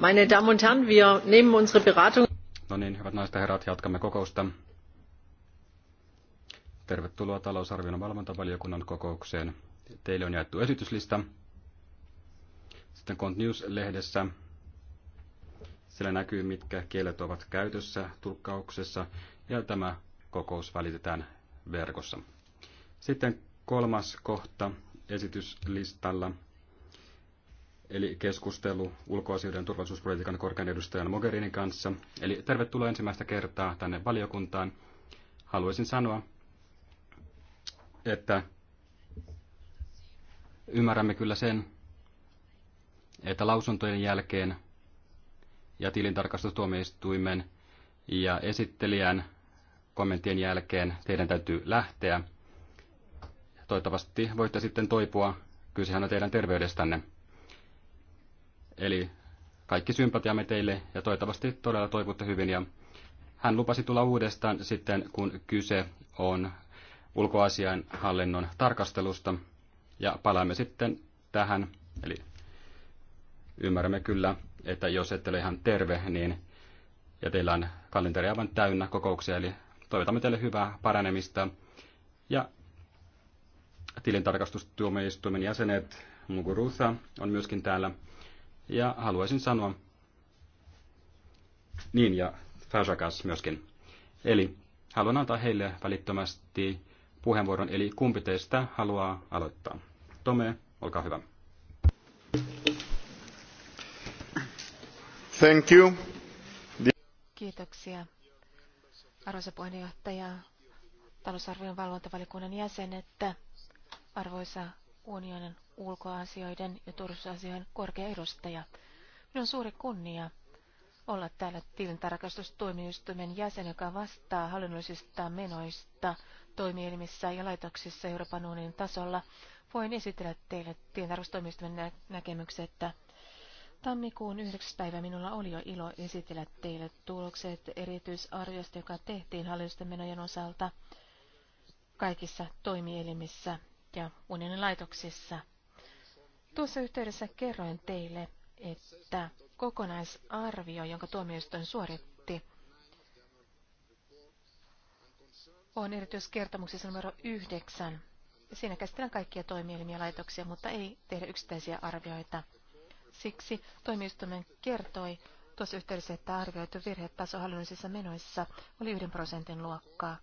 Meine Damen und Herren, wir nehmen unsere beratungen. No niin, hyvät naiset ja herrat, jatkamme kokousta. Tervetuloa talousarvion valvontavaliokunnan kokoukseen. Teille on jaettu esityslista. Sitten News-lehdessä siellä näkyy, mitkä kielet ovat käytössä tulkkauksessa, ja tämä kokous välitetään verkossa. Sitten kolmas kohta esityslistalla eli keskustelu ulkoasioiden turvallisuuspolitiikan korkean edustajan Mogherinin kanssa. Eli tervetuloa ensimmäistä kertaa tänne valiokuntaan. Haluaisin sanoa, että ymmärrämme kyllä sen, että lausuntojen jälkeen ja tilintarkastustuomioistuimen ja esittelijän kommenttien jälkeen teidän täytyy lähteä. Toivottavasti voitte sitten toipua. Kysehän on teidän terveydestänne. Eli kaikki sympatiamme teille ja toivottavasti todella toivotte hyvin. Ja hän lupasi tulla uudestaan sitten, kun kyse on ulkoasian hallinnon tarkastelusta. Ja palaamme sitten tähän. Eli ymmärrämme kyllä, että jos ette ole ihan terve, niin ja teillä on kalenteri aivan täynnä kokouksia, eli toivotamme teille hyvää paranemista. Ja tilintarkastustuomioistuimen jäsenet Muguruza on myöskin täällä. Ja haluaisin sanoa, niin ja Fajakas myöskin. Eli haluan antaa heille välittömästi puheenvuoron, eli kumpi teistä haluaa aloittaa? Tome, olkaa hyvä. Thank you. Kiitoksia. Arvoisa puheenjohtaja, talousarvion valvontavaliokunnan jäsen, että arvoisa unionin ulkoasioiden ja turvallisuusasioiden korkea edustaja. Minun on suuri kunnia olla täällä tilintarkastustuomioistuimen jäsen, joka vastaa hallinnollisista menoista toimielimissä ja laitoksissa Euroopan unionin tasolla. Voin esitellä teille tilintarkastustuomioistuimen nä- näkemykset. Tammikuun 9. päivä minulla oli jo ilo esitellä teille tulokset erityisarviosta, joka tehtiin hallitusten menojen osalta kaikissa toimielimissä ja unionin laitoksissa. Tuossa yhteydessä kerroin teille, että kokonaisarvio, jonka tuomioistuin suoritti, on erityiskertomuksessa numero yhdeksän. Siinä käsitellään kaikkia toimielimiä laitoksia, mutta ei tehdä yksittäisiä arvioita. Siksi toimistumen kertoi tuossa yhteydessä, että arvioitu virhetaso hallinnollisissa menoissa oli yhden prosentin luokkaa.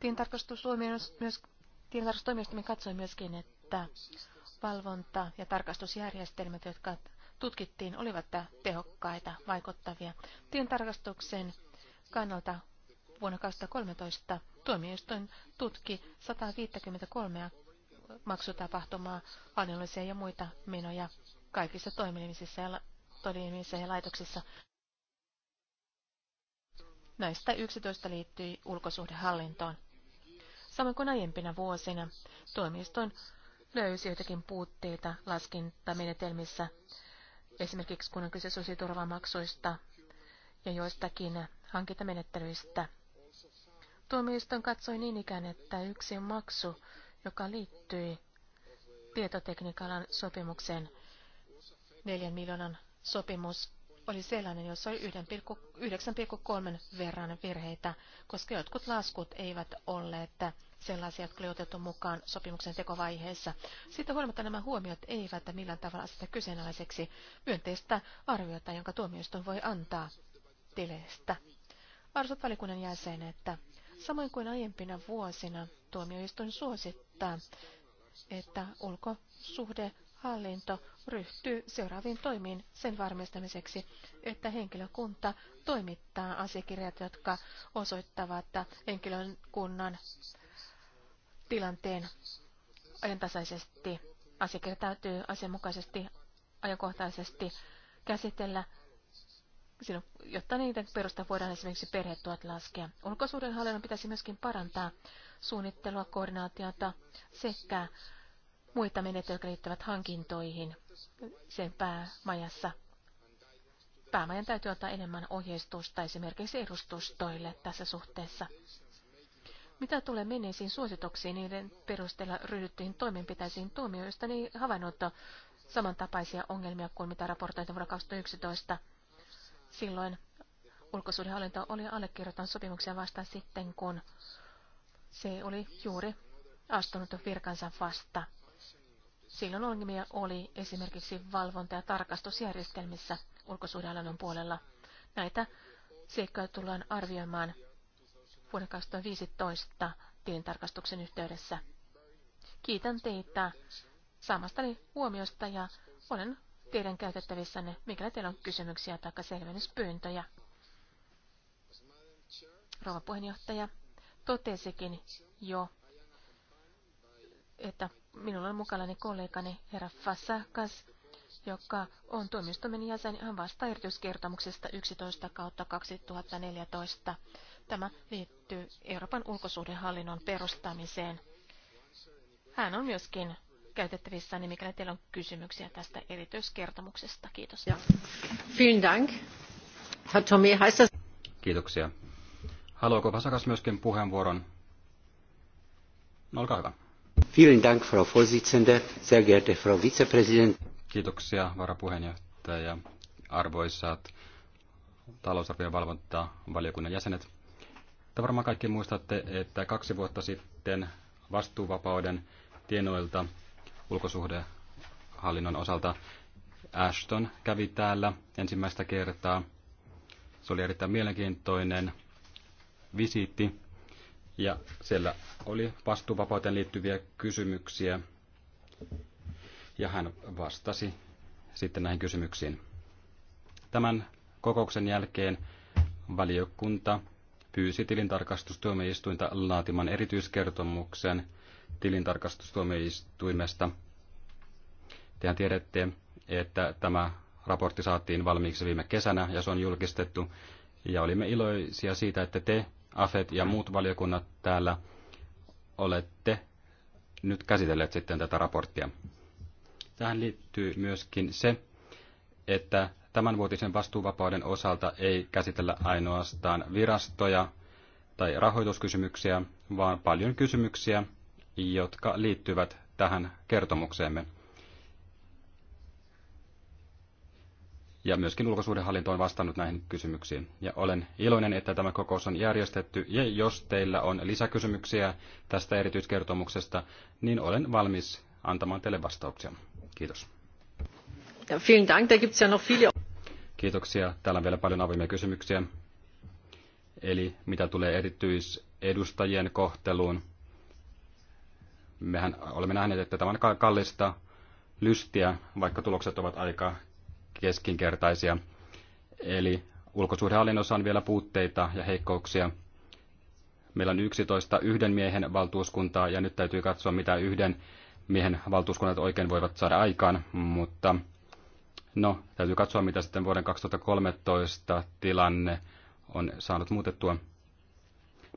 Tiintarkastus on myös Tilintarkastustoimistomme katsoi myöskin, että valvonta- ja tarkastusjärjestelmät, jotka tutkittiin, olivat tehokkaita, vaikuttavia. Tilintarkastuksen kannalta vuonna 2013 tuomioistuin tutki 153 maksutapahtumaa, hallinnollisia ja muita menoja kaikissa toimimisissa ja, la- ja laitoksissa. Näistä 11 liittyi ulkosuhdehallintoon. Samoin kuin aiempina vuosina, toimiston löysi joitakin puutteita laskintamenetelmissä, esimerkiksi kun on kyse sosiaaliturvamaksuista ja joistakin hankintamenettelyistä. Tuomioistuin katsoi niin ikään, että yksi maksu, joka liittyi tietotekniikan sopimukseen, neljän miljoonan sopimus oli sellainen, jossa oli 9,3 verran virheitä, koska jotkut laskut eivät olleet sellaisia, jotka oli otettu mukaan sopimuksen tekovaiheessa. Siitä huolimatta nämä huomiot eivät millään tavalla sitä kyseenalaiseksi myönteistä arviota, jonka tuomioistuin voi antaa tileistä. Arvostat valikunnan jäsen, että samoin kuin aiempina vuosina tuomioistuin suosittaa, että ulkosuhde hallinto ryhtyy seuraaviin toimiin sen varmistamiseksi, että henkilökunta toimittaa asiakirjat, jotka osoittavat henkilökunnan tilanteen ajantasaisesti. Asiakirja täytyy asianmukaisesti, ajankohtaisesti käsitellä, jotta niiden perusta voidaan esimerkiksi perhetuot laskea. hallinnon pitäisi myöskin parantaa suunnittelua, koordinaatiota sekä muita menettelyjä, jotka liittyvät hankintoihin sen päämajassa. Päämajan täytyy ottaa enemmän ohjeistusta esimerkiksi edustustoille tässä suhteessa. Mitä tulee menneisiin suosituksiin, niiden perusteella ryhdyttiin toimenpiteisiin tuomioista, niin havainnut samantapaisia ongelmia kuin mitä raportoitiin vuonna 2011. Silloin ulkosuudenhallinto oli allekirjoittanut sopimuksia vasta sitten, kun se oli juuri astunut virkansa vastaan. Silloin ongelmia oli esimerkiksi valvonta- ja tarkastusjärjestelmissä ulkosuhdehallinnon puolella. Näitä seikkoja tullaan arvioimaan vuoden 2015 tilintarkastuksen yhteydessä. Kiitän teitä saamastani huomiosta ja olen teidän käytettävissänne, mikäli teillä on kysymyksiä tai selvennyspyyntöjä. Rouva puheenjohtaja totesikin jo että minulla on mukallani kollegani herra Fasakas, joka on toimistomen jäsen. Hän vastaa erityiskertomuksesta 11 kautta 2014. Tämä liittyy Euroopan ulkosuhdehallinnon perustamiseen. Hän on myöskin käytettävissä, niin mikäli teillä on kysymyksiä tästä erityiskertomuksesta. Kiitos. Ja. Vielen Dank. Herr heißt das... Kiitoksia. Haluaako Vasakas myöskin puheenvuoron? No, olkaa hyvä. Frau sehr geehrte Frau Kiitoksia, varapuheenjohtaja, arvoisat talousarvion valvontavaliokunnan jäsenet. Te varmaan kaikki muistatte, että kaksi vuotta sitten vastuuvapauden tienoilta ulkosuhdehallinnon osalta Ashton kävi täällä ensimmäistä kertaa. Se oli erittäin mielenkiintoinen visiitti. Ja siellä oli vastuuvapauteen liittyviä kysymyksiä. Ja hän vastasi sitten näihin kysymyksiin. Tämän kokouksen jälkeen valiokunta pyysi tilintarkastustuomioistuinta laatimaan erityiskertomuksen tilintarkastustuomioistuimesta. Tehän tiedätte, että tämä raportti saatiin valmiiksi viime kesänä ja se on julkistettu. Ja olimme iloisia siitä, että te AFET ja muut valiokunnat täällä olette nyt käsitelleet sitten tätä raporttia. Tähän liittyy myöskin se, että tämänvuotisen vastuuvapauden osalta ei käsitellä ainoastaan virastoja tai rahoituskysymyksiä, vaan paljon kysymyksiä, jotka liittyvät tähän kertomukseemme. ja myöskin ulkosuhdehallinto on vastannut näihin kysymyksiin. Ja olen iloinen, että tämä kokous on järjestetty, ja jos teillä on lisäkysymyksiä tästä erityiskertomuksesta, niin olen valmis antamaan teille vastauksia. Kiitos. vielen Dank, da gibt's ja noch viele... Kiitoksia. Täällä on vielä paljon avoimia kysymyksiä. Eli mitä tulee erityisedustajien kohteluun, mehän olemme nähneet, että tämä on kallista lystiä, vaikka tulokset ovat aika keskinkertaisia. Eli ulkosuhdehallinnossa on vielä puutteita ja heikkouksia. Meillä on 11 yhden miehen valtuuskuntaa ja nyt täytyy katsoa, mitä yhden miehen valtuuskunnat oikein voivat saada aikaan, mutta no, täytyy katsoa, mitä sitten vuoden 2013 tilanne on saanut muutettua.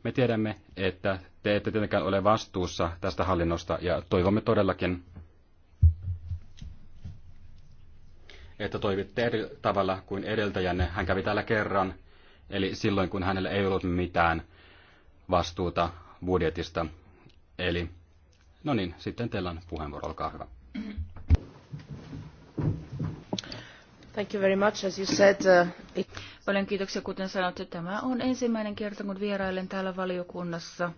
Me tiedämme, että te ette tietenkään ole vastuussa tästä hallinnosta ja toivomme todellakin, että toimitte eri tavalla kuin edeltäjänne. Hän kävi täällä kerran, eli silloin kun hänellä ei ollut mitään vastuuta budjetista. Eli no niin, sitten teillä on puheenvuoro, olkaa hyvä. Thank you very much, as you said. Uh, it... Paljon kiitoksia, kuten sanoitte. Tämä on ensimmäinen kerta, kun vierailen täällä valiokunnassa.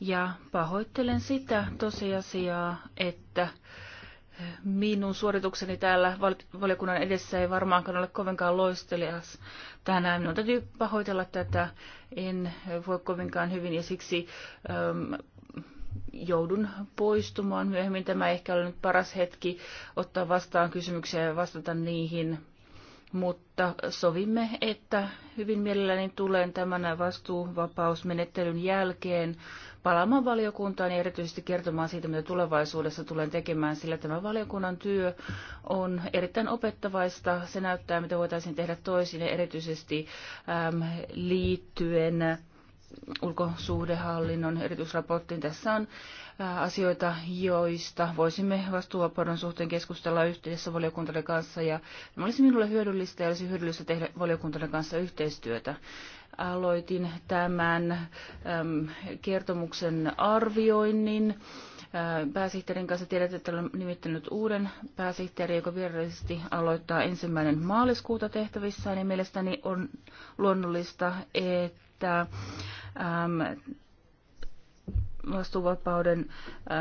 Ja pahoittelen sitä tosiasiaa, että Minun suoritukseni täällä valiokunnan edessä ei varmaankaan ole kovinkaan loistelias tänään. Minun täytyy pahoitella tätä. En voi kovinkaan hyvin ja siksi äm, joudun poistumaan myöhemmin. Tämä ehkä ole nyt paras hetki ottaa vastaan kysymyksiä ja vastata niihin. Mutta sovimme, että hyvin mielelläni tulen tämän vastuuvapausmenettelyn jälkeen palaamaan valiokuntaan ja erityisesti kertomaan siitä, mitä tulevaisuudessa tulen tekemään, sillä tämä valiokunnan työ on erittäin opettavaista. Se näyttää, mitä voitaisiin tehdä toisin ja erityisesti äm, liittyen ulkosuhdehallinnon erityisraporttiin. Tässä on asioita, joista voisimme vastuuvapauden suhteen keskustella yhteydessä valiokuntalle kanssa. Ja olisi minulle hyödyllistä ja olisi hyödyllistä tehdä valiokuntalle kanssa yhteistyötä aloitin tämän kertomuksen arvioinnin. Äh, pääsihteerin kanssa tiedät, että olen nimittänyt uuden pääsihteerin, joka virallisesti aloittaa ensimmäinen maaliskuuta tehtävissä, niin mielestäni on luonnollista, että äm, vastuuvapauden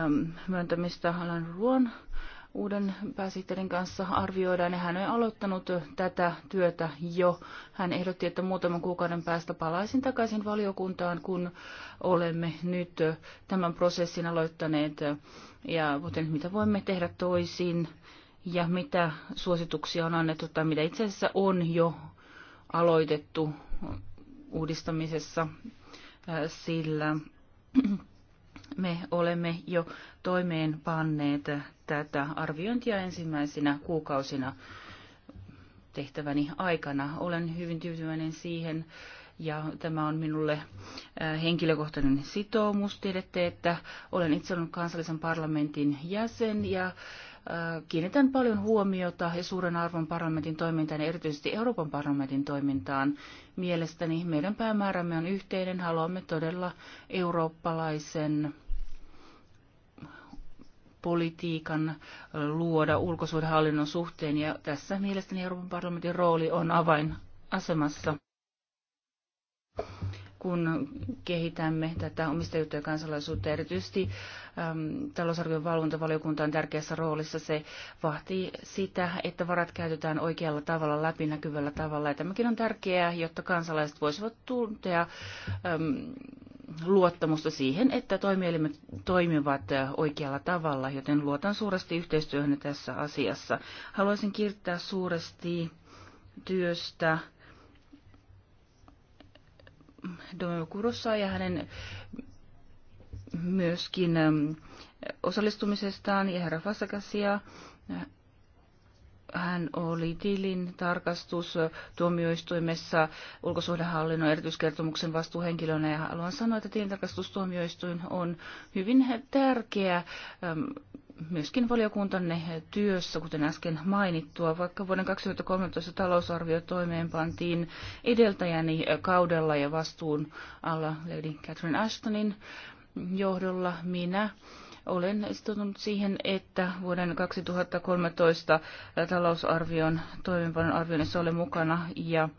äm, myöntämistä Alan Ruon uuden pääsihteerin kanssa arvioidaan, ja hän on aloittanut tätä työtä jo. Hän ehdotti, että muutaman kuukauden päästä palaisin takaisin valiokuntaan, kun olemme nyt tämän prosessin aloittaneet, ja muuten, mitä voimme tehdä toisin, ja mitä suosituksia on annettu, tai mitä itse asiassa on jo aloitettu uudistamisessa, sillä me olemme jo toimeenpanneet tätä arviointia ensimmäisinä kuukausina tehtäväni aikana. Olen hyvin tyytyväinen siihen ja tämä on minulle äh, henkilökohtainen sitoumus. Tiedätte, että olen itse ollut kansallisen parlamentin jäsen ja äh, kiinnitän paljon huomiota ja suuren arvon parlamentin toimintaan ja erityisesti Euroopan parlamentin toimintaan. Mielestäni meidän päämäärämme on yhteinen. Haluamme todella eurooppalaisen politiikan luoda ulkosuhdehallinnon suhteen, ja tässä mielestäni Euroopan parlamentin rooli on avainasemassa, kun kehitämme tätä omistajuutta ja kansalaisuutta. Erityisesti äm, talousarvion valvontavaliokunta on tärkeässä roolissa. Se vahtii sitä, että varat käytetään oikealla tavalla, läpinäkyvällä tavalla. Ja tämäkin on tärkeää, jotta kansalaiset voisivat tuntea äm, luottamusta siihen, että toimielimet toimivat oikealla tavalla, joten luotan suuresti yhteistyöhön tässä asiassa. Haluaisin kiittää suuresti työstä Domekurossa ja hänen myöskin ähm, osallistumisestaan ja herra Fasakasia hän oli tilin tarkastus tuomioistuimessa ulkosuhdehallinnon erityiskertomuksen vastuuhenkilönä ja haluan sanoa, että tilintarkastustuomioistuin on hyvin tärkeä myöskin valiokuntanne työssä, kuten äsken mainittua, vaikka vuoden 2013 talousarvio toimeenpantiin edeltäjäni kaudella ja vastuun alla Lady Catherine Ashtonin johdolla minä olen sitoutunut siihen, että vuoden 2013 talousarvion toimenpanon arvioinnissa olen mukana ja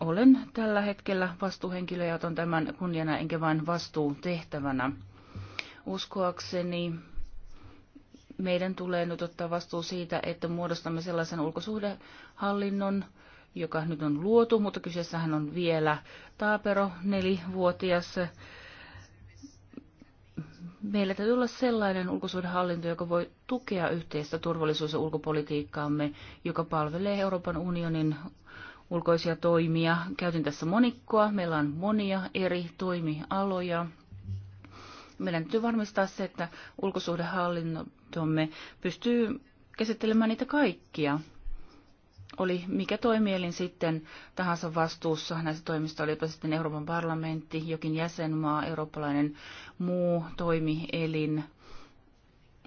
olen tällä hetkellä vastuuhenkilö ja otan tämän kunniana enkä vain vastuutehtävänä. Uskoakseni meidän tulee nyt ottaa vastuu siitä, että muodostamme sellaisen ulkosuhdehallinnon, joka nyt on luotu, mutta kyseessähän on vielä taapero nelivuotias meillä täytyy olla sellainen ulkosuhdehallinto, joka voi tukea yhteistä turvallisuus- ja ulkopolitiikkaamme, joka palvelee Euroopan unionin ulkoisia toimia. Käytin tässä monikkoa. Meillä on monia eri toimialoja. Meidän täytyy varmistaa se, että ulkosuhdehallintomme pystyy käsittelemään niitä kaikkia oli mikä toimielin sitten tahansa vastuussa näistä toimista, olipa sitten Euroopan parlamentti, jokin jäsenmaa, eurooppalainen muu toimielin.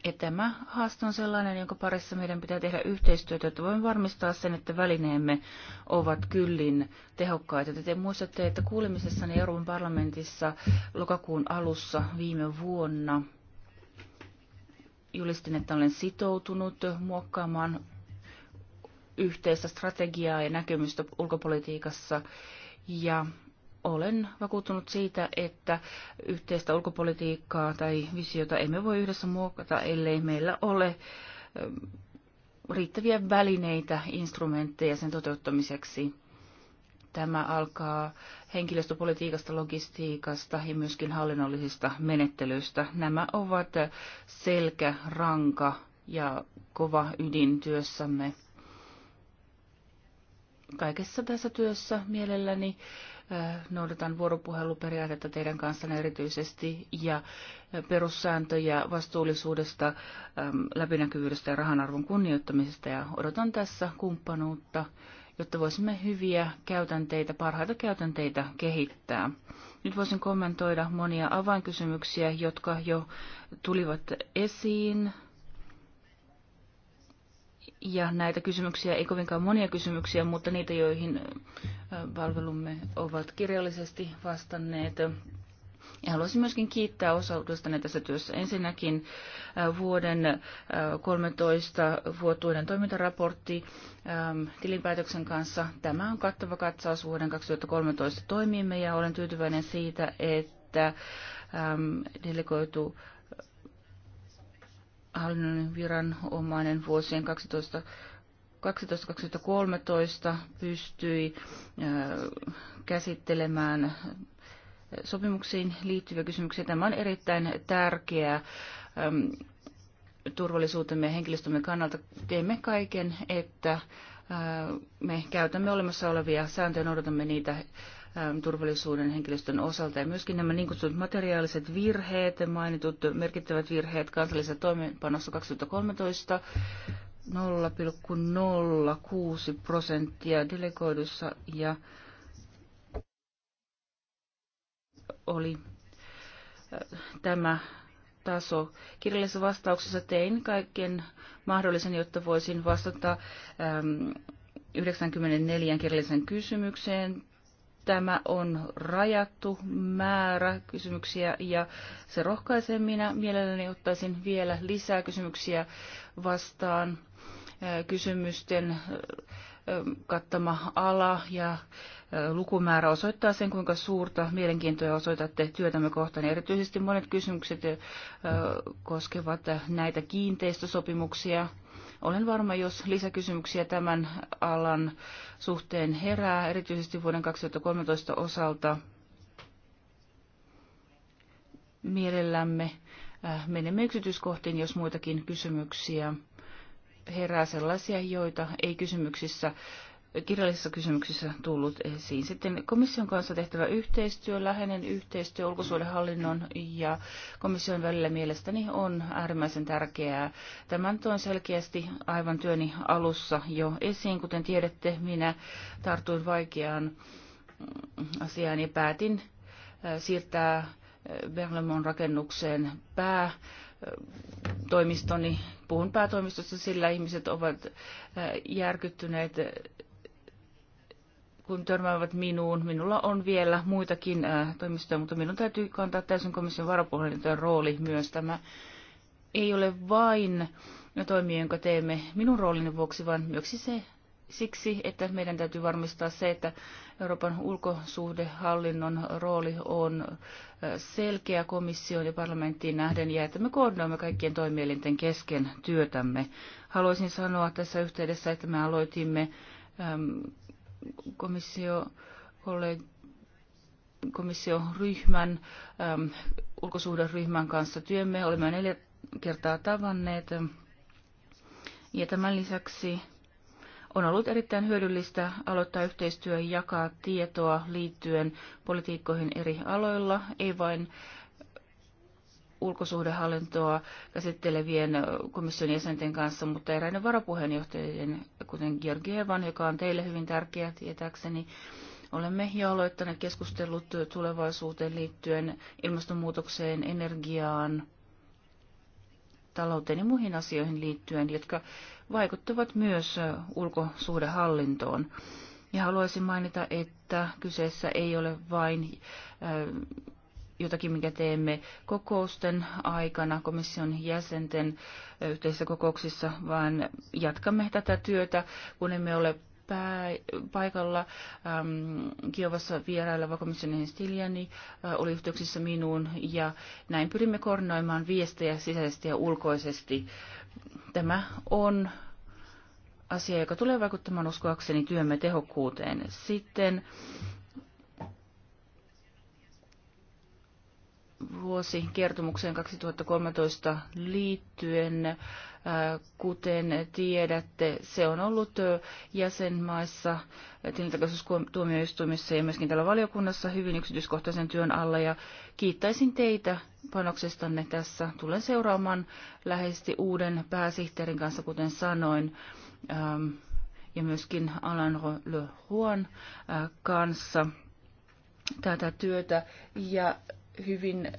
Ja tämä haaste on sellainen, jonka parissa meidän pitää tehdä yhteistyötä, että voimme varmistaa sen, että välineemme ovat kyllin tehokkaita. Te, muistatte, että kuulemisessani Euroopan parlamentissa lokakuun alussa viime vuonna julistin, että olen sitoutunut muokkaamaan yhteistä strategiaa ja näkemystä ulkopolitiikassa. Ja olen vakuuttunut siitä, että yhteistä ulkopolitiikkaa tai visiota emme voi yhdessä muokata, ellei meillä ole riittäviä välineitä, instrumentteja sen toteuttamiseksi. Tämä alkaa henkilöstöpolitiikasta, logistiikasta ja myöskin hallinnollisista menettelyistä. Nämä ovat ranka ja kova ydin työssämme kaikessa tässä työssä mielelläni noudatan vuoropuheluperiaatetta teidän kanssanne erityisesti ja perussääntöjä vastuullisuudesta, läpinäkyvyydestä ja rahanarvon kunnioittamisesta ja odotan tässä kumppanuutta, jotta voisimme hyviä käytänteitä, parhaita käytänteitä kehittää. Nyt voisin kommentoida monia avainkysymyksiä, jotka jo tulivat esiin ja näitä kysymyksiä, ei kovinkaan monia kysymyksiä, mutta niitä, joihin palvelumme ovat kirjallisesti vastanneet. Ja haluaisin myöskin kiittää osallistuneita tässä työssä. Ensinnäkin vuoden 13 vuotuinen toimintaraportti tilinpäätöksen kanssa. Tämä on kattava katsaus vuoden 2013 toimimme ja olen tyytyväinen siitä, että delegoitu hallinnon viranomainen vuosien 12 2013 pystyi käsittelemään sopimuksiin liittyviä kysymyksiä. Tämä on erittäin tärkeää turvallisuutemme ja henkilöstömme kannalta. Teemme kaiken, että me käytämme olemassa olevia sääntöjä, noudatamme niitä turvallisuuden henkilöstön osalta. Ja myöskin nämä niin kutsutut materiaaliset virheet, mainitut merkittävät virheet kansallisessa toimeenpanossa 2013, 0,06 prosenttia delegoidussa ja oli äh, tämä taso. Kirjallisessa vastauksessa tein kaiken mahdollisen, jotta voisin vastata 94 kirjallisen kysymykseen. Tämä on rajattu määrä kysymyksiä ja se rohkaisee minä. Mielelläni ottaisin vielä lisää kysymyksiä vastaan. Kysymysten kattama ala ja lukumäärä osoittaa sen, kuinka suurta mielenkiintoa osoitatte työtämme kohtaan. Erityisesti monet kysymykset koskevat näitä kiinteistösopimuksia, olen varma, jos lisäkysymyksiä tämän alan suhteen herää, erityisesti vuoden 2013 osalta mielellämme äh, menemme yksityiskohtiin, jos muitakin kysymyksiä herää sellaisia, joita ei kysymyksissä kirjallisissa kysymyksissä tullut esiin. Sitten komission kanssa tehtävä yhteistyö, läheinen yhteistyö ulkosuudenhallinnon ja komission välillä mielestäni on äärimmäisen tärkeää. Tämän toin selkeästi aivan työni alussa jo esiin. Kuten tiedätte, minä tartuin vaikeaan mm, asiaan ja päätin siirtää Berlemon rakennukseen pää toimistoni, puhun päätoimistossa, sillä ihmiset ovat järkyttyneet kun törmäävät minuun. Minulla on vielä muitakin äh, toimistoja, mutta minun täytyy kantaa täysin komission varapuheenjohtajan rooli myös. Tämä ei ole vain toimia, jonka teemme minun roolini vuoksi, vaan myös se siksi, että meidän täytyy varmistaa se, että Euroopan ulkosuhdehallinnon rooli on äh, selkeä komission ja parlamenttiin nähden ja että me koordinoimme kaikkien toimielinten kesken työtämme. Haluaisin sanoa tässä yhteydessä, että me aloitimme ähm, komissio, komissioryhmän, äm, ulkosuhderyhmän kanssa työmme. Olemme neljä kertaa tavanneet. Ja tämän lisäksi on ollut erittäin hyödyllistä aloittaa yhteistyö ja jakaa tietoa liittyen politiikkoihin eri aloilla, ei vain ulkosuhdehallintoa käsittelevien komission jäsenten kanssa, mutta eräiden varapuheenjohtajien, kuten Georgievan, joka on teille hyvin tärkeä tietääkseni, olemme jo aloittaneet keskustelut tulevaisuuteen liittyen ilmastonmuutokseen, energiaan, talouteen ja muihin asioihin liittyen, jotka vaikuttavat myös ulkosuhdehallintoon. Ja haluaisin mainita, että kyseessä ei ole vain äh, jotakin, mikä teemme kokousten aikana komission jäsenten yhteisissä kokouksissa, vaan jatkamme tätä työtä, kun emme ole pää, paikalla äm, Kiovassa vieraileva komissioni Stiljani oli yhteyksissä minuun ja näin pyrimme koordinoimaan viestejä sisäisesti ja ulkoisesti. Tämä on asia, joka tulee vaikuttamaan uskoakseni työmme tehokkuuteen. Sitten vuosikertomukseen 2013 liittyen. Äh, kuten tiedätte, se on ollut äh, jäsenmaissa, äh, tilintarkastustuomioistuimissa ja myöskin täällä valiokunnassa hyvin yksityiskohtaisen työn alla. Ja kiittäisin teitä panoksestanne tässä. Tulen seuraamaan läheisesti uuden pääsihteerin kanssa, kuten sanoin, ähm, ja myöskin Alain Le Huon kanssa tätä työtä. Ja hyvin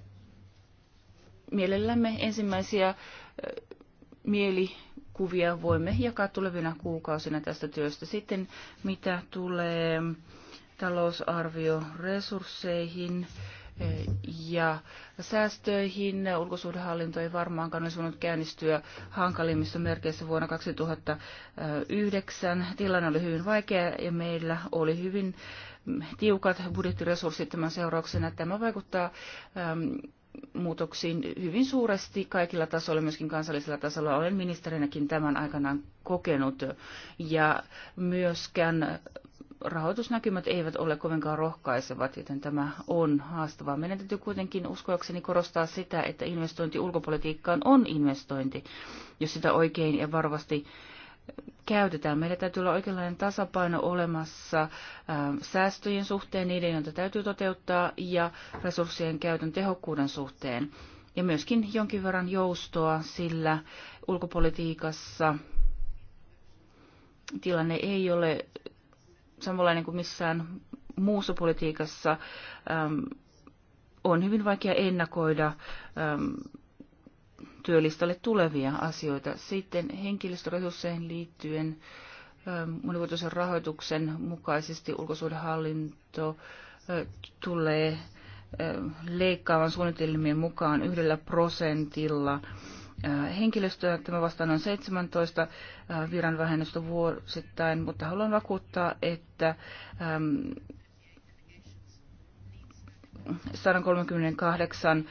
mielellämme ensimmäisiä mielikuvia voimme jakaa tulevina kuukausina tästä työstä. Sitten mitä tulee talousarvioresursseihin ja säästöihin. Ulkosuhdehallinto ei varmaankaan olisi voinut käynnistyä hankalimmissa merkeissä vuonna 2009. Tilanne oli hyvin vaikea ja meillä oli hyvin äh, tiukat budjettiresurssit tämän seurauksena. Tämä vaikuttaa ähm, muutoksiin hyvin suuresti kaikilla tasoilla, myöskin kansallisella tasolla. Olen ministerinäkin tämän aikanaan kokenut ja myöskään rahoitusnäkymät eivät ole kovinkaan rohkaisevat, joten tämä on haastavaa. Meidän täytyy kuitenkin uskoakseni korostaa sitä, että investointi ulkopolitiikkaan on investointi, jos sitä oikein ja varovasti käytetään. Meillä täytyy olla oikeanlainen tasapaino olemassa ähm, säästöjen suhteen, niiden, joita täytyy toteuttaa, ja resurssien käytön tehokkuuden suhteen. Ja myöskin jonkin verran joustoa, sillä ulkopolitiikassa tilanne ei ole samanlainen kuin missään muussa politiikassa. Ähm, on hyvin vaikea ennakoida ähm, työlistalle tulevia asioita. Sitten henkilöstöresursseihin liittyen ähm, monivuotoisen rahoituksen mukaisesti ulkosuhdehallinto äh, tulee äh, leikkaavan suunnitelmien mukaan yhdellä prosentilla äh, henkilöstöä. Tämä vastaan on 17 viran vähennystä vuosittain, mutta haluan vakuuttaa, että ähm, 138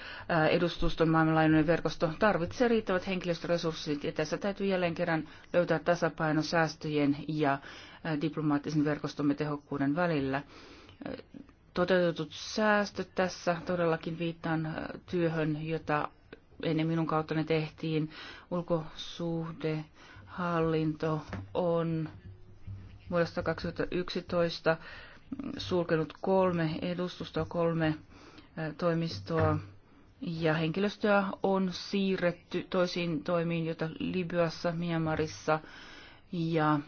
edustuston maailmanlaajuinen verkosto tarvitsee riittävät henkilöstöresurssit ja tässä täytyy jälleen kerran löytää tasapaino säästöjen ja diplomaattisen verkostomme tehokkuuden välillä. Toteutetut säästöt tässä todellakin viittaan työhön, jota ennen minun kauttani tehtiin. Ulkosuhde, hallinto on vuodesta 2011 sulkenut kolme edustusta kolme toimistoa ja henkilöstöä on siirretty toisiin toimiin, joita Libyassa, Myanmarissa ja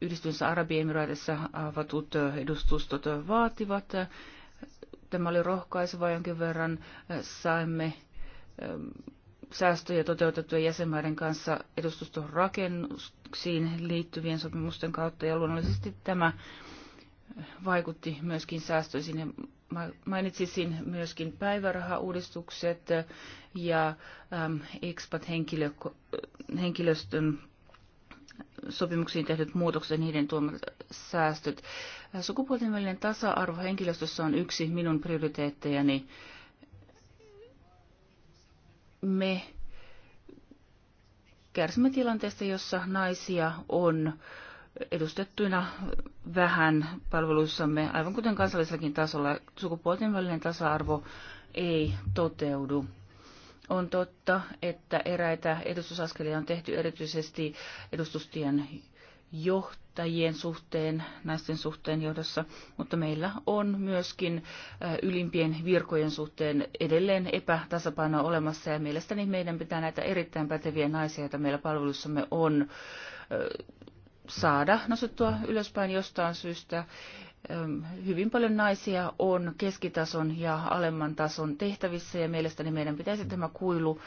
Yhdistyneissä Arabiemiraatissa avatut edustustot vaativat. Tämä oli rohkaiseva jonkin verran. Saimme säästöjä toteutettuja jäsenmaiden kanssa edustuston rakennuksiin liittyvien sopimusten kautta ja luonnollisesti tämä vaikutti myöskin säästöisiin mainitsisin myöskin päivärahauudistukset ja expat-henkilöstön sopimuksiin tehdyt muutokset ja niiden tuomat säästöt. Sukupuolten välinen tasa-arvo henkilöstössä on yksi minun prioriteettejani. Me kärsimme tilanteesta, jossa naisia on äh, edustettuina vähän palveluissamme, aivan kuten kansallisellakin tasolla. Sukupuolten välinen tasa-arvo ei toteudu. On totta, että eräitä edustusaskelia on tehty erityisesti edustustien johtajien suhteen, naisten suhteen johdossa, mutta meillä on myöskin äh, ylimpien virkojen suhteen edelleen epätasapainoa olemassa ja mielestäni meidän pitää näitä erittäin päteviä naisia, joita meillä palvelussamme on, äh, saada nostettua ylöspäin jostain syystä. Hyvin paljon naisia on keskitason ja alemman tason tehtävissä ja mielestäni meidän pitäisi tämä kuilu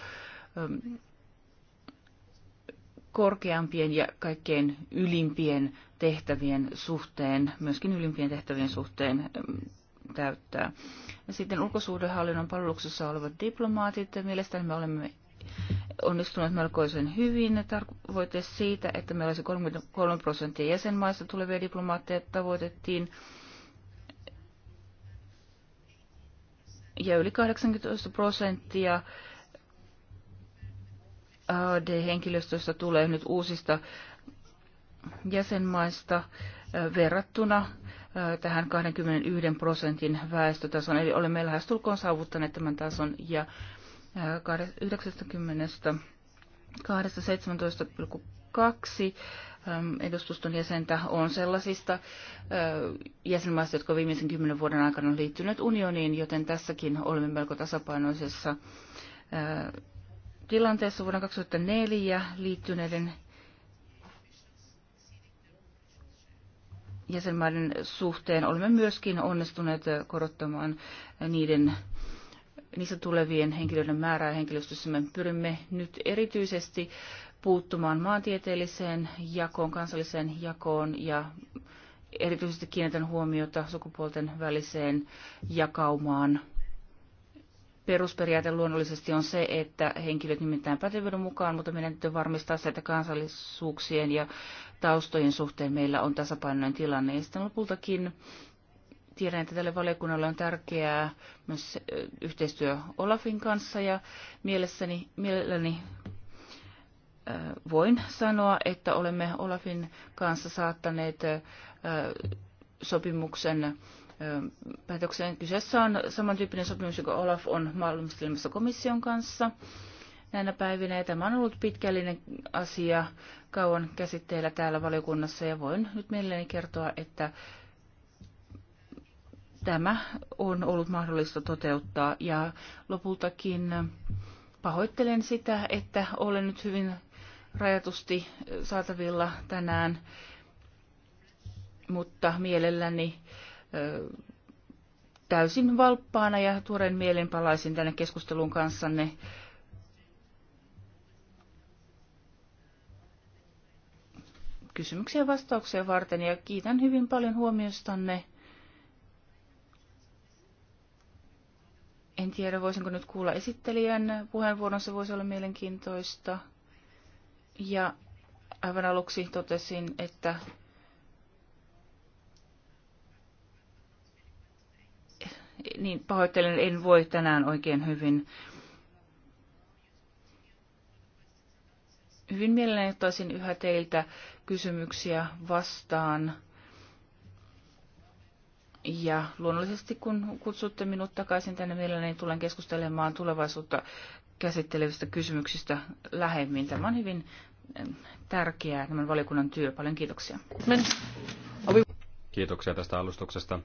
korkeampien ja kaikkein ylimpien tehtävien suhteen, myöskin ylimpien tehtävien suhteen täyttää. Ja sitten ulkosuhdehallinnon palveluksessa olevat diplomaatit, mielestäni me olemme onnistuneet melkoisen hyvin. tarkoite siitä, että meillä olisi 33 prosenttia jäsenmaista tulevia diplomaatteja tavoitettiin. Ja yli 18 prosenttia AD-henkilöstöstä tulee nyt uusista jäsenmaista verrattuna tähän 21 prosentin väestötason. Eli olemme lähestulkoon saavuttaneet tämän tason ja 90 kaksi ähm, edustuston jäsentä on sellaisista äh, jäsenmaista, jotka viimeisen kymmenen vuoden aikana on liittyneet unioniin, joten tässäkin olemme melko tasapainoisessa äh, tilanteessa vuonna 2004 liittyneiden jäsenmaiden suhteen olemme myöskin onnistuneet korottamaan niiden niistä tulevien henkilöiden määrää henkilöstössä. Me pyrimme nyt erityisesti puuttumaan maantieteelliseen jakoon, kansalliseen jakoon ja erityisesti kiinnitän huomiota sukupuolten väliseen jakaumaan. Perusperiaate luonnollisesti on se, että henkilöt nimittäin pätevyyden mukaan, mutta meidän täytyy varmistaa se, että kansallisuuksien ja taustojen suhteen meillä on tasapainoinen tilanne. Ja sitten lopultakin Tiedän, että tälle valiokunnalle on tärkeää myös yhteistyö Olafin kanssa ja mielessäni, mielelläni voin sanoa, että olemme Olafin kanssa saattaneet sopimuksen päätökseen. Kyseessä on samantyyppinen sopimus, joka Olaf on valmistelemassa komission kanssa näinä päivinä. Ja tämä on ollut pitkällinen asia kauan käsitteillä täällä valiokunnassa ja voin nyt mielelläni kertoa, että tämä on ollut mahdollista toteuttaa. Ja lopultakin pahoittelen sitä, että olen nyt hyvin rajatusti saatavilla tänään, mutta mielelläni täysin valppaana ja tuoreen mielen palaisin tänne keskusteluun kanssanne. kysymyksiä ja vastauksia varten ja kiitän hyvin paljon huomiostanne. En tiedä, voisinko nyt kuulla esittelijän puheenvuoron, se voisi olla mielenkiintoista. Ja aivan aluksi totesin, että niin pahoittelen, en voi tänään oikein hyvin. Hyvin mielelläni ottaisin yhä teiltä kysymyksiä vastaan ja luonnollisesti kun kutsutte minut takaisin tänne mielelläni, niin tulen keskustelemaan tulevaisuutta käsittelevistä kysymyksistä lähemmin. Tämä on hyvin tärkeää, tämän valiokunnan työ. Paljon kiitoksia. Kiitoksia tästä alustuksesta.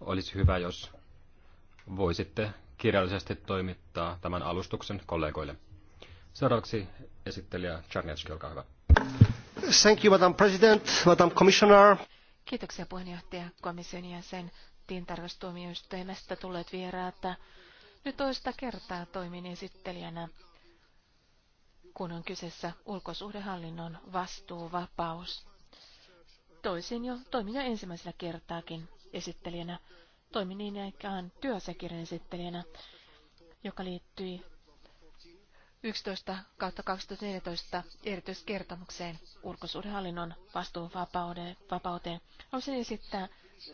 Olisi hyvä, jos voisitte kirjallisesti toimittaa tämän alustuksen kollegoille. Seuraavaksi esittelijä Czarniecki, olkaa hyvä. Thank you, Madam President, Madam Commissioner. Kiitoksia puheenjohtaja komission jäsen tiintarkastuomioistuimesta tulleet vieraat. Nyt toista kertaa toimin esittelijänä, kun on kyseessä ulkosuhdehallinnon vastuuvapaus. Toisin jo, toimin jo ensimmäisellä kertaakin esittelijänä. Toimin niin ikään työasiakirjan esittelijänä, joka liittyi 11 kautta 2014 erityiskertomukseen ulkosuudenhallinnon vapauteen. Haluaisin esittää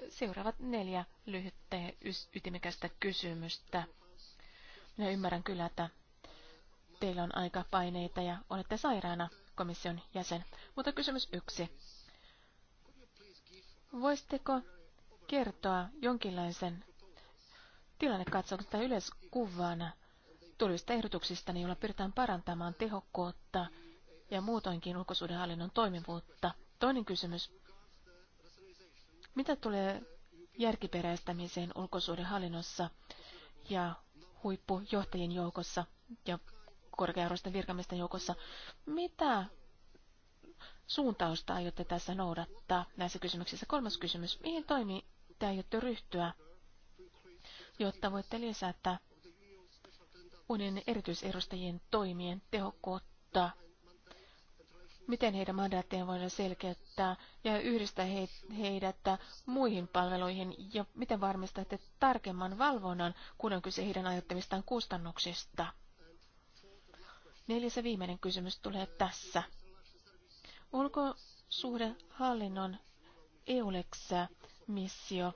seuraavat neljä lyhyttä ja ytimekästä kysymystä. Minä ymmärrän kyllä, että teillä on aika paineita ja olette sairaana komission jäsen. Mutta kysymys yksi. Voisitteko kertoa jonkinlaisen tilannekatsauksen tai yleiskuvan tulevista ehdotuksista, niin joilla pyritään parantamaan tehokkuutta ja muutoinkin ulkosuudenhallinnon toimivuutta. Toinen kysymys. Mitä tulee järkiperäistämiseen ulkosuudenhallinnossa ja huippujohtajien joukossa ja korkearvoisten virkamiesten joukossa? Mitä suuntausta aiotte tässä noudattaa näissä kysymyksissä? Kolmas kysymys. Mihin toimi te aiotte ryhtyä, jotta voitte lisätä unen erityisedustajien toimien tehokkuutta, miten heidän mandaattejaan voidaan selkeyttää ja yhdistää heidät muihin palveluihin ja miten varmistatte tarkemman valvonnan, kun on kyse heidän aiheuttamistaan kustannuksista. Neljäs ja viimeinen kysymys tulee tässä. Ulkosuhdehallinnon EULEX-missio,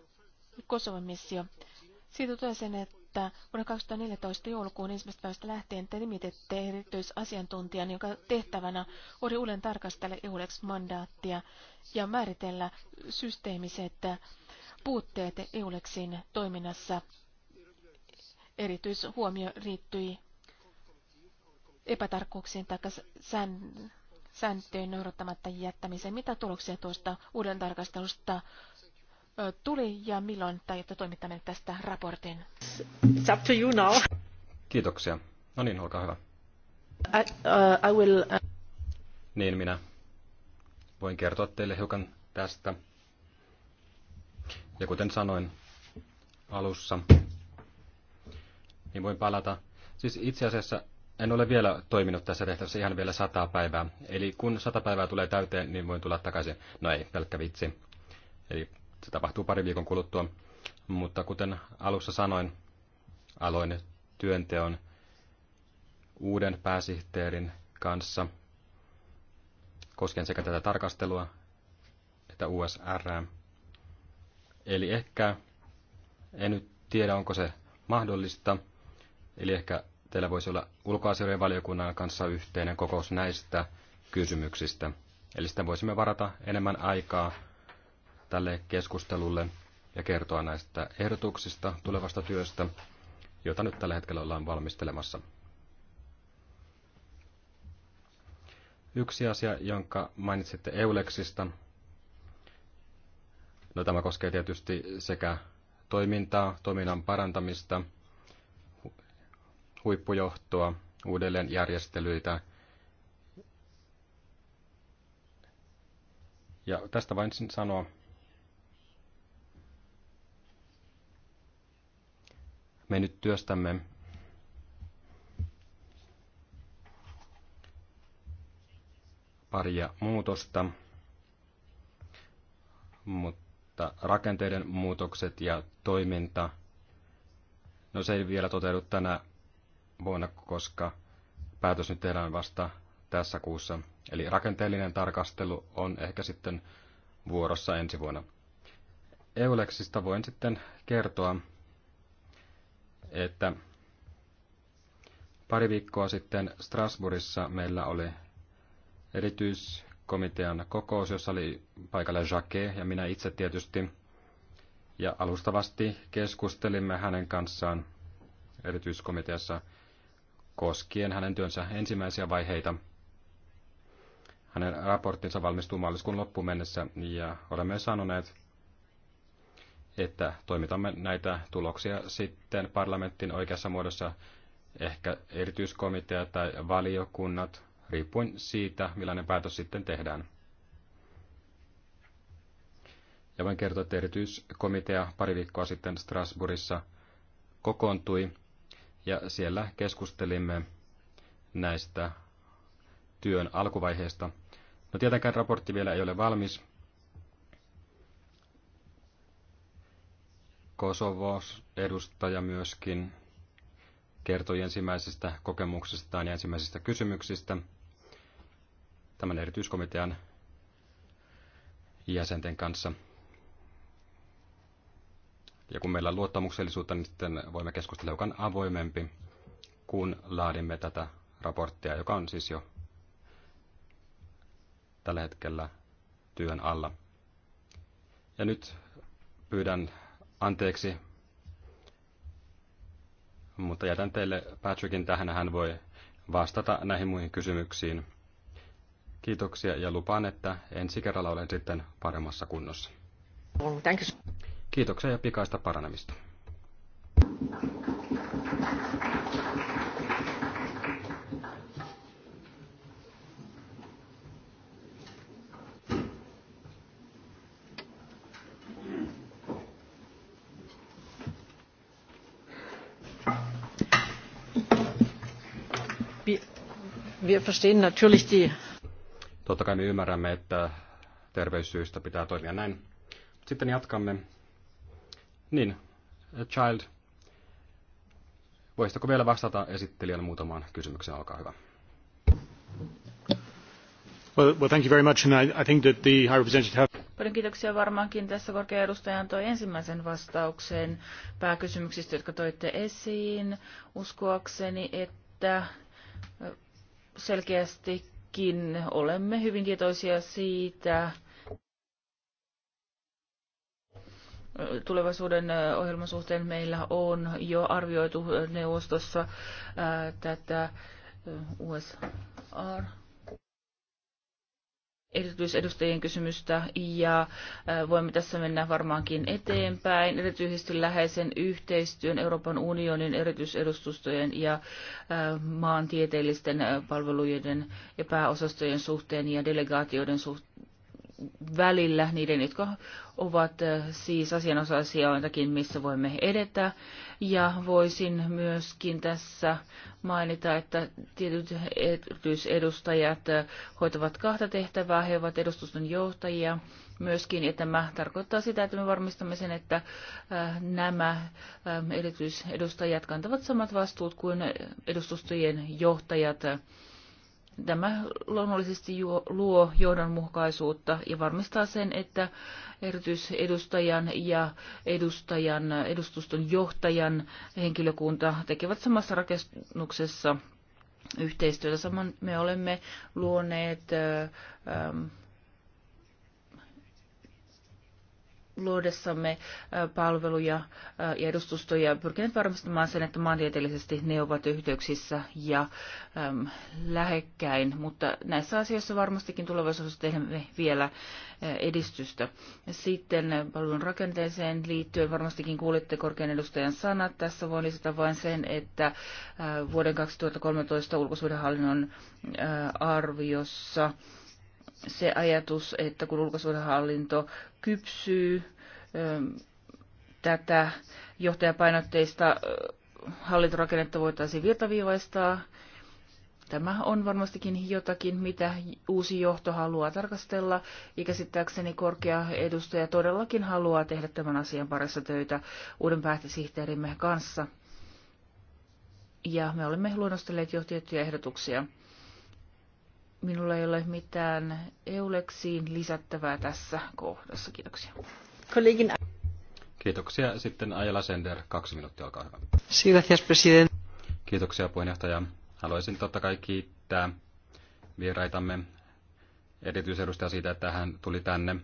Kosovan missio, siitä tulee sen, että että vuonna 2014 joulukuun ensimmäistä päivästä lähtien te nimitette erityisasiantuntijan, jonka tehtävänä oli uuden tarkastella EULEX-mandaattia ja määritellä systeemiset puutteet EULEXin toiminnassa. Erityishuomio riittyi epätarkkuuksiin tai sääntöjen noudattamatta jättämiseen. Mitä tuloksia tuosta uuden tarkastelusta tuli ja milloin tai että toimittamme tästä raportin. It's up to you now. Kiitoksia. No niin, olkaa hyvä. I, uh, I will, uh... Niin, minä voin kertoa teille hiukan tästä. Ja kuten sanoin alussa, niin voin palata. Siis itse asiassa en ole vielä toiminut tässä tehtävässä ihan vielä sata päivää. Eli kun sata päivää tulee täyteen, niin voin tulla takaisin. No ei, pelkkä vitsi. Eli se tapahtuu pari viikon kuluttua. Mutta kuten alussa sanoin, aloin työnteon uuden pääsihteerin kanssa koskien sekä tätä tarkastelua että USR. Eli ehkä, en nyt tiedä onko se mahdollista, eli ehkä teillä voisi olla ulkoasioiden valiokunnan kanssa yhteinen kokous näistä kysymyksistä. Eli sitten voisimme varata enemmän aikaa tälle keskustelulle ja kertoa näistä ehdotuksista tulevasta työstä, jota nyt tällä hetkellä ollaan valmistelemassa. Yksi asia, jonka mainitsitte Euleksista, no tämä koskee tietysti sekä toimintaa, toiminnan parantamista, huippujohtoa, uudelleenjärjestelyitä. Ja tästä vain sanoa, me nyt työstämme paria muutosta, mutta rakenteiden muutokset ja toiminta, no se ei vielä toteudu tänä vuonna, koska päätös nyt tehdään vasta tässä kuussa. Eli rakenteellinen tarkastelu on ehkä sitten vuorossa ensi vuonna. Eulexista voin sitten kertoa, että pari viikkoa sitten Strasbourgissa meillä oli erityiskomitean kokous, jossa oli paikalla Jacquet ja minä itse tietysti. Ja alustavasti keskustelimme hänen kanssaan erityiskomiteassa koskien hänen työnsä ensimmäisiä vaiheita. Hänen raporttinsa valmistuu maaliskuun loppuun mennessä ja olemme sanoneet, että toimitamme näitä tuloksia sitten parlamentin oikeassa muodossa, ehkä erityiskomitea tai valiokunnat, riippuen siitä, millainen päätös sitten tehdään. Ja voin kertoa, että erityiskomitea pari viikkoa sitten Strasbourgissa kokoontui, ja siellä keskustelimme näistä työn alkuvaiheista. No tietenkään raportti vielä ei ole valmis, Kosovo-edustaja myöskin kertoi ensimmäisistä kokemuksistaan ja ensimmäisistä kysymyksistä tämän erityiskomitean jäsenten kanssa. Ja kun meillä on luottamuksellisuutta, niin sitten voimme keskustella hiukan avoimempi, kun laadimme tätä raporttia, joka on siis jo tällä hetkellä työn alla. Ja nyt pyydän anteeksi, mutta jätän teille Patrickin tähän. Hän voi vastata näihin muihin kysymyksiin. Kiitoksia ja lupaan, että ensi kerralla olen sitten paremmassa kunnossa. Kiitoksia ja pikaista paranemista. verstehen natürlich die... Totta kai me ymmärrämme, että terveyssyistä pitää toimia näin. Sitten jatkamme. Niin, Child, voisitko vielä vastata esittelijän muutamaan kysymykseen? Olkaa hyvä. Well, well, thank you very much, and I, I think that the High Representative have... Paljon kiitoksia varmaankin. Tässä korkean edustajan toi ensimmäisen vastauksen pääkysymyksistä, jotka toitte esiin. Uskoakseni, että selkeästikin olemme hyvin tietoisia siitä tulevaisuuden ohjelman suhteen. Meillä on jo arvioitu neuvostossa tätä USR erityisedustajien kysymystä ja voimme tässä mennä varmaankin eteenpäin. Erityisesti läheisen yhteistyön Euroopan unionin erityisedustustojen ja maantieteellisten palvelujen ja pääosastojen suhteen ja delegaatioiden suhteen välillä, niiden, jotka ovat äh, siis asianosaisia jotakin, missä voimme edetä. Ja voisin myöskin tässä mainita, että tietyt erityisedustajat äh, hoitavat kahta tehtävää, he ovat edustuston johtajia myöskin, ja tämä tarkoittaa sitä, että me varmistamme sen, että äh, nämä ähm, erityisedustajat kantavat samat vastuut kuin edustustojen johtajat Tämä luonnollisesti luo johdonmukaisuutta ja varmistaa sen, että erityisedustajan ja edustajan, edustuston johtajan henkilökunta tekevät samassa rakennuksessa yhteistyötä. Samoin me olemme luoneet ähm, luodessamme palveluja ja edustustoja pyrkineet varmistamaan sen, että maantieteellisesti ne ovat yhteyksissä ja äm, lähekkäin, mutta näissä asioissa varmastikin tulevaisuudessa teemme vielä edistystä. Sitten palvelun rakenteeseen liittyen varmastikin kuulitte korkean edustajan sanat. Tässä voin lisätä vain sen, että vuoden 2013 ulkosuhdehallinnon arviossa se ajatus, että kun ulkosuhdehallinto kypsyy ähm, tätä johtajapainotteista äh, hallintorakennetta voitaisiin virtaviivaistaa. Tämä on varmastikin jotakin, mitä uusi johto haluaa tarkastella. Ja käsittääkseni korkea edustaja todellakin haluaa tehdä tämän asian parissa töitä uuden päätösihteerimme kanssa. Ja me olemme luonnostelleet jo tiettyjä ehdotuksia. Minulla ei ole mitään euleksiin lisättävää tässä kohdassa. Kiitoksia. Kollegin. Kiitoksia. Sitten Ajala Sender, kaksi minuuttia, olkaa hyvä. Kiitoksia puheenjohtaja. Haluaisin totta kai kiittää vieraitamme erityisedustaja siitä, että hän tuli tänne.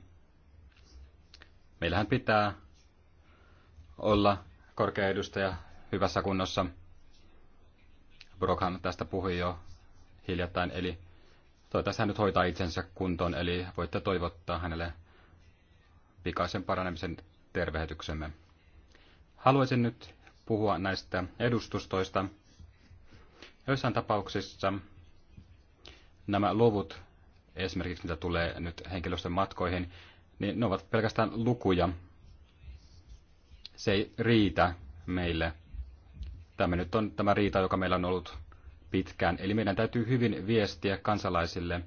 Meillähän pitää olla korkea edustaja hyvässä kunnossa. Brokhan tästä puhui jo hiljattain, eli Toivottavasti hän nyt hoitaa itsensä kuntoon, eli voitte toivottaa hänelle pikaisen paranemisen tervehdyksemme. Haluaisin nyt puhua näistä edustustoista. Joissain tapauksissa nämä luvut, esimerkiksi mitä tulee nyt henkilöstön matkoihin, niin ne ovat pelkästään lukuja. Se ei riitä meille. Tämä nyt on tämä riita, joka meillä on ollut pitkään. Eli meidän täytyy hyvin viestiä kansalaisille.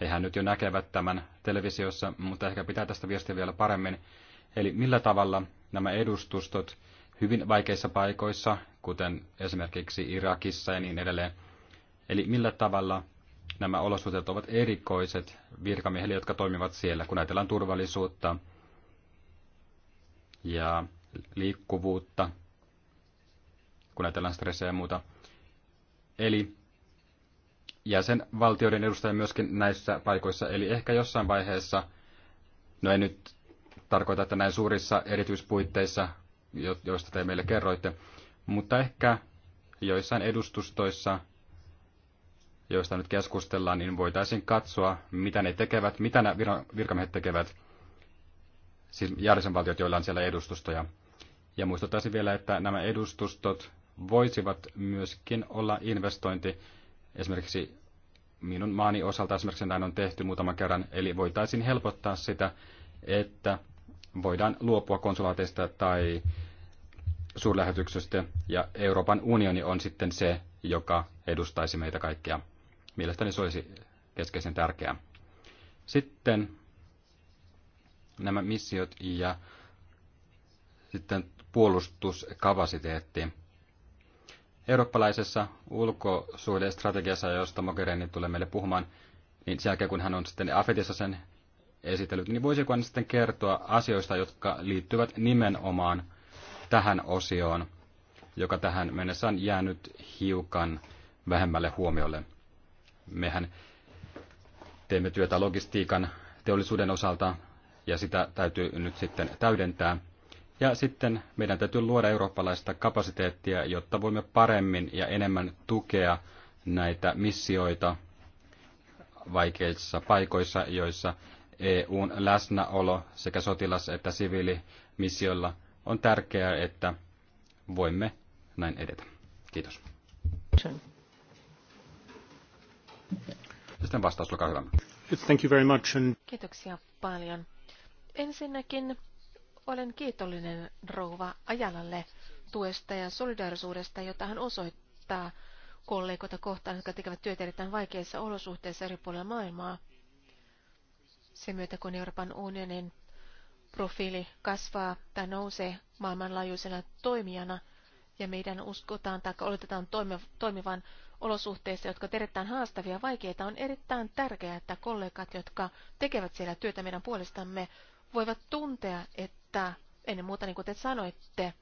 Hehän nyt jo näkevät tämän televisiossa, mutta ehkä pitää tästä viestiä vielä paremmin. Eli millä tavalla nämä edustustot hyvin vaikeissa paikoissa, kuten esimerkiksi Irakissa ja niin edelleen, eli millä tavalla nämä olosuhteet ovat erikoiset virkamiehille, jotka toimivat siellä, kun ajatellaan turvallisuutta ja liikkuvuutta, kun ajatellaan stressejä ja muuta. Eli jäsenvaltioiden edustajia myöskin näissä paikoissa. Eli ehkä jossain vaiheessa, no ei nyt tarkoita, että näin suurissa erityispuitteissa, joista te meille kerroitte, mutta ehkä joissain edustustoissa, joista nyt keskustellaan, niin voitaisiin katsoa, mitä ne tekevät, mitä nämä virkamiehet tekevät, siis jäsenvaltiot, joilla on siellä edustustoja. Ja muistuttaisin vielä, että nämä edustustot voisivat myöskin olla investointi esimerkiksi minun maani osalta esimerkiksi näin on tehty muutaman kerran, eli voitaisiin helpottaa sitä, että voidaan luopua konsulaateista tai suurlähetyksestä, ja Euroopan unioni on sitten se, joka edustaisi meitä kaikkia. Mielestäni se olisi keskeisen tärkeää. Sitten nämä missiot ja sitten puolustuskapasiteetti eurooppalaisessa ulkosuhdestrategiassa, josta Mogherini tulee meille puhumaan, niin sen jälkeen kun hän on sitten Afetissa sen esitellyt, niin voisiko hän sitten kertoa asioista, jotka liittyvät nimenomaan tähän osioon, joka tähän mennessä on jäänyt hiukan vähemmälle huomiolle. Mehän teemme työtä logistiikan teollisuuden osalta, ja sitä täytyy nyt sitten täydentää. Ja sitten meidän täytyy luoda eurooppalaista kapasiteettia, jotta voimme paremmin ja enemmän tukea näitä missioita vaikeissa paikoissa, joissa EUn läsnäolo sekä sotilas- että siviilimissioilla on tärkeää, että voimme näin edetä. Kiitos. Sitten vastaus, olkaa hyvä. Thank you very much. Kiitoksia paljon. Ensinnäkin olen kiitollinen rouva Ajalalle tuesta ja solidaarisuudesta, jota hän osoittaa kollegoita kohtaan, jotka tekevät työtä erittäin vaikeissa olosuhteissa eri puolilla maailmaa. Sen myötä, kun Euroopan unionin profiili kasvaa tai nousee maailmanlaajuisena toimijana, ja meidän uskotaan tai oletetaan toimivan olosuhteissa, jotka ovat erittäin haastavia ja vaikeita, on erittäin tärkeää, että kollegat, jotka tekevät siellä työtä meidän puolestamme, voivat tuntea, että että ennen muuta, niin kuin te sanoitte,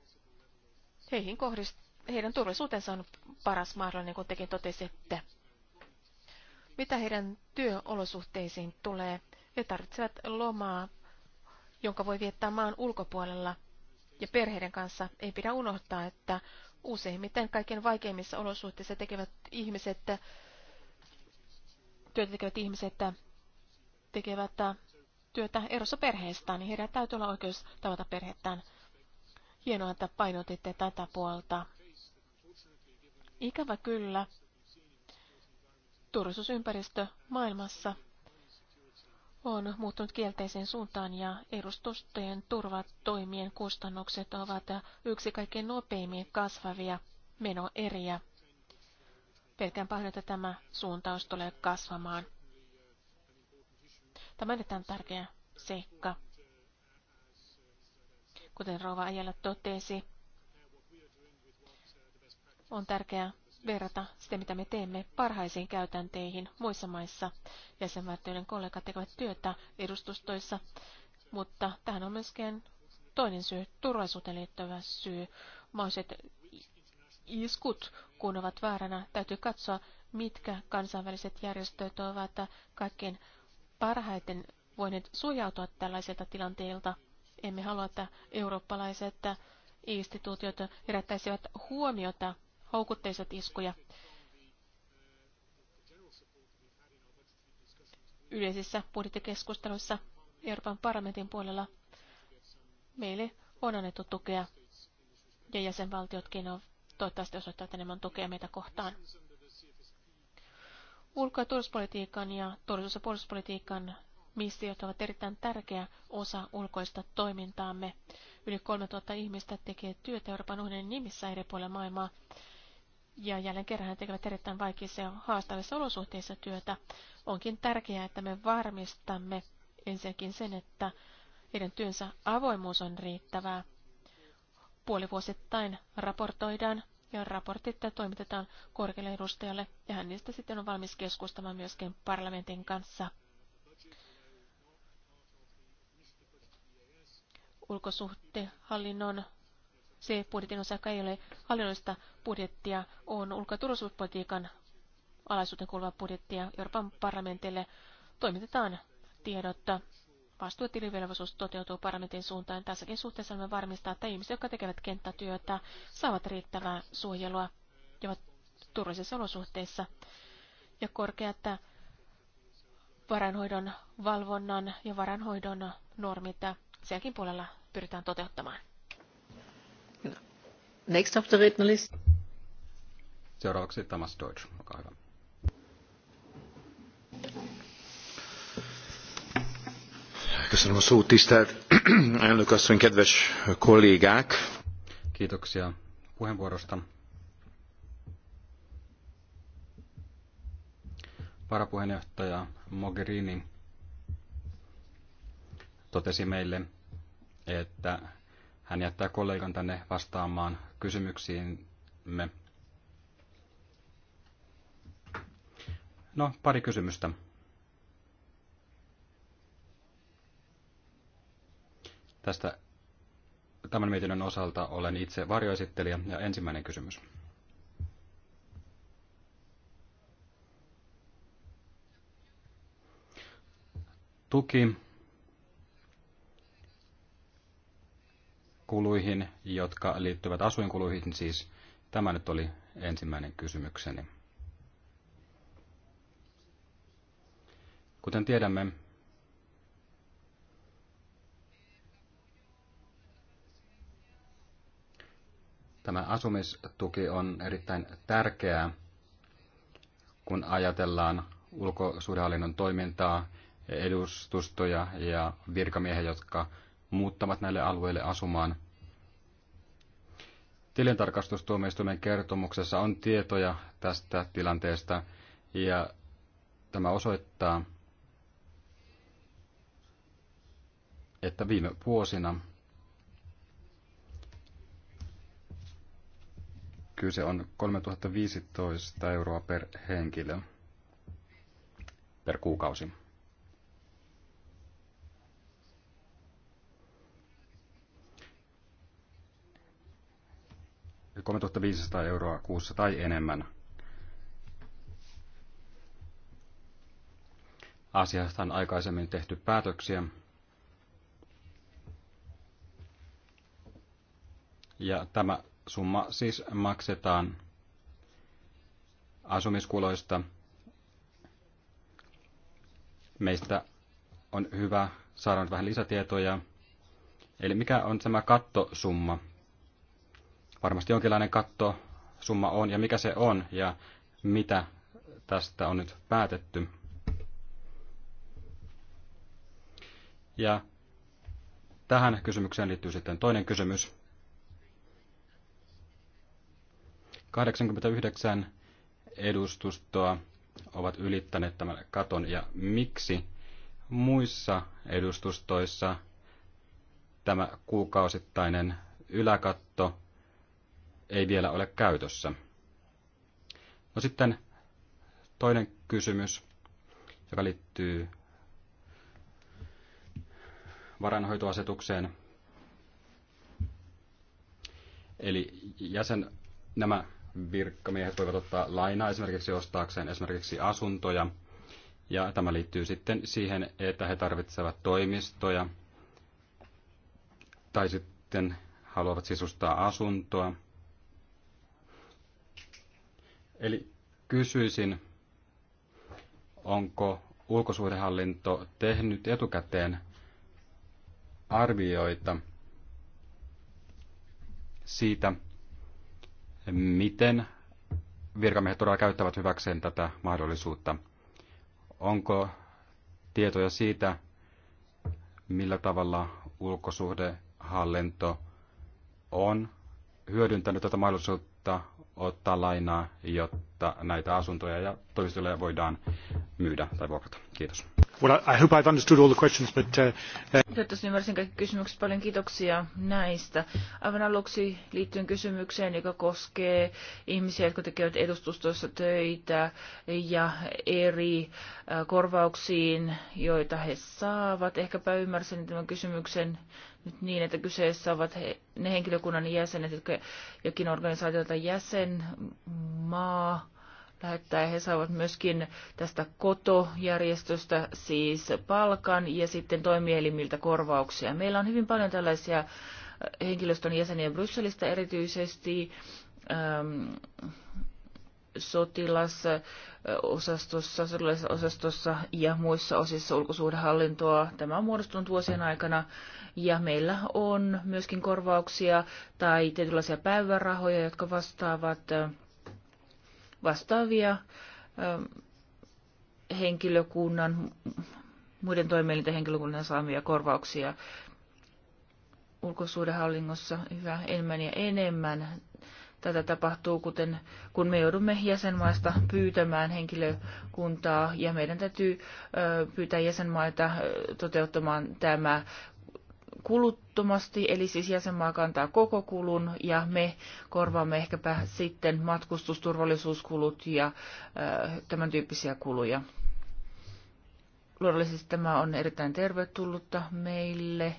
heihin kohdist, heidän turvallisuutensa on paras mahdollinen, niin kuin tekin totesitte. Mitä heidän työolosuhteisiin tulee, he tarvitsevat lomaa, jonka voi viettää maan ulkopuolella. Ja perheiden kanssa ei pidä unohtaa, että useimmiten kaiken vaikeimmissa olosuhteissa tekevät ihmiset, työtä tekevät ihmiset tekevät työtä erossa perheestään, niin heidän täytyy olla oikeus tavata perhettään. Hienoa, että painotitte tätä puolta. Ikävä kyllä, turvallisuusympäristö maailmassa on muuttunut kielteiseen suuntaan ja edustustojen turvatoimien kustannukset ovat yksi kaikkein nopeimmin kasvavia menoeriä. Pelkään pahoin, että tämä suuntaus tulee kasvamaan. Tämä on erittäin tärkeä seikka. Kuten Rova Ajalla totesi, on tärkeää verrata sitä, mitä me teemme parhaisiin käytänteihin muissa maissa. Jäsenvaltioiden kollegat tekevät työtä edustustoissa, mutta tähän on myöskin toinen syy, turvallisuuteen liittyvä syy. Mahdolliset iskut, kun ovat vaarana, täytyy katsoa, mitkä kansainväliset järjestöt ovat kaikkein parhaiten voineet suojautua tällaisilta tilanteilta. Emme halua, että eurooppalaiset instituutiot herättäisivät huomiota houkutteiset iskuja. Yleisissä budjettikeskusteluissa Euroopan parlamentin puolella meille on annettu tukea ja jäsenvaltiotkin on toivottavasti osoittavat enemmän tukea meitä kohtaan. Ulko- ja turvallisuuspolitiikan ja turvallisuus- ja puolustuspolitiikan missiot ovat erittäin tärkeä osa ulkoista toimintaamme. Yli 3000 ihmistä tekee työtä Euroopan unionin nimissä eri puolilla maailmaa. Ja jälleen kerran he tekevät erittäin vaikeissa ja haastavissa olosuhteissa työtä. Onkin tärkeää, että me varmistamme ensinnäkin sen, että heidän työnsä avoimuus on riittävää. Puolivuosittain raportoidaan ja raportit toimitetaan korkealle edustajalle ja hän niistä sitten on valmis keskustamaan myöskin parlamentin kanssa. Ulkosuhdehallinnon se budjetin osa, joka ei ole hallinnollista budjettia, on ulko- ja turvallisuuspolitiikan alaisuuteen kuuluva budjettia Euroopan parlamentille. Toimitetaan tiedotta tilivelvollisuus toteutuu parlamentin suuntaan. Tässäkin suhteessa me varmistaa, että ihmiset, jotka tekevät kenttätyötä, saavat riittävää suojelua ja ovat turvallisissa olosuhteissa. Ja korkea, että varainhoidon valvonnan ja varainhoidon normit sielläkin puolella pyritään toteuttamaan. Next up the list. Seuraavaksi Thomas Deutsch, olkaa hyvä. tisztelt elnök asszony, kedves kollégák! Kiitoksia puheenvuorosta. Varapuheenjohtaja Mogherini totesi meille, että hän jättää kollegan tänne vastaamaan kysymyksiimme. No, pari kysymystä. Tästä tämän mietinnön osalta olen itse varjoesittelijä ja ensimmäinen kysymys. Tuki kuluihin, jotka liittyvät asuinkuluihin, siis tämä nyt oli ensimmäinen kysymykseni. Kuten tiedämme, Tämä asumistuki on erittäin tärkeää, kun ajatellaan ulkosuhdehallinnon toimintaa, edustustoja ja virkamiehiä, jotka muuttavat näille alueille asumaan. Tilintarkastustuomioistuimen kertomuksessa on tietoja tästä tilanteesta ja tämä osoittaa, että viime vuosina se on 3015 euroa per henkilö per kuukausi. Eli 3500 euroa kuussa tai enemmän. Asiasta on aikaisemmin tehty päätöksiä. Ja tämä summa siis maksetaan asumiskuloista. Meistä on hyvä saada nyt vähän lisätietoja. Eli mikä on tämä kattosumma? Varmasti jonkinlainen kattosumma on, ja mikä se on, ja mitä tästä on nyt päätetty. Ja tähän kysymykseen liittyy sitten toinen kysymys. 89 edustustoa ovat ylittäneet tämän katon ja miksi muissa edustustoissa tämä kuukausittainen yläkatto ei vielä ole käytössä. No sitten toinen kysymys, joka liittyy varainhoitoasetukseen. Eli jäsen, nämä virkamiehet voivat ottaa lainaa esimerkiksi ostaakseen esimerkiksi asuntoja. Ja tämä liittyy sitten siihen, että he tarvitsevat toimistoja tai sitten haluavat sisustaa asuntoa. Eli kysyisin, onko ulkosuhdehallinto tehnyt etukäteen arvioita siitä, miten virkamiehet todella käyttävät hyväkseen tätä mahdollisuutta. Onko tietoja siitä, millä tavalla ulkosuhdehallinto on hyödyntänyt tätä mahdollisuutta ottaa lainaa, jotta näitä asuntoja ja toimistoja voidaan myydä tai vuokrata. Kiitos. I hope I've understood all the questions, but... Uh, uh, Toivottavasti ymmärsin kaikki kysymykset. Paljon kiitoksia näistä. Aivan aluksi liittyen kysymykseen, joka koskee ihmisiä, jotka tekevät edustustoissa töitä ja eri äh, korvauksiin, joita he saavat. Ehkäpä ymmärsin tämän kysymyksen nyt niin, että kyseessä ovat he, ne henkilökunnan jäsenet, jotka jokin organisaatio tai jäsenmaa lähettää. He saavat myöskin tästä kotojärjestöstä siis palkan ja sitten toimielimiltä korvauksia. Meillä on hyvin paljon tällaisia äh, henkilöstön jäseniä Brysselistä erityisesti. Ähm, sotilasosastossa, sotilasosastossa ja muissa osissa ulkosuhdehallintoa. Tämä on muodostunut vuosien aikana ja meillä on myöskin korvauksia tai tietynlaisia päivärahoja, jotka vastaavat äh, vastaavia henkilökunnan, muiden toimielinten henkilökunnan saamia korvauksia ulkosuhdehallinnossa yhä enemmän ja enemmän. Tätä tapahtuu, kuten kun me joudumme jäsenmaista pyytämään henkilökuntaa ja meidän täytyy pyytää jäsenmaita toteuttamaan tämä kuluttomasti, eli siis jäsenmaa kantaa koko kulun ja me korvaamme ehkäpä sitten matkustusturvallisuuskulut ja äh, tämän tyyppisiä kuluja. Luonnollisesti tämä on erittäin tervetullutta meille.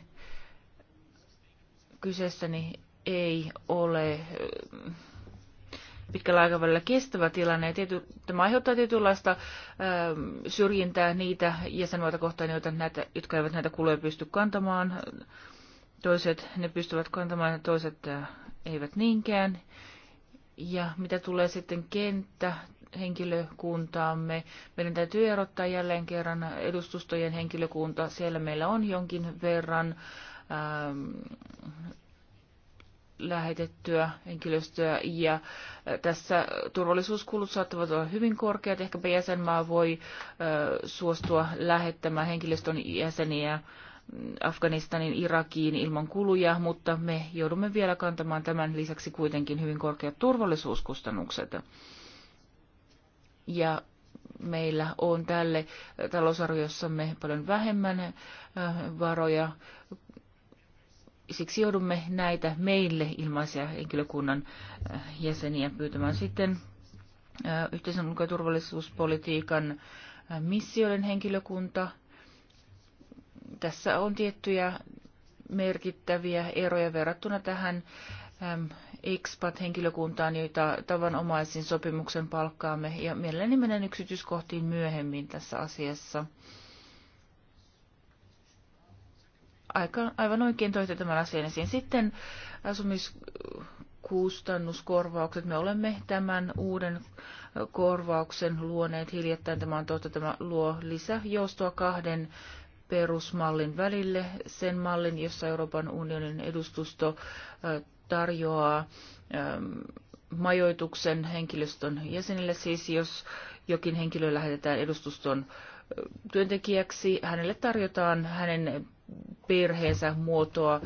Kyseessäni ei ole äh, pitkällä aikavälillä kestävä tilanne. Tiety, tämä aiheuttaa tietynlaista ö, ähm, syrjintää niitä jäsenmaita kohtaan, joita näitä, jotka eivät näitä kuluja pysty kantamaan. Toiset ne pystyvät kantamaan ja toiset äh, eivät niinkään. Ja mitä tulee sitten kenttä henkilökuntaamme. Meidän täytyy erottaa jälleen kerran edustustojen henkilökunta. Siellä meillä on jonkin verran ähm, lähetettyä henkilöstöä ja tässä turvallisuuskulut saattavat olla hyvin korkeat. Ehkäpä jäsenmaa voi suostua lähettämään henkilöstön jäseniä Afganistanin Irakiin ilman kuluja, mutta me joudumme vielä kantamaan tämän lisäksi kuitenkin hyvin korkeat turvallisuuskustannukset. Ja meillä on tälle talousarviossamme paljon vähemmän varoja siksi joudumme näitä meille ilmaisia henkilökunnan äh, jäseniä pyytämään sitten äh, yhteisen ulko- ja turvallisuuspolitiikan äh, missioiden henkilökunta. Tässä on tiettyjä merkittäviä eroja verrattuna tähän ähm, expat-henkilökuntaan, joita tavanomaisin sopimuksen palkkaamme, ja mielelläni menen yksityiskohtiin myöhemmin tässä asiassa aika, aivan oikein toitte tämän asian esiin. Sitten asumiskustannuskorvaukset. Me olemme tämän uuden korvauksen luoneet hiljattain. Tämä on totta, tämä luo lisäjoustoa kahden perusmallin välille. Sen mallin, jossa Euroopan unionin edustusto tarjoaa majoituksen henkilöstön jäsenille, siis jos jokin henkilö lähetetään edustuston työntekijäksi, hänelle tarjotaan hänen perheensä muotoa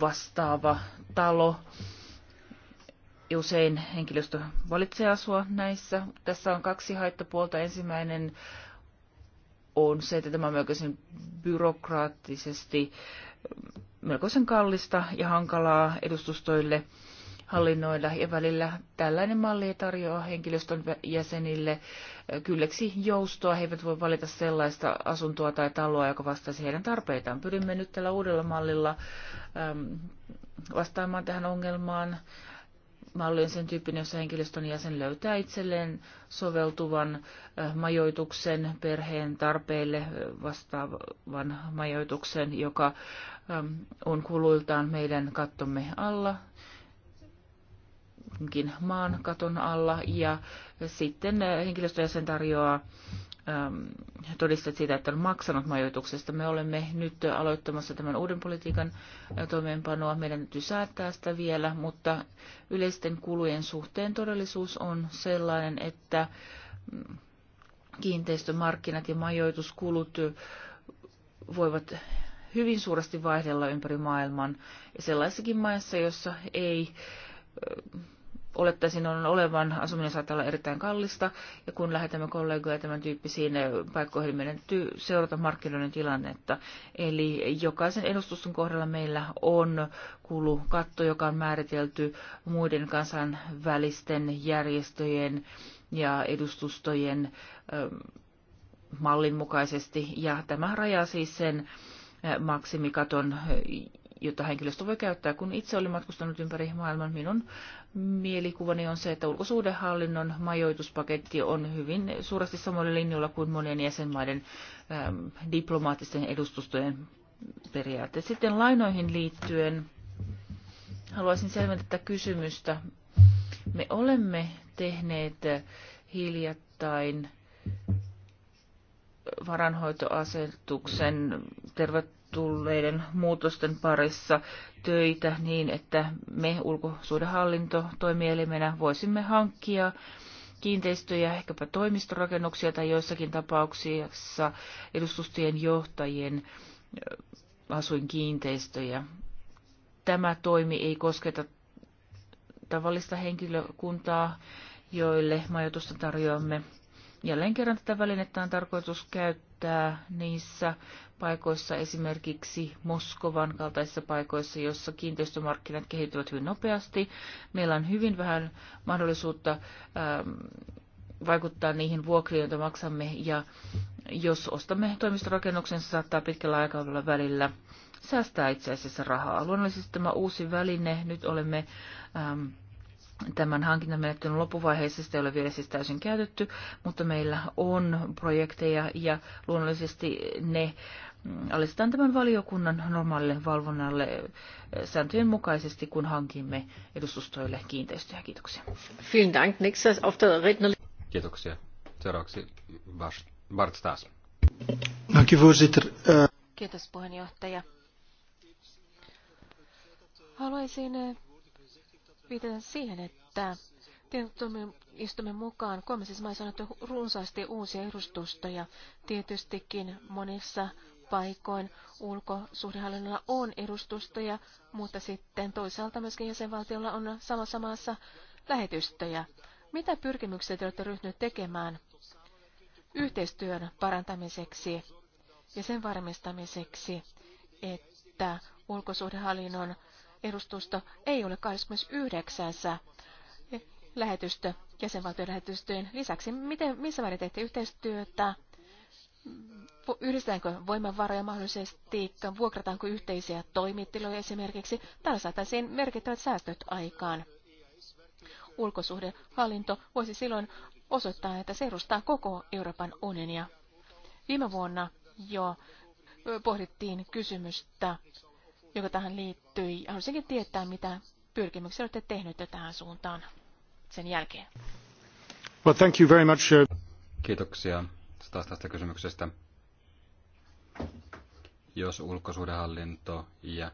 vastaava talo. Usein henkilöstö valitsee asua näissä. Tässä on kaksi haittapuolta. Ensimmäinen on se, että tämä on melkoisen byrokraattisesti melkoisen kallista ja hankalaa edustustoille – hallinnoida ja välillä tällainen malli tarjoaa henkilöstön jäsenille kylleksi joustoa. He eivät voi valita sellaista asuntoa tai taloa, joka vastaisi heidän tarpeitaan. Pyrimme nyt tällä uudella mallilla vastaamaan tähän ongelmaan. Malli on sen tyyppinen, jossa henkilöstön jäsen löytää itselleen soveltuvan majoituksen perheen tarpeille vastaavan majoituksen, joka on kuluiltaan meidän kattomme alla kunkin maan katon alla ja sitten henkilöstöjäsen tarjoaa ähm, todistet siitä, että on maksanut majoituksesta. Me olemme nyt aloittamassa tämän uuden politiikan äh, toimeenpanoa. Meidän täytyy säättää sitä vielä, mutta yleisten kulujen suhteen todellisuus on sellainen, että mm, kiinteistömarkkinat ja majoituskulut äh, voivat hyvin suuresti vaihdella ympäri maailman. Ja sellaisessakin maissa, jossa ei äh, olettaisin on olevan, asuminen saattaa olla erittäin kallista, ja kun lähetämme kollegoja tämän tyyppisiin paikkoihin, meidän täytyy seurata markkinoiden tilannetta. Eli jokaisen edustuston kohdalla meillä on kulukatto, joka on määritelty muiden kansainvälisten järjestöjen ja edustustojen ähm, mallin mukaisesti, ja tämä rajaa siis sen äh, maksimikaton, jota henkilöstö voi käyttää. Kun itse olin matkustanut ympäri maailman, minun mielikuvani on se, että ulkosuhdehallinnon majoituspaketti on hyvin suuresti samoilla linjoilla kuin monien jäsenmaiden äm, diplomaattisten edustustojen periaatteet. Sitten lainoihin liittyen haluaisin selventää kysymystä. Me olemme tehneet hiljattain varanhoitoasetuksen tervet tulleiden muutosten parissa töitä niin, että me ulkosuudenhallinto toimielimenä voisimme hankkia kiinteistöjä, ehkäpä toimistorakennuksia tai joissakin tapauksissa edustustien johtajien asuinkiinteistöjä. Tämä toimi ei kosketa tavallista henkilökuntaa, joille majoitusta tarjoamme Jälleen kerran tätä välinettä on tarkoitus käyttää niissä paikoissa, esimerkiksi Moskovan kaltaisissa paikoissa, joissa kiinteistömarkkinat kehittyvät hyvin nopeasti. Meillä on hyvin vähän mahdollisuutta ähm, vaikuttaa niihin vuokriin, joita maksamme, ja jos ostamme toimistorakennuksen, se saattaa pitkällä aikavälillä välillä säästää itse asiassa rahaa. Luonnollisesti tämä uusi väline, nyt olemme ähm, tämän hankintamenettelyn loppuvaiheessa sitä ei ole vielä siis täysin käytetty, mutta meillä on projekteja ja luonnollisesti ne mm, alistetaan tämän valiokunnan normaalille valvonnalle eh, sääntöjen mukaisesti, kun hankimme edustustoille kiinteistöjä. Kiitoksia. Vielen Kiitoksia. Seuraavaksi Bart Stas. Eh, Kiitos puheenjohtaja. Haluaisin eh, viitata siihen, että istumme mukaan kolmessa maissa on runsaasti uusia edustustoja. Tietystikin monissa paikoin ulkosuhdehallinnolla on edustustoja, mutta sitten toisaalta myöskin jäsenvaltiolla on samassa maassa lähetystöjä. Mitä pyrkimyksiä te olette ryhtyneet tekemään yhteistyön parantamiseksi ja sen varmistamiseksi, että ulkosuhdehallinnon edustusto ei ole 29. lähetystö jäsenvaltion lähetystöjen lisäksi. Miten, missä määrin teette yhteistyötä? Yhdistetäänkö voimavaroja mahdollisesti? Vuokrataanko yhteisiä toimittiloja esimerkiksi? Täällä saataisiin merkittävät säästöt aikaan. Ulkosuhdehallinto voisi silloin osoittaa, että se edustaa koko Euroopan unionia. Viime vuonna jo pohdittiin kysymystä joka tähän liittyi. Haluaisinkin tietää, mitä pyrkimyksiä olette tehneet tähän suuntaan sen jälkeen. Well, thank you very much. Uh, Kiitoksia taas tästä kysymyksestä. Jos ulkosuhdehallinto ja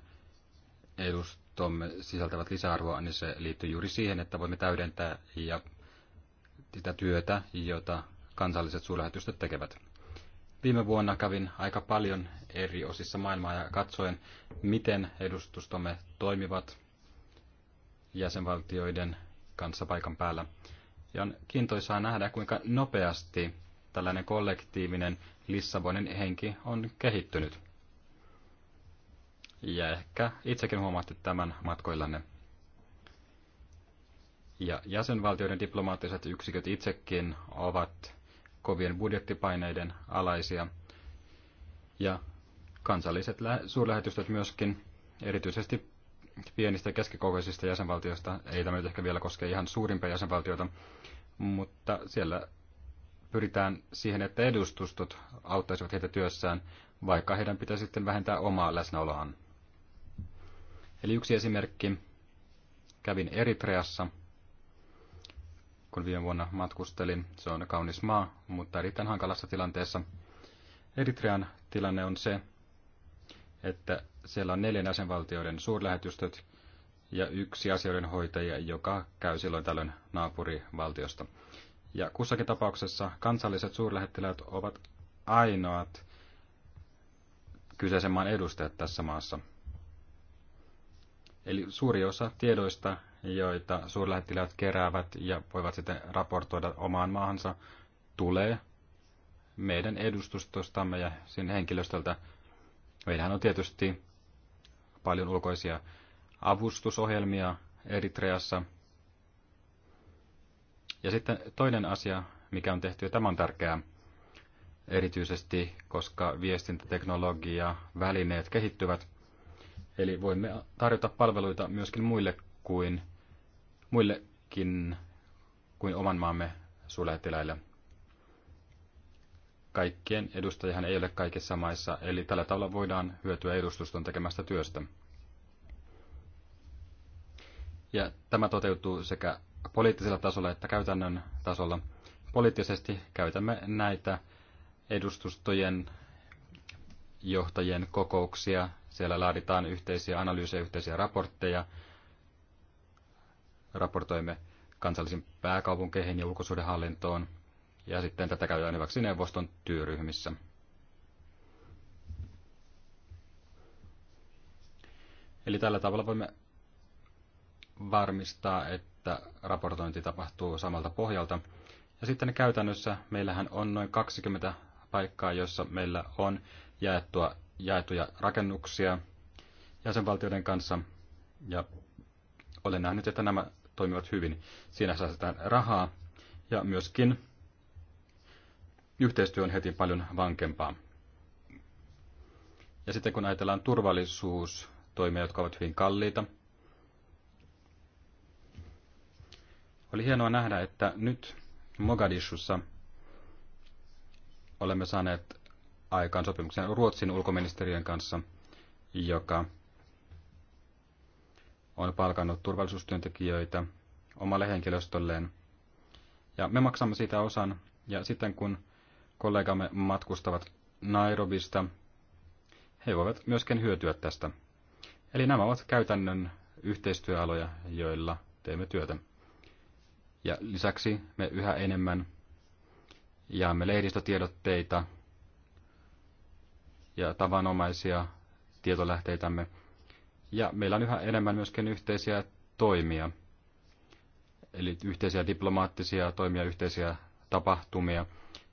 edustomme sisältävät lisäarvoa, niin se liittyy juuri siihen, että voimme täydentää ja sitä työtä, jota kansalliset suurlähetystöt tekevät. Viime vuonna kävin aika paljon eri osissa maailmaa ja katsoin, miten edustustomme toimivat jäsenvaltioiden kanssa paikan päällä. Ja on kiintoisaa nähdä, kuinka nopeasti tällainen kollektiivinen Lissabonin henki on kehittynyt. Ja ehkä itsekin huomaatte tämän matkoillanne. Ja jäsenvaltioiden diplomaattiset yksiköt itsekin ovat kovien budjettipaineiden alaisia. Ja kansalliset suurlähetystöt myöskin, erityisesti pienistä ja keskikokoisista jäsenvaltioista, ei tämä nyt ehkä vielä koske ihan suurimpia jäsenvaltioita, mutta siellä pyritään siihen, että edustustot auttaisivat heitä työssään, vaikka heidän pitäisi sitten vähentää omaa läsnäoloaan. Eli yksi esimerkki. Kävin Eritreassa – kun viime vuonna matkustelin. Se on kaunis maa, mutta erittäin hankalassa tilanteessa. Eritrean tilanne on se, että siellä on neljän jäsenvaltioiden suurlähetystöt ja yksi asioiden hoitaja, joka käy silloin tällöin naapurivaltiosta. Ja kussakin tapauksessa kansalliset suurlähettiläät ovat ainoat kyseisen maan edustajat tässä maassa. Eli suuri osa tiedoista joita suurlähettiläät keräävät ja voivat sitten raportoida omaan maahansa, tulee meidän edustustostamme ja sen henkilöstöltä. Meillähän on tietysti paljon ulkoisia avustusohjelmia Eritreassa. Ja sitten toinen asia, mikä on tehty, ja tämä on tärkeää, erityisesti koska viestintäteknologia, välineet kehittyvät. Eli voimme tarjota palveluita myöskin muille kuin muillekin kuin oman maamme suurlähettiläille. Kaikkien edustajahan ei ole kaikissa maissa, eli tällä tavalla voidaan hyötyä edustuston tekemästä työstä. Ja tämä toteutuu sekä poliittisella tasolla että käytännön tasolla. Poliittisesti käytämme näitä edustustojen johtajien kokouksia. Siellä laaditaan yhteisiä analyysejä, yhteisiä raportteja, raportoimme kansallisiin pääkaupunkeihin ja ulkosuhdehallintoon, ja sitten tätä käydään hyväksi neuvoston työryhmissä. Eli tällä tavalla voimme varmistaa, että raportointi tapahtuu samalta pohjalta. Ja sitten käytännössä meillähän on noin 20 paikkaa, jossa meillä on jaettua, jaettuja rakennuksia jäsenvaltioiden kanssa. Ja olen nähnyt, että nämä toimivat hyvin. Siinä säästetään rahaa ja myöskin yhteistyö on heti paljon vankempaa. Ja sitten kun ajatellaan turvallisuustoimia, jotka ovat hyvin kalliita, oli hienoa nähdä, että nyt Mogadishussa olemme saaneet aikaan sopimuksen Ruotsin ulkoministeriön kanssa, joka on palkannut turvallisuustyöntekijöitä omalle henkilöstölleen. Ja me maksamme siitä osan, ja sitten kun kollegamme matkustavat Nairobista, he voivat myöskin hyötyä tästä. Eli nämä ovat käytännön yhteistyöaloja, joilla teemme työtä. Ja lisäksi me yhä enemmän jaamme lehdistötiedotteita ja tavanomaisia tietolähteitämme ja meillä on yhä enemmän myöskin yhteisiä toimia, eli yhteisiä diplomaattisia toimia, yhteisiä tapahtumia.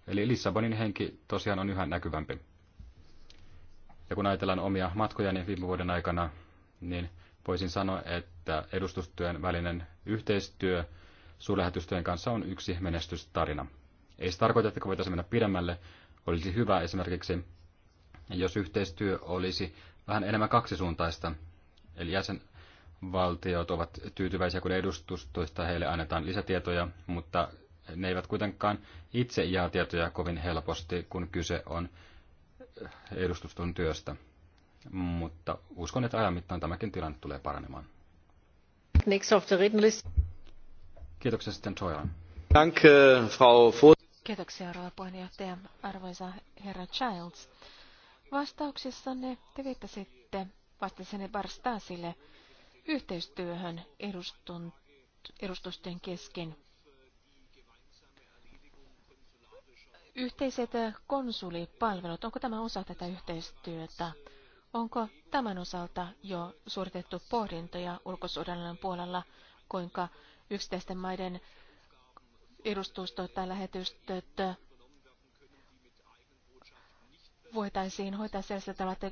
Eli Lissabonin henki tosiaan on yhä näkyvämpi. Ja kun ajatellaan omia matkojani niin viime vuoden aikana, niin voisin sanoa, että edustustyön välinen yhteistyö suurlähetystyön kanssa on yksi menestystarina. Ei se tarkoita, että voitaisiin mennä pidemmälle. Olisi hyvä esimerkiksi, jos yhteistyö olisi vähän enemmän kaksisuuntaista, Eli jäsenvaltiot ovat tyytyväisiä, kun edustustoista heille annetaan lisätietoja, mutta ne eivät kuitenkaan itse jaa tietoja kovin helposti, kun kyse on eh, edustuston työstä. Mutta uskon, että ajan mittaan tämäkin tilanne tulee paranemaan. Next off the Kiitoksia sitten Toilan. Danke, Frau Kiitoksia, rouva puheenjohtaja, arvoisa herra Childs. Vastauksessanne te viittasitte vastasenne Barstasille yhteistyöhön edustusten kesken. Yhteiset konsulipalvelut, onko tämä osa tätä yhteistyötä? Onko tämän osalta jo suoritettu pohdintoja ulkosuhdannan puolella, kuinka yksittäisten maiden edustustot tai lähetystöt voitaisiin hoitaa sellaisella tavalla, että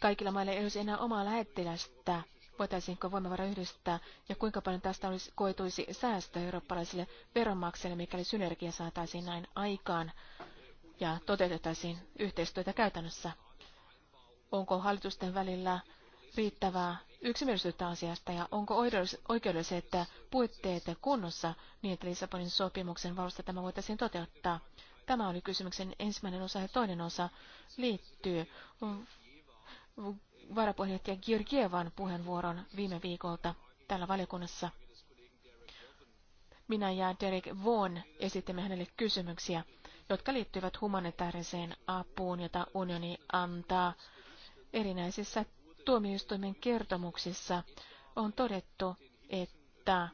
kaikilla mailla ei olisi enää omaa lähettilästä? Voitaisiinko voimavara yhdistää ja kuinka paljon tästä olisi koituisi säästö eurooppalaisille veronmaksajille, mikäli synergia saataisiin näin aikaan ja toteutettaisiin yhteistyötä käytännössä? Onko hallitusten välillä riittävää yksimielisyyttä asiasta ja onko oikeudelliset puitteet kunnossa niin, että Lissabonin sopimuksen valossa tämä voitaisiin toteuttaa? Tämä oli kysymyksen ensimmäinen osa ja toinen osa liittyy varapuheenjohtaja Georgievan puheenvuoron viime viikolta täällä valiokunnassa. Minä ja Derek Vaughan esitimme hänelle kysymyksiä, jotka liittyvät humanitaariseen apuun, jota unioni antaa. Erinäisissä tuomioistuimen kertomuksissa on todettu, että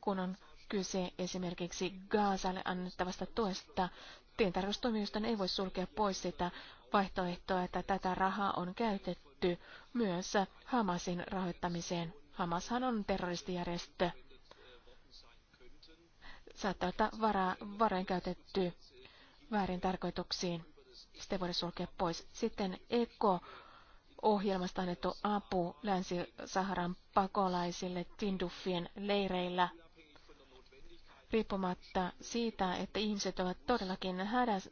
kun on kyse esimerkiksi Gaasalle annettavasta tuesta, tientarkastustoimijoista ei voi sulkea pois sitä vaihtoehtoa, että tätä rahaa on käytetty myös Hamasin rahoittamiseen. Hamashan on terroristijärjestö. Saattaa olla varaa, varojen käytetty väärin tarkoituksiin. Sitä voida sulkea pois. Sitten Eko ohjelmasta annettu apu Länsi-Saharan pakolaisille Tinduffien leireillä – riippumatta siitä, että ihmiset ovat todellakin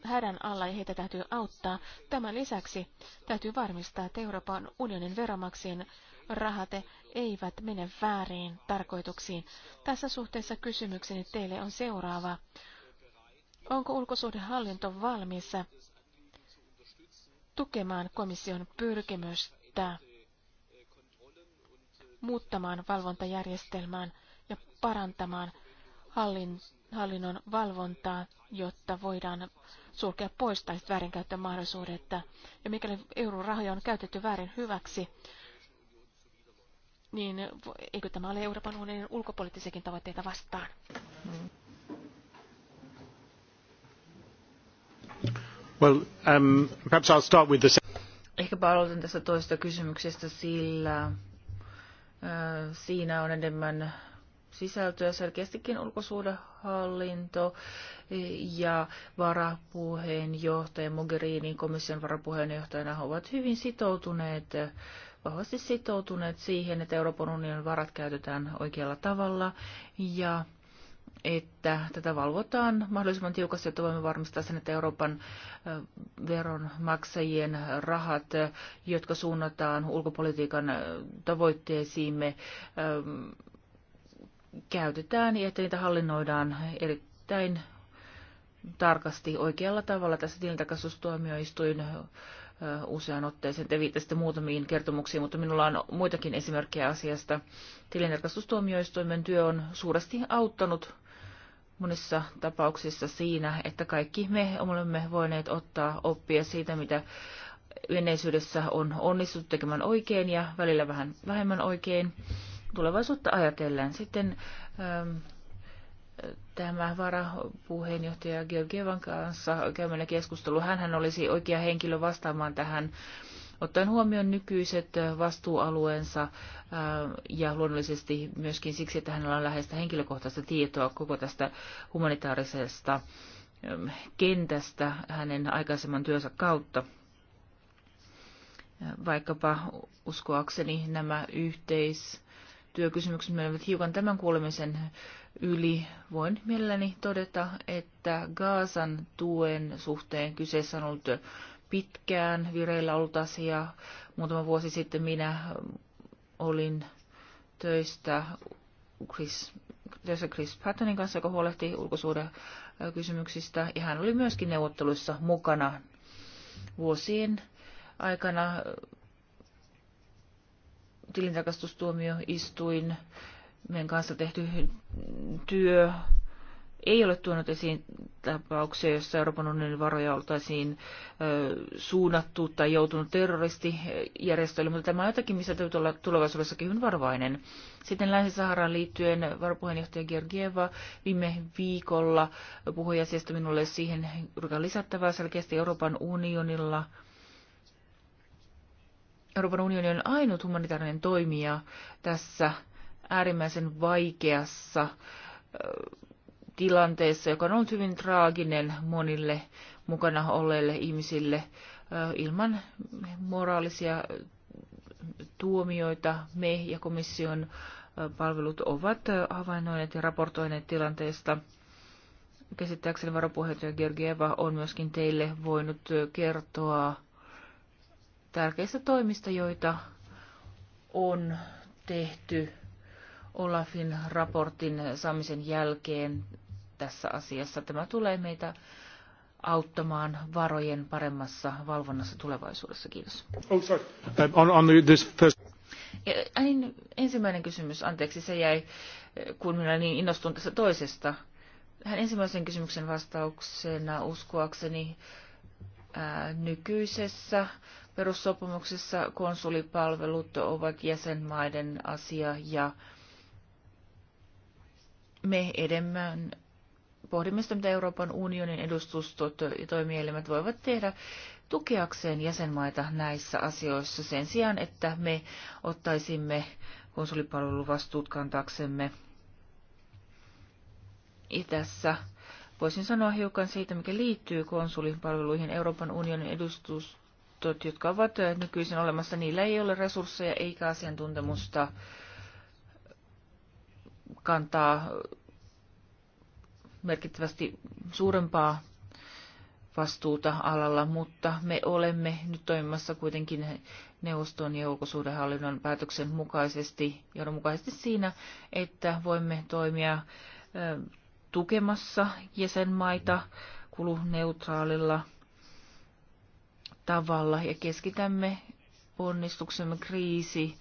hädän alla ja heitä täytyy auttaa. Tämän lisäksi täytyy varmistaa, että Euroopan unionin veromaksien rahat eivät mene väärin tarkoituksiin. Tässä suhteessa kysymykseni teille on seuraava. Onko ulkosuhdehallinto valmis tukemaan komission pyrkimystä muuttamaan valvontajärjestelmään ja parantamaan hallin, hallinnon valvontaa, jotta voidaan sulkea pois tällaiset väärinkäyttömahdollisuudet. Ja mikäli eurorahoja on käytetty väärin hyväksi, niin eikö tämä ole Euroopan unionin ulkopoliittisiakin tavoitteita vastaan? Well, um, perhaps I'll start with the... Ehkäpä aloitan tästä toisesta kysymyksestä, sillä äh, siinä on enemmän sisältöä selkeästikin ulkosuudenhallinto ja varapuheenjohtaja Mogherini komission varapuheenjohtajana ovat hyvin sitoutuneet, vahvasti sitoutuneet siihen, että Euroopan unionin varat käytetään oikealla tavalla ja että tätä valvotaan mahdollisimman tiukasti, jotta voimme varmistaa sen, että Euroopan veronmaksajien rahat, jotka suunnataan ulkopolitiikan tavoitteisiimme, käytetään ja että niitä hallinnoidaan erittäin tarkasti oikealla tavalla. Tässä tilintarkastustuomioistuin usean otteeseen. Te viittasitte muutamiin kertomuksiin, mutta minulla on muitakin esimerkkejä asiasta. Tilintarkastustuomioistuimen työ on suuresti auttanut monissa tapauksissa siinä, että kaikki me olemme voineet ottaa oppia siitä, mitä menneisyydessä on onnistuttu tekemään oikein ja välillä vähän vähemmän oikein tulevaisuutta ajatellen. Sitten ähm, tämä varapuheenjohtaja Georgievan kanssa käymällä keskustelu, hän olisi oikea henkilö vastaamaan tähän ottaen huomioon nykyiset äh, vastuualueensa äh, ja luonnollisesti myöskin siksi, että hänellä on läheistä henkilökohtaista tietoa koko tästä humanitaarisesta ähm, kentästä hänen aikaisemman työnsä kautta. Äh, vaikkapa uskoakseni nämä yhteis työkysymykset menevät hiukan tämän kuulemisen yli. Voin mielelläni todeta, että Gaasan tuen suhteen kyseessä on ollut pitkään vireillä ollut asia. Muutama vuosi sitten minä olin töistä Chris, töissä Chris Pattonin kanssa, joka huolehti kysymyksistä ja hän oli myöskin neuvotteluissa mukana vuosien aikana tilintarkastustuomioistuin meidän kanssa tehty työ ei ole tuonut esiin tapauksia, joissa Euroopan unionin varoja oltaisiin suunnattu tai joutunut terroristijärjestöille, mutta tämä on jotakin, missä täytyy olla tulevaisuudessakin hyvin varovainen. Sitten Länsi-Saharaan liittyen varapuheenjohtaja Georgieva viime viikolla puhui asiasta minulle siihen, lisättävää selkeästi Euroopan unionilla – Euroopan unioni on ainut humanitaarinen toimija tässä äärimmäisen vaikeassa tilanteessa, joka on ollut hyvin traaginen monille mukana olleille ihmisille ilman moraalisia tuomioita. Me ja komission palvelut ovat havainnoineet ja raportoineet tilanteesta. Käsittääkseni varapuheenjohtaja Georgieva on myöskin teille voinut kertoa tärkeistä toimista, joita on tehty Olafin raportin saamisen jälkeen tässä asiassa. Tämä tulee meitä auttamaan varojen paremmassa valvonnassa tulevaisuudessa. Kiitos. Oh, sorry. Um, on, on this first... ja, äh, niin, ensimmäinen kysymys, anteeksi, se jäi, kun minä niin innostun tästä toisesta. Hän ensimmäisen kysymyksen vastauksena uskoakseni ää, äh, nykyisessä Perussopimuksessa konsulipalvelut ovat jäsenmaiden asia ja me edemmän pohdimme sitä, mitä Euroopan unionin edustustot ja toimielimet voivat tehdä tukeakseen jäsenmaita näissä asioissa sen sijaan, että me ottaisimme konsulipalveluvastuut kantaaksemme. Itässä voisin sanoa hiukan siitä, mikä liittyy konsulipalveluihin. Euroopan unionin edustus virastot, jotka ovat nykyisin olemassa, niillä ei ole resursseja eikä asiantuntemusta kantaa merkittävästi suurempaa vastuuta alalla, mutta me olemme nyt toimimassa kuitenkin neuvoston ja ulkosuhdehallinnon päätöksen mukaisesti, johdonmukaisesti siinä, että voimme toimia tukemassa jäsenmaita kuluneutraalilla tavalla ja keskitämme onnistuksemme kriisi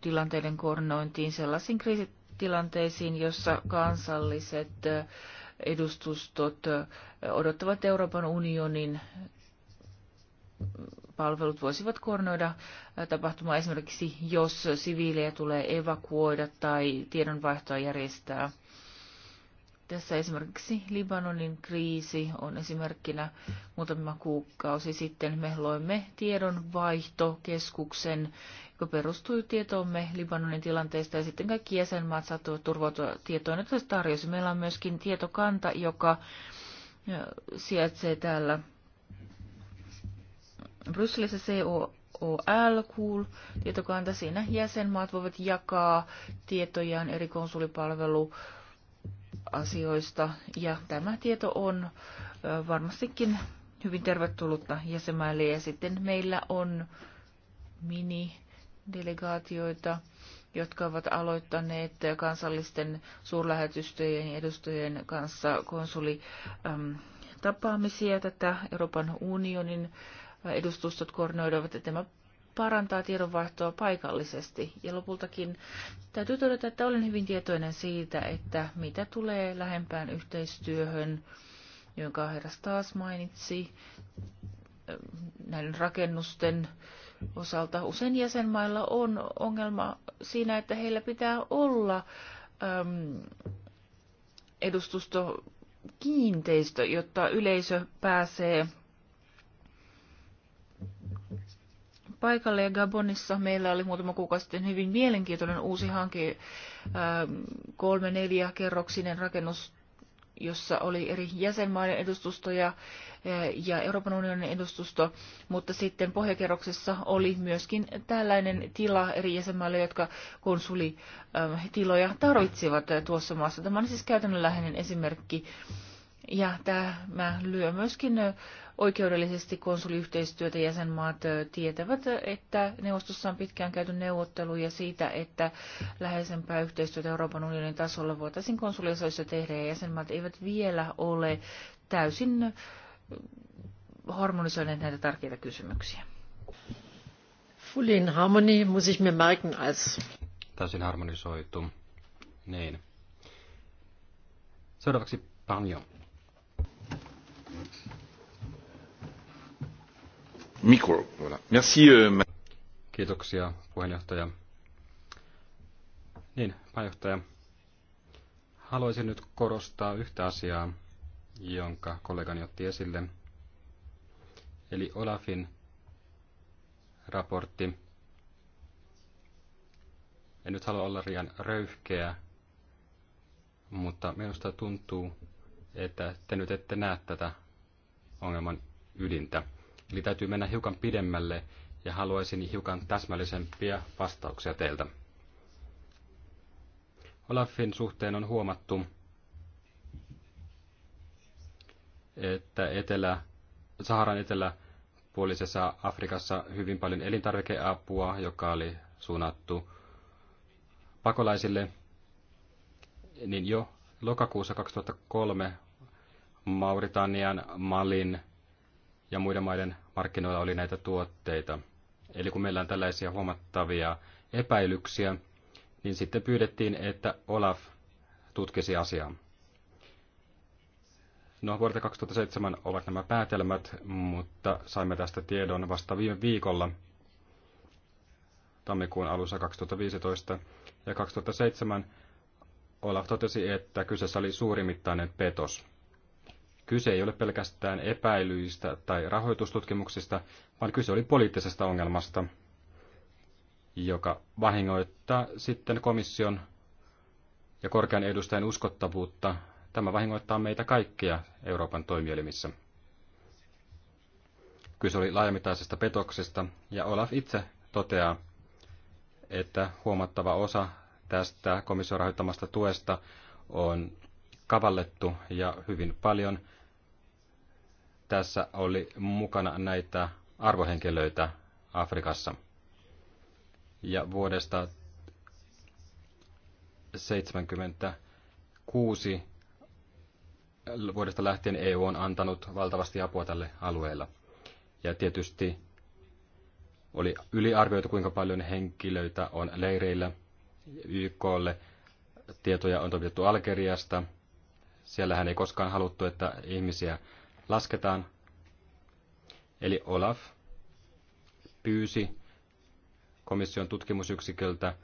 tilanteiden koordinointiin sellaisiin kriisitilanteisiin, jossa kansalliset edustustot odottavat Euroopan unionin palvelut voisivat koordinoida tapahtumaa esimerkiksi, jos siviilejä tulee evakuoida tai tiedonvaihtoa järjestää – tässä esimerkiksi Libanonin kriisi on esimerkkinä muutama kuukausi sitten. Me loimme tiedonvaihtokeskuksen, joka perustui tietoomme Libanonin tilanteesta ja sitten kaikki jäsenmaat saattoivat turvautua tietoon, että se tarjosi. Meillä on myöskin tietokanta, joka sijaitsee täällä Brysselissä OL, Cool, tietokanta. Siinä jäsenmaat voivat jakaa tietojaan eri konsulipalvelu asioista. Ja tämä tieto on varmastikin hyvin tervetullutta jäsenmaille. Ja sitten meillä on mini-delegaatioita, jotka ovat aloittaneet kansallisten suurlähetystöjen edustajien kanssa konsuli tapaamisia. Tätä Euroopan unionin edustustot koordinoivat. Tämä parantaa tiedonvaihtoa paikallisesti. Ja lopultakin täytyy todeta, että olen hyvin tietoinen siitä, että mitä tulee lähempään yhteistyöhön, jonka herras taas mainitsi, näiden rakennusten osalta usein jäsenmailla on ongelma siinä, että heillä pitää olla äm, edustusto kiinteistö, jotta yleisö pääsee paikalle ja Gabonissa meillä oli muutama kuukausi sitten hyvin mielenkiintoinen uusi hanke, ähm, kolme neljä kerroksinen rakennus, jossa oli eri jäsenmaiden edustustoja äh, ja Euroopan unionin edustusto, mutta sitten pohjakerroksessa oli myöskin tällainen tila eri jäsenmaille, jotka konsulitiloja ähm, tarvitsivat tuossa maassa. Tämä on siis käytännönläheinen esimerkki ja tämä lyö myöskin äh, oikeudellisesti konsuliyhteistyötä jäsenmaat tietävät, että neuvostossa on pitkään käyty neuvotteluja siitä, että läheisempää yhteistyötä Euroopan unionin tasolla voitaisiin konsuliasioissa tehdä ja jäsenmaat eivät vielä ole täysin harmonisoineet näitä tärkeitä kysymyksiä. Full in harmony muss ich mir merken als... Täysin harmonisoitu. Niin. Seuraavaksi Panjo. Mikro, voilà. Merci, euh, Kiitoksia puheenjohtaja. Niin, pääjohtaja. Haluaisin nyt korostaa yhtä asiaa, jonka kollegani otti esille. Eli Olafin raportti. En nyt halua olla liian röyhkeä, mutta minusta tuntuu, että te nyt ette näe tätä ongelman ydintä. Eli täytyy mennä hiukan pidemmälle ja haluaisin hiukan täsmällisempiä vastauksia teiltä. Olafin suhteen on huomattu, että etelä, Saharan eteläpuolisessa Afrikassa hyvin paljon elintarvikeapua, joka oli suunnattu pakolaisille, niin jo lokakuussa 2003 Mauritanian, Malin ja muiden maiden markkinoilla oli näitä tuotteita. Eli kun meillä on tällaisia huomattavia epäilyksiä, niin sitten pyydettiin, että Olaf tutkisi asiaa. No, vuodelta 2007 ovat nämä päätelmät, mutta saimme tästä tiedon vasta viime viikolla tammikuun alussa 2015. Ja 2007 Olaf totesi, että kyseessä oli suurimittainen petos. Kyse ei ole pelkästään epäilyistä tai rahoitustutkimuksista, vaan kyse oli poliittisesta ongelmasta, joka vahingoittaa sitten komission ja korkean edustajan uskottavuutta. Tämä vahingoittaa meitä kaikkia Euroopan toimielimissä. Kyse oli laajamittaisesta petoksesta, ja Olaf itse toteaa, että huomattava osa tästä komission rahoittamasta tuesta on kavallettu ja hyvin paljon tässä oli mukana näitä arvohenkilöitä Afrikassa. Ja vuodesta 76 vuodesta lähtien EU on antanut valtavasti apua tälle alueella. Ja tietysti oli yliarvioitu, kuinka paljon henkilöitä on leireillä YKlle. Tietoja on toimitettu Algeriasta, Siellähän ei koskaan haluttu, että ihmisiä lasketaan. Eli Olaf pyysi komission tutkimusyksiköltä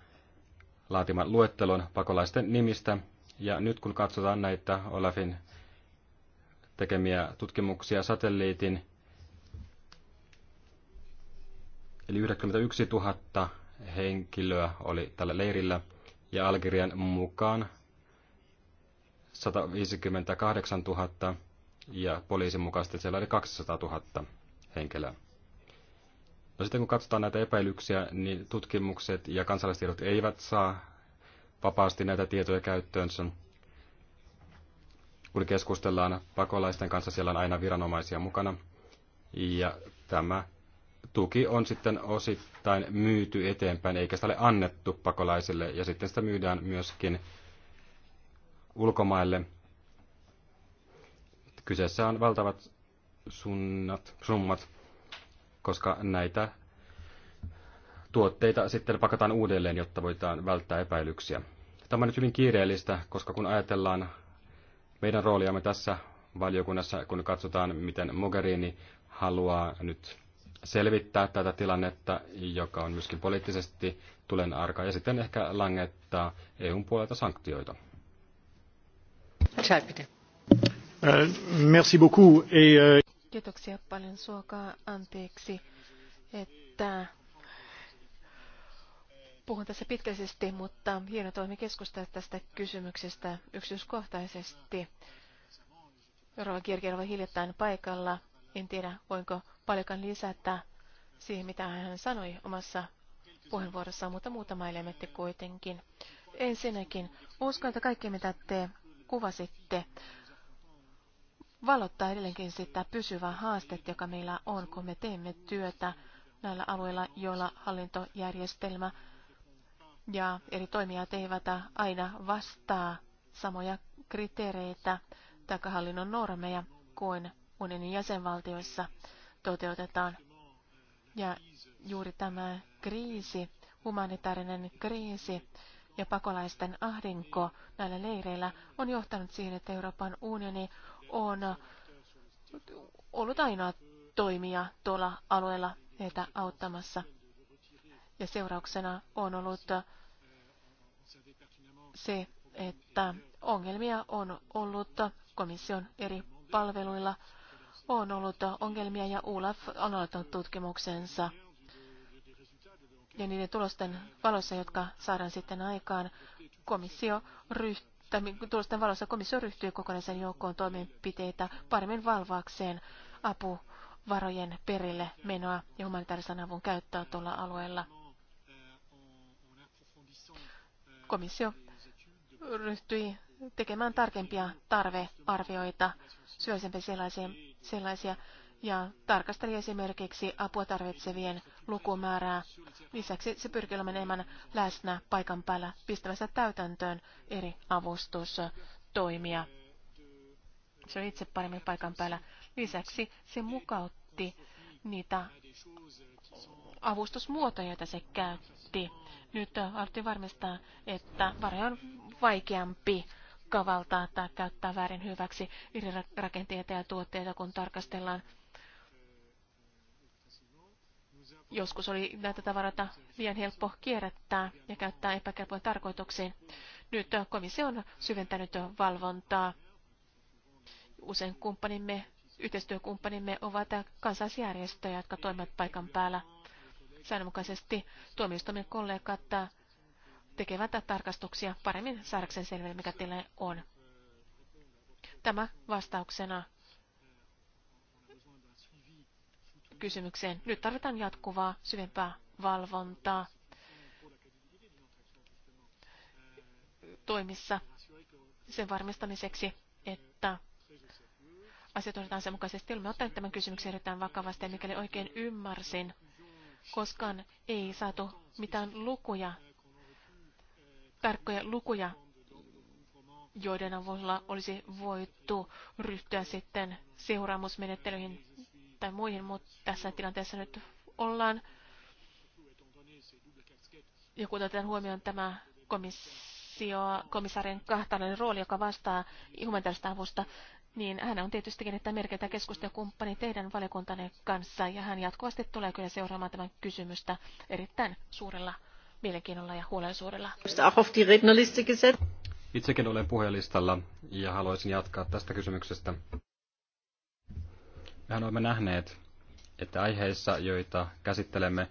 laatiman luettelon pakolaisten nimistä. Ja nyt kun katsotaan näitä Olafin tekemiä tutkimuksia satelliitin, eli 91 000 henkilöä oli tällä leirillä, ja Algerian mukaan 158 000 ja poliisin mukaisesti siellä oli 200 000 henkilöä. No sitten kun katsotaan näitä epäilyksiä, niin tutkimukset ja kansalaistiedot eivät saa vapaasti näitä tietoja käyttöönsä. Kun keskustellaan pakolaisten kanssa, siellä on aina viranomaisia mukana. Ja tämä tuki on sitten osittain myyty eteenpäin, eikä sitä ole annettu pakolaisille, ja sitten sitä myydään myöskin ulkomaille. Kyseessä on valtavat sunnat, summat, koska näitä tuotteita sitten pakataan uudelleen, jotta voidaan välttää epäilyksiä. Tämä on nyt hyvin kiireellistä, koska kun ajatellaan meidän rooliamme tässä valiokunnassa, kun katsotaan, miten Mogherini haluaa nyt selvittää tätä tilannetta, joka on myöskin poliittisesti tulen arka, ja sitten ehkä langettaa EUn puolelta sanktioita. Äh, merci beaucoup. Äh, Kiitoksia paljon. Suokaa anteeksi, että puhun tässä pitkäisesti, mutta hieno toimi keskustella tästä kysymyksestä yksityiskohtaisesti. Rova Kirkir oli hiljattain paikalla. En tiedä, voinko paljonkaan lisätä siihen, mitä hän sanoi omassa puheenvuorossaan, mutta muutama elementti kuitenkin. Ensinnäkin, uskon, että kaikki mitä te kuvasitte, valottaa edelleenkin sitä pysyvää haastetta, joka meillä on, kun me teemme työtä näillä alueilla, joilla hallintojärjestelmä ja eri toimijat eivät aina vastaa samoja kriteereitä tai hallinnon normeja kuin unionin jäsenvaltioissa toteutetaan. Ja juuri tämä kriisi, humanitaarinen kriisi, ja pakolaisten ahdinko näillä leireillä on johtanut siihen, että Euroopan unioni on ollut aina toimija tuolla alueella heitä auttamassa. Ja seurauksena on ollut se, että ongelmia on ollut komission eri palveluilla, on ollut ongelmia ja ULAF on aloittanut tutkimuksensa ja niiden tulosten valossa, jotka saadaan sitten aikaan, komissio ryhtyy tai tulosten valossa komissio ryhtyy kokonaisen joukkoon toimenpiteitä paremmin valvaakseen apuvarojen perille menoa ja humanitaarisen avun käyttöä tuolla alueella. Komissio ryhtyi tekemään tarkempia tarvearvioita, syöisempiä sellaisia, sellaisia ja tarkasteli esimerkiksi apua tarvitsevien lukumäärää. Lisäksi se pyrkii olemaan enemmän läsnä paikan päällä pistävässä täytäntöön eri avustustoimia. Se on itse paremmin paikan päällä. Lisäksi se mukautti niitä avustusmuotoja, joita se käytti. Nyt haluttiin varmistaa, että varjo on vaikeampi kavaltaa tai käyttää väärin hyväksi eri rakenteita ja tuotteita, kun tarkastellaan Joskus oli näitä tavaroita liian helppo kierrättää ja käyttää epäkelpoihin tarkoituksiin. Nyt komissio on syventänyt valvontaa. Usein kumppanimme, yhteistyökumppanimme ovat kansalaisjärjestöjä, jotka toimivat paikan päällä. Säännönmukaisesti tuomioistuimen kollegat tekevät tarkastuksia paremmin saadakseen selville, mikä tilanne on. Tämä vastauksena kysymykseen. Nyt tarvitaan jatkuvaa, syvempää valvontaa toimissa sen varmistamiseksi, että asiat otetaan sen mukaisesti. Olemme ottaneet tämän kysymyksen erittäin vakavasti ja mikäli oikein ymmärsin, koskaan ei saatu mitään lukuja, tarkkoja lukuja, joiden avulla olisi voitu ryhtyä sitten seuraamusmenettelyihin tai muihin, mutta tässä tilanteessa nyt ollaan. Ja kun otetaan huomioon tämä komissio, komissaarien kahtainen rooli, joka vastaa humanitaarista avusta, niin hän on tietysti että merkeitä keskustelukumppani teidän valiokuntanne kanssa, ja hän jatkuvasti tulee kyllä seuraamaan tämän kysymystä erittäin suurella mielenkiinnolla ja huolellisuudella. Itsekin olen puhelistalla ja haluaisin jatkaa tästä kysymyksestä. Mehän olemme nähneet, että aiheissa, joita käsittelemme,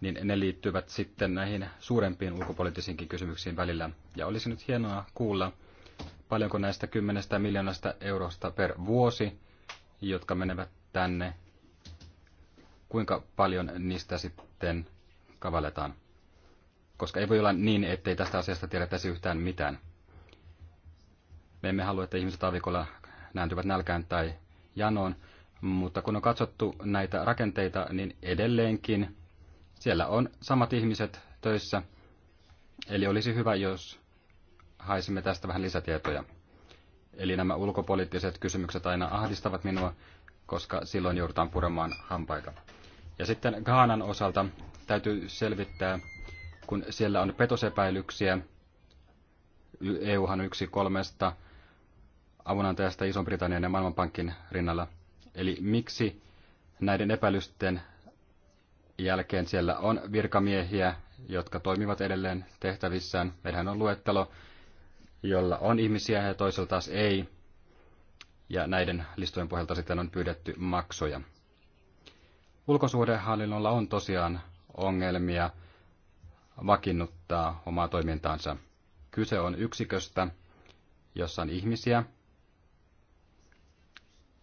niin ne liittyvät sitten näihin suurempiin ulkopoliittisiinkin kysymyksiin välillä. Ja olisi nyt hienoa kuulla, paljonko näistä 10 miljoonasta eurosta per vuosi, jotka menevät tänne, kuinka paljon niistä sitten kavalletaan. Koska ei voi olla niin, ettei tästä asiasta tiedettäisi yhtään mitään. Me emme halua, että ihmiset avikolla nääntyvät nälkään tai janoon, mutta kun on katsottu näitä rakenteita, niin edelleenkin siellä on samat ihmiset töissä, eli olisi hyvä, jos haisimme tästä vähän lisätietoja. Eli nämä ulkopoliittiset kysymykset aina ahdistavat minua, koska silloin joudutaan puremaan hampaita. Ja sitten Gaanan osalta täytyy selvittää, kun siellä on petosepäilyksiä. EUhan yksi kolmesta avunantajasta iso britannian ja Maailmanpankin rinnalla. Eli miksi näiden epäilysten jälkeen siellä on virkamiehiä, jotka toimivat edelleen tehtävissään. Meillähän on luettelo, jolla on ihmisiä ja toisella taas ei. Ja näiden listojen pohjalta sitten on pyydetty maksoja. Ulkosuhdehallinnolla on tosiaan ongelmia vakiinnuttaa omaa toimintaansa. Kyse on yksiköstä, jossa on ihmisiä,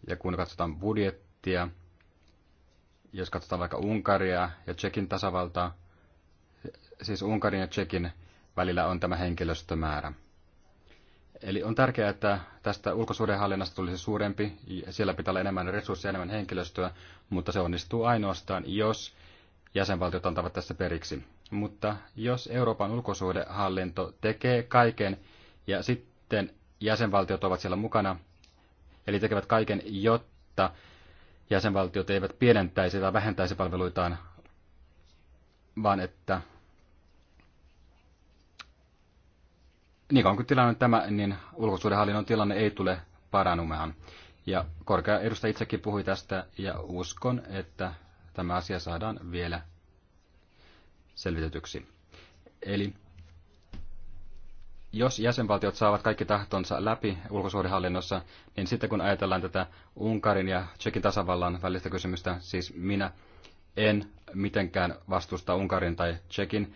ja kun katsotaan budjettia, jos katsotaan vaikka Unkaria ja Tsekin tasavaltaa, siis Unkarin ja Tsekin välillä on tämä henkilöstömäärä. Eli on tärkeää, että tästä ulkosuhdehallinnasta tulisi suurempi, siellä pitää olla enemmän resursseja, enemmän henkilöstöä, mutta se onnistuu ainoastaan, jos jäsenvaltiot antavat tässä periksi. Mutta jos Euroopan ulkosuhdehallinto tekee kaiken ja sitten jäsenvaltiot ovat siellä mukana, Eli tekevät kaiken, jotta jäsenvaltiot eivät pienentäisi tai vähentäisi palveluitaan, vaan että niin kauan kuin tilanne tämä, niin ulkosuudenhallinnon tilanne ei tule paranumaan. Ja korkea edustaja itsekin puhui tästä ja uskon, että tämä asia saadaan vielä selvitetyksi. Eli jos jäsenvaltiot saavat kaikki tahtonsa läpi ulkosuhdehallinnossa, niin sitten kun ajatellaan tätä Unkarin ja Tsekin tasavallan välistä kysymystä, siis minä en mitenkään vastusta Unkarin tai Tsekin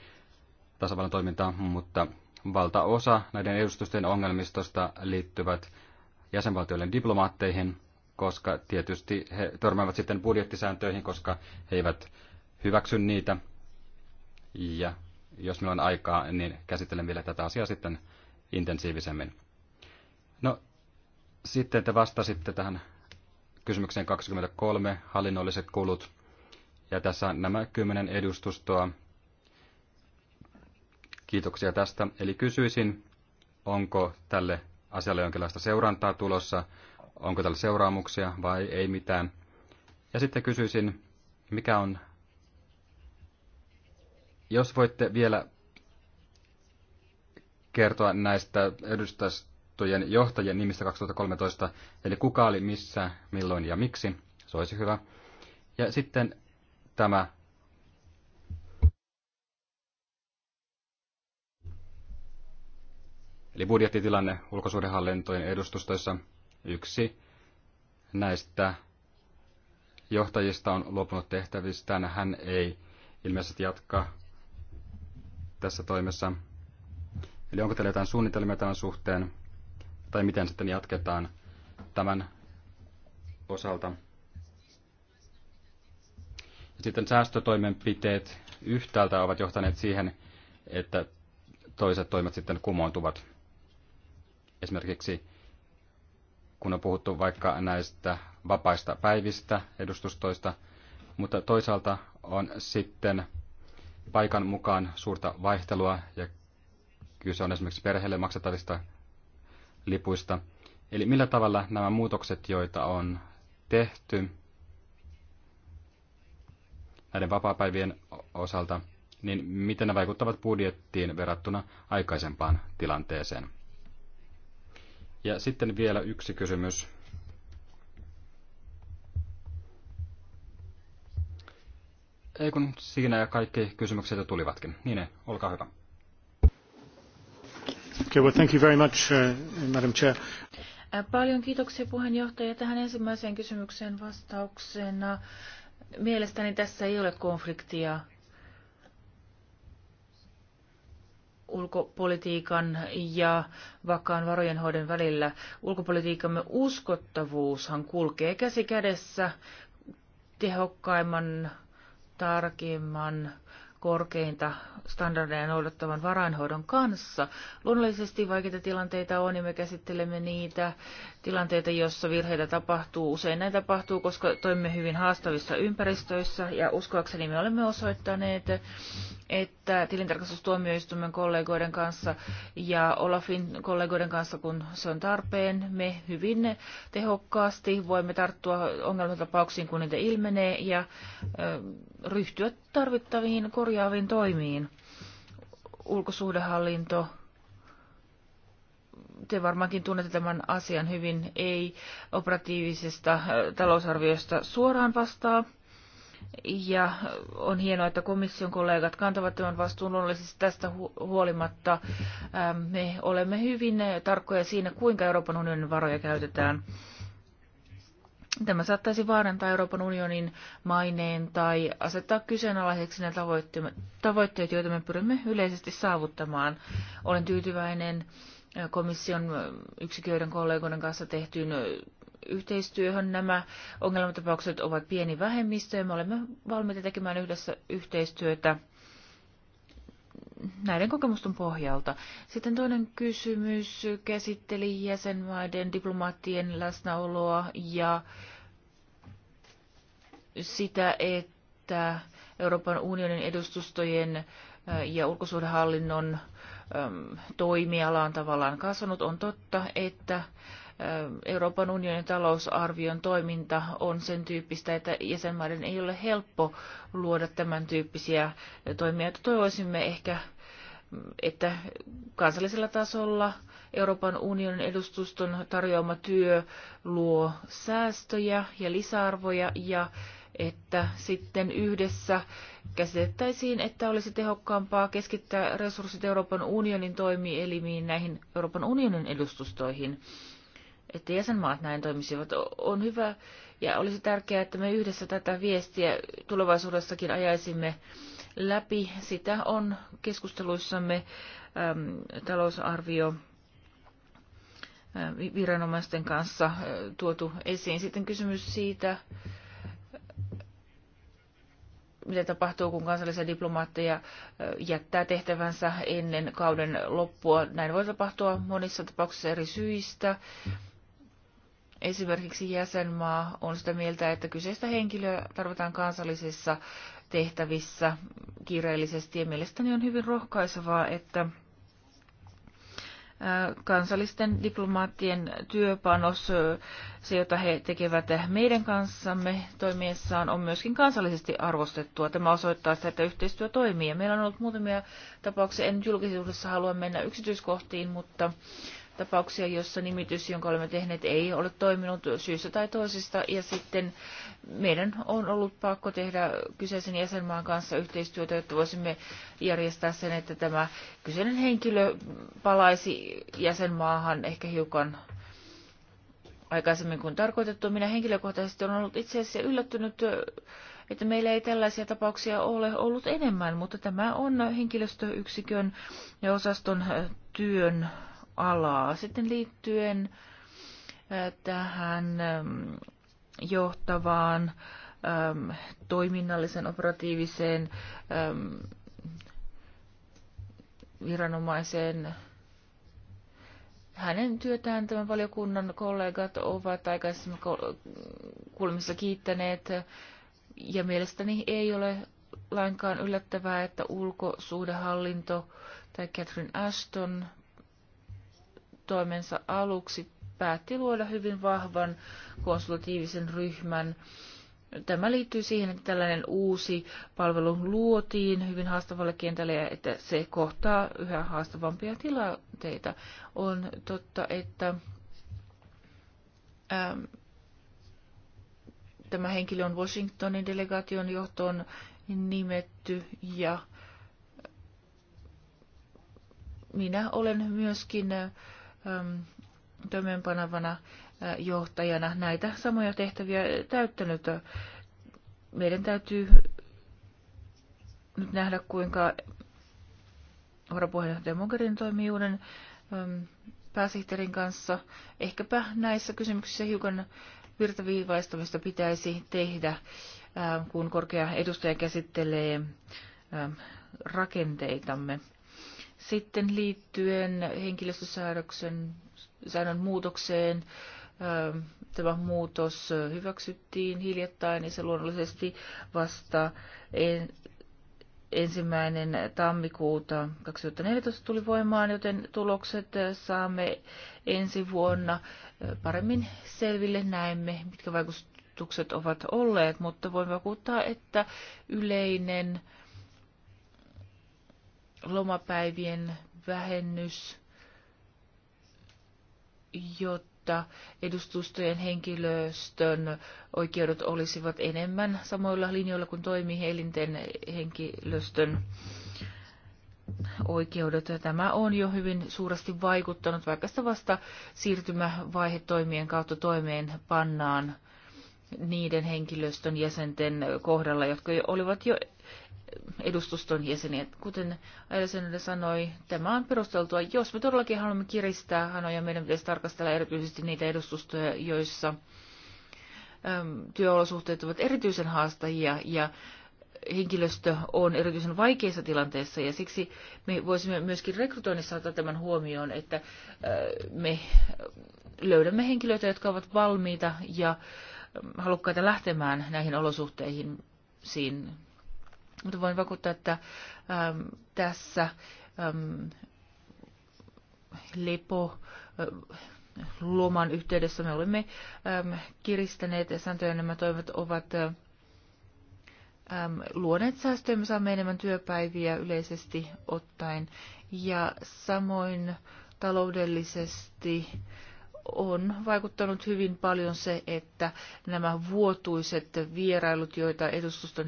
tasavallan toimintaa, mutta valtaosa näiden edustusten ongelmistosta liittyvät jäsenvaltioiden diplomaatteihin, koska tietysti he törmäävät sitten budjettisääntöihin, koska he eivät hyväksy niitä. Ja jos meillä on aikaa, niin käsittelen vielä tätä asiaa sitten intensiivisemmin. No, sitten te vastasitte tähän kysymykseen 23, hallinnolliset kulut. Ja tässä on nämä kymmenen edustustoa. Kiitoksia tästä. Eli kysyisin, onko tälle asialle jonkinlaista seurantaa tulossa, onko tällä seuraamuksia vai ei mitään. Ja sitten kysyisin, mikä on jos voitte vielä kertoa näistä edustajien johtajien nimistä 2013, eli kuka oli missä, milloin ja miksi, se olisi hyvä. Ja sitten tämä Eli budjettitilanne ulkosuhdehallintojen edustustoissa yksi näistä johtajista on luopunut tehtävistään. Hän ei ilmeisesti jatka tässä toimessa? Eli onko teillä jotain suunnitelmia tämän suhteen? Tai miten sitten jatketaan tämän osalta? Sitten säästötoimenpiteet yhtäältä ovat johtaneet siihen, että toiset toimet sitten kumoontuvat. Esimerkiksi kun on puhuttu vaikka näistä vapaista päivistä, edustustoista, mutta toisaalta on sitten paikan mukaan suurta vaihtelua ja kyse on esimerkiksi perheelle maksettavista lipuista. Eli millä tavalla nämä muutokset, joita on tehty näiden vapaapäivien osalta, niin miten ne vaikuttavat budjettiin verrattuna aikaisempaan tilanteeseen? Ja sitten vielä yksi kysymys, Ei kun siinä ja kaikki kysymykset jo tulivatkin. Niin, olkaa hyvä. Okay, well, thank you very much, uh, Madam Chair. Paljon kiitoksia puheenjohtaja. Tähän ensimmäiseen kysymykseen vastauksena. Mielestäni tässä ei ole konfliktia ulkopolitiikan ja vakaan varojenhoidon välillä. Ulkopolitiikamme uskottavuushan kulkee käsi kädessä tehokkaimman tarkemman korkeinta standardeja noudattavan varainhoidon kanssa. Luonnollisesti vaikeita tilanteita on ja me käsittelemme niitä tilanteita, joissa virheitä tapahtuu. Usein näitä tapahtuu, koska toimimme hyvin haastavissa ympäristöissä ja uskoakseni me olemme osoittaneet, että tilintarkastustuomioistuimen kollegoiden kanssa ja Olafin kollegoiden kanssa, kun se on tarpeen, me hyvin tehokkaasti voimme tarttua ongelmatapauksiin, kun niitä ilmenee ja ryhtyä tarvittaviin korjaaviin toimiin. Ulkosuhdehallinto te varmaankin tunnette tämän asian hyvin, ei operatiivisesta äh, talousarviosta suoraan vastaa. Ja on hienoa, että komission kollegat kantavat tämän vastuun luonnollisesti tästä huolimatta. Ähm, me olemme hyvin tarkkoja siinä, kuinka Euroopan unionin varoja käytetään. Tämä saattaisi vaarantaa Euroopan unionin maineen tai asettaa kyseenalaiseksi ne tavoitteet, joita me pyrimme yleisesti saavuttamaan. Olen tyytyväinen komission yksiköiden kollegoiden kanssa tehtyyn yhteistyöhön. Nämä ongelmatapaukset ovat pieni vähemmistö ja me olemme valmiita tekemään yhdessä yhteistyötä näiden kokemusten pohjalta. Sitten toinen kysymys käsitteli jäsenmaiden diplomaattien läsnäoloa ja sitä, että Euroopan unionin edustustojen ja ulkosuhdehallinnon toimiala on tavallaan kasvanut. On totta, että Euroopan unionin talousarvion toiminta on sen tyyppistä, että jäsenmaiden ei ole helppo luoda tämän tyyppisiä toimia. Toivoisimme ehkä, että kansallisella tasolla Euroopan unionin edustuston tarjoama työ luo säästöjä ja lisäarvoja ja että sitten yhdessä käsitettäisiin, että olisi tehokkaampaa keskittää resurssit Euroopan unionin toimielimiin näihin Euroopan unionin edustustoihin, että jäsenmaat näin toimisivat. On hyvä ja olisi tärkeää, että me yhdessä tätä viestiä tulevaisuudessakin ajaisimme läpi. Sitä on keskusteluissamme äm, talousarvio viranomaisten kanssa tuotu esiin. Sitten kysymys siitä, mitä tapahtuu, kun kansallisia diplomaatteja jättää tehtävänsä ennen kauden loppua. Näin voi tapahtua monissa tapauksissa eri syistä. Esimerkiksi jäsenmaa on sitä mieltä, että kyseistä henkilöä tarvitaan kansallisissa tehtävissä kiireellisesti. Ja mielestäni on hyvin rohkaisevaa, että kansallisten diplomaattien työpanos, se jota he tekevät meidän kanssamme toimiessaan, on myöskin kansallisesti arvostettua. Tämä osoittaa sitä, että yhteistyö toimii. Meillä on ollut muutamia tapauksia, en julkisuudessa halua mennä yksityiskohtiin, mutta tapauksia, jossa nimitys, jonka olemme tehneet, ei ole toiminut syystä tai toisesta, ja sitten meidän on ollut pakko tehdä kyseisen jäsenmaan kanssa yhteistyötä, jotta voisimme järjestää sen, että tämä kyseinen henkilö palaisi jäsenmaahan ehkä hiukan aikaisemmin kuin tarkoitettu. Minä henkilökohtaisesti olen ollut itse asiassa yllättynyt, että meillä ei tällaisia tapauksia ole ollut enemmän, mutta tämä on henkilöstöyksikön ja osaston työn alaa. Sitten liittyen tähän johtavaan toiminnallisen operatiiviseen viranomaiseen hänen työtään tämän valiokunnan kollegat ovat aikaisemmin kuulemissa kiittäneet. Ja mielestäni ei ole lainkaan yllättävää, että ulkosuhdehallinto tai Catherine Ashton toimensa aluksi päätti luoda hyvin vahvan konsultatiivisen ryhmän. Tämä liittyy siihen, että tällainen uusi palvelu luotiin hyvin haastavalle kentälle ja että se kohtaa yhä haastavampia tilanteita. On totta, että ähm, tämä henkilö on Washingtonin delegaation johtoon nimetty ja minä olen myöskin äh, toimeenpanavana johtajana näitä samoja tehtäviä täyttänyt. Meidän täytyy nyt nähdä, kuinka varapuheenjohtaja Mogherin toimii uuden pääsihteerin kanssa. Ehkäpä näissä kysymyksissä hiukan virtaviivaistamista pitäisi tehdä, kun korkea edustaja käsittelee rakenteitamme. Sitten liittyen henkilöstösäädöksen säännön muutokseen, ähm, tämä muutos hyväksyttiin hiljattain ja se luonnollisesti vasta en, ensimmäinen tammikuuta 2014 tuli voimaan, joten tulokset saamme ensi vuonna äh, paremmin selville. Näemme, mitkä vaikutukset ovat olleet, mutta voin vakuuttaa, että yleinen lomapäivien vähennys, jotta edustustojen henkilöstön oikeudet olisivat enemmän samoilla linjoilla kuin toimii elinten henkilöstön oikeudet. Tämä on jo hyvin suuresti vaikuttanut, vaikka sitä vasta siirtymävaihe toimien kautta toimeen pannaan niiden henkilöstön jäsenten kohdalla, jotka olivat jo edustuston jäseniä. Kuten Ailsenelle sanoi, tämä on perusteltua. Jos me todellakin haluamme kiristää hanoja, meidän pitäisi tarkastella erityisesti niitä edustustoja, joissa työolosuhteet ovat erityisen haastajia ja henkilöstö on erityisen vaikeissa tilanteissa ja siksi me voisimme myöskin rekrytoinnissa ottaa tämän huomioon, että me löydämme henkilöitä, jotka ovat valmiita ja halukkaita lähtemään näihin olosuhteisiin mutta voin vakuuttaa, että äm, tässä äm, lepo loman yhteydessä me olemme äm, kiristäneet ja sääntöjä nämä toimet ovat äm, luoneet säästöjä, me saamme enemmän työpäiviä yleisesti ottaen ja samoin taloudellisesti on vaikuttanut hyvin paljon se, että nämä vuotuiset vierailut, joita edustuston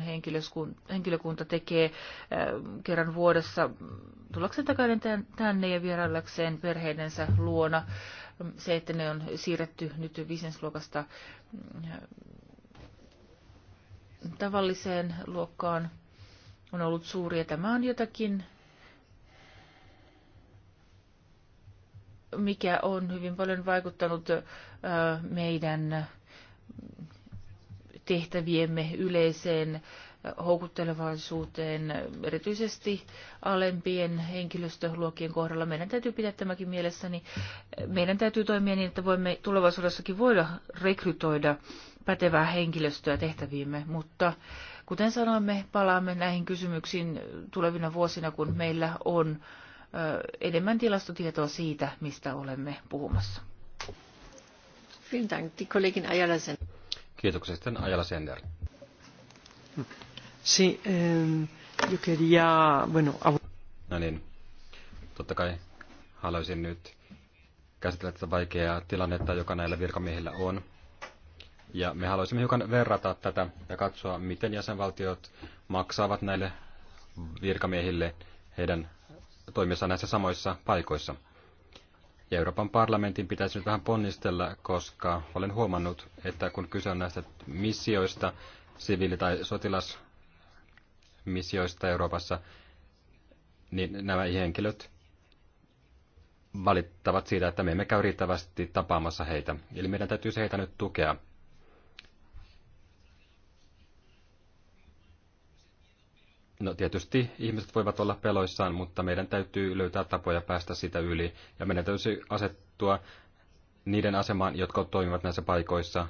henkilökunta tekee äh, kerran vuodessa tullakseen takaisin tänne ja vieraillakseen perheidensä luona, se, että ne on siirretty nyt bisnesluokasta äh, tavalliseen luokkaan, on ollut suuri ja tämä on jotakin, mikä on hyvin paljon vaikuttanut meidän tehtäviemme yleiseen houkuttelevaisuuteen, erityisesti alempien henkilöstöluokien kohdalla. Meidän täytyy pitää tämäkin mielessäni. Niin meidän täytyy toimia niin, että voimme tulevaisuudessakin voida rekrytoida pätevää henkilöstöä tehtäviimme, mutta kuten sanoimme, palaamme näihin kysymyksiin tulevina vuosina, kun meillä on enemmän tilastotietoa siitä, mistä olemme puhumassa. Kiitoksia sitten Ajala Sender. Sí, eh, yo quería, bueno, No niin, totta kai haluaisin nyt käsitellä tätä vaikeaa tilannetta, joka näillä virkamiehillä on. Ja me haluaisimme hiukan verrata tätä ja katsoa, miten jäsenvaltiot maksavat näille virkamiehille heidän toimissa näissä samoissa paikoissa. Ja Euroopan parlamentin pitäisi nyt vähän ponnistella, koska olen huomannut, että kun kyse on näistä missioista, siviili- tai sotilasmissioista Euroopassa, niin nämä henkilöt valittavat siitä, että me emme käy riittävästi tapaamassa heitä. Eli meidän täytyy heitä nyt tukea. No tietysti ihmiset voivat olla peloissaan, mutta meidän täytyy löytää tapoja päästä sitä yli. Ja meidän täytyy asettua niiden asemaan, jotka toimivat näissä paikoissa.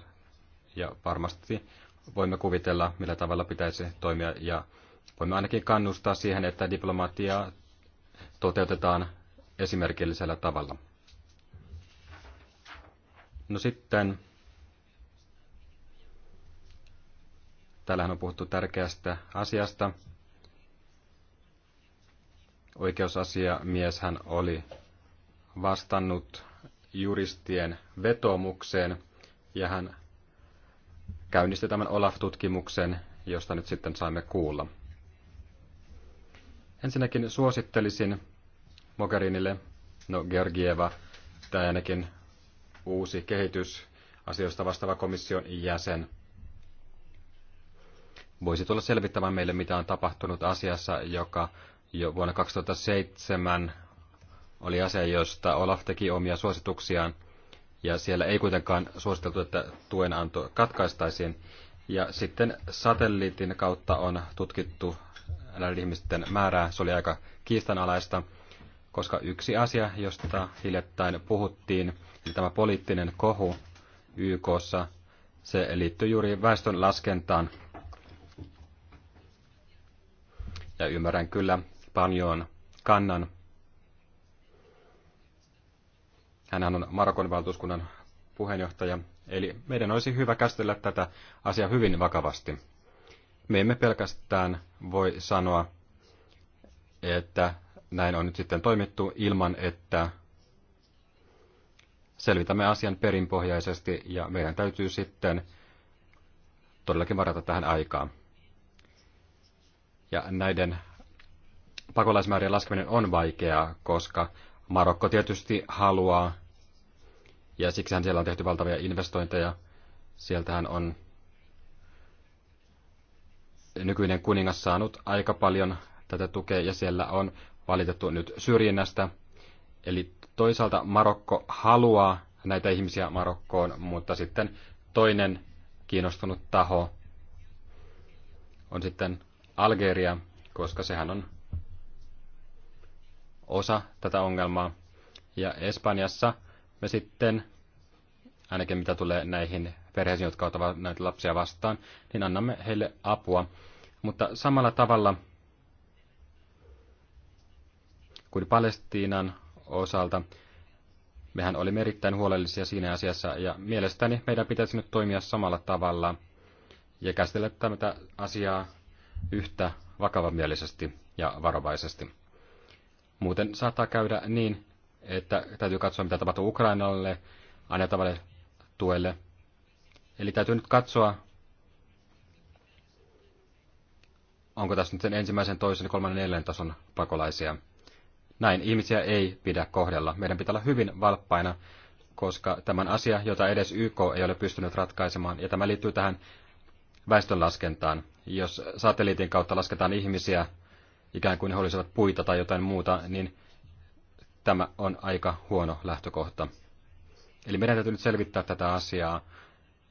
Ja varmasti voimme kuvitella, millä tavalla pitäisi toimia. Ja voimme ainakin kannustaa siihen, että diplomatiaa toteutetaan esimerkillisellä tavalla. No sitten, täällähän on puhuttu tärkeästä asiasta – Oikeusasiamies hän oli vastannut juristien vetomukseen ja hän käynnisti tämän Olaf-tutkimuksen, josta nyt sitten saimme kuulla. Ensinnäkin suosittelisin Mogherinille, no Georgieva, tai ainakin uusi asioista vastaava komission jäsen, voisi tulla selvittämään meille, mitä on tapahtunut asiassa, joka jo vuonna 2007 oli asia, josta Olaf teki omia suosituksiaan, ja siellä ei kuitenkaan suositeltu, että tuen anto katkaistaisiin. Ja sitten satelliitin kautta on tutkittu näiden ihmisten määrää. Se oli aika kiistanalaista, koska yksi asia, josta hiljattain puhuttiin, eli tämä poliittinen kohu YKssa, se liittyy juuri väestön laskentaan. Ja ymmärrän kyllä, Espanjoon kannan. Hänhän on Marokon valtuuskunnan puheenjohtaja, eli meidän olisi hyvä käsitellä tätä asiaa hyvin vakavasti. Me emme pelkästään voi sanoa, että näin on nyt sitten toimittu ilman, että selvitämme asian perinpohjaisesti ja meidän täytyy sitten todellakin varata tähän aikaa. Ja näiden pakolaismäärien laskeminen on vaikeaa, koska Marokko tietysti haluaa, ja siksihän siellä on tehty valtavia investointeja. Sieltähän on nykyinen kuningas saanut aika paljon tätä tukea, ja siellä on valitettu nyt syrjinnästä. Eli toisaalta Marokko haluaa näitä ihmisiä Marokkoon, mutta sitten toinen kiinnostunut taho on sitten Algeria, koska sehän on osa tätä ongelmaa. Ja Espanjassa me sitten, ainakin mitä tulee näihin perheisiin, jotka ottavat näitä lapsia vastaan, niin annamme heille apua. Mutta samalla tavalla kuin Palestiinan osalta, mehän olimme erittäin huolellisia siinä asiassa, ja mielestäni meidän pitäisi nyt toimia samalla tavalla ja käsitellä tätä asiaa yhtä vakavamielisesti ja varovaisesti. Muuten saattaa käydä niin, että täytyy katsoa, mitä tapahtuu Ukrainalle annettavalle tuelle. Eli täytyy nyt katsoa, onko tässä nyt sen ensimmäisen, toisen, kolmannen, neljännen tason pakolaisia. Näin ihmisiä ei pidä kohdella. Meidän pitää olla hyvin valppaina, koska tämän asia, jota edes YK ei ole pystynyt ratkaisemaan, ja tämä liittyy tähän väestönlaskentaan. Jos satelliitin kautta lasketaan ihmisiä ikään kuin he olisivat puita tai jotain muuta, niin tämä on aika huono lähtökohta. Eli meidän täytyy nyt selvittää tätä asiaa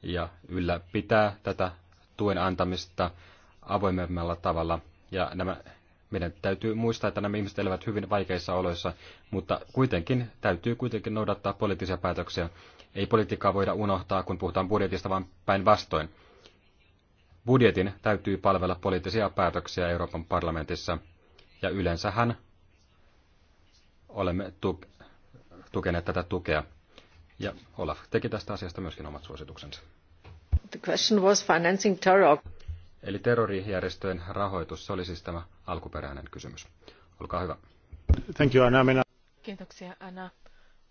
ja ylläpitää tätä tuen antamista avoimemmalla tavalla. Ja nämä, meidän täytyy muistaa, että nämä ihmiset elävät hyvin vaikeissa oloissa, mutta kuitenkin täytyy kuitenkin noudattaa poliittisia päätöksiä. Ei politiikkaa voida unohtaa, kun puhutaan budjetista, vaan päinvastoin. Budjetin täytyy palvella poliittisia päätöksiä Euroopan parlamentissa, ja yleensähän olemme tuk- tukeneet tätä tukea. Ja Olaf teki tästä asiasta myöskin omat suosituksensa. The question was financing terror. Eli terrorijärjestöjen rahoitus, se oli siis tämä alkuperäinen kysymys. Olkaa hyvä. Thank you, Anna. Minä... Kiitoksia, Anna.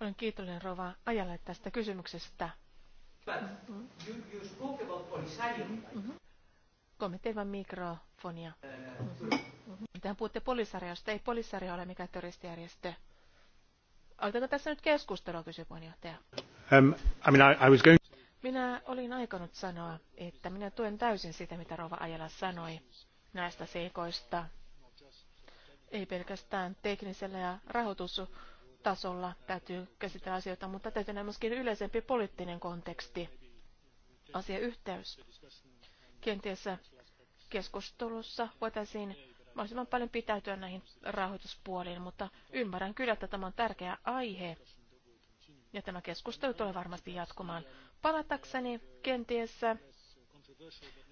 Olen kiitollinen Rova Ajalle tästä kysymyksestä. Mm -hmm. Kommenttei vain mikrofonia. Tähän puhutte polisarjasta. Ei polisarja ole mikään turistijärjestö. Aloitetaanko tässä nyt keskustelua, kysyi puheenjohtaja. Um, I mean, I, I was going... Minä olin aikonut sanoa, että minä tuen täysin sitä, mitä Rova Ajala sanoi näistä seikoista. Ei pelkästään teknisellä ja rahoitustasolla täytyy käsitellä asioita, mutta täytyy nähdä myöskin yleisempi poliittinen konteksti, asiayhteys. Kenties keskustelussa voitaisiin mahdollisimman paljon pitäytyä näihin rahoituspuoliin, mutta ymmärrän kyllä, että tämä on tärkeä aihe. Ja tämä keskustelu tulee varmasti jatkumaan. Palatakseni kenties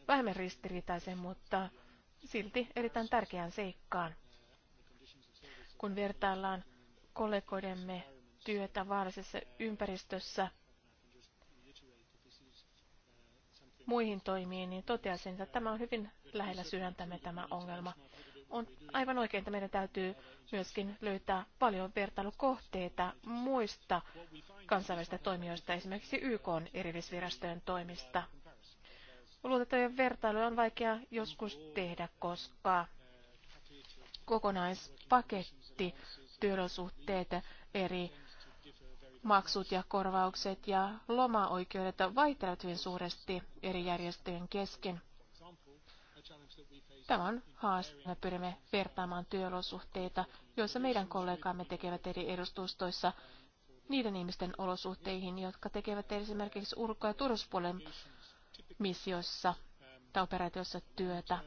vähemmän ristiriitaisen, mutta silti erittäin tärkeään seikkaan. Kun vertaillaan kollegoidemme työtä vaarallisessa ympäristössä – muihin toimiin, niin toteaisin, että tämä on hyvin lähellä sydäntämme tämä ongelma. On aivan oikein, että meidän täytyy myöskin löytää paljon vertailukohteita muista kansainvälisistä toimijoista, esimerkiksi YK on erillisvirastojen toimista. Luotettavien vertailuja on vaikea joskus tehdä, koska kokonaispaketti työolosuhteet eri maksut ja korvaukset ja lomaoikeudet vaihtelevat hyvin suuresti eri järjestöjen kesken. Tämä on haaste. Me pyrimme vertaamaan työolosuhteita, joissa meidän kollegaamme tekevät eri edustustoissa niiden ihmisten olosuhteihin, jotka tekevät esimerkiksi ulko- ja turvallisuuspuolen missioissa tai operaatiossa työtä.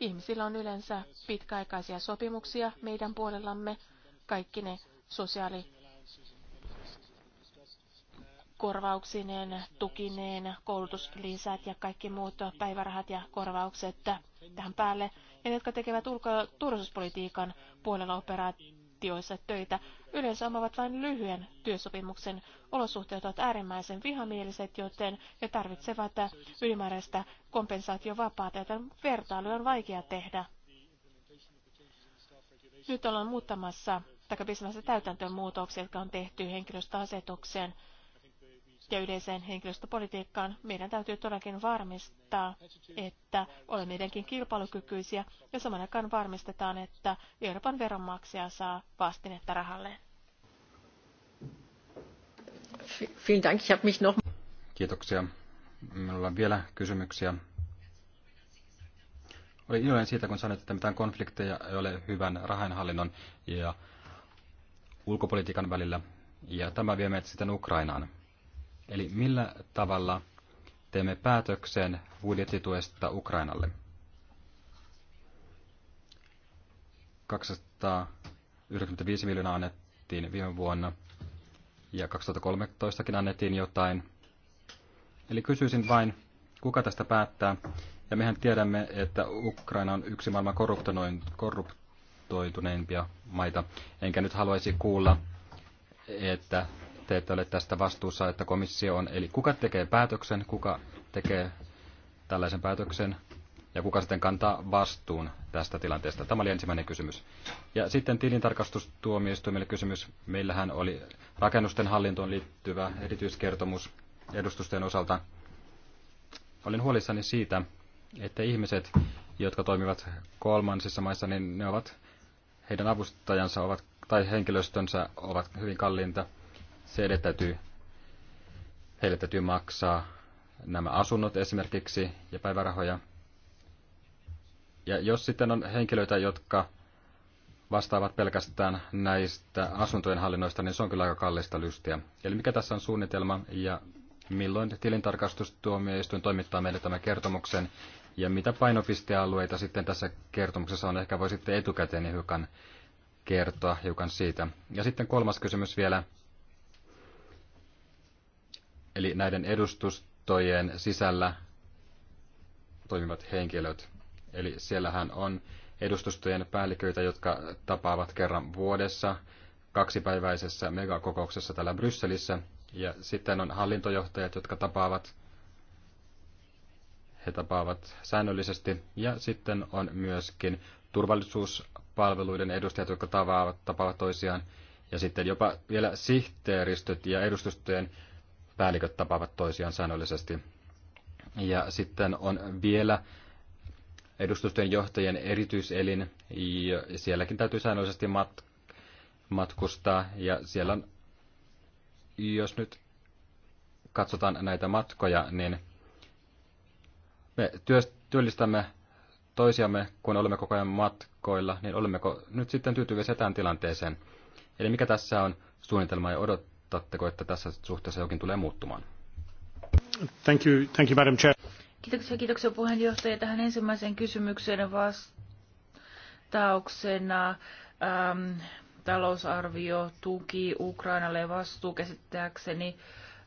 Ihmisillä on yleensä pitkäaikaisia sopimuksia meidän puolellamme, kaikki ne sosiaali- korvauksineen, tukineen, koulutuslisät ja kaikki muut päivärahat ja korvaukset tähän päälle. Ja ne, jotka tekevät ulko- ja turvallisuuspolitiikan puolella operaatioissa töitä, yleensä omavat vain lyhyen työsopimuksen. Olosuhteet ovat äärimmäisen vihamieliset, joten he tarvitsevat ylimääräistä kompensaatiovapaata, joten vertailu on vaikea tehdä. Nyt ollaan muuttamassa tai pistämässä täytäntöön muutoksia, jotka on tehty henkilöstöasetukseen ja yleiseen henkilöstöpolitiikkaan, meidän täytyy todellakin varmistaa, että olemme jotenkin kilpailukykyisiä ja saman aikaan varmistetaan, että Euroopan veronmaksaja saa vastinetta rahalleen. Kiitoksia. Minulla on vielä kysymyksiä. Olin iloinen siitä, kun sanoit, että mitään konflikteja ei ole hyvän rahainhallinnon ja ulkopolitiikan välillä. Ja tämä vie meidät sitten Ukrainaan. Eli millä tavalla teemme päätöksen budjettituesta Ukrainalle? 295 miljoonaa annettiin viime vuonna ja 2013kin annettiin jotain. Eli kysyisin vain, kuka tästä päättää? Ja mehän tiedämme, että Ukraina on yksi maailman korruptoituneimpia maita. Enkä nyt haluaisi kuulla, että te ette ole tästä vastuussa, että komissio on. Eli kuka tekee päätöksen, kuka tekee tällaisen päätöksen ja kuka sitten kantaa vastuun tästä tilanteesta? Tämä oli ensimmäinen kysymys. Ja sitten tilintarkastustuomioistuimelle kysymys. Meillähän oli rakennusten hallintoon liittyvä erityiskertomus edustusten osalta. Olin huolissani siitä, että ihmiset, jotka toimivat kolmansissa maissa, niin ne ovat, heidän avustajansa ovat, tai henkilöstönsä ovat hyvin kalliinta – Heille täytyy, heille täytyy maksaa nämä asunnot esimerkiksi ja päivärahoja. Ja jos sitten on henkilöitä, jotka vastaavat pelkästään näistä asuntojen hallinnoista, niin se on kyllä aika kallista lystiä. Eli mikä tässä on suunnitelma ja milloin tilintarkastustuomioistuin toimittaa meille tämän kertomuksen ja mitä painopistealueita sitten tässä kertomuksessa on, ehkä voisitte etukäteen hiukan kertoa hiukan siitä. Ja sitten kolmas kysymys vielä. Eli näiden edustustojen sisällä toimivat henkilöt. Eli siellähän on edustustojen päälliköitä, jotka tapaavat kerran vuodessa kaksipäiväisessä megakokouksessa täällä Brysselissä. Ja sitten on hallintojohtajat, jotka tapaavat. He tapaavat säännöllisesti. Ja sitten on myöskin turvallisuuspalveluiden edustajat, jotka tapaavat, tapaavat toisiaan. Ja sitten jopa vielä sihteeristöt ja edustustojen päälliköt tapaavat toisiaan säännöllisesti. Ja sitten on vielä edustustojen johtajien erityiselin, ja sielläkin täytyy säännöllisesti mat- matkustaa, ja siellä on, jos nyt katsotaan näitä matkoja, niin me työllistämme toisiamme, kun olemme koko ajan matkoilla, niin olemmeko nyt sitten tyytyväisiä tähän tilanteeseen? Eli mikä tässä on suunnitelma ja odottaa? odotatteko, että tässä suhteessa jokin tulee muuttumaan? Thank you, thank you, Madam Chair. Kiitoksia, kiitoksia puheenjohtaja. Tähän ensimmäiseen kysymykseen vastauksena ähm, talousarvio, tuki Ukrainalle vastuu käsittääkseni.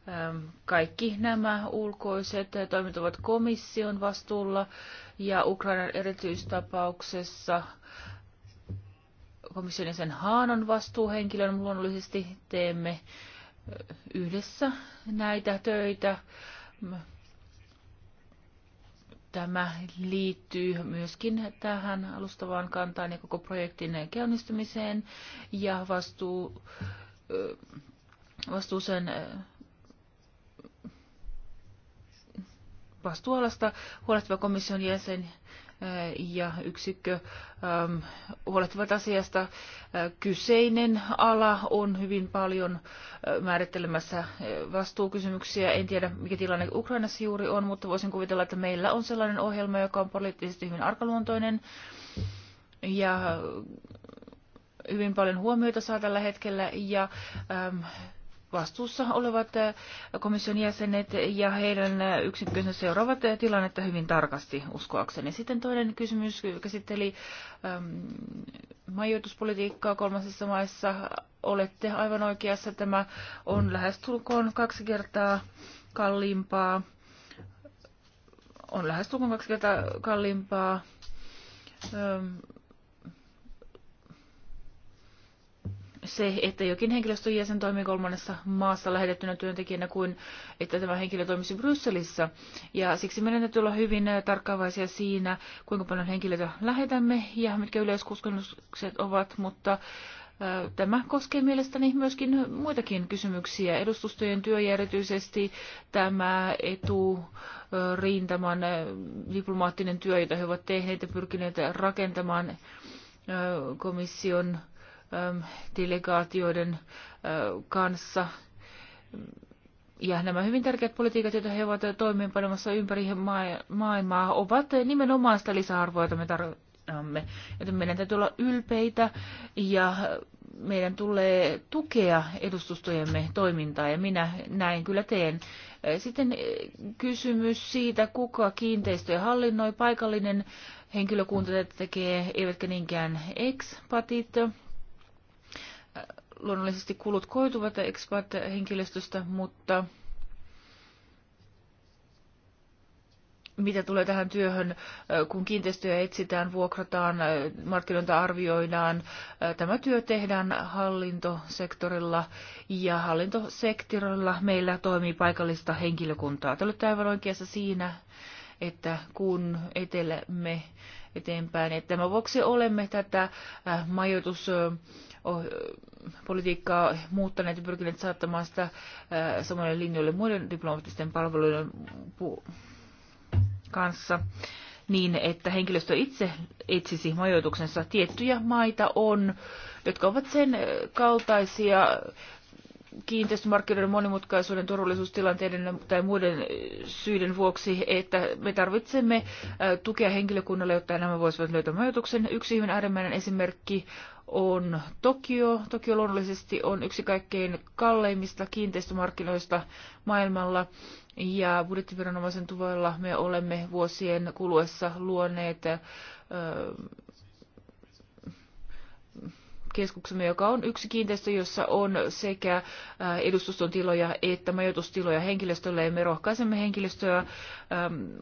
Ähm, kaikki nämä ulkoiset toimet ovat komission vastuulla ja Ukrainan erityistapauksessa komission sen Haanon vastuuhenkilön luonnollisesti teemme yhdessä näitä töitä. Tämä liittyy myöskin tähän alustavaan kantaan ja koko projektin käynnistymiseen ja vastuu, vastuuseen vastuualasta huolehtiva komission jäsen ja yksikkö ähm, huolehtivat asiasta. Äh, kyseinen ala on hyvin paljon äh, määrittelemässä äh, vastuukysymyksiä. En tiedä, mikä tilanne Ukrainassa juuri on, mutta voisin kuvitella, että meillä on sellainen ohjelma, joka on poliittisesti hyvin arkaluontoinen ja hyvin paljon huomiota saa tällä hetkellä ja ähm, vastuussa olevat äh, komission jäsenet ja heidän yksikkönsä seuraavat äh, tilannetta hyvin tarkasti, uskoakseni. Sitten toinen kysymys käsitteli ähm, majoituspolitiikkaa kolmasessa maissa. Olette aivan oikeassa, tämä on lähestulkoon kaksi kertaa kalliimpaa. On lähestulkoon kaksi kertaa kalliimpaa. Ähm, se, että jokin henkilöstön jäsen toimii kolmannessa maassa lähetettynä työntekijänä kuin että tämä henkilö toimisi Brysselissä. Ja siksi meidän täytyy olla hyvin tarkkaavaisia siinä, kuinka paljon henkilöitä lähetämme ja mitkä yleiskustannukset ovat, mutta Tämä koskee mielestäni myöskin muitakin kysymyksiä. Edustustojen työ ja erityisesti tämä eturintaman diplomaattinen työ, jota he ovat tehneet ja pyrkineet rakentamaan komission delegaatioiden kanssa. Ja nämä hyvin tärkeät politiikat, joita he ovat toimeenpanemassa ympäri maailmaa, ovat nimenomaan sitä lisäarvoa, jota me tarvitsemme. Joten meidän täytyy olla ylpeitä ja meidän tulee tukea edustustojemme toimintaa ja minä näin kyllä teen. Sitten kysymys siitä, kuka kiinteistöjä hallinnoi, paikallinen henkilökunta tekee, eivätkä niinkään ekspatit luonnollisesti kulut koituvat expat-henkilöstöstä, mutta mitä tulee tähän työhön, kun kiinteistöjä etsitään, vuokrataan, markkinointa arvioidaan. Tämä työ tehdään hallintosektorilla ja hallintosektorilla meillä toimii paikallista henkilökuntaa. Te olette aivan oikeassa siinä, että kun etelemme eteenpäin, että tämän vuoksi olemme tätä äh, majoitus politiikkaa muuttaneet ja pyrkineet saattamaan sitä samoille linjoille muiden diplomaattisten palveluiden kanssa niin, että henkilöstö itse etsisi majoituksensa. Tiettyjä maita on, jotka ovat sen kaltaisia kiinteistömarkkinoiden monimutkaisuuden, turvallisuustilanteiden tai muiden eh, syiden vuoksi, että me tarvitsemme eh, tukea henkilökunnalle, jotta nämä voisivat löytää majoituksen. Yksi hyvin äärimmäinen esimerkki on Tokio. Tokio luonnollisesti on yksi kaikkein kalleimmista kiinteistömarkkinoista maailmalla. Ja budjettiviranomaisen tuvoilla me olemme vuosien kuluessa luoneet eh, keskuksemme, joka on yksi kiinteistö, jossa on sekä edustuston tiloja että majoitustiloja henkilöstölle, ja me rohkaisemme henkilöstöä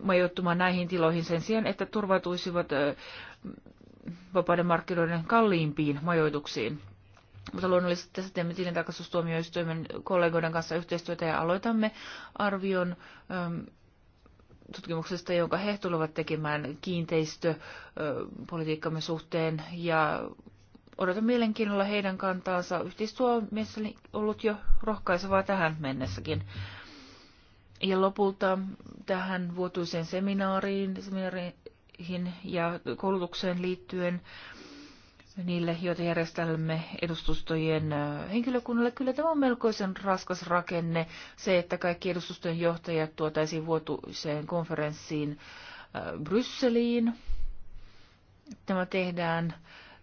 majoittumaan näihin tiloihin sen sijaan, että turvautuisivat vapaiden markkinoiden kalliimpiin majoituksiin. Mutta luonnollisesti tässä teemme tilintarkastustuomioistuimen kollegoiden kanssa yhteistyötä ja aloitamme arvion tutkimuksesta, jonka he tulevat tekemään kiinteistöpolitiikkamme suhteen ja Odotan mielenkiinnolla heidän kantaansa. Yhteistyö on mielestäni ollut jo rohkaisevaa tähän mennessäkin. Ja lopulta tähän vuotuiseen seminaariin, seminaariin ja koulutukseen liittyen niille, joita järjestämme edustustojen äh, henkilökunnalle. Kyllä tämä on melkoisen raskas rakenne, se, että kaikki edustustojen johtajat tuotaisiin vuotuiseen konferenssiin äh, Brysseliin. Tämä tehdään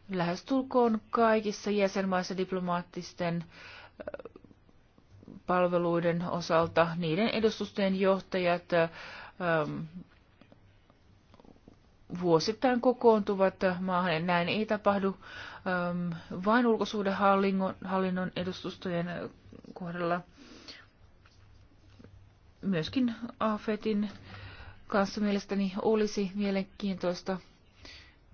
lähestulkoon kaikissa jäsenmaissa diplomaattisten palveluiden osalta niiden edustustojen johtajat ähm, vuosittain kokoontuvat maahan. Näin ei tapahdu ähm, vain ulkosuhdehallinnon edustustojen kohdalla. Myöskin AFETin kanssa mielestäni olisi mielenkiintoista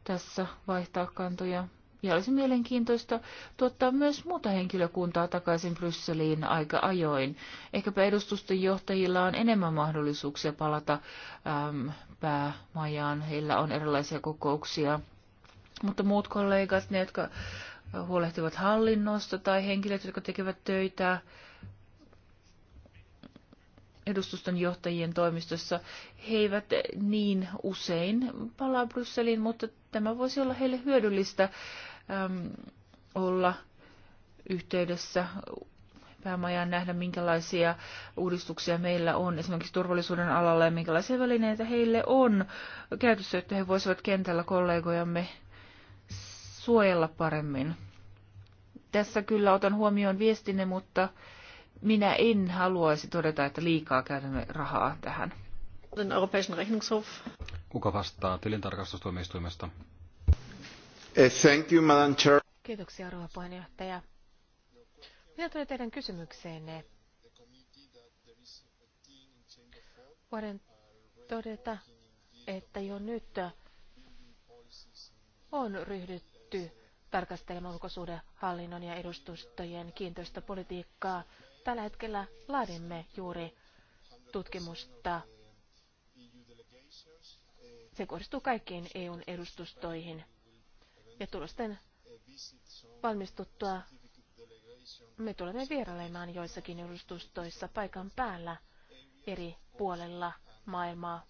tässä vaihtaa kantoja. Ja olisi mielenkiintoista tuottaa myös muuta henkilökuntaa takaisin Brysseliin aika ajoin. Ehkäpä edustusten johtajilla on enemmän mahdollisuuksia palata äm, päämajaan. Heillä on erilaisia kokouksia. Mutta muut kollegat, ne jotka huolehtivat hallinnosta tai henkilöt, jotka tekevät töitä edustuston johtajien toimistossa. He eivät niin usein palaa Brysseliin, mutta tämä voisi olla heille hyödyllistä äm, olla yhteydessä päämajaan nähdä, minkälaisia uudistuksia meillä on esimerkiksi turvallisuuden alalla ja minkälaisia välineitä heille on käytössä, että he voisivat kentällä kollegojamme suojella paremmin. Tässä kyllä otan huomioon viestinne, mutta minä en haluaisi todeta, että liikaa käytämme rahaa tähän. Kuka vastaa tilintarkastustuomioistuimesta? Eh, thank you, Madam Chair. Kiitoksia, rouva puheenjohtaja. Mitä tulee teidän kysymykseenne? Voin todeta, että jo nyt on ryhdytty tarkastelemaan hallinnon ja edustustojen kiinteistöpolitiikkaa Tällä hetkellä laadimme juuri tutkimusta. Se kohdistuu kaikkiin EUn edustustoihin. Ja tulosten valmistuttua me tulemme vierailemaan joissakin edustustoissa paikan päällä eri puolella maailmaa.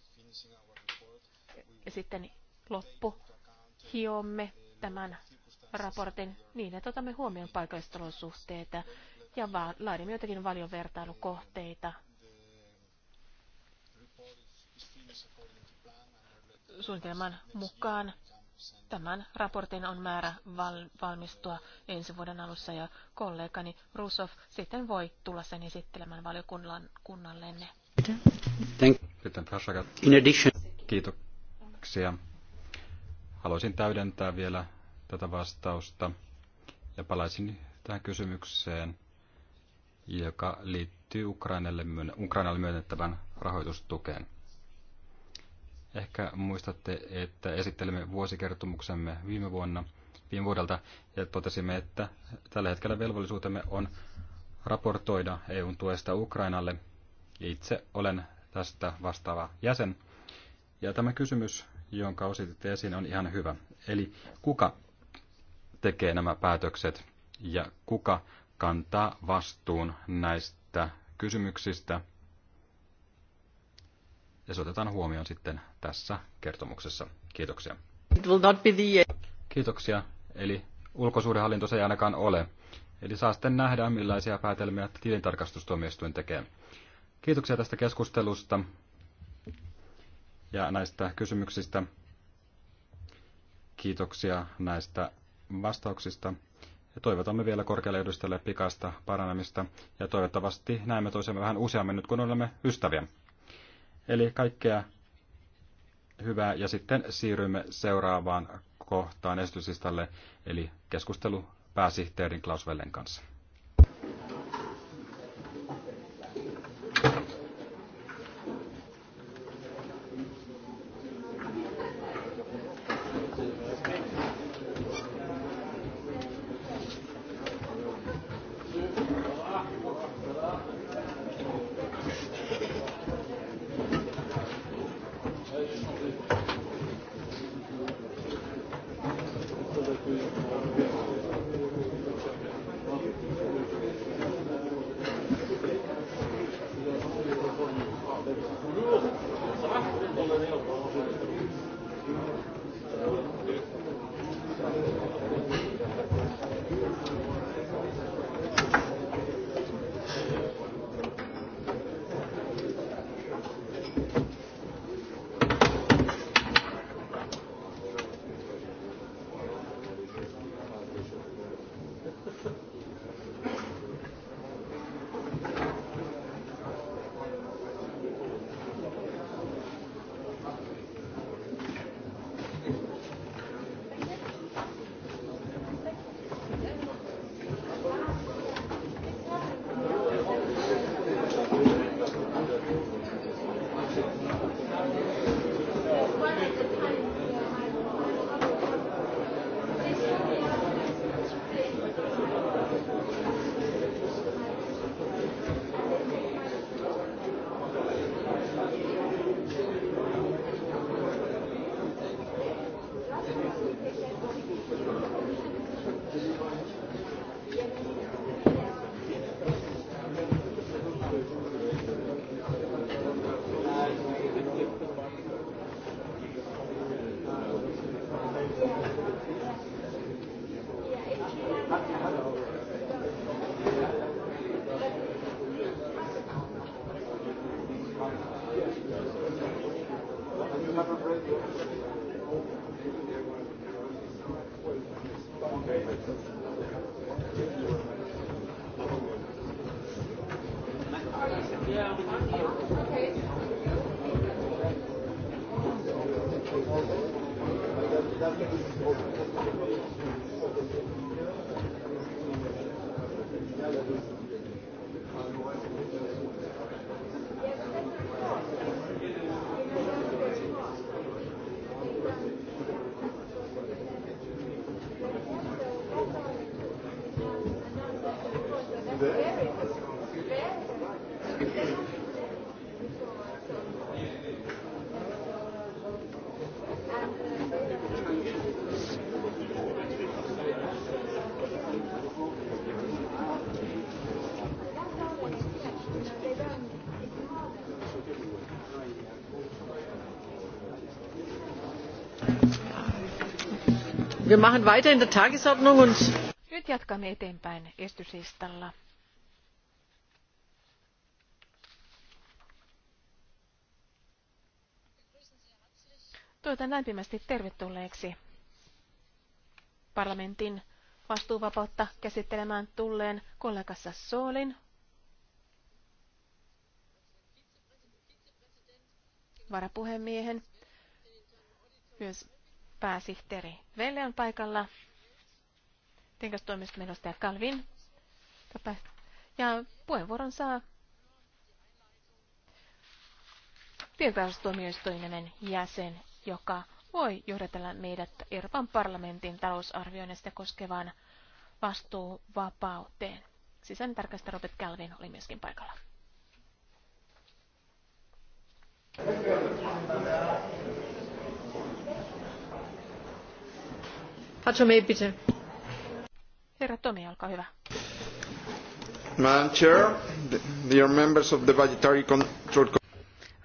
Ja sitten loppu hiomme tämän raportin niin, että otamme huomioon paikalliset ja va- laadimme jotakin valion vertailukohteita. Suunnitelman mukaan tämän raportin on määrä val- valmistua ensi vuoden alussa ja kollegani Rusov sitten voi tulla sen esittelemään valiokunnallenne. Kiitoksia. Haluaisin täydentää vielä tätä vastausta ja palaisin tähän kysymykseen, joka liittyy Ukrainalle, Ukrainalle myönnettävän rahoitustukeen. Ehkä muistatte, että esittelimme vuosikertomuksemme viime vuonna, viime vuodelta, ja totesimme, että tällä hetkellä velvollisuutemme on raportoida EUn tuesta Ukrainalle. Itse olen tästä vastaava jäsen. Ja tämä kysymys, jonka osititte esiin, on ihan hyvä. Eli kuka tekee nämä päätökset ja kuka kantaa vastuun näistä kysymyksistä. Ja se otetaan huomioon sitten tässä kertomuksessa. Kiitoksia. It will not be the... Kiitoksia. Eli ulkosuhdehallinto se ei ainakaan ole. Eli saa sitten nähdä, millaisia päätelmiä tilintarkastustuomioistuin tekee. Kiitoksia tästä keskustelusta ja näistä kysymyksistä. Kiitoksia näistä vastauksista. Ja toivotamme vielä korkealle edustajalle pikaista paranemista ja toivottavasti näemme toisemme vähän useammin nyt, kun olemme ystäviä. Eli kaikkea hyvää ja sitten siirrymme seuraavaan kohtaan esityslistalle, eli keskustelu pääsihteerin Klaus Vellen kanssa. Thank you. Wir machen weiter in der Tagesordnung und nyt jatkamme eteenpäin estyslistalla. Toivotan lämpimästi tervetulleeksi parlamentin vastuuvapautta käsittelemään tulleen kollegassa Soolin, varapuhemiehen, myös pääsihteeri Velle on paikalla. Tinkastoimiston edustaja Kalvin. Ja puheenvuoron saa tilintarkastustuomioistuimen jäsen, joka voi johdatella meidät Euroopan parlamentin talousarvioinnista koskevaan vastuuvapauteen. Sisäinen tarkastaja Robert Calvin oli myöskin paikalla. Thank you. Hatsumei, bitte. hyvä.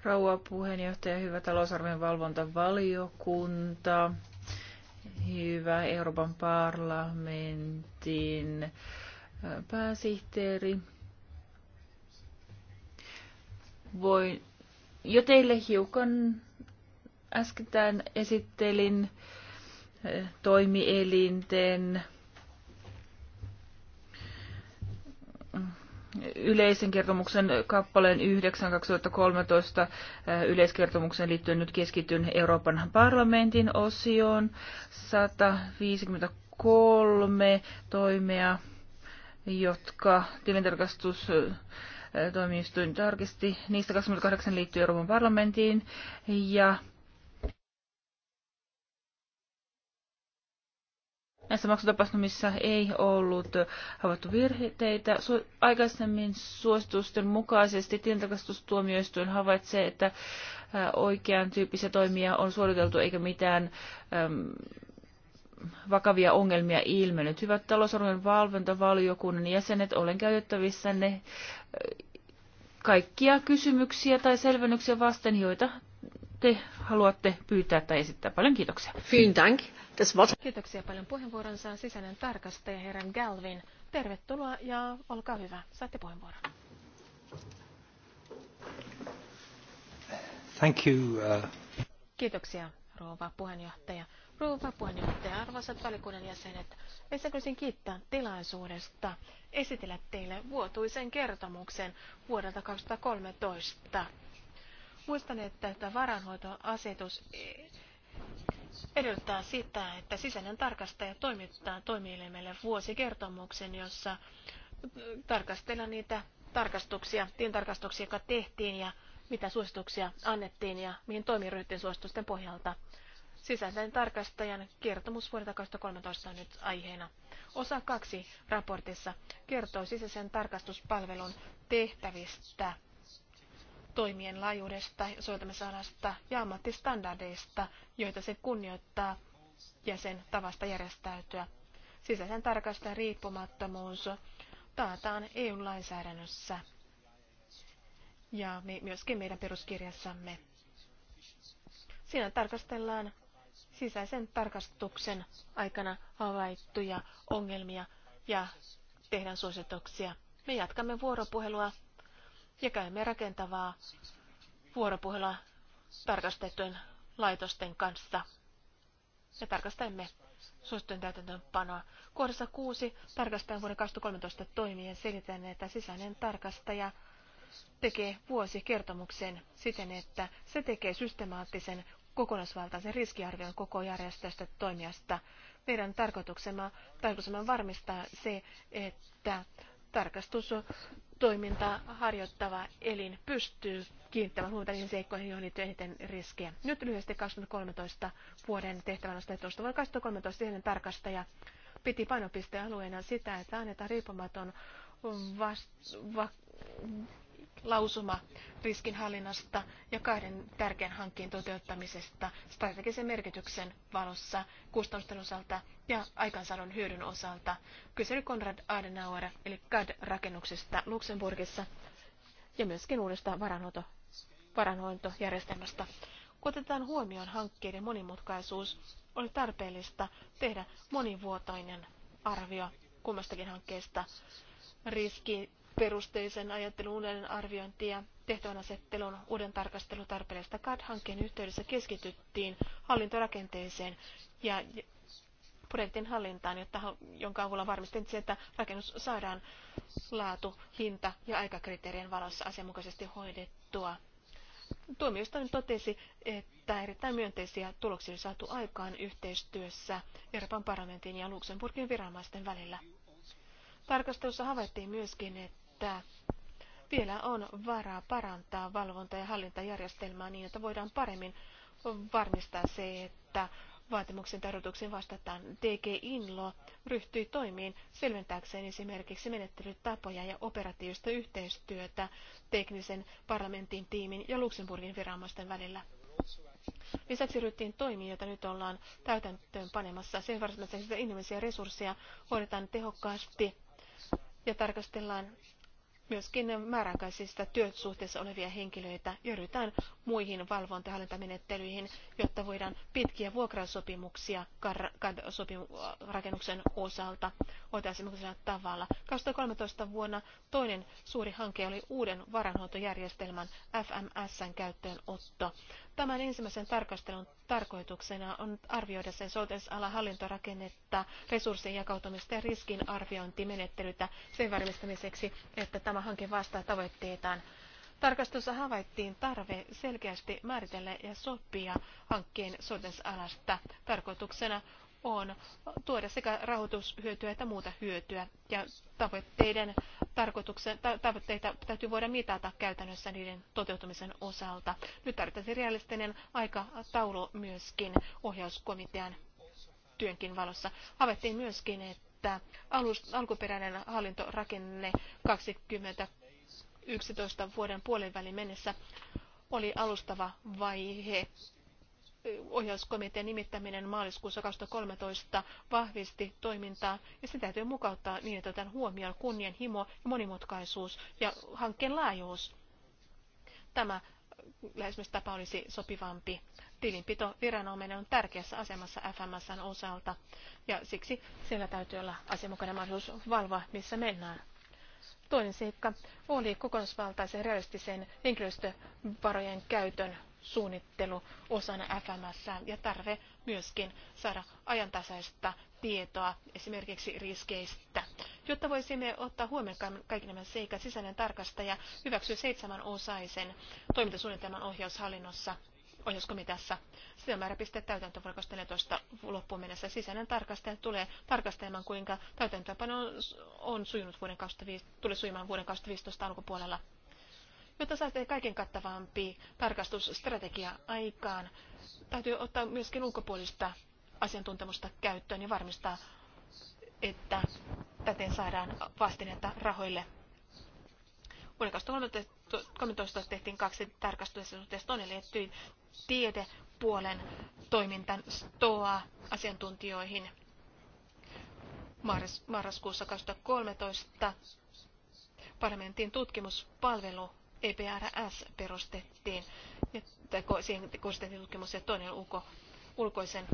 Rouva puheenjohtaja, hyvä talousarvion valvontavaliokunta, hyvä Euroopan parlamentin pääsihteeri. Voin jo teille hiukan äskettäin esittelin toimielinten yleisen kertomuksen kappaleen 9 2013 yleiskertomuksen liittyen nyt keskityn Euroopan parlamentin osioon 153 toimea, jotka tilintarkastus äh, toimistuin tarkisti. Niistä 28 liittyy Euroopan parlamenttiin ja näissä maksutapahtumissa ei ollut havaittu virheitä. Su- aikaisemmin suositusten mukaisesti tilintarkastustuomioistuin havaitsee, että oikean tyyppisiä toimia on suoriteltu eikä mitään äm, vakavia ongelmia ilmennyt. Hyvät talousarvojen valvontavaliokunnan jäsenet, olen käytettävissä ne kaikkia kysymyksiä tai selvennyksiä vasten, joita te haluatte pyytää tai esittää. Paljon kiitoksia. Vielen dank. Das Wort. Kiitoksia paljon puheenvuoronsa sisäinen tarkastaja herran Galvin. Tervetuloa ja olkaa hyvä. Saatte puheenvuoron. Thank you, uh... Kiitoksia, rouva puheenjohtaja. Rouva puheenjohtaja, arvoisat valikunnan jäsenet, ensin kiittää tilaisuudesta esitellä teille vuotuisen kertomuksen vuodelta 2013 muistan, että varanhoitoasetus edellyttää sitä, että sisäinen tarkastaja toimittaa toimielimelle vuosikertomuksen, jossa tarkastellaan niitä tarkastuksia, tarkastuksia, jotka tehtiin ja mitä suosituksia annettiin ja mihin toimiryhtiin suositusten pohjalta. Sisäisen tarkastajan kertomus vuodelta 2013 on nyt aiheena. Osa kaksi raportissa kertoo sisäisen tarkastuspalvelun tehtävistä toimien laajuudesta, soveltamisalasta ja ammattistandardeista, joita se kunnioittaa ja sen tavasta järjestäytyä. Sisäisen tarkastajan riippumattomuus taataan EU-lainsäädännössä ja myöskin meidän peruskirjassamme. Siinä tarkastellaan sisäisen tarkastuksen aikana havaittuja ongelmia ja tehdään suosituksia. Me jatkamme vuoropuhelua ja käymme rakentavaa vuoropuhelua tarkastettujen laitosten kanssa. Ja tarkastamme suosittujen täytäntöönpanoa. Kohdassa 6 tarkastajan vuoden 2013 toimien selitän, että sisäinen tarkastaja tekee vuosikertomuksen siten, että se tekee systemaattisen kokonaisvaltaisen riskiarvion koko järjestöstä toimijasta. Meidän tarkoituksemme, tarkoituksemme varmistaa se, että tarkastus toimintaa harjoittava elin pystyy kiinnittämään huomiota niihin seikkoihin, joihin liittyy eniten riskejä. Nyt lyhyesti 2013 vuoden tehtävän asetusta. Vuonna 2013 siihen tarkastaja piti painopistealueena sitä, että annetaan riippumaton vast- va- lausuma riskinhallinnasta ja kahden tärkeän hankkeen toteuttamisesta strategisen merkityksen valossa, kustannusten osalta ja aikaansaadun hyödyn osalta. Kysely Konrad Adenauer eli CAD-rakennuksesta Luxemburgissa ja myöskin uudesta varainhoitojärjestelmästä. Kun otetaan huomioon hankkeiden monimutkaisuus, oli tarpeellista tehdä monivuotainen arvio kummastakin hankkeesta riski perusteisen ajattelun uuden arviointia tehtävänasettelun uuden tarkastelutarpeesta CAD-hankkeen yhteydessä keskityttiin hallintorakenteeseen ja projektin hallintaan, jotta, jonka avulla varmistettiin, että rakennus saadaan laatu, hinta ja aikakriteerien valossa asianmukaisesti hoidettua. Tuomioistuin totesi, että erittäin myönteisiä tuloksia oli saatu aikaan yhteistyössä Euroopan parlamentin ja Luxemburgin viranomaisten välillä. Tarkastelussa havaittiin myöskin, että että vielä on varaa parantaa valvonta- ja hallintajärjestelmää niin, että voidaan paremmin varmistaa se, että vaatimuksen tarkoituksiin vastataan. DG Inlo ryhtyi toimiin selventääkseen esimerkiksi menettelytapoja ja operatiivista yhteistyötä teknisen parlamentin tiimin ja Luxemburgin viranomaisten välillä. Lisäksi ryhtiin toimiin, joita nyt ollaan täytäntöön panemassa. Sen varsinaiseksi inhimillisiä resursseja hoidetaan tehokkaasti ja tarkastellaan myöskin määräaikaisista työsuhteessa olevia henkilöitä joudutaan muihin hallintamenettelyihin jotta voidaan pitkiä vuokrasopimuksia rakennuksen osalta oikeasemmoisella tavalla. 2013 vuonna toinen suuri hanke oli uuden varanhoitojärjestelmän FMSn käyttöönotto. Tämän ensimmäisen tarkastelun tarkoituksena on arvioida sen soveltamisala hallintorakennetta, resurssien jakautumista ja riskinarviointimenettelytä sen varmistamiseksi, että tämä hanke vastaa tavoitteitaan. Tarkastussa havaittiin tarve selkeästi määritellä ja sopia hankkeen sotensalasta Tarkoituksena on tuoda sekä rahoitushyötyä että muuta hyötyä. Ja tavoitteiden tarkoituksen, tavoitteita täytyy voida mitata käytännössä niiden toteutumisen osalta. Nyt tarvitaan realistinen aikataulu myöskin ohjauskomitean työnkin valossa. Havaittiin myöskin, että alus, alkuperäinen hallintorakenne 2011 vuoden puolen välin mennessä oli alustava vaihe ohjauskomitean nimittäminen maaliskuussa kolmetoista vahvisti toimintaa ja se täytyy mukauttaa niin, että otetaan huomioon kunnianhimo ja monimutkaisuus ja hankkeen laajuus. Tämä lähestymistapa olisi sopivampi. Tilinpito viranomainen on tärkeässä asemassa FMSn osalta ja siksi siellä täytyy olla asianmukainen mahdollisuus valvoa, missä mennään. Toinen seikka oli kokonaisvaltaisen realistisen henkilöstövarojen käytön suunnittelu osana FMS ja tarve myöskin saada ajantasaista tietoa esimerkiksi riskeistä. Jotta voisimme ottaa huomioon kaikki nämä seikat, sisäinen tarkastaja hyväksyy seitsemän osaisen toimintasuunnitelman ohjaushallinnossa ohjauskomiteassa. Sitä määrä pistää täytäntöön vuonna 2014 loppuun mennessä. Sisäinen tarkastaja tulee tarkastelemaan, kuinka täytäntöönpano on sujunut vuoden 2015, tuli sujumaan vuoden 2015 alkupuolella. Jotta saatte kaiken kattavampi tarkastusstrategia aikaan, täytyy ottaa myöskin ulkopuolista asiantuntemusta käyttöön ja varmistaa, että täten saadaan vastinetta rahoille. Vuonna 2013 tehtiin kaksi tarkastusta, toinen liittyi tiedepuolen toimintan STOA-asiantuntijoihin marraskuussa 2013 parlamentin tutkimuspalvelu EPRS perustettiin, ja, siihen tutkimus ja toinen ulko, ulkoisen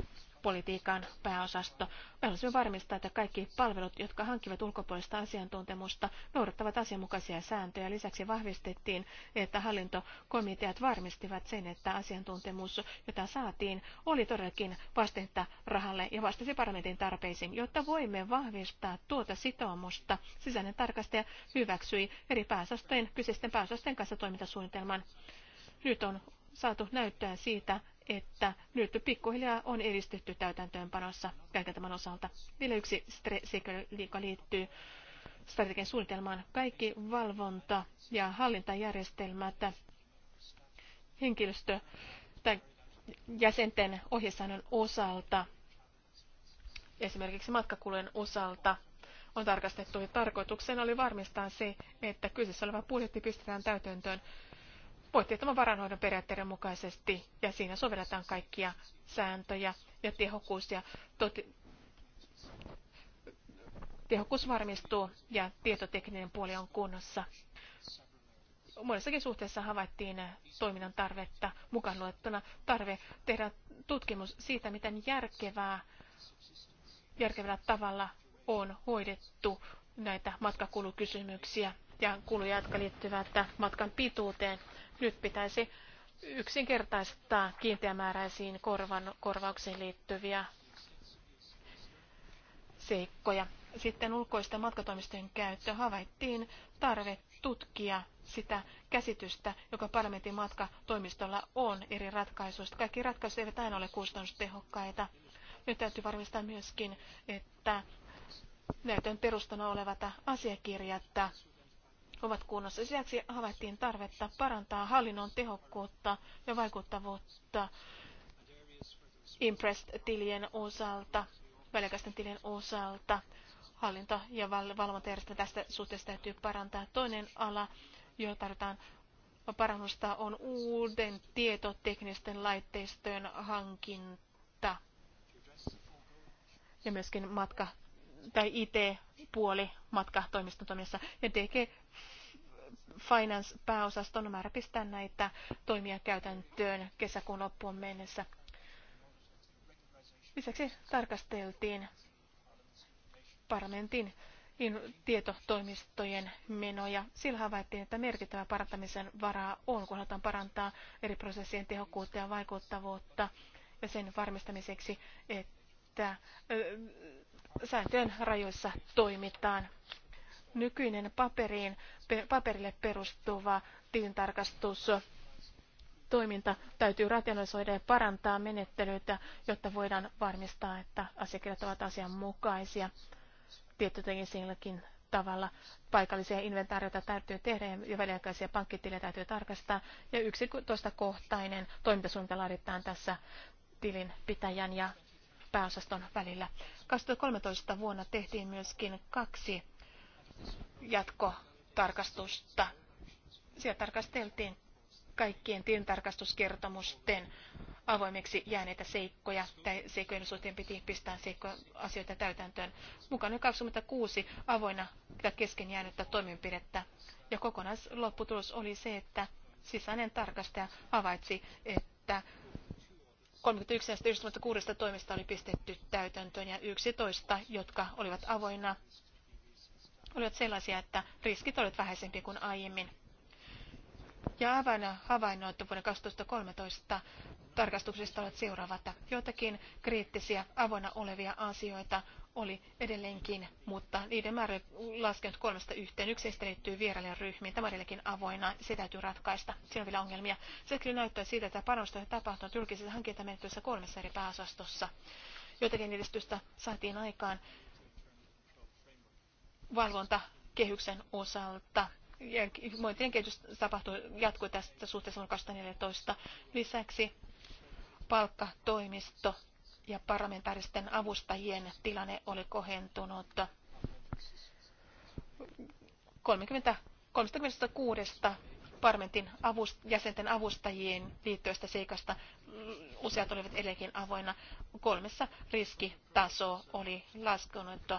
politiikan pääosasto. Me haluaisimme varmistaa, että kaikki palvelut, jotka hankkivat ulkopuolista asiantuntemusta, noudattavat asianmukaisia sääntöjä. Lisäksi vahvistettiin, että hallintokomiteat varmistivat sen, että asiantuntemus, jota saatiin, oli todellakin vastetta rahalle ja vastasi parlamentin tarpeisiin, jotta voimme vahvistaa tuota sitoumusta. Sisäinen tarkastaja hyväksyi eri pääosastojen, kyseisten pääosastojen kanssa toimintasuunnitelman. Nyt on saatu näyttää siitä, että nyt pikkuhiljaa on edistetty täytäntöönpanossa kaiken tämän osalta. Vielä yksi seikka, liittyy strategian suunnitelmaan. Kaikki valvonta- ja hallintajärjestelmät, henkilöstö tai jäsenten ohjesäännön osalta, esimerkiksi matkakulujen osalta, on tarkastettu ja tarkoituksena oli varmistaa se, että kyseessä oleva budjetti pistetään täytäntöön poikkeettoman varanhoidon periaatteiden mukaisesti ja siinä sovelletaan kaikkia sääntöjä ja tehokkuus ja toti- tehokkuus varmistuu ja tietotekninen puoli on kunnossa. Monessakin suhteessa havaittiin toiminnan tarvetta mukaan luettuna tarve tehdä tutkimus siitä, miten järkevää, järkevällä tavalla on hoidettu näitä matkakulukysymyksiä ja kuluja, jotka liittyvät matkan pituuteen nyt pitäisi yksinkertaistaa kiinteämääräisiin korvan, korvauksiin liittyviä seikkoja. Sitten ulkoisten matkatoimistojen käyttö havaittiin tarve tutkia sitä käsitystä, joka parlamentin matkatoimistolla on eri ratkaisuista. Kaikki ratkaisut eivät aina ole kustannustehokkaita. Nyt täytyy varmistaa myöskin, että näytön perustana olevat asiakirjat ovat kunnossa. Lisäksi havaittiin tarvetta parantaa hallinnon tehokkuutta ja vaikuttavuutta Impressed-tilien osalta, väliaikaisten tilien osalta. Hallinta- ja val- valvontajärjestelmä tästä suhteesta täytyy parantaa. Toinen ala, jota tarvitaan parannusta, on uuden tietoteknisten laitteistojen hankinta ja myöskin matka- tai IT- puoli matkatoimiston toiminnassa ja DG Finance-pääosaston määrä pistää näitä toimia käytäntöön kesäkuun loppuun mennessä. Lisäksi tarkasteltiin parlamentin tietotoimistojen menoja. Sillä havaittiin, että merkittävä parantamisen varaa on, kun halutaan parantaa eri prosessien tehokkuutta ja vaikuttavuutta ja sen varmistamiseksi, että sääntöjen rajoissa toimitaan. Nykyinen paperiin, paperille perustuva tilintarkastus toiminta täytyy rationalisoida ja parantaa menettelyitä, jotta voidaan varmistaa, että asiakirjat ovat asianmukaisia. silläkin tavalla paikallisia inventaarioita täytyy tehdä ja väliaikaisia pankkitilejä täytyy tarkastaa. Ja 11 kohtainen toimintasuunnitelma laaditaan tässä tilinpitäjän ja pääosaston välillä. 2013 vuonna tehtiin myöskin kaksi jatkotarkastusta. Siellä tarkasteltiin kaikkien tilintarkastuskertomusten avoimeksi jääneitä seikkoja tai seikkojen suhteen piti pistää seikkoasioita asioita täytäntöön. Mukana 26 avoina, ja kesken jäänyttä toimenpidettä. Ja kokonaislopputulos oli se, että sisäinen tarkastaja havaitsi, että 31 näistä 96 toimista oli pistetty täytäntöön ja 11, jotka olivat avoinna, olivat sellaisia, että riskit olivat vähäisempiä kuin aiemmin. Ja avain havainnoitu vuoden 2013 tarkastuksista olivat seuraavat. Joitakin kriittisiä avoinna olevia asioita oli edelleenkin, mutta niiden määrä laskenut kolmesta yhteen. Yksi heistä liittyy ryhmiin. Tämä edelleenkin avoinna. Se täytyy ratkaista. Siinä on vielä ongelmia. Se kyllä näyttää siitä, että panosta on tapahtunut julkisessa hankintamenettelyssä kolmessa eri pääosastossa. Jotakin edistystä saatiin aikaan valvontakehyksen osalta. Muiden kehitys tapahtui, jatkui tästä suhteessa vuonna 2014. Lisäksi palkkatoimisto ja parlamentaaristen avustajien tilanne oli kohentunut 30, 36 parlamentin avust, jäsenten avustajien liittyvästä seikasta useat olivat edelleenkin avoinna. Kolmessa riskitaso oli laskenut.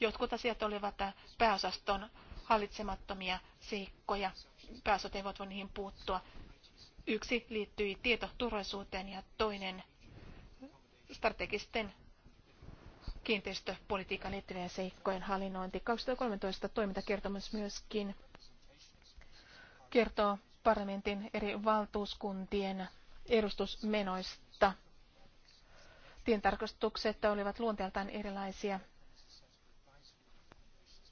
Jotkut asiat olivat pääosaston hallitsemattomia seikkoja. Pääosat eivät voi niihin puuttua. Yksi liittyi tietoturvallisuuteen ja toinen strategisten kiinteistöpolitiikan liittyvien seikkojen hallinnointi. 2013 toimintakertomus myöskin kertoo parlamentin eri valtuuskuntien edustusmenoista. Tientarkastukset olivat luonteeltaan erilaisia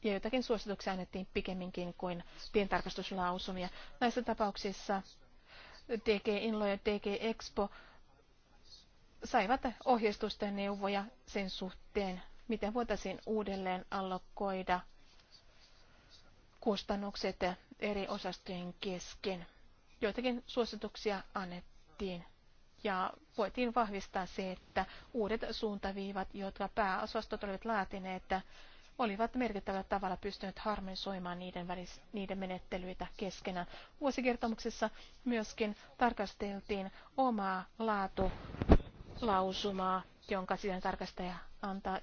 ja joitakin suosituksia annettiin pikemminkin kuin tientarkastuslausumia. Näissä tapauksissa DG Inlo ja DG Expo saivat ohjeistusta ja neuvoja sen suhteen, miten voitaisiin uudelleen allokoida kustannukset eri osastojen kesken. Joitakin suosituksia annettiin ja voitiin vahvistaa se, että uudet suuntaviivat, jotka pääosastot olivat laatineet, olivat merkittävällä tavalla pystyneet harmonisoimaan niiden, välis, niiden menettelyitä keskenään. Vuosikertomuksessa myöskin tarkasteltiin omaa laatu lausumaa, jonka sitten tarkastaja antaa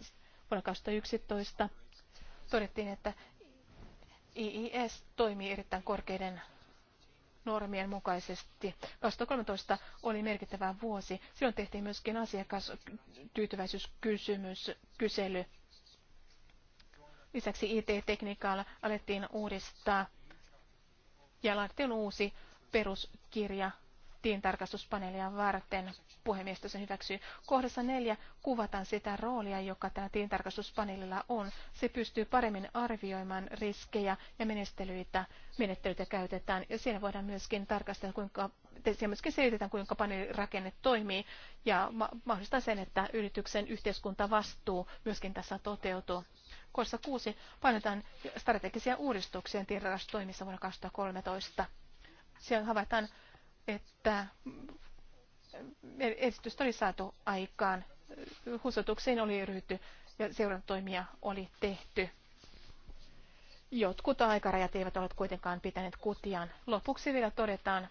vuonna 2011. Todettiin, että IIS toimii erittäin korkeiden normien mukaisesti. 2013 oli merkittävä vuosi. Silloin tehtiin myöskin asiakastyytyväisyyskysymys, kysely. Lisäksi IT-tekniikalla alettiin uudistaa ja laitettiin uusi peruskirja tiintarkastuspaneelia varten. Puhemiesto sen hyväksyy. Kohdassa neljä kuvataan sitä roolia, joka tällä tiintarkastuspaneelilla on. Se pystyy paremmin arvioimaan riskejä ja menestelyitä, menettelyitä käytetään. Ja siellä voidaan myöskin tarkastella, kuinka siellä myöskin selitetään, kuinka paneelirakenne toimii ja ma- mahdollistaa sen, että yrityksen yhteiskuntavastuu myöskin tässä toteutuu. Kohdassa kuusi painotetaan strategisia uudistuksia tiedonrastoimissa vuonna 2013. Siellä havaitaan että edistystä oli saatu aikaan. Husotukseen oli ryhdytty ja seurantoimia oli tehty. Jotkut aikarajat eivät ole kuitenkaan pitäneet kutiaan. Lopuksi vielä todetaan,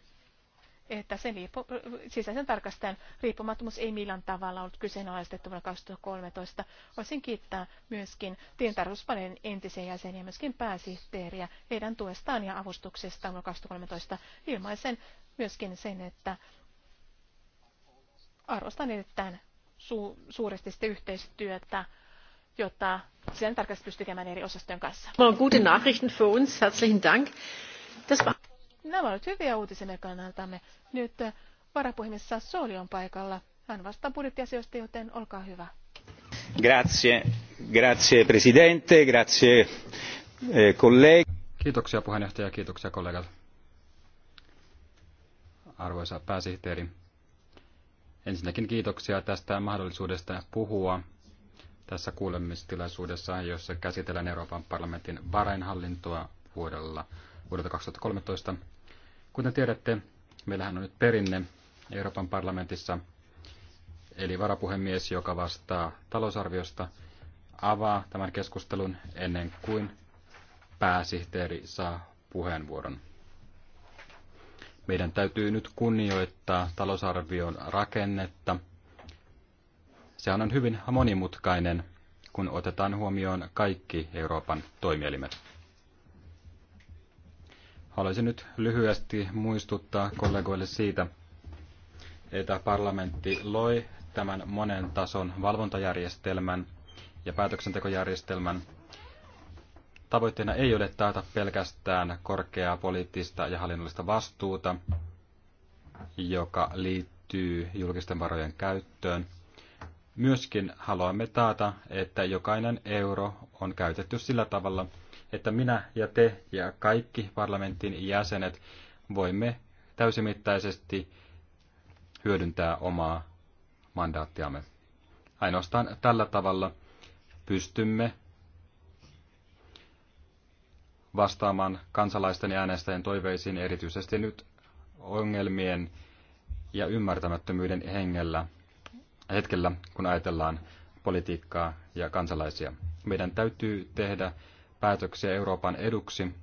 että sen liipo, sisäisen tarkastajan riippumattomuus ei millään tavalla ollut kyseenalaistettu vuonna 2013. Voisin kiittää myöskin tientarkastuspaneelin entisiä jäseniä, myöskin pääsihteeriä, heidän tuestaan ja avustuksestaan vuonna 2013. Ilmaisen myöskin sen, että arvostan erittäin su- suuresti sitä yhteistyötä, jota sen tarkasti pystyy tekemään eri osastojen kanssa. Gute Nachrichten für uns, herzlichen Dank. Das war... Nämä ovat hyviä uutisia meidän kannaltamme. Nyt äh, varapuhemies Sassoli on paikalla. Hän vastaa budjettiasioista, joten olkaa hyvä. Grazie, grazie presidente, grazie eh, Kiitoksia puheenjohtaja ja kiitoksia kollegat arvoisa pääsihteeri. Ensinnäkin kiitoksia tästä mahdollisuudesta puhua tässä kuulemistilaisuudessa, jossa käsitellään Euroopan parlamentin varainhallintoa vuodella, vuodelta 2013. Kuten tiedätte, meillähän on nyt perinne Euroopan parlamentissa, eli varapuhemies, joka vastaa talousarviosta, avaa tämän keskustelun ennen kuin pääsihteeri saa puheenvuoron. Meidän täytyy nyt kunnioittaa talousarvion rakennetta. Sehän on hyvin monimutkainen, kun otetaan huomioon kaikki Euroopan toimielimet. Haluaisin nyt lyhyesti muistuttaa kollegoille siitä, että parlamentti loi tämän monen tason valvontajärjestelmän ja päätöksentekojärjestelmän – Tavoitteena ei ole taata pelkästään korkeaa poliittista ja hallinnollista vastuuta, joka liittyy julkisten varojen käyttöön. Myöskin haluamme taata, että jokainen euro on käytetty sillä tavalla, että minä ja te ja kaikki parlamentin jäsenet voimme täysimittaisesti hyödyntää omaa mandaattiamme. Ainoastaan tällä tavalla pystymme vastaamaan kansalaisten ja äänestäjien toiveisiin erityisesti nyt ongelmien ja ymmärtämättömyyden hengellä, hetkellä, kun ajatellaan politiikkaa ja kansalaisia. Meidän täytyy tehdä päätöksiä Euroopan eduksi.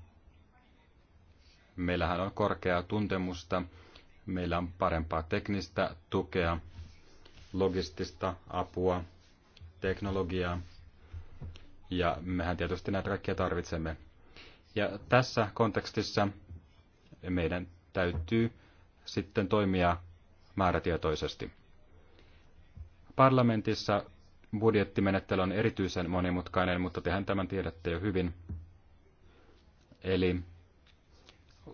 Meillähän on korkeaa tuntemusta, meillä on parempaa teknistä tukea, logistista apua, teknologiaa, ja mehän tietysti näitä kaikkia tarvitsemme. Ja tässä kontekstissa meidän täytyy sitten toimia määrätietoisesti. Parlamentissa budjettimenettely on erityisen monimutkainen, mutta tehän tämän tiedätte jo hyvin. Eli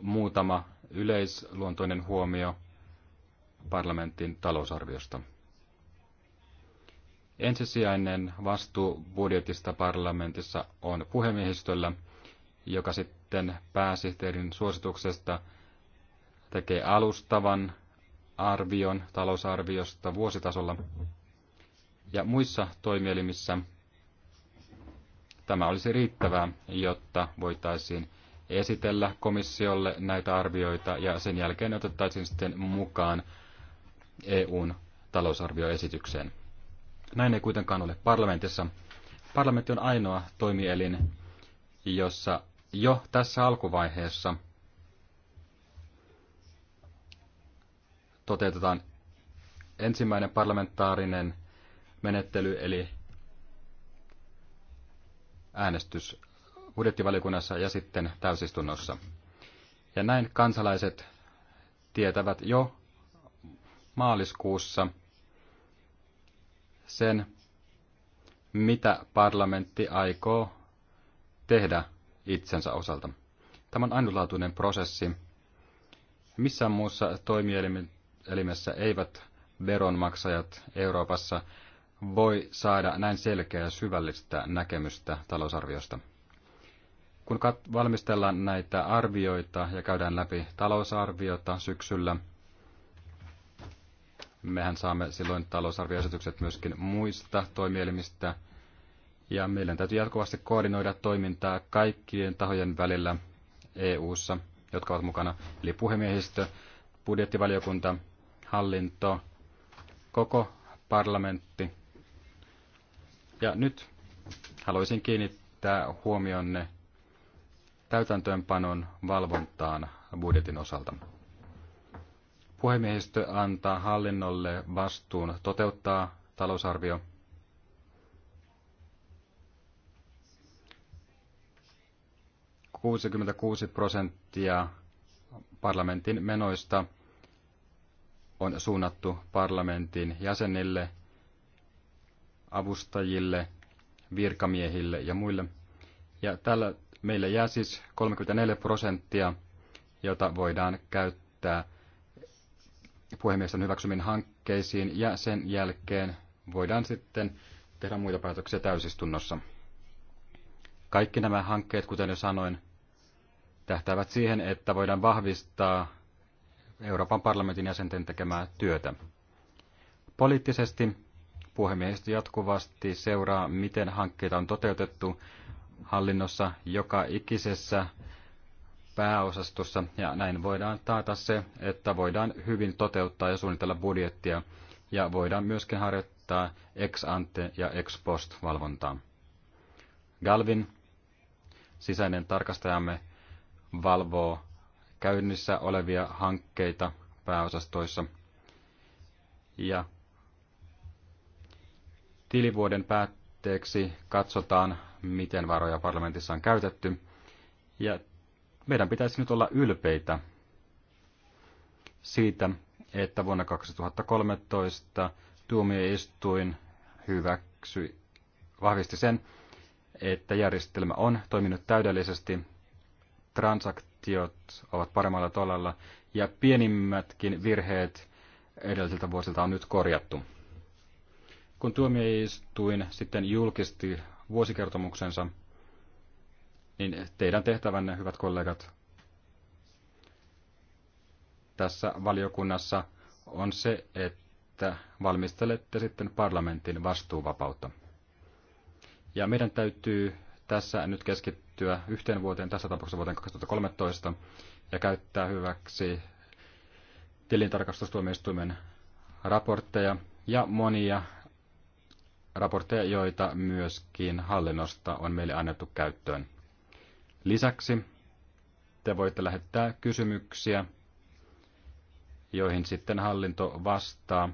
muutama yleisluontoinen huomio parlamentin talousarviosta. Ensisijainen vastuu budjetista parlamentissa on puhemiehistöllä – joka sitten pääsihteerin suosituksesta tekee alustavan arvion talousarviosta vuositasolla. Ja muissa toimielimissä tämä olisi riittävää, jotta voitaisiin esitellä komissiolle näitä arvioita ja sen jälkeen otettaisiin sitten mukaan EUn talousarvioesitykseen. Näin ei kuitenkaan ole parlamentissa. Parlamentti on ainoa toimielin, jossa jo tässä alkuvaiheessa toteutetaan ensimmäinen parlamentaarinen menettely, eli äänestys budjettivaliokunnassa ja sitten täysistunnossa. Ja näin kansalaiset tietävät jo maaliskuussa sen, mitä parlamentti aikoo tehdä itsensä osalta. Tämä on ainutlaatuinen prosessi. Missään muussa toimielimessä eivät veronmaksajat Euroopassa voi saada näin selkeää ja syvällistä näkemystä talousarviosta. Kun valmistellaan näitä arvioita ja käydään läpi talousarviota syksyllä, mehän saamme silloin talousarvioesitykset myöskin muista toimielimistä ja meidän täytyy jatkuvasti koordinoida toimintaa kaikkien tahojen välillä EU:ssa, jotka ovat mukana, eli puhemiehistö, budjettivaliokunta, hallinto, koko parlamentti. Ja nyt haluaisin kiinnittää huomionne täytäntöönpanon valvontaan budjetin osalta. Puhemiehistö antaa hallinnolle vastuun toteuttaa talousarvio 66 prosenttia parlamentin menoista on suunnattu parlamentin jäsenille, avustajille, virkamiehille ja muille. Ja tällä meillä jää siis 34 prosenttia, jota voidaan käyttää puhemiesten hyväksymin hankkeisiin ja sen jälkeen voidaan sitten tehdä muita päätöksiä täysistunnossa. Kaikki nämä hankkeet, kuten jo sanoin, tähtäävät siihen, että voidaan vahvistaa Euroopan parlamentin jäsenten tekemää työtä. Poliittisesti puhemiehistö jatkuvasti seuraa, miten hankkeita on toteutettu hallinnossa joka ikisessä pääosastossa, ja näin voidaan taata se, että voidaan hyvin toteuttaa ja suunnitella budjettia, ja voidaan myöskin harjoittaa ex ante ja ex post valvontaa. Galvin, sisäinen tarkastajamme, valvoo käynnissä olevia hankkeita pääosastoissa. Ja tilivuoden päätteeksi katsotaan, miten varoja parlamentissa on käytetty. Ja meidän pitäisi nyt olla ylpeitä siitä, että vuonna 2013 tuomioistuin hyväksyi, vahvisti sen, että järjestelmä on toiminut täydellisesti transaktiot ovat paremmalla tolalla ja pienimmätkin virheet edellisiltä vuosilta on nyt korjattu. Kun tuomioistuin sitten julkisti vuosikertomuksensa, niin teidän tehtävänne, hyvät kollegat, tässä valiokunnassa on se, että valmistelette sitten parlamentin vastuuvapautta. Ja meidän täytyy tässä nyt keskittyä keskittyä yhteen vuoteen, tässä tapauksessa vuoteen 2013, ja käyttää hyväksi tilintarkastustuomioistuimen raportteja ja monia raportteja, joita myöskin hallinnosta on meille annettu käyttöön. Lisäksi te voitte lähettää kysymyksiä, joihin sitten hallinto vastaa.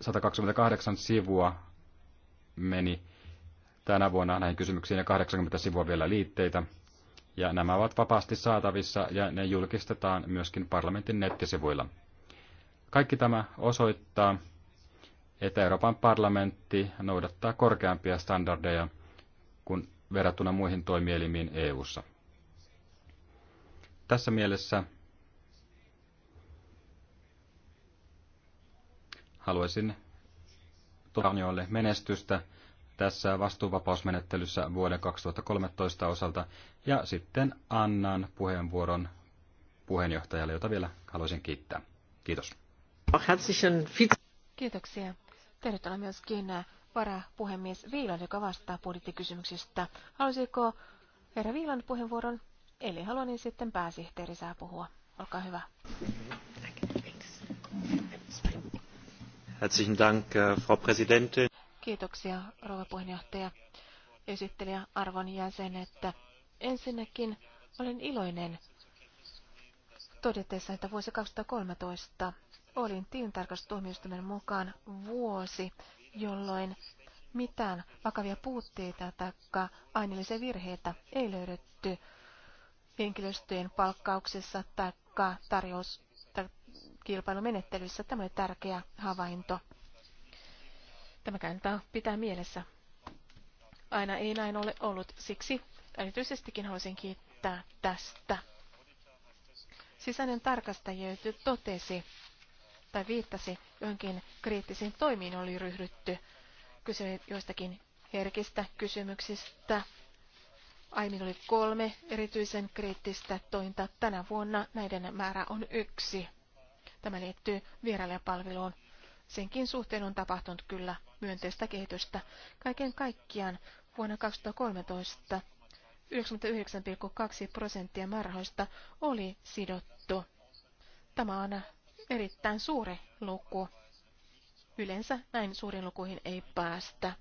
128 sivua meni tänä vuonna näihin kysymyksiin ja 80 sivua vielä liitteitä. Ja nämä ovat vapaasti saatavissa ja ne julkistetaan myöskin parlamentin nettisivuilla. Kaikki tämä osoittaa, että Euroopan parlamentti noudattaa korkeampia standardeja kuin verrattuna muihin toimielimiin EU:ssa. Tässä mielessä haluaisin Torniolle menestystä tässä vastuuvapausmenettelyssä vuoden 2013 osalta. Ja sitten annan puheenvuoron puheenjohtajalle, jota vielä haluaisin kiittää. Kiitos. Kiitoksia. Tervetuloa myöskin äh, varapuhemies Viilan, joka vastaa budjettikysymyksistä. Haluaisiko herra Viilan puheenvuoron? Eli haluan, niin sitten pääsihteeri saa puhua. Olkaa hyvä. Herzlichen Dank, äh, Frau Präsidentin. Kiitoksia, rouva puheenjohtaja, esittelijä arvon jäsen, että ensinnäkin olen iloinen todetessa, että vuosi 2013 olin tilintarkastustuomioistuimen mukaan vuosi, jolloin mitään vakavia puutteita tai aineellisia virheitä ei löydetty henkilöstöjen palkkauksessa tai tarjous- tai kilpailumenettelyissä. Tämä oli tärkeä havainto. Tämä kannattaa pitää mielessä. Aina ei näin ole ollut, siksi erityisestikin haluaisin kiittää tästä. Sisäinen tarkastaja totesi tai viittasi johonkin kriittisiin toimiin oli ryhdytty. Kysyi joistakin herkistä kysymyksistä. Aiemmin oli kolme erityisen kriittistä tointa. Tänä vuonna näiden määrä on yksi. Tämä liittyy vierailijapalveluun. Senkin suhteen on tapahtunut kyllä myönteistä kehitystä. Kaiken kaikkiaan vuonna 2013 99,2 prosenttia marhoista oli sidottu. Tämä on erittäin suuri luku. Yleensä näin suurin lukuihin ei päästä.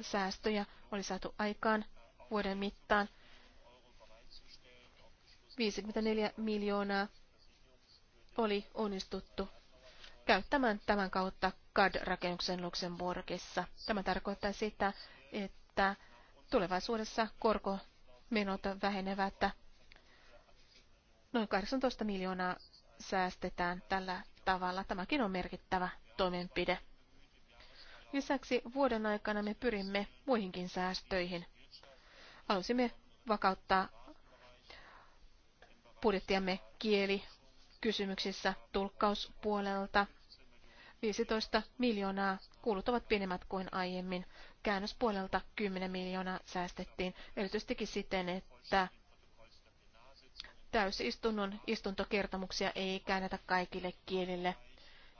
Säästöjä oli saatu aikaan vuoden mittaan 54 miljoonaa oli onnistuttu käyttämään tämän kautta CAD-rakennuksen Luxemburgissa. Tämä tarkoittaa sitä, että tulevaisuudessa korkomenot vähenevät. Noin 18 miljoonaa säästetään tällä tavalla. Tämäkin on merkittävä toimenpide. Lisäksi vuoden aikana me pyrimme muihinkin säästöihin. Halusimme vakauttaa budjettiamme kieli kysymyksissä tulkkauspuolelta 15 miljoonaa kulut ovat pienemmät kuin aiemmin. Käännöspuolelta 10 miljoonaa säästettiin, erityisestikin siten, että täysistunnon istuntokertomuksia ei käännetä kaikille kielille.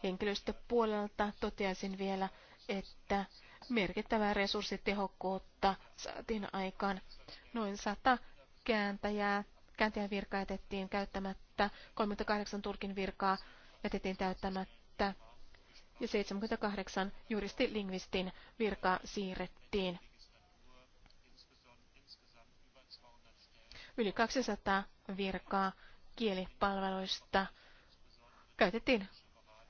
Henkilöstöpuolelta toteaisin vielä, että merkittävää resurssitehokkuutta saatiin aikaan. Noin 100 kääntäjää, kääntäjän virkaa jätettiin käyttämättä, 38 turkin virkaa jätettiin täyttämättä ja 78 juristi-lingvistin virka siirrettiin. Yli 200 virkaa kielipalveluista käytettiin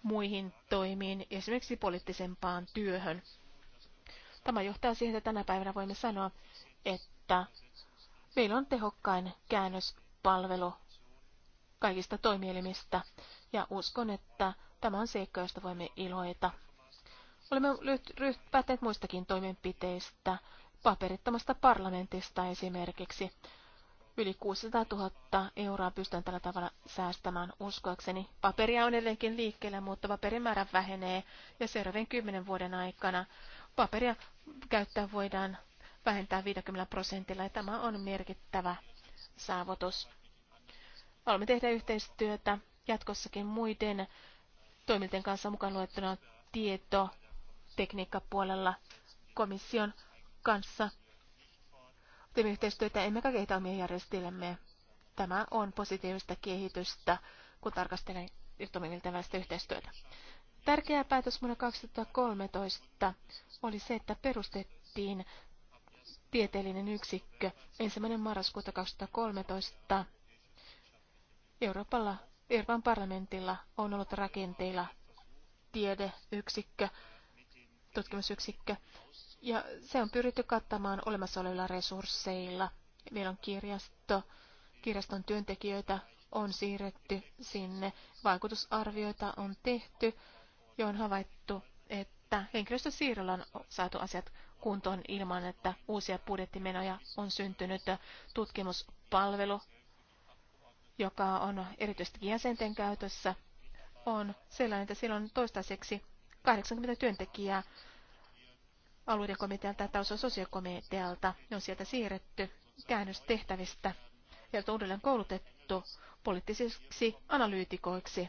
muihin toimiin, esimerkiksi poliittisempaan työhön. Tämä johtaa siihen, että tänä päivänä voimme sanoa, että meillä on tehokkain käännöspalvelu kaikista toimielimistä, ja uskon, että Tämä on seikka, josta voimme iloita. Olemme päättäneet muistakin toimenpiteistä, paperittomasta parlamentista esimerkiksi. Yli 600 000 euroa pystyn tällä tavalla säästämään uskoakseni. Paperia on edelleenkin liikkeellä, mutta paperin määrä vähenee ja seuraavien kymmenen vuoden aikana paperia käyttää voidaan vähentää 50 prosentilla ja tämä on merkittävä saavutus. Haluamme tehdä yhteistyötä jatkossakin muiden toimijoiden kanssa mukaan luettuna tieto tekniikkapuolella komission kanssa. Teemme yhteistyötä emmekä kehitä omia järjestelmiä. Tämä on positiivista kehitystä, kun tarkastelen irtomielten välistä yhteistyötä. Tärkeä päätös vuonna 2013 oli se, että perustettiin tieteellinen yksikkö ensimmäinen marraskuuta 2013 Euroopalla Irvan parlamentilla on ollut rakenteilla tiedeyksikkö, tutkimusyksikkö, ja se on pyritty kattamaan olemassa olevilla resursseilla. Meillä on kirjasto, kirjaston työntekijöitä on siirretty sinne, vaikutusarvioita on tehty, jo on havaittu, että henkilöstösiirrolla on saatu asiat kuntoon ilman, että uusia budjettimenoja on syntynyt. Tutkimuspalvelu joka on erityisesti jäsenten käytössä, on sellainen, että siellä on toistaiseksi 80 työntekijää alueiden komitealta tai sosiokomitealta. Ne on sieltä siirretty käännöstehtävistä ja uudelleen koulutettu poliittisiksi analyytikoiksi.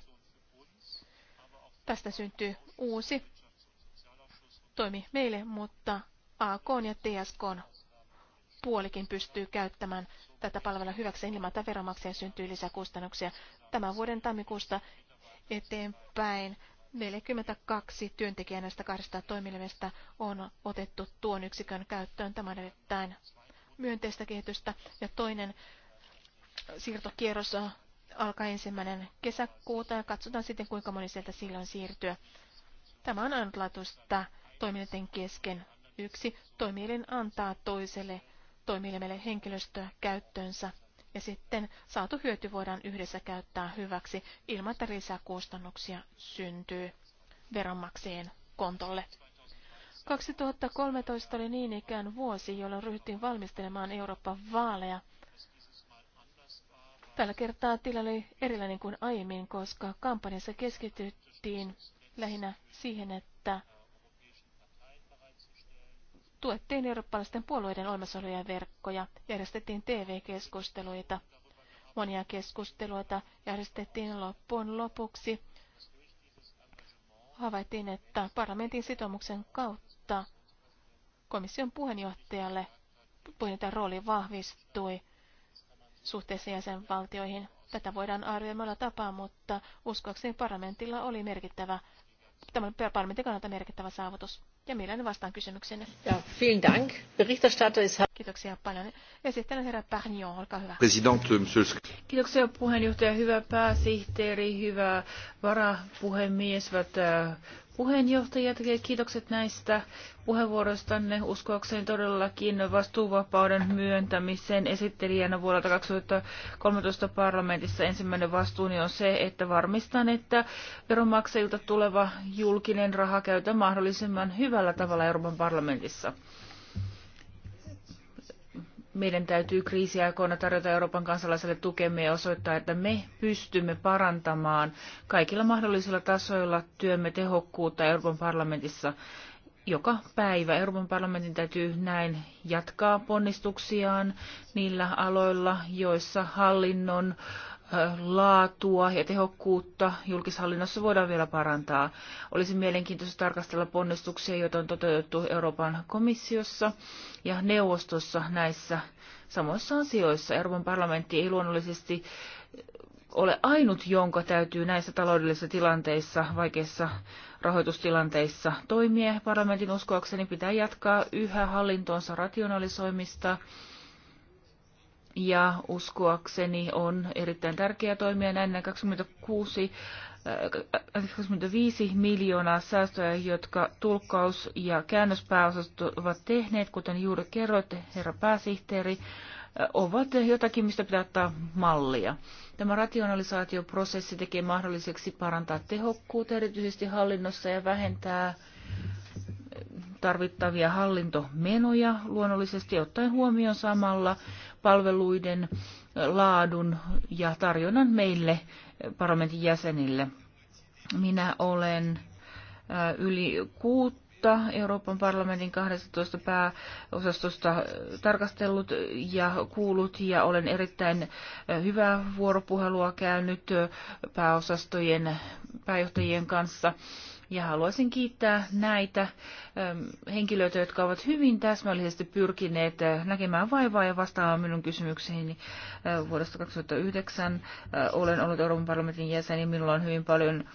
Tästä syntyy uusi toimi meille, mutta AK ja TSK puolikin pystyy käyttämään tätä palvelua hyväksi ilman, että veromaksia syntyy lisäkustannuksia. Tämän vuoden tammikuusta eteenpäin 42 työntekijää näistä 200 toimilimesta on otettu tuon yksikön käyttöön. Tämä on erittäin myönteistä kehitystä. Ja toinen siirtokierros alkaa ensimmäinen kesäkuuta ja katsotaan sitten, kuinka moni sieltä silloin siirtyy. Tämä on ainutlaatuista toimijoiden kesken. Yksi toimielin antaa toiselle toimielimelle henkilöstöä käyttöönsä ja sitten saatu hyöty voidaan yhdessä käyttää hyväksi ilman, että kustannuksia syntyy veronmaksajien kontolle. 2013 oli niin ikään vuosi, jolloin ryhdyttiin valmistelemaan Euroopan vaaleja. Tällä kertaa tilanne oli erilainen kuin aiemmin, koska kampanjassa keskityttiin lähinnä siihen, että tuettiin eurooppalaisten puolueiden olemassaoloja verkkoja, järjestettiin TV-keskusteluita, monia keskusteluita järjestettiin loppuun lopuksi. Havaittiin, että parlamentin sitoumuksen kautta komission puheenjohtajalle puheenjohtajan rooli vahvistui suhteessa jäsenvaltioihin. Tätä voidaan arvioimalla tapaa, mutta uskoakseni parlamentilla oli merkittävä, tämän parlamentin kannalta merkittävä saavutus. Ja mielelläni vastaan kysymyksenne. Ja, vielen dank. Berichterstatter ist... Kiitoksia paljon. Esittelen herra Pagnon, olkaa hyvä. Euh, Kiitoksia puheenjohtaja, hyvä pääsihteeri, hyvä varapuhemies, hyvät äh, puheenjohtajat. Kiitokset näistä puheenvuoroistanne. Uskoakseni todellakin vastuuvapauden myöntämisen esittelijänä vuodelta 2013 parlamentissa ensimmäinen vastuuni on se, että varmistan, että veronmaksajilta tuleva julkinen raha käytetään mahdollisimman hyvällä tavalla Euroopan parlamentissa meidän täytyy kriisiaikoina tarjota Euroopan kansalaisille tukemme ja osoittaa, että me pystymme parantamaan kaikilla mahdollisilla tasoilla työmme tehokkuutta Euroopan parlamentissa joka päivä. Euroopan parlamentin täytyy näin jatkaa ponnistuksiaan niillä aloilla, joissa hallinnon äh, laatua ja tehokkuutta julkishallinnossa voidaan vielä parantaa. Olisi mielenkiintoista tarkastella ponnistuksia, joita on toteutettu Euroopan komissiossa ja neuvostossa näissä samoissa asioissa. Euroopan parlamentti ei luonnollisesti ole ainut, jonka täytyy näissä taloudellisissa tilanteissa, vaikeissa rahoitustilanteissa toimia. Parlamentin uskoakseni pitää jatkaa yhä hallintonsa rationalisoimista ja uskoakseni on erittäin tärkeää toimia näin 26 25 äh, äh, miljoonaa säästöjä, jotka tulkkaus- ja käännöspääosastot ovat tehneet, kuten juuri kerroitte, herra pääsihteeri, äh, ovat jotakin, mistä pitää ottaa mallia. Tämä rationalisaatioprosessi tekee mahdolliseksi parantaa tehokkuutta erityisesti hallinnossa ja vähentää tarvittavia hallintomenoja luonnollisesti ottaen huomioon samalla palveluiden laadun ja tarjonnan meille parlamentin jäsenille. Minä olen äh, yli kuutta Euroopan parlamentin 12 pääosastosta tarkastellut ja kuullut ja olen erittäin äh, hyvää vuoropuhelua käynyt äh, pääosastojen pääjohtajien kanssa. Ja haluaisin kiittää näitä ähm, henkilöitä, jotka ovat hyvin täsmällisesti pyrkineet äh, näkemään vaivaa ja vastaamaan minun kysymyksiini äh, vuodesta 2009. Äh, olen ollut Euroopan parlamentin jäsen ja minulla on hyvin paljon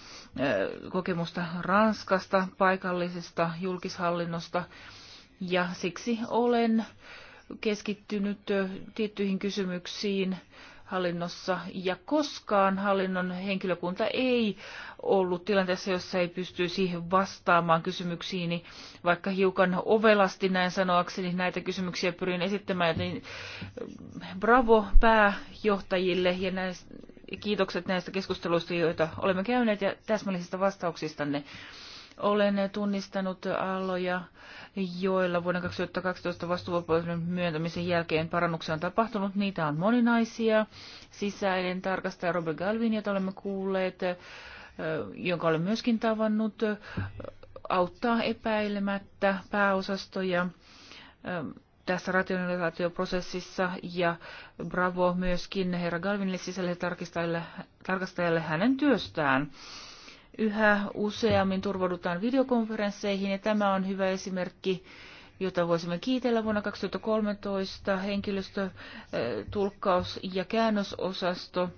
kokemusta Ranskasta, paikallisesta julkishallinnosta ja siksi olen keskittynyt tiettyihin kysymyksiin hallinnossa ja koskaan hallinnon henkilökunta ei ollut tilanteessa, jossa ei pystyisi vastaamaan kysymyksiini, vaikka hiukan ovelasti näin sanoakseni niin näitä kysymyksiä pyrin esittämään, niin bravo pääjohtajille ja näistä, kiitokset näistä keskusteluista, joita olemme käyneet ja täsmällisistä vastauksistanne. ne olen tunnistanut aloja, joilla vuoden 2012 vastuuvapauden myöntämisen jälkeen parannuksia on tapahtunut. Niitä on moninaisia. Sisäinen tarkastaja Robert Galvin, jota olemme kuulleet, jonka olen myöskin tavannut, auttaa epäilemättä pääosastoja tässä rationalisaatioprosessissa ja bravo myöskin herra Galvinille sisälle tarkastajalle, tarkastajalle hänen työstään yhä useammin turvaudutaan videokonferensseihin ja tämä on hyvä esimerkki jota voisimme kiitellä vuonna 2013 henkilöstötulkkaus äh, ja käännösosasto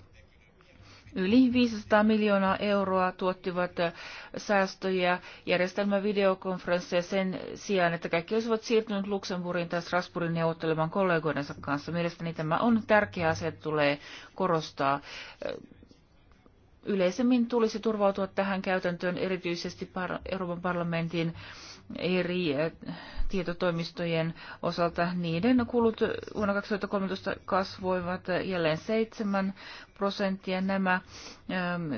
Yli 500 miljoonaa euroa tuottivat äh, säästöjä järjestelmä videokonferensseja sen sijaan, että kaikki olisivat siirtyneet Luxemburgin tai Strasbourgin neuvottelemaan kollegoidensa kanssa. Mielestäni tämä on tärkeä asia, että tulee korostaa. Äh, yleisemmin tulisi turvautua tähän käytäntöön erityisesti Euroopan parlamentin eri eh, tietotoimistojen osalta. Niiden kulut vuonna 2013 kasvoivat jälleen 7 prosenttia. Nämä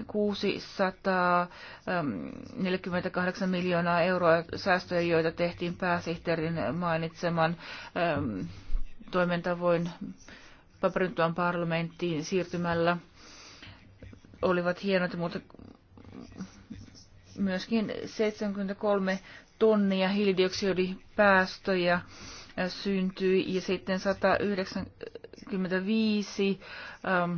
648 ehm, ehm, miljoonaa euroa säästöjä, joita tehtiin pääsihteerin mainitseman ehm, toimen tavoin paperintuan parlamenttiin siirtymällä – olivat hienot, mutta myöskin 73 tonnia hiilidioksidipäästöjä äh, syntyi ja sitten 195 ähm,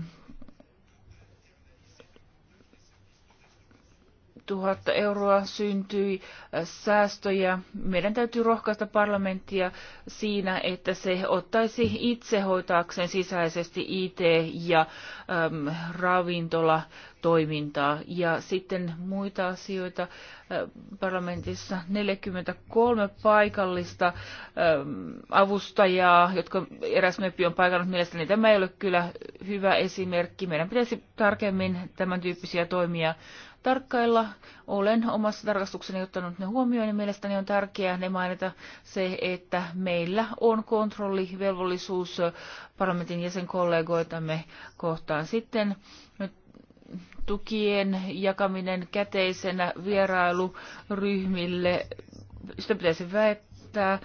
000 euroa syntyi äh, säästöjä. Meidän täytyy rohkaista parlamenttia siinä, että se ottaisi itse hoitaakseen sisäisesti IT- ja äm, ravintolatoimintaa. Ja sitten muita asioita äh, parlamentissa 43 paikallista äm, avustajaa, jotka eräs meppi on paikannut. Mielestäni tämä ei ole kyllä hyvä esimerkki. Meidän pitäisi tarkemmin tämän tyyppisiä toimia tarkkailla. Olen omassa tarkastukseni ottanut ne huomioon ja mielestäni on tärkeää ne mainita se, että meillä on kontrollivelvollisuus parlamentin jäsenkollegoitamme kohtaan. Sitten tukien jakaminen käteisenä vierailuryhmille, sitä pitäisi väittää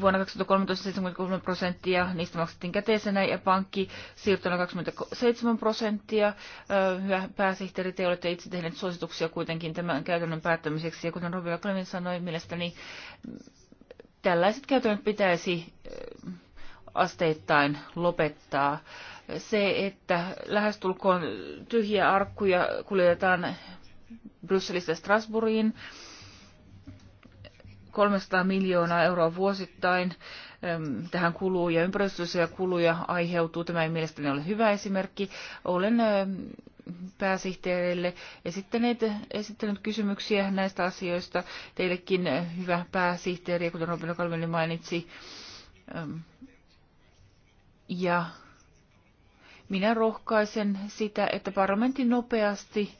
vuonna 2013 73 prosenttia, niistä maksettiin käteisenä ja pankki siirtona 27 prosenttia. Hyvä pääsihteeri, te olette itse tehneet suosituksia kuitenkin tämän käytännön päättämiseksi ja kuten Robi Klemin sanoi, mielestäni tällaiset käytännöt pitäisi asteittain lopettaa. Se, että lähestulkoon tyhjiä arkkuja kuljetetaan Brysselistä Strasbourgiin, 300 miljoonaa euroa vuosittain tähän kuluu ja ympäristöllisiä kuluja aiheutuu. Tämä ei mielestäni ole hyvä esimerkki. Olen pääsihteerille esittäneet, esittänyt kysymyksiä näistä asioista. Teillekin hyvä pääsihteeri, kuten Robin Kalveli mainitsi. Ja minä rohkaisen sitä, että parlamentti nopeasti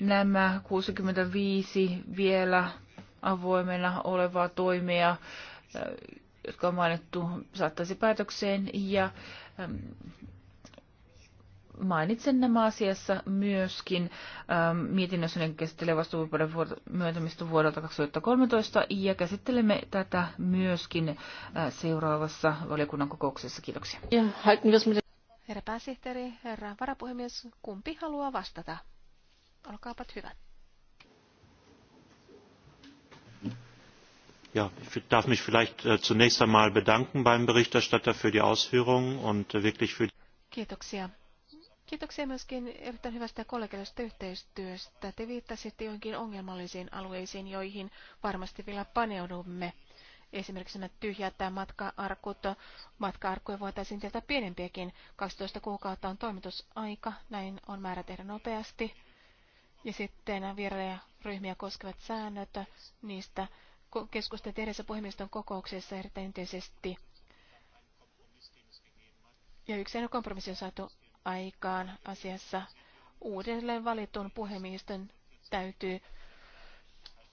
nämä 65 vielä avoimena olevaa toimea, eh, jotka on mainittu, saattaisi päätökseen. Ja ehm, mainitsen nämä asiassa myöskin ähm, mietinnössä, joka käsittelee vastuuvapauden myöntämistä vuodelta 2013, ja käsittelemme tätä myöskin äh, seuraavassa valiokunnan kokouksessa. Kiitoksia. Ja, herra pääsihteeri, herra varapuhemies, kumpi haluaa vastata? Olkaapat hyvät. ich darf mich vielleicht äh, zunächst einmal bedanken beim Berichterstatter für die Ausführungen und äh, wirklich für Kiitoksia. Kiitoksia myöskin erittäin hyvästä kollegiallisesta yhteistyöstä. Te viittasitte joihinkin ongelmallisiin alueisiin, joihin varmasti vielä paneudumme. Esimerkiksi nämä tyhjät matka-arkut. Matka-arkkuja voitaisiin tehdä pienempiäkin. 12 kuukautta on toimitusaika, näin on määrä tehdä nopeasti. Ja sitten vierailijaryhmiä koskevat säännöt, niistä keskusta edessä puhemiston kokouksessa erittäin intensiivisesti. Ja yksi kompromissi on saatu aikaan asiassa. Uudelleen valitun puhemiestön täytyy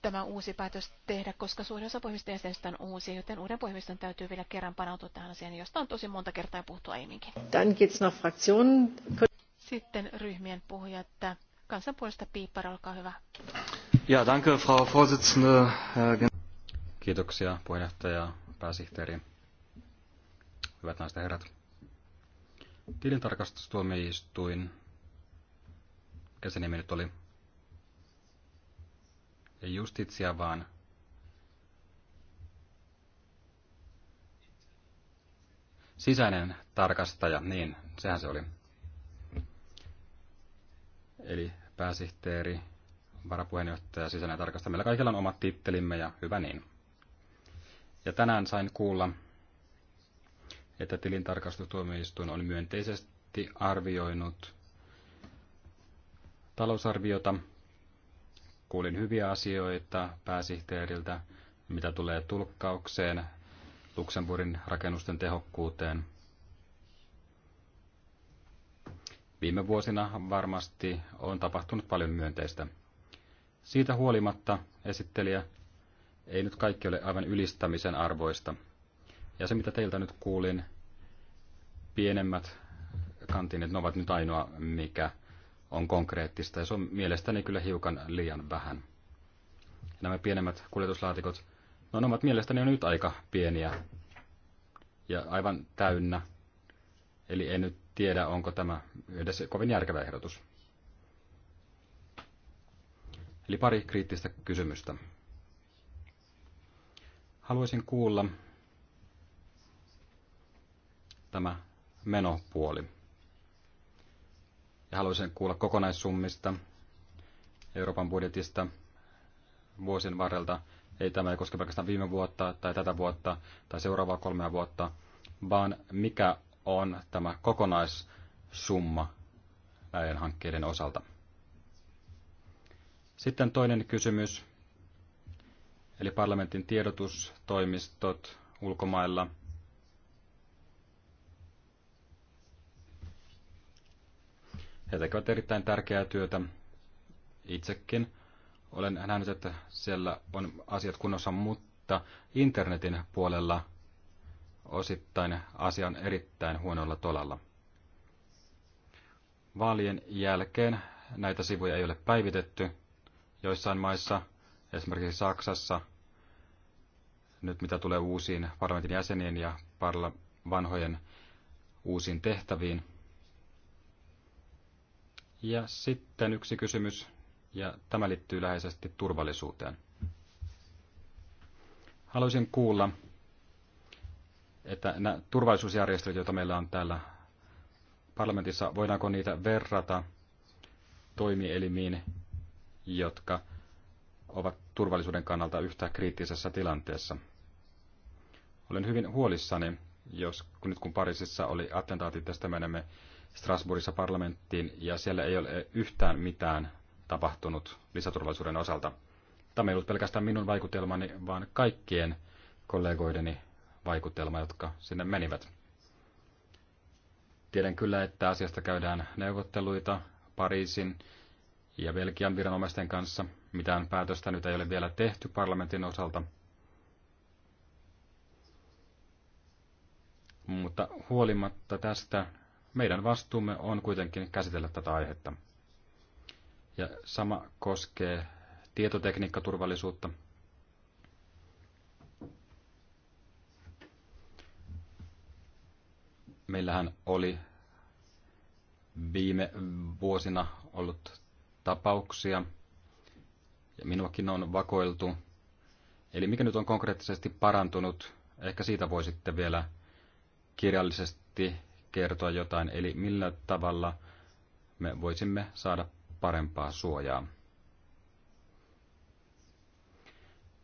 tämä uusi päätös tehdä, koska suurin osa puhemista jäsenistä on uusi, joten uuden puhemiston täytyy vielä kerran panoutua tähän asiaan, josta on tosi monta kertaa puhuttu aiemminkin. Sitten ryhmien puhujat. Kansan puolesta Piippar, olkaa hyvä. Ja, danke, Frau Vorsitzende. Äh, Kiitoksia puheenjohtaja, pääsihteeri, hyvät naiset ja herrat. Tilintarkastustuomioistuin, mikä se nimi nyt oli, ei justitsia vaan sisäinen tarkastaja, niin sehän se oli. Eli pääsihteeri, varapuheenjohtaja, sisäinen tarkastaja. Meillä kaikilla on omat tittelimme ja hyvä niin. Ja tänään sain kuulla, että tilintarkastustuomioistuin on myönteisesti arvioinut talousarviota. Kuulin hyviä asioita pääsihteeriltä, mitä tulee tulkkaukseen, Luxemburgin rakennusten tehokkuuteen. Viime vuosina varmasti on tapahtunut paljon myönteistä. Siitä huolimatta esittelijä ei nyt kaikki ole aivan ylistämisen arvoista. Ja se, mitä teiltä nyt kuulin, pienemmät kantinet ne ovat nyt ainoa, mikä on konkreettista, ja se on mielestäni kyllä hiukan liian vähän. Nämä pienemmät kuljetuslaatikot, no ne ovat mielestäni jo nyt aika pieniä ja aivan täynnä, eli en nyt tiedä, onko tämä edes kovin järkevä ehdotus. Eli pari kriittistä kysymystä. Haluaisin kuulla tämä menopuoli. Ja haluaisin kuulla kokonaissummista Euroopan budjetista vuosien varrelta. Ei tämä ei koske pelkästään viime vuotta tai tätä vuotta tai seuraavaa kolmea vuotta, vaan mikä on tämä kokonaissumma näiden hankkeiden osalta. Sitten toinen kysymys Eli parlamentin tiedotustoimistot ulkomailla. He tekevät erittäin tärkeää työtä itsekin. Olen nähnyt, että siellä on asiat kunnossa, mutta internetin puolella osittain asia on erittäin huonolla tolalla. Vaalien jälkeen näitä sivuja ei ole päivitetty. Joissain maissa, esimerkiksi Saksassa, nyt mitä tulee uusiin parlamentin jäseniin ja parla- vanhojen uusiin tehtäviin. Ja sitten yksi kysymys, ja tämä liittyy läheisesti turvallisuuteen. Haluaisin kuulla, että nämä turvallisuusjärjestelyt, joita meillä on täällä parlamentissa, voidaanko niitä verrata toimielimiin, jotka ovat turvallisuuden kannalta yhtä kriittisessä tilanteessa. Olen hyvin huolissani, jos nyt kun Pariisissa oli attentaatit, tästä menemme Strasbourgissa parlamenttiin, ja siellä ei ole yhtään mitään tapahtunut lisäturvallisuuden osalta. Tämä ei ollut pelkästään minun vaikutelmani, vaan kaikkien kollegoideni vaikutelma, jotka sinne menivät. Tiedän kyllä, että asiasta käydään neuvotteluita Pariisin ja Belgian viranomaisten kanssa, mitään päätöstä nyt ei ole vielä tehty parlamentin osalta. Mutta huolimatta tästä, meidän vastuumme on kuitenkin käsitellä tätä aihetta. Ja sama koskee tietotekniikkaturvallisuutta. Meillähän oli viime vuosina ollut tapauksia, ja minuakin on vakoiltu. Eli mikä nyt on konkreettisesti parantunut, ehkä siitä voi sitten vielä kirjallisesti kertoa jotain, eli millä tavalla me voisimme saada parempaa suojaa.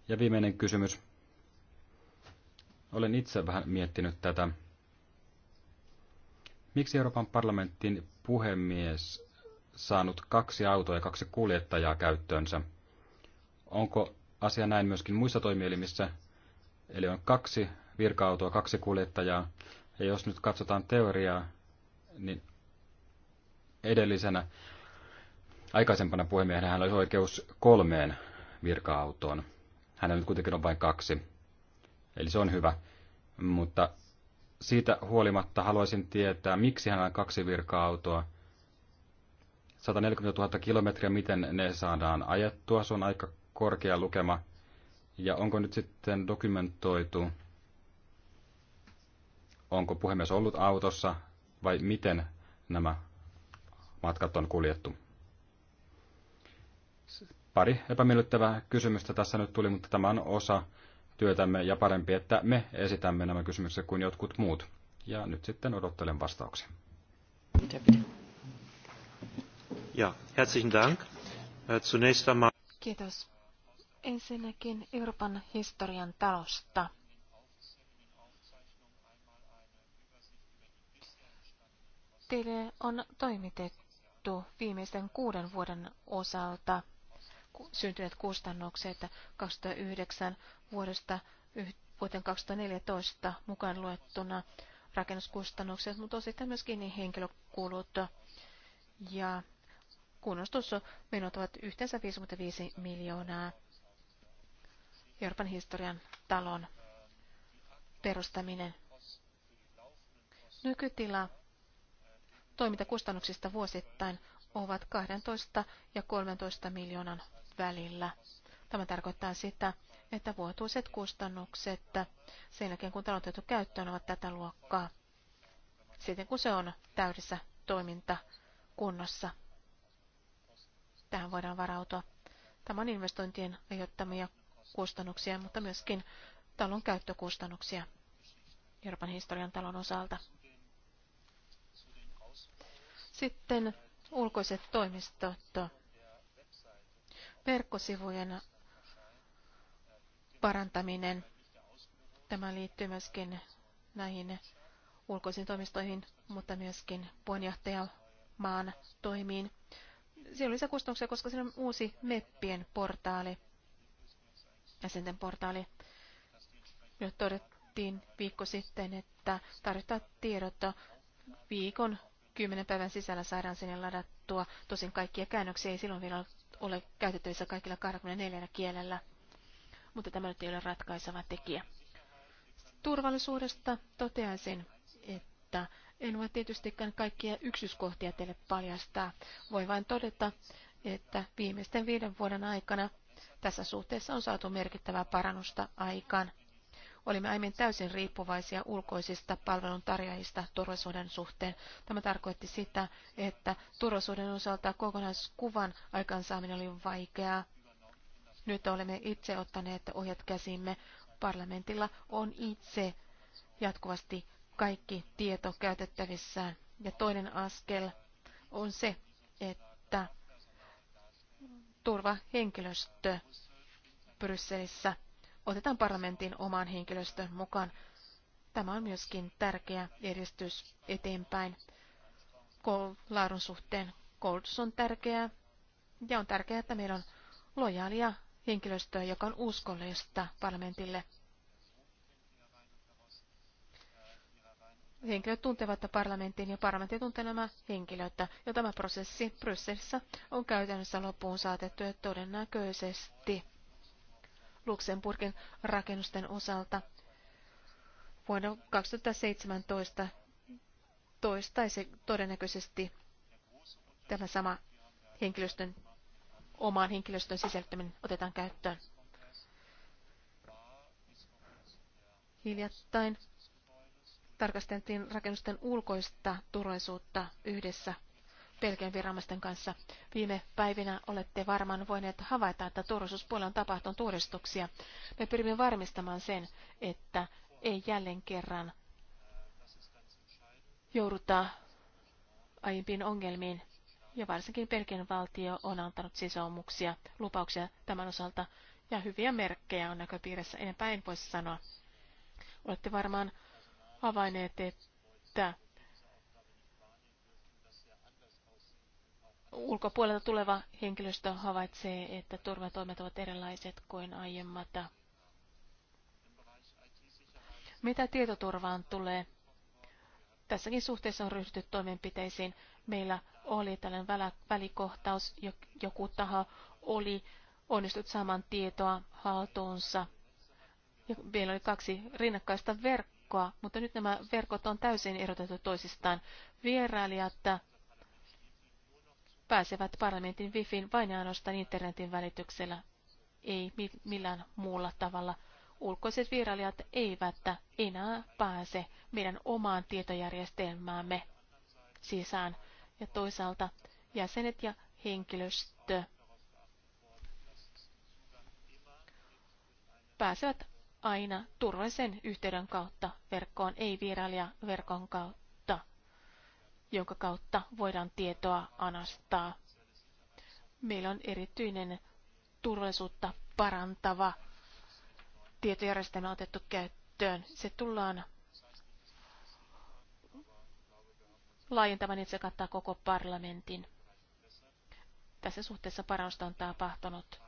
Ja viimeinen kysymys. Olen itse vähän miettinyt tätä. Miksi Euroopan parlamentin puhemies saanut kaksi autoa ja kaksi kuljettajaa käyttöönsä – Onko asia näin myöskin muissa toimielimissä? Eli on kaksi virka-autoa, kaksi kuljettajaa. Ja jos nyt katsotaan teoriaa, niin edellisenä aikaisempana puhemiehenä hän olisi oikeus kolmeen virka-autoon. Hänellä nyt kuitenkin on vain kaksi. Eli se on hyvä. Mutta siitä huolimatta haluaisin tietää, miksi hänellä on kaksi virka-autoa. 140 000 kilometriä, miten ne saadaan ajettua, se on aika korkea lukema, ja onko nyt sitten dokumentoitu, onko puhemies ollut autossa vai miten nämä matkat on kuljettu? Pari epämiellyttävää kysymystä tässä nyt tuli, mutta tämä on osa työtämme ja parempi, että me esitämme nämä kysymykset kuin jotkut muut. Ja nyt sitten odottelen vastauksia. Ja, herzlichen Dank. Äh, zunächst einmal. Kiitos. Ensinnäkin Euroopan historian talosta. Teille on toimitettu viimeisten kuuden vuoden osalta syntyneet kustannukset 2009 vuodesta vuoteen 2014 mukaan luettuna rakennuskustannukset, mutta osittain myöskin henkilökulut ja kunnostusmenot ovat yhteensä 55 miljoonaa Euroopan historian talon perustaminen. Nykytila toimintakustannuksista vuosittain ovat 12 ja 13 miljoonan välillä. Tämä tarkoittaa sitä, että vuotuiset kustannukset sen jälkeen kun talo on käyttöön ovat tätä luokkaa. Sitten kun se on täydessä toimintakunnossa, tähän voidaan varautua. Tämä on investointien aiheuttamia kustannuksia, mutta myöskin talon käyttökustannuksia Euroopan historian talon osalta. Sitten ulkoiset toimistot. Verkkosivujen parantaminen. Tämä liittyy myöskin näihin ulkoisiin toimistoihin, mutta myöskin puheenjohtajamaan toimiin. Siellä se kustannuksia, koska siinä on uusi meppien portaali jäsenten portaali, jo todettiin viikko sitten, että tarvitaan tiedot viikon kymmenen päivän sisällä saadaan sinne ladattua. Tosin kaikkia käännöksiä ei silloin vielä ole käytettävissä kaikilla 24 kielellä, mutta tämä nyt ei ole ratkaiseva tekijä. Turvallisuudesta toteaisin, että en voi tietystikään kaikkia yksityiskohtia teille paljastaa. Voi vain todeta, että viimeisten viiden vuoden aikana tässä suhteessa on saatu merkittävää parannusta aikaan. Olimme aiemmin täysin riippuvaisia ulkoisista palveluntarjoajista turvallisuuden suhteen. Tämä tarkoitti sitä, että turvallisuuden osalta kokonaiskuvan aikaansaaminen oli vaikeaa. Nyt olemme itse ottaneet ohjat käsimme. Parlamentilla on itse jatkuvasti kaikki tieto käytettävissään. Ja toinen askel on se, että turvahenkilöstö Brysselissä otetaan parlamentin omaan henkilöstön mukaan. Tämä on myöskin tärkeä edistys eteenpäin laadun suhteen. Koulutus on tärkeää ja on tärkeää, että meillä on lojaalia henkilöstöä, joka on uskollista parlamentille. henkilöt tuntevat parlamentin ja parlamentti tuntee nämä henkilöt, ja tämä prosessi Brysselissä on käytännössä loppuun saatettu ja todennäköisesti Luxemburgin rakennusten osalta vuonna 2017 toistaisi todennäköisesti tämä sama henkilöstön, omaan henkilöstön sisältäminen otetaan käyttöön. Hiljattain tarkasteltiin rakennusten ulkoista turvallisuutta yhdessä Belgian viranomaisten kanssa. Viime päivinä olette varmaan voineet havaita, että turvallisuuspuolella on tapahtunut uudistuksia. Me pyrimme varmistamaan sen, että ei jälleen kerran jouduta aiempiin ongelmiin. Ja varsinkin Belgian valtio on antanut sisäomuksia, lupauksia tämän osalta, ja hyviä merkkejä on näköpiirissä, enempää en voi sanoa. Olette varmaan havainneet, että ulkopuolelta tuleva henkilöstö havaitsee, että turvatoimet ovat erilaiset kuin aiemmat. Mitä tietoturvaan tulee? Tässäkin suhteessa on ryhdytty toimenpiteisiin. Meillä oli tällainen välikohtaus, joku taho oli onnistunut saman tietoa haltuunsa. Ja meillä oli kaksi rinnakkaista verkkoa verkkoa, mutta nyt nämä verkot on täysin erotettu toisistaan. Vierailijat pääsevät parlamentin wifiin vain ja ainoastaan internetin välityksellä, ei millään muulla tavalla. Ulkoiset vierailijat eivät enää pääse meidän omaan tietojärjestelmäämme sisään. Ja toisaalta jäsenet ja henkilöstö pääsevät aina turvallisen yhteyden kautta verkkoon, ei verkon kautta, jonka kautta voidaan tietoa anastaa. Meillä on erityinen turvallisuutta parantava tietojärjestelmä otettu käyttöön. Se tullaan laajentamaan, että se kattaa koko parlamentin. Tässä suhteessa parannusta on tapahtunut.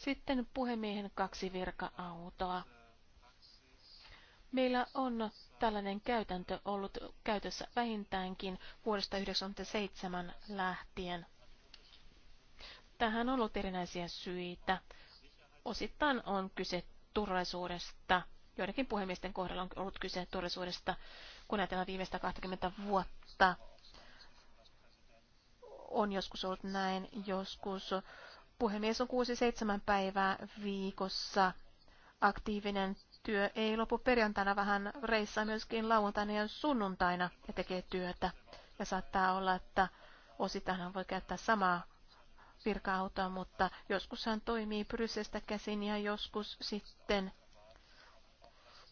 Sitten puhemiehen kaksi virka-autoa. Meillä on tällainen käytäntö ollut käytössä vähintäänkin vuodesta 1997 lähtien. Tähän on ollut erinäisiä syitä. Osittain on kyse turvallisuudesta. Joidenkin puhemiesten kohdalla on ollut kyse turvallisuudesta, kun ajatellaan viimeistä 20 vuotta. On joskus ollut näin, joskus Puhemies on 6-7 päivää viikossa. Aktiivinen työ ei lopu perjantaina, vähän reissaa myöskin lauantaina ja sunnuntaina ja tekee työtä. Ja saattaa olla, että osittain voi käyttää samaa virka-autoa, mutta joskus hän toimii Brysestä käsin ja joskus sitten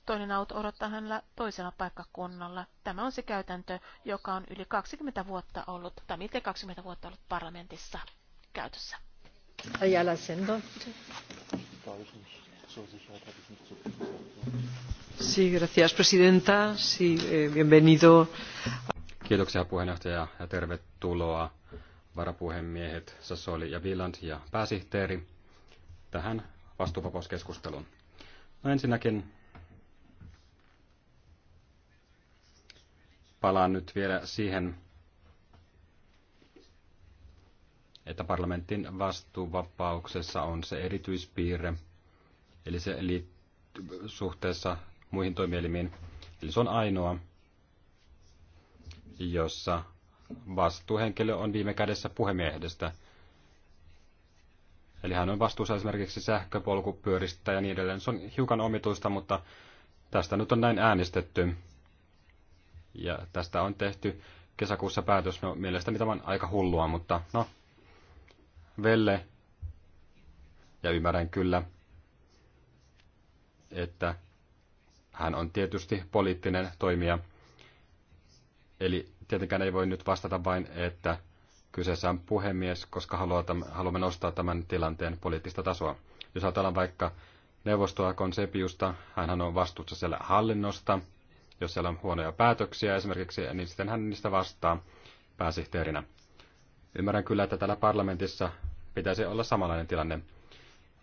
toinen auto odottaa hänellä toisella paikkakunnalla. Tämä on se käytäntö, joka on yli 20 vuotta ollut, tai miten 20 vuotta ollut parlamentissa käytössä. Ayala Sender, bitte. Sí, gracias, presidenta. Sí, eh, bienvenido. Kiitoksia puheenjohtaja ja tervetuloa varapuhemiehet Sassoli ja Wieland ja pääsihteeri tähän vastuuvapauskeskusteluun. No ensinnäkin palaan nyt vielä siihen, että parlamentin vastuuvapauksessa on se erityispiirre, eli se liittyy suhteessa muihin toimielimiin. Eli se on ainoa, jossa vastuuhenkilö on viime kädessä puhemiehestä. Eli hän on vastuussa esimerkiksi sähköpolkupyöristä ja niin edelleen. Se on hiukan omituista, mutta tästä nyt on näin äänestetty. Ja tästä on tehty kesäkuussa päätös. No, mielestäni tämä on aika hullua, mutta no, Velle, ja ymmärrän kyllä, että hän on tietysti poliittinen toimija. Eli tietenkään ei voi nyt vastata vain, että kyseessä on puhemies, koska haluamme nostaa tämän tilanteen poliittista tasoa. Jos ajatellaan vaikka neuvostoa Konsepiusta, hän on vastuussa siellä hallinnosta. Jos siellä on huonoja päätöksiä esimerkiksi, niin sitten hän niistä vastaa pääsihteerinä. Ymmärrän kyllä, että täällä parlamentissa pitäisi olla samanlainen tilanne,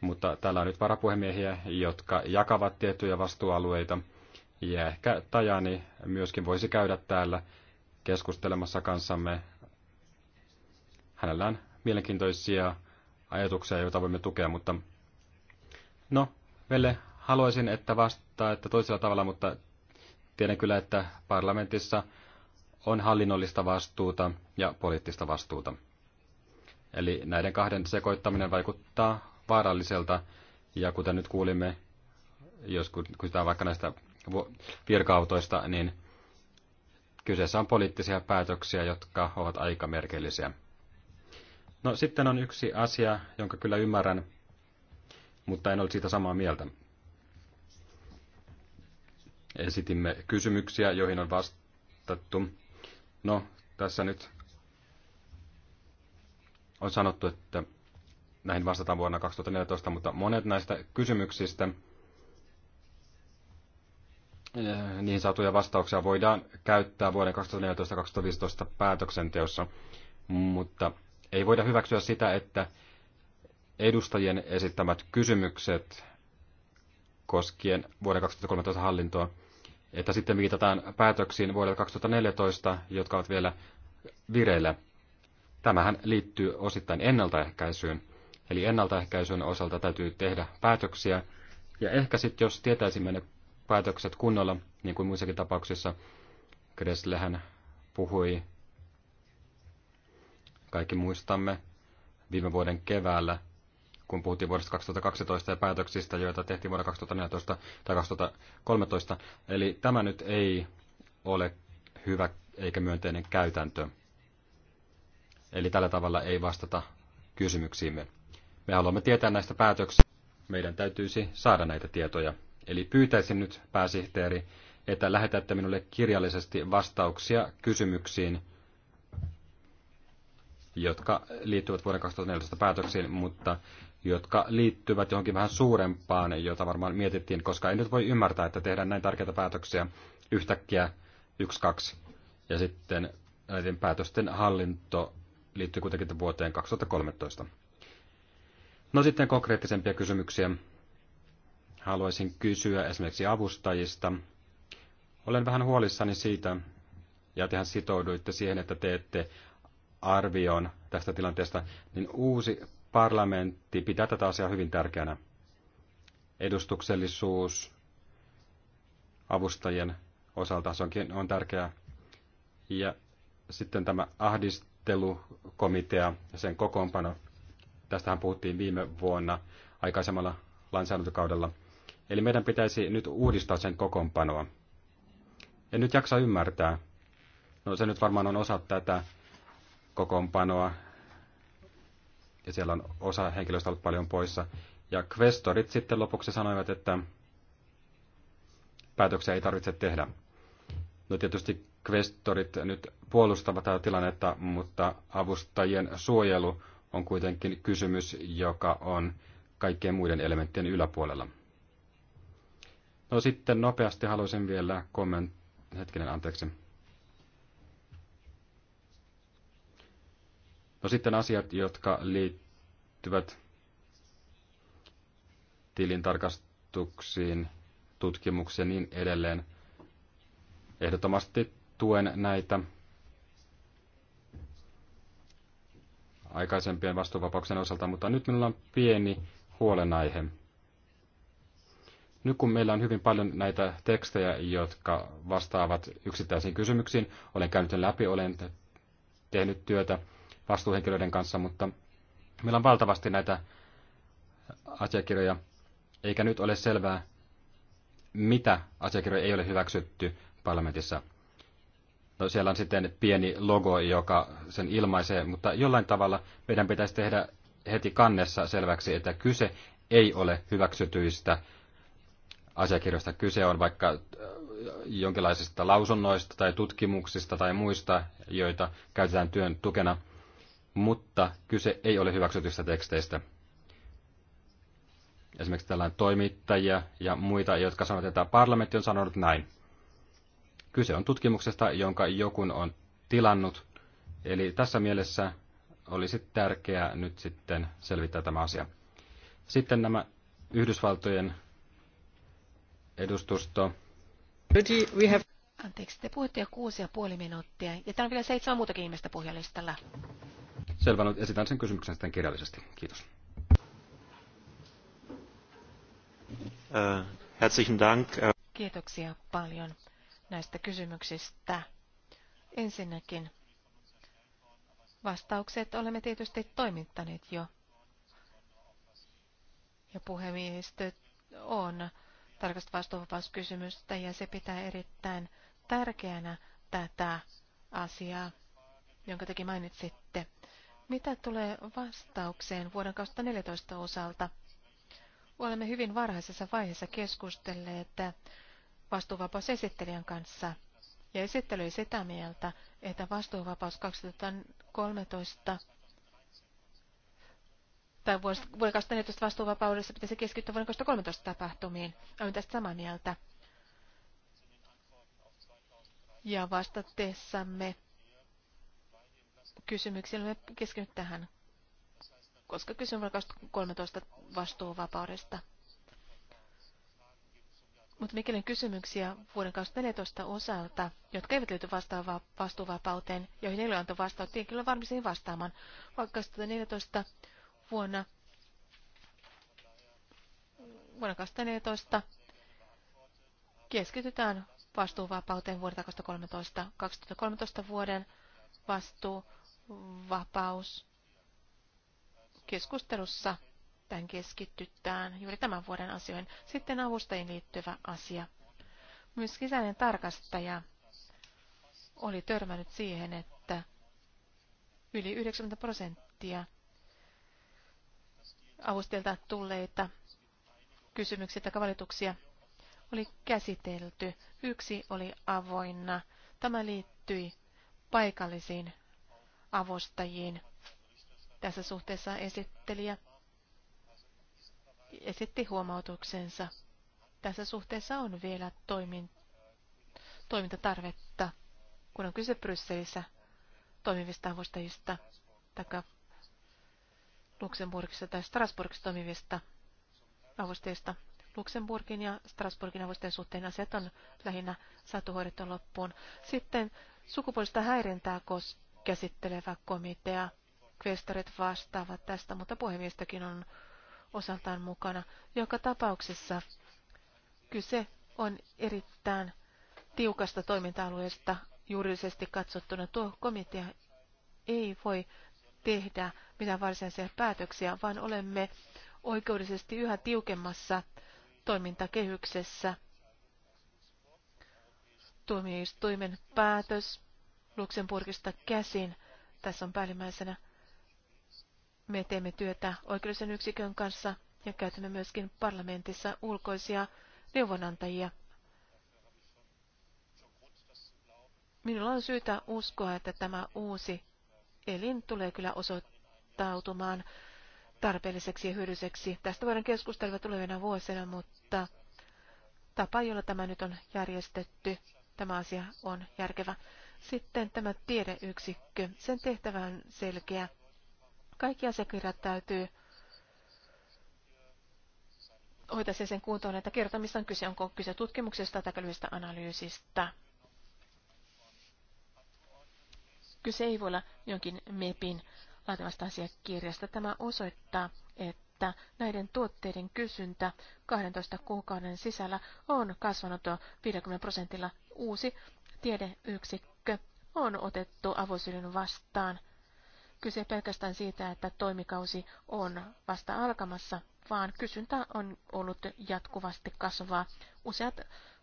mutta täällä on nyt varapuhemiehiä, jotka jakavat tiettyjä vastuualueita, ja ehkä Tajani myöskin voisi käydä täällä keskustelemassa kanssamme. Hänellä on mielenkiintoisia ajatuksia, joita voimme tukea, mutta no, Velle, haluaisin, että vastaa, että toisella tavalla, mutta tiedän kyllä, että parlamentissa – on hallinnollista vastuuta ja poliittista vastuuta. Eli näiden kahden sekoittaminen vaikuttaa vaaralliselta, ja kuten nyt kuulimme, jos kysytään vaikka näistä virka-autoista, niin kyseessä on poliittisia päätöksiä, jotka ovat aika merkillisiä. No sitten on yksi asia, jonka kyllä ymmärrän, mutta en ole siitä samaa mieltä. Esitimme kysymyksiä, joihin on vastattu. No, tässä nyt on sanottu, että näihin vastataan vuonna 2014, mutta monet näistä kysymyksistä, eh, niihin saatuja vastauksia voidaan käyttää vuoden 2014-2015 päätöksenteossa, mutta ei voida hyväksyä sitä, että edustajien esittämät kysymykset koskien vuoden 2013 hallintoa – että sitten viitataan päätöksiin vuodelta 2014, jotka ovat vielä vireillä. Tämähän liittyy osittain ennaltaehkäisyyn. Eli ennaltaehkäisyn osalta täytyy tehdä päätöksiä. Ja ehkä sitten, jos tietäisimme ne päätökset kunnolla, niin kuin muissakin tapauksissa, Kreslehän puhui, kaikki muistamme, viime vuoden keväällä kun puhuttiin vuodesta 2012 ja päätöksistä, joita tehtiin vuonna 2014 tai 2013. Eli tämä nyt ei ole hyvä eikä myönteinen käytäntö. Eli tällä tavalla ei vastata kysymyksiimme. Me haluamme tietää näistä päätöksistä. Meidän täytyisi saada näitä tietoja. Eli pyytäisin nyt pääsihteeri, että lähetätte minulle kirjallisesti vastauksia kysymyksiin, jotka liittyvät vuoden 2014 päätöksiin, mutta jotka liittyvät johonkin vähän suurempaan, jota varmaan mietittiin, koska ei nyt voi ymmärtää, että tehdään näin tärkeitä päätöksiä yhtäkkiä yksi, kaksi. Ja sitten näiden päätösten hallinto liittyy kuitenkin vuoteen 2013. No sitten konkreettisempia kysymyksiä. Haluaisin kysyä esimerkiksi avustajista. Olen vähän huolissani siitä, ja tehän sitouduitte siihen, että teette arvion tästä tilanteesta, niin uusi parlamentti pitää tätä asiaa hyvin tärkeänä. Edustuksellisuus avustajien osalta se onkin, on tärkeää. Ja sitten tämä ahdistelukomitea ja sen kokoonpano. Tästähän puhuttiin viime vuonna aikaisemmalla lainsäädäntökaudella. Eli meidän pitäisi nyt uudistaa sen kokoonpanoa. En nyt jaksa ymmärtää. No se nyt varmaan on osa tätä kokoonpanoa, ja siellä on osa henkilöistä ollut paljon poissa. Ja kvestorit sitten lopuksi sanoivat, että päätöksiä ei tarvitse tehdä. No tietysti kvestorit nyt puolustavat tätä tilannetta, mutta avustajien suojelu on kuitenkin kysymys, joka on kaikkien muiden elementtien yläpuolella. No sitten nopeasti haluaisin vielä kommentoida, hetkinen anteeksi, No sitten asiat, jotka liittyvät tilintarkastuksiin, tutkimuksiin ja niin edelleen. Ehdottomasti tuen näitä aikaisempien vastuuvapauksen osalta, mutta nyt minulla on pieni huolenaihe. Nyt kun meillä on hyvin paljon näitä tekstejä, jotka vastaavat yksittäisiin kysymyksiin, olen käynyt läpi, olen tehnyt työtä vastuuhenkilöiden kanssa, mutta meillä on valtavasti näitä asiakirjoja, eikä nyt ole selvää, mitä asiakirjoja ei ole hyväksytty parlamentissa. No, siellä on sitten pieni logo, joka sen ilmaisee, mutta jollain tavalla meidän pitäisi tehdä heti kannessa selväksi, että kyse ei ole hyväksytyistä asiakirjoista. Kyse on vaikka äh, jonkinlaisista lausunnoista tai tutkimuksista tai muista, joita käytetään työn tukena mutta kyse ei ole hyväksytyistä teksteistä. Esimerkiksi tällainen toimittajia ja muita, jotka sanovat, että parlamentti on sanonut näin. Kyse on tutkimuksesta, jonka jokun on tilannut. Eli tässä mielessä olisi tärkeää nyt sitten selvittää tämä asia. Sitten nämä Yhdysvaltojen edustusto. Anteeksi, te puhutte jo kuusi ja puoli minuuttia, ja täällä on vielä seitsemän muutakin ihmistä puhujalistalla. Selvä, no esitän sen kysymyksen sitten kirjallisesti. Kiitos. Äh, herzlichen Dank. Äh, Kiitoksia paljon näistä kysymyksistä. Ensinnäkin vastaukset olemme tietysti toimittaneet jo. Ja puhemiehistö on tarkasta vastuuvapauskysymystä ja se pitää erittäin tärkeänä tätä asiaa, jonka tekin mainitsitte. Mitä tulee vastaukseen vuoden 2014 osalta? Olemme hyvin varhaisessa vaiheessa keskustelleet vastuuvapausesittelijän kanssa. Ja esittely oli sitä mieltä, että vastuuvapaus 2013 tai vuoden 2014 vastuuvapaudessa pitäisi keskittyä vuoden 2013 tapahtumiin. Olen tästä samaa mieltä. Ja vastatessamme kysymyksiä. me keskinyt tähän, koska kysymys on 2013 vastuuvapaudesta. Mutta mikäli kysymyksiä vuoden 2014 osalta, jotka eivät liity vastaava, vastuuvapauteen, joihin ei ole antanut vastaan, niin kyllä varmisin vastaamaan. Vaikka 2014 vuonna, vuonna 2014 keskitytään vastuuvapauteen vuodelta 2013. 2013 vuoden vastuu vapaus. Keskustelussa tämän keskittytään juuri tämän vuoden asioihin. Sitten avustajien liittyvä asia. Myös sisäinen tarkastaja oli törmännyt siihen, että yli 90 prosenttia avustajilta tulleita kysymyksiä tai valituksia oli käsitelty. Yksi oli avoinna. Tämä liittyi paikallisiin avustajiin. Tässä suhteessa esittelijä esitti huomautuksensa. Tässä suhteessa on vielä toimin, toimintatarvetta, kun on kyse Brysselissä toimivista avustajista, tai Luxemburgissa tai Strasbourgissa toimivista avustajista. Luxemburgin ja Strasbourgin avustajien suhteen asiat on lähinnä saatu hoidettua loppuun. Sitten sukupuolista häirintää kos- käsittelevä komitea. Kvestorit vastaavat tästä, mutta puhemiestäkin on osaltaan mukana. Joka tapauksessa kyse on erittäin tiukasta toiminta-alueesta juridisesti katsottuna. Tuo komitea ei voi tehdä mitään varsinaisia päätöksiä, vaan olemme oikeudellisesti yhä tiukemmassa toimintakehyksessä. Tuomioistuimen päätös Luxemburgista käsin. Tässä on päällimmäisenä. Me teemme työtä oikeudellisen yksikön kanssa ja käytämme myöskin parlamentissa ulkoisia neuvonantajia. Minulla on syytä uskoa, että tämä uusi elin tulee kyllä osoittautumaan tarpeelliseksi ja hyödylliseksi. Tästä voidaan keskustella tulevina vuosina, mutta tapa, jolla tämä nyt on järjestetty, tämä asia on järkevä. Sitten tämä tiedeyksikkö. Sen tehtävä on selkeä. Kaikki asiakirjat täytyy hoitaa sen kuntoon, että kertoa, missä on kyse. Onko kyse tutkimuksesta tai lyhyestä analyysistä. Kyse ei voi olla jonkin MEPin laatimasta asiakirjasta. Tämä osoittaa, että että näiden tuotteiden kysyntä 12 kuukauden sisällä on kasvanut 50 prosentilla. Uusi tiedeyksikkö on otettu avosylin vastaan. Kyse pelkästään siitä, että toimikausi on vasta alkamassa, vaan kysyntä on ollut jatkuvasti kasvaa. Useat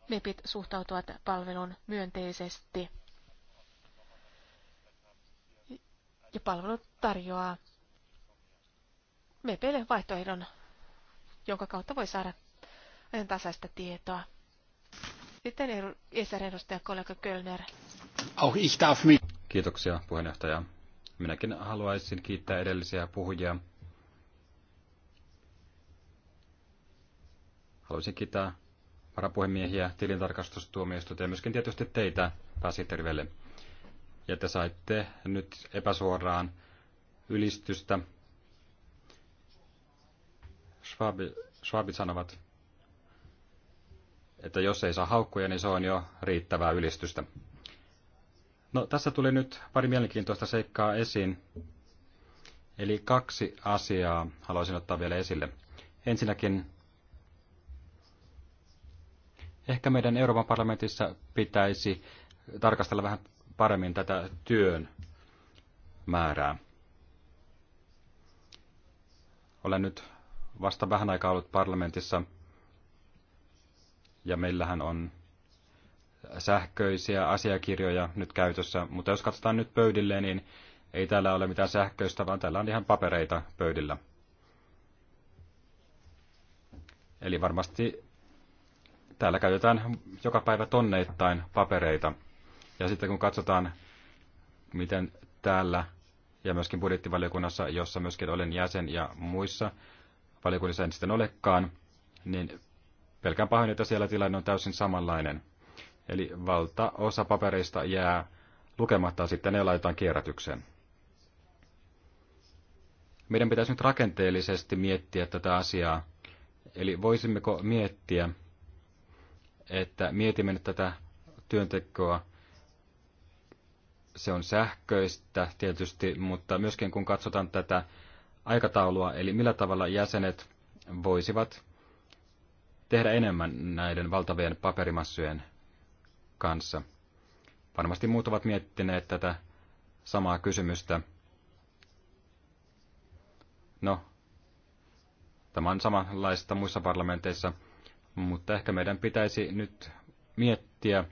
MEPit suhtautuvat palvelun myönteisesti. Ja palvelu tarjoaa MEPlle vaihtoehdon, jonka kautta voi saada ajan tasaista tietoa. Sitten ESR-edustaja kollega Kölner. Auch ich darf mich. Kiitoksia puheenjohtaja. Minäkin haluaisin kiittää edellisiä puhujia. Haluaisin kiittää varapuhemiehiä, tilintarkastustuomioistuinta ja myöskin tietysti teitä pääsihteerivelle. Ja te saitte nyt epäsuoraan ylistystä Schwabi, Schwabit sanovat, että jos ei saa haukkuja, niin se on jo riittävää ylistystä. No, tässä tuli nyt pari mielenkiintoista seikkaa esiin. Eli kaksi asiaa haluaisin ottaa vielä esille. Ensinnäkin, ehkä meidän Euroopan parlamentissa pitäisi tarkastella vähän paremmin tätä työn määrää. Olen nyt vasta vähän aikaa ollut parlamentissa ja meillähän on sähköisiä asiakirjoja nyt käytössä, mutta jos katsotaan nyt pöydille, niin ei täällä ole mitään sähköistä, vaan täällä on ihan papereita pöydillä. Eli varmasti täällä käytetään joka päivä tonneittain papereita. Ja sitten kun katsotaan, miten täällä ja myöskin budjettivaliokunnassa, jossa myöskin olen jäsen ja muissa valiokunnissa en sitten olekaan, niin pelkään pahoin, että siellä tilanne on täysin samanlainen. Eli valtaosa papereista jää lukematta sitten ne laitetaan kierrätykseen. Meidän pitäisi nyt rakenteellisesti miettiä tätä asiaa. Eli voisimmeko miettiä, että mietimme nyt tätä työntekoa. Se on sähköistä tietysti, mutta myöskin kun katsotaan tätä aikataulua, eli millä tavalla jäsenet voisivat tehdä enemmän näiden valtavien paperimassujen kanssa. Varmasti muut ovat miettineet tätä samaa kysymystä. No, tämä on samanlaista muissa parlamenteissa, mutta ehkä meidän pitäisi nyt miettiä,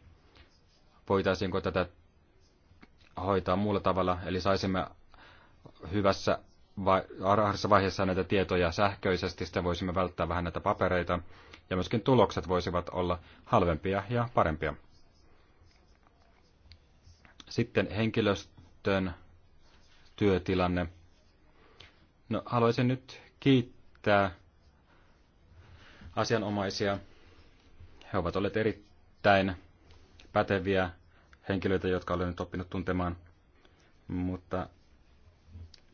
voitaisiinko tätä hoitaa muulla tavalla, eli saisimme hyvässä varhaisessa vaiheessa näitä tietoja sähköisesti, sitten voisimme välttää vähän näitä papereita, ja myöskin tulokset voisivat olla halvempia ja parempia. Sitten henkilöstön työtilanne. No, haluaisin nyt kiittää asianomaisia. He ovat olleet erittäin päteviä henkilöitä, jotka olen nyt oppinut tuntemaan, mutta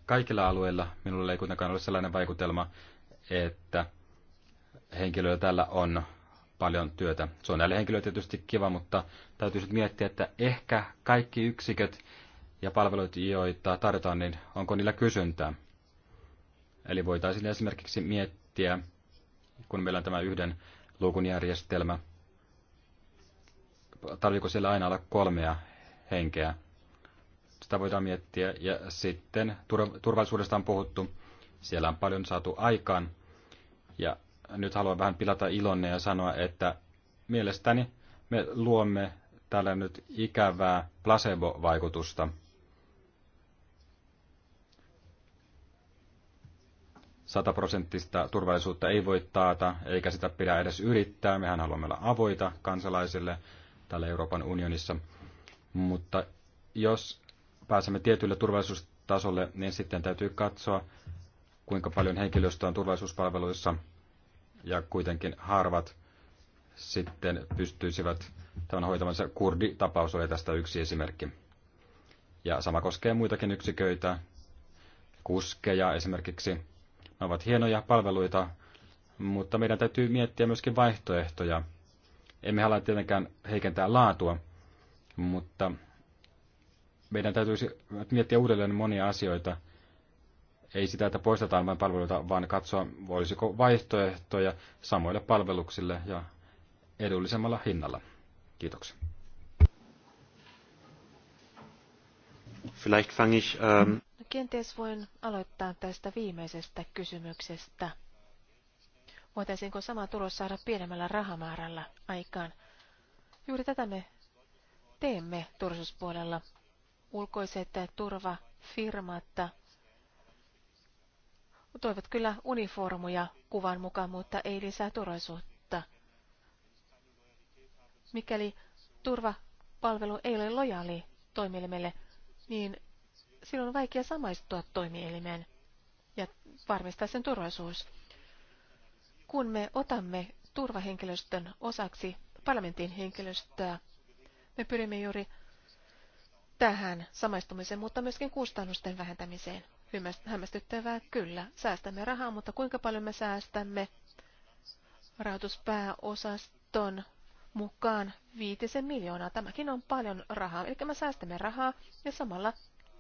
Kaikilla alueilla minulle ei kuitenkaan ole sellainen vaikutelma, että henkilöillä tällä on paljon työtä. Se on näille henkilöille tietysti kiva, mutta täytyy sitten miettiä, että ehkä kaikki yksiköt ja palvelut, joita tarjotaan, niin onko niillä kysyntää. Eli voitaisiin esimerkiksi miettiä, kun meillä on tämä yhden luukun järjestelmä, tarviko siellä aina olla kolmea henkeä sitä voidaan miettiä. Ja sitten turvallisuudesta on puhuttu. Siellä on paljon saatu aikaan. Ja nyt haluan vähän pilata ilonne ja sanoa, että mielestäni me luomme täällä nyt ikävää placebo-vaikutusta. Sataprosenttista turvallisuutta ei voi taata, eikä sitä pidä edes yrittää. Mehän haluamme olla avoita kansalaisille täällä Euroopan unionissa. Mutta jos pääsemme tietylle turvallisuustasolle, niin sitten täytyy katsoa, kuinka paljon henkilöstöä on turvallisuuspalveluissa ja kuitenkin harvat sitten pystyisivät tämän hoitamansa. Kurditapaus oli tästä yksi esimerkki. Ja sama koskee muitakin yksiköitä, kuskeja esimerkiksi. Ne ovat hienoja palveluita, mutta meidän täytyy miettiä myöskin vaihtoehtoja. Emme halua tietenkään heikentää laatua, mutta meidän täytyisi miettiä uudelleen monia asioita. Ei sitä, että poistetaan vain palveluita, vaan katsoa, olisiko vaihtoehtoja samoille palveluksille ja edullisemmalla hinnalla. Kiitoksia. Vielleicht fange ich, ähm no, Kenties voin aloittaa tästä viimeisestä kysymyksestä. Voitaisiinko sama tulos saada pienemmällä rahamäärällä aikaan? Juuri tätä me teemme turvallisuuspuolella ulkoiset turvafirmat toivat kyllä uniformuja kuvan mukaan, mutta ei lisää turvallisuutta. Mikäli turvapalvelu ei ole lojaali toimielimelle, niin silloin on vaikea samaistua toimielimeen ja varmistaa sen turvallisuus. Kun me otamme turvahenkilöstön osaksi parlamentin henkilöstöä, me pyrimme juuri tähän samaistumiseen, mutta myöskin kustannusten vähentämiseen. Hämmästyttävää kyllä. Säästämme rahaa, mutta kuinka paljon me säästämme rahoituspääosaston mukaan viitisen miljoonaa. Tämäkin on paljon rahaa. Eli me säästämme rahaa ja samalla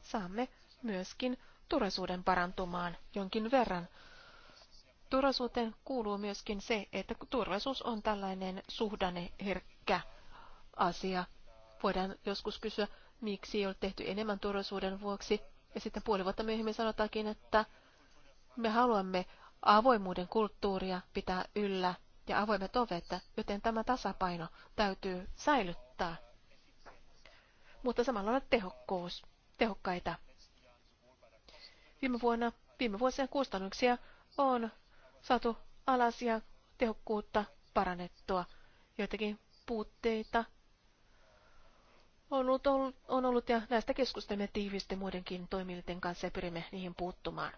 saamme myöskin turvallisuuden parantumaan jonkin verran. Turvallisuuteen kuuluu myöskin se, että turvallisuus on tällainen suhdanneherkkä asia. Voidaan joskus kysyä, miksi ei ole tehty enemmän turvallisuuden vuoksi. Ja sitten puoli vuotta myöhemmin sanotaankin, että me haluamme avoimuuden kulttuuria pitää yllä ja avoimet ovet, joten tämä tasapaino täytyy säilyttää. Mutta samalla on tehokkuus, tehokkaita. Viime, vuonna, viime vuosien kustannuksia on saatu alas ja tehokkuutta parannettua. Joitakin puutteita on ollut, on ollut ja näistä keskustelemme tiiviisti muidenkin toimijoiden kanssa ja pyrimme niihin puuttumaan.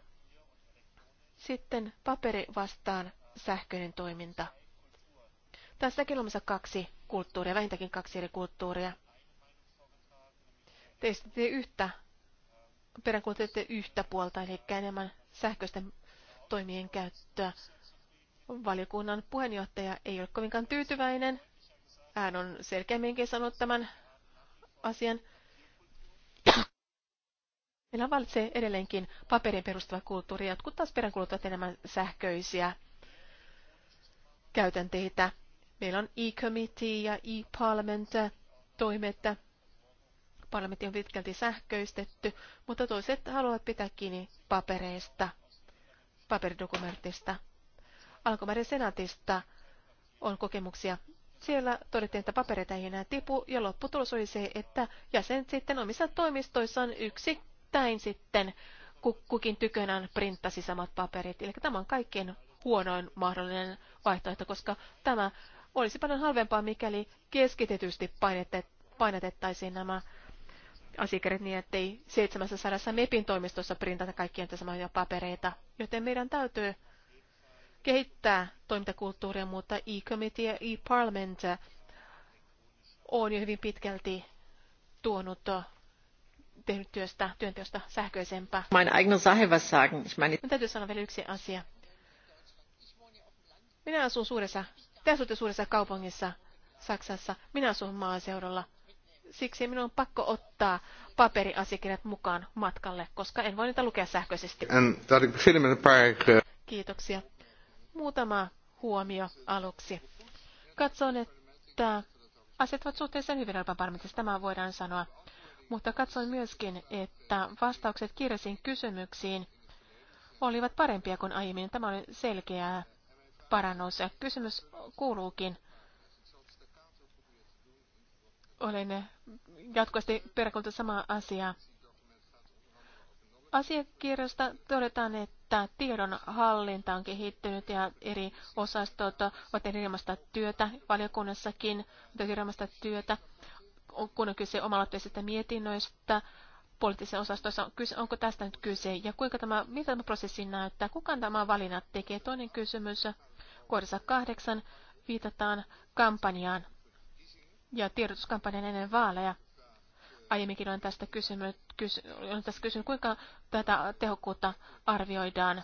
Sitten paperi vastaan sähköinen toiminta. Tässäkin on kaksi kulttuuria, vähintäänkin kaksi eri kulttuuria. Te esitätte yhtä, peräänkuulutatte yhtä puolta, eli enemmän sähköisten toimien käyttöä. Valiokunnan puheenjohtaja ei ole kovinkaan tyytyväinen. Hän on selkeämminkin sanonut tämän asian. Meillä valitsee edelleenkin paperin perustuva kulttuuri. Jotkut taas peräänkuluttavat enemmän sähköisiä käytänteitä. Meillä on e-committee ja e-parliament toimet. Parlamentti on pitkälti sähköistetty, mutta toiset haluavat pitää kiinni papereista, paperidokumentista. Alkomaiden senaatista on kokemuksia siellä todettiin, että papereita ei enää tipu, ja lopputulos oli se, että jäsenet sitten omissa toimistoissaan yksittäin sitten kukin tykönään printtasi samat paperit. Eli tämä on kaikkein huonoin mahdollinen vaihtoehto, koska tämä olisi paljon halvempaa, mikäli keskitetysti painetettaisiin nämä asiakirjat niin, ettei 700 MEPin toimistossa printata kaikkia niitä samoja papereita. Joten meidän täytyy kehittää toimintakulttuuria, mutta e-committee ja e-parliament on jo hyvin pitkälti tuonut tehnyt työstä, työnteosta sähköisempää. Mein eigene Sache was sagen. Ich meine... Minun täytyy sanoa vielä yksi asia. Minä asun suuressa, te asutte suuressa kaupungissa Saksassa. Minä asun maaseudulla. Siksi minun on pakko ottaa paperiasiakirjat mukaan matkalle, koska en voi niitä lukea sähköisesti. Kiitoksia. Muutama huomio aluksi. Katson, että asiat ovat suhteellisen hyvin Euroopan parlamentissa, tämä voidaan sanoa. Mutta katsoin myöskin, että vastaukset kirjaisiin kysymyksiin olivat parempia kuin aiemmin. Tämä oli selkeää parannus. Ja kysymys kuuluukin. Olen jatkuvasti peräkulta samaa asiaa. Asiakirjasta todetaan, että että tiedon hallinta on kehittynyt ja eri osastot ovat erilaista työtä valiokunnassakin, mutta erilaista työtä, kun on kyse omalla mietinnöistä, poliittisessa osastossa, onko tästä nyt kyse ja kuinka tämä, miltä tämä prosessi näyttää, kuka tämä valinnat tekee. Toinen kysymys, kohdassa kahdeksan, viitataan kampanjaan ja tiedotuskampanjan ennen vaaleja. Aiemminkin olen tästä kysynyt, kysy, on tässä kysynyt, kuinka tätä tehokkuutta arvioidaan.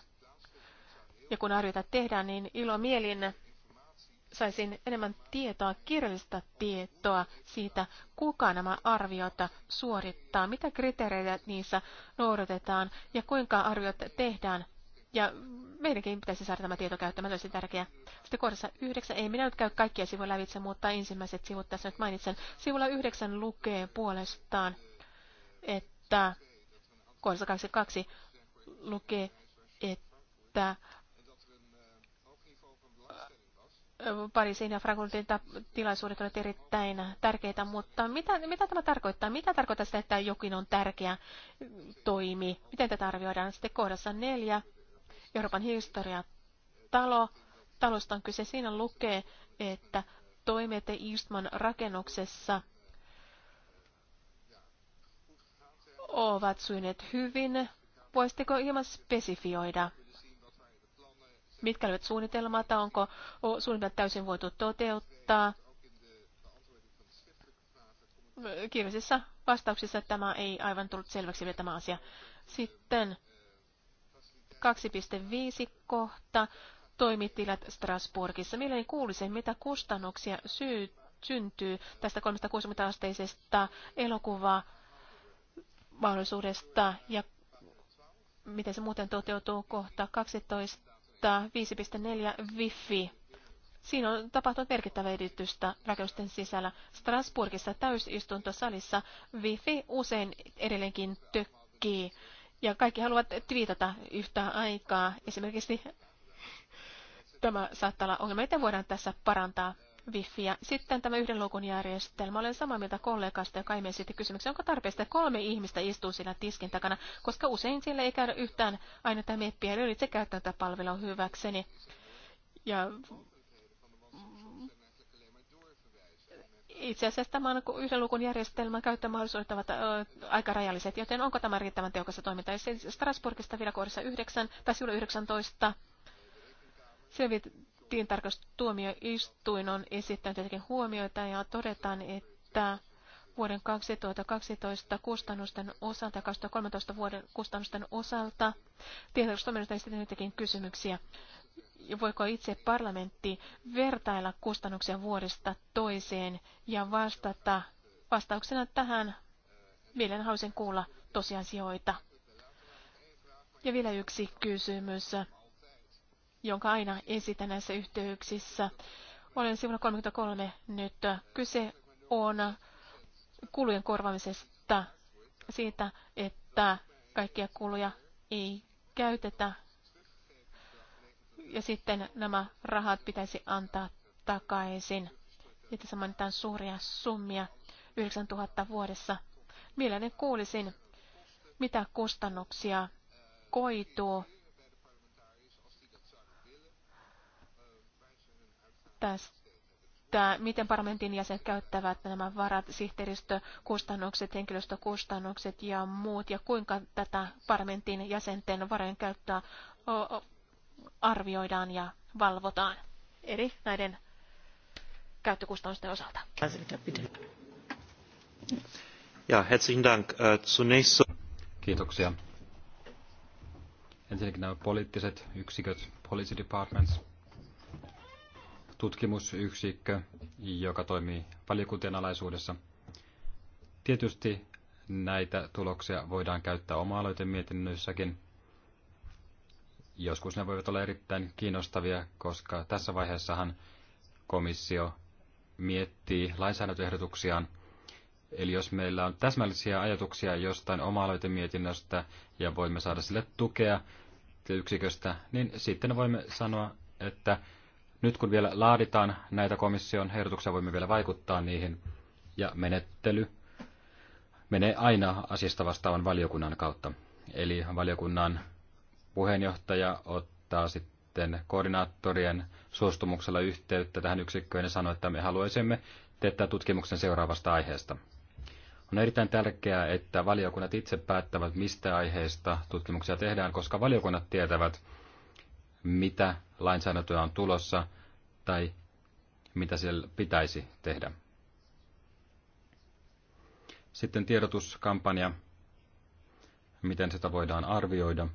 Ja kun arvioita tehdään, niin ilo mielin saisin enemmän tietoa, kirjallista tietoa siitä, kuka nämä arviota suorittaa, mitä kriteereitä niissä noudatetaan ja kuinka arviot tehdään. Ja meidänkin pitäisi saada tämä tieto käyttämään, olisi tärkeää. Sitten kohdassa yhdeksän, ei minä nyt käy kaikkia sivuja lävitse, mutta ensimmäiset sivut tässä nyt mainitsen. Sivulla yhdeksän lukee puolestaan, että että kohdassa 22 lukee, että äh, Pariisin ja Frankfurtin tilaisuudet ovat erittäin tärkeitä, mutta mitä, mitä tämä tarkoittaa? Mitä tarkoittaa sitä, että jokin on tärkeä mm, toimi? Miten tätä arvioidaan? Sitten kohdassa neljä, Euroopan historia, talo. Talosta on kyse. Siinä lukee, että toimet Eastman rakennuksessa – ovat syyneet hyvin. Voisitteko hieman spesifioida, mitkä olivat suunnitelmat, onko suunnitelmat täysin voitu toteuttaa? Kirjallisissa vastauksissa tämä ei aivan tullut selväksi vielä tämä asia. Sitten 2.5 kohta toimitilat Strasbourgissa. Mielelläni kuulisin, mitä kustannuksia syy, syntyy tästä 360-asteisesta elokuvaa mahdollisuudesta ja miten se muuten toteutuu kohta 12.5.4 5.4 wifi. Siinä on tapahtunut merkittävä edistystä rakennusten sisällä. Strasburgissa täysistuntosalissa wifi usein edelleenkin tökkii. Ja kaikki haluavat twiitata yhtä aikaa. Esimerkiksi tämä saattaa olla ongelma, miten voidaan tässä parantaa wifiä. Sitten tämä yhden luukun järjestelmä. Olen samaa mieltä kollegasta, joka ei sitten kysymyksiä, onko tarpeesta että kolme ihmistä istuu siinä tiskin takana, koska usein siellä ei käydä yhtään aina tämä meppiä, eli yritse käyttää tätä palvelua hyväkseni. Ja itse asiassa tämä on yhden lukun järjestelmän käyttömahdollisuudet ovat aika rajalliset, joten onko tämä riittävän tehokasta toiminta? Siis Strasbourgista vielä kohdassa 9 tai 19 selvit, tilintarkastustuomioistuin on esittänyt jotakin huomioita ja todetaan, että vuoden 2012 kustannusten osalta, 2013 vuoden kustannusten osalta, tilintarkastustuomioistuin on esittänyt jotakin kysymyksiä. Voiko itse parlamentti vertailla kustannuksia vuodesta toiseen ja vastata vastauksena tähän mielen haluaisin kuulla tosiasioita. Ja vielä yksi kysymys jonka aina esitän näissä yhteyksissä. Olen sivulla 33 nyt. Kyse on kulujen korvaamisesta siitä, että kaikkia kuluja ei käytetä. Ja sitten nämä rahat pitäisi antaa takaisin. Ja tässä mainitaan suuria summia, 9000 vuodessa. Mielelläni kuulisin, mitä kustannuksia koituu tästä, miten parlamentin jäsenet käyttävät nämä varat, sihteeristökustannukset, henkilöstökustannukset ja muut, ja kuinka tätä parlamentin jäsenten varojen käyttöä arvioidaan ja valvotaan eri näiden käyttökustannusten osalta. Ja, herzlichen Dank. Äh, zunächst Kiitoksia. Ensinnäkin nämä poliittiset yksiköt, policy departments – tutkimusyksikkö, joka toimii valiokuntien alaisuudessa. Tietysti näitä tuloksia voidaan käyttää oma-aloitemietinnöissäkin. Joskus ne voivat olla erittäin kiinnostavia, koska tässä vaiheessahan komissio miettii lainsäädäntöehdotuksiaan. Eli jos meillä on täsmällisiä ajatuksia jostain oma-aloitemietinnöstä ja voimme saada sille tukea yksiköstä, niin sitten voimme sanoa, että nyt kun vielä laaditaan näitä komission ehdotuksia, voimme vielä vaikuttaa niihin. Ja menettely menee aina asiasta vastaavan valiokunnan kautta. Eli valiokunnan puheenjohtaja ottaa sitten koordinaattorien suostumuksella yhteyttä tähän yksikköön ja sanoo, että me haluaisimme teettää tutkimuksen seuraavasta aiheesta. On erittäin tärkeää, että valiokunnat itse päättävät, mistä aiheesta tutkimuksia tehdään, koska valiokunnat tietävät, mitä lainsäädäntöä on tulossa tai mitä siellä pitäisi tehdä. Sitten tiedotuskampanja, miten sitä voidaan arvioida.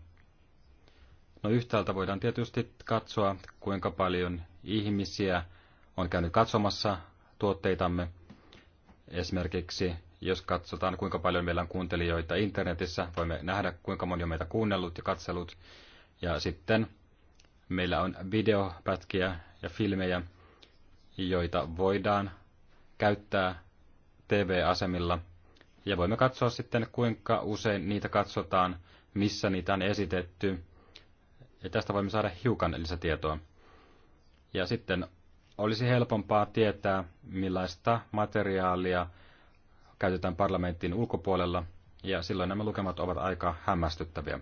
No yhtäältä voidaan tietysti katsoa, kuinka paljon ihmisiä on käynyt katsomassa tuotteitamme. Esimerkiksi jos katsotaan, kuinka paljon meillä on kuuntelijoita internetissä, voimme nähdä, kuinka moni on meitä kuunnellut ja katsellut. Ja sitten Meillä on videopätkiä ja filmejä, joita voidaan käyttää TV-asemilla. Ja voimme katsoa sitten, kuinka usein niitä katsotaan, missä niitä on esitetty. Ja tästä voimme saada hiukan lisätietoa. Ja sitten olisi helpompaa tietää, millaista materiaalia käytetään parlamentin ulkopuolella, ja silloin nämä lukemat ovat aika hämmästyttäviä.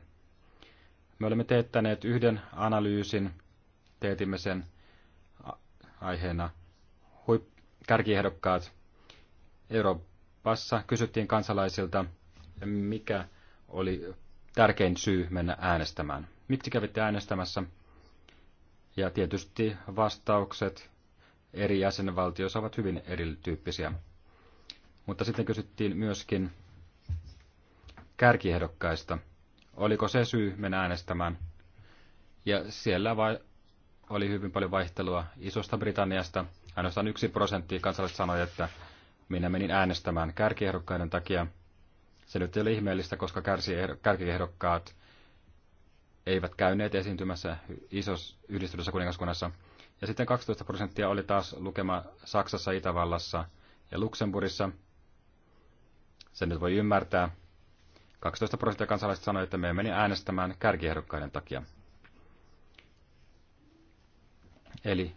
Me olemme teettäneet yhden analyysin, teetimme sen aiheena huip- kärkiehdokkaat Euroopassa. Kysyttiin kansalaisilta, mikä oli tärkein syy mennä äänestämään. Miksi kävitte äänestämässä? Ja tietysti vastaukset eri jäsenvaltioissa ovat hyvin erityyppisiä. Mutta sitten kysyttiin myöskin kärkiehdokkaista – Oliko se syy mennä äänestämään? Ja siellä vai oli hyvin paljon vaihtelua Isosta Britanniasta. Ainoastaan yksi prosentti kansalaiset sanoi, että minä menin äänestämään kärkiehdokkaiden takia. Se nyt ei ole ihmeellistä, koska kärkiehdokkaat eivät käyneet esiintymässä isossa yhdistyneessä kuningaskunnassa. Ja sitten 12 prosenttia oli taas lukema Saksassa, Itävallassa ja Luxemburissa. Sen nyt voi ymmärtää, 12 prosenttia kansalaiset sanoi, että me meni äänestämään kärkiehdokkaiden takia. Eli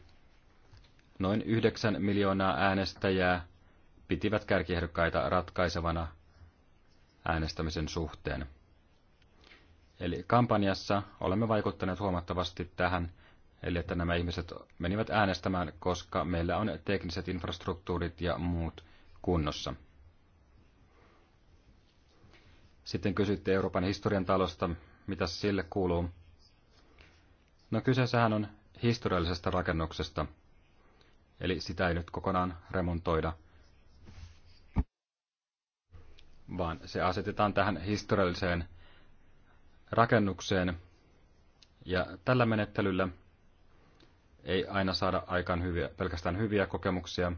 noin 9 miljoonaa äänestäjää pitivät kärkiehdokkaita ratkaisevana äänestämisen suhteen. Eli kampanjassa olemme vaikuttaneet huomattavasti tähän, eli että nämä ihmiset menivät äänestämään, koska meillä on tekniset infrastruktuurit ja muut kunnossa. Sitten kysyttiin Euroopan historian talosta, mitä sille kuuluu. No kyseessähän on historiallisesta rakennuksesta, eli sitä ei nyt kokonaan remontoida, vaan se asetetaan tähän historialliseen rakennukseen, ja tällä menettelyllä ei aina saada aikaan hyviä, pelkästään hyviä kokemuksia.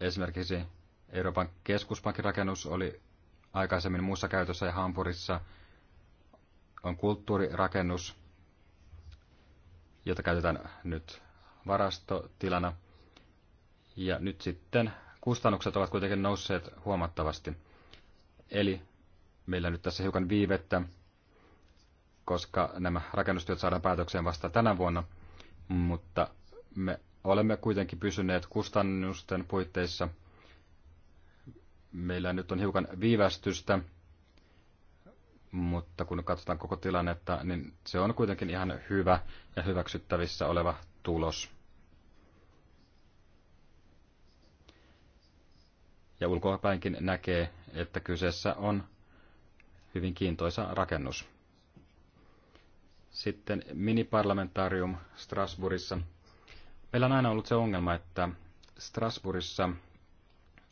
Esimerkiksi Euroopan keskuspankin rakennus oli aikaisemmin muussa käytössä ja Hampurissa on kulttuurirakennus, jota käytetään nyt varastotilana. Ja nyt sitten kustannukset ovat kuitenkin nousseet huomattavasti. Eli meillä nyt tässä hiukan viivettä, koska nämä rakennustyöt saadaan päätökseen vasta tänä vuonna, mutta me olemme kuitenkin pysyneet kustannusten puitteissa – meillä nyt on hiukan viivästystä, mutta kun katsotaan koko tilannetta, niin se on kuitenkin ihan hyvä ja hyväksyttävissä oleva tulos. Ja ulkoapäinkin näkee, että kyseessä on hyvin kiintoisa rakennus. Sitten miniparlamentarium Strasbourgissa. Meillä on aina ollut se ongelma, että Strasbourgissa –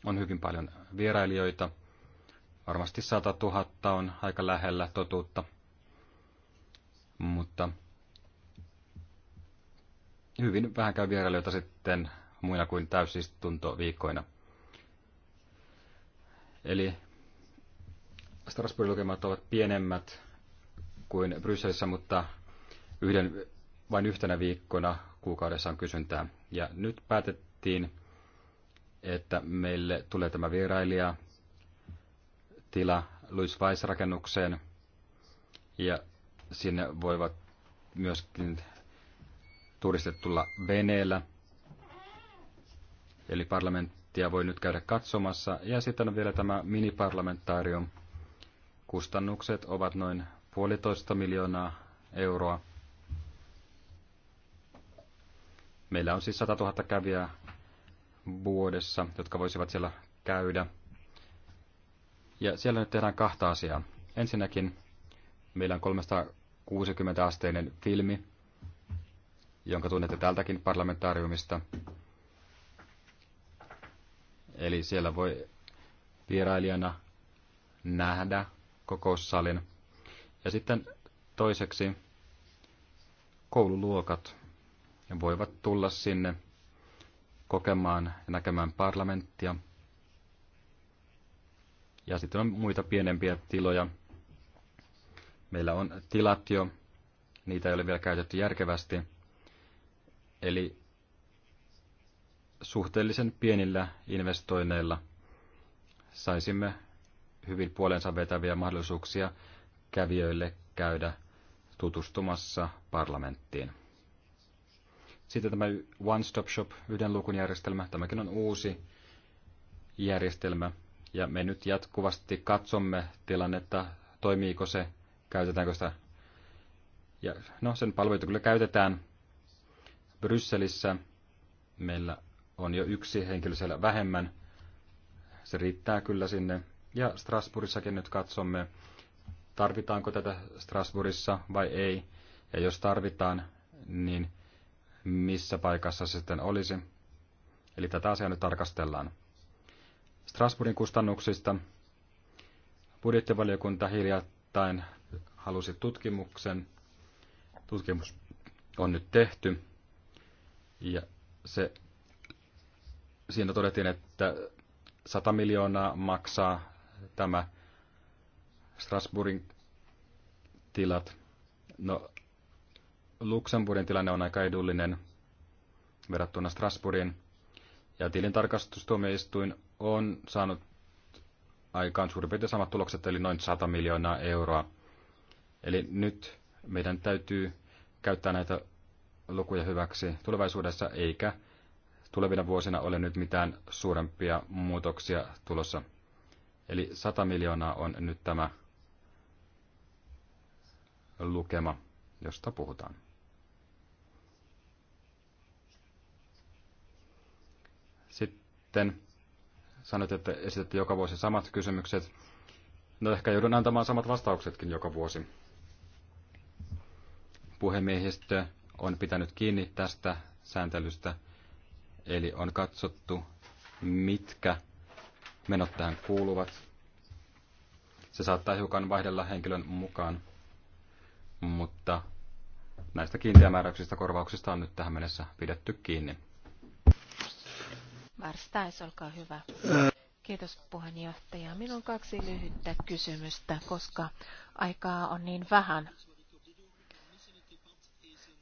on hyvin paljon vierailijoita. Varmasti 100 000 on aika lähellä totuutta, mutta hyvin vähän käy vierailijoita sitten muina kuin täysistuntoviikkoina. Eli Strasbourgin lukemat ovat pienemmät kuin Brysselissä, mutta yhden, vain yhtenä viikkona kuukaudessa on kysyntää. Ja nyt päätettiin että meille tulee tämä vierailija tila Louis Weiss-rakennukseen ja sinne voivat myöskin turistit tulla veneellä. Eli parlamenttia voi nyt käydä katsomassa. Ja sitten on vielä tämä miniparlamentaarium. Kustannukset ovat noin puolitoista miljoonaa euroa. Meillä on siis 100 000 kävijää vuodessa, jotka voisivat siellä käydä. Ja siellä nyt tehdään kahta asiaa. Ensinnäkin meillä on 360-asteinen filmi, jonka tunnette tältäkin parlamentaariumista. Eli siellä voi vierailijana nähdä kokoussalin. Ja sitten toiseksi koululuokat voivat tulla sinne kokemaan ja näkemään parlamenttia. Ja sitten on muita pienempiä tiloja. Meillä on tilat jo, niitä ei ole vielä käytetty järkevästi. Eli suhteellisen pienillä investoinneilla saisimme hyvin puolensa vetäviä mahdollisuuksia kävijöille käydä tutustumassa parlamenttiin. Sitten tämä One Stop Shop, yhden luukun järjestelmä, tämäkin on uusi järjestelmä. Ja me nyt jatkuvasti katsomme tilannetta, toimiiko se, käytetäänkö sitä. Ja no, sen palveluita kyllä käytetään. Brysselissä meillä on jo yksi henkilö siellä vähemmän. Se riittää kyllä sinne. Ja Strasbourgissakin nyt katsomme, tarvitaanko tätä Strasbourgissa vai ei. Ja jos tarvitaan, niin missä paikassa se sitten olisi. Eli tätä asiaa nyt tarkastellaan. Strasbourgin kustannuksista budjettivaliokunta hiljattain halusi tutkimuksen. Tutkimus on nyt tehty ja se, siinä todettiin, että 100 miljoonaa maksaa tämä Strasbourgin tilat. No, Luxemburgin tilanne on aika edullinen verrattuna Strasbourgin. Ja tilintarkastustuomioistuin on saanut aikaan suurin piirtein samat tulokset, eli noin 100 miljoonaa euroa. Eli nyt meidän täytyy käyttää näitä lukuja hyväksi tulevaisuudessa, eikä tulevina vuosina ole nyt mitään suurempia muutoksia tulossa. Eli 100 miljoonaa on nyt tämä lukema, josta puhutaan. sitten sanoit, että esitettiin joka vuosi samat kysymykset. No ehkä joudun antamaan samat vastauksetkin joka vuosi. Puhemiehistö on pitänyt kiinni tästä sääntelystä, eli on katsottu, mitkä menot tähän kuuluvat. Se saattaa hiukan vaihdella henkilön mukaan, mutta näistä kiinteämääräyksistä korvauksista on nyt tähän mennessä pidetty kiinni. Varstais, olkaa hyvä. Kiitos puheenjohtaja. Minun on kaksi lyhyttä kysymystä, koska aikaa on niin vähän.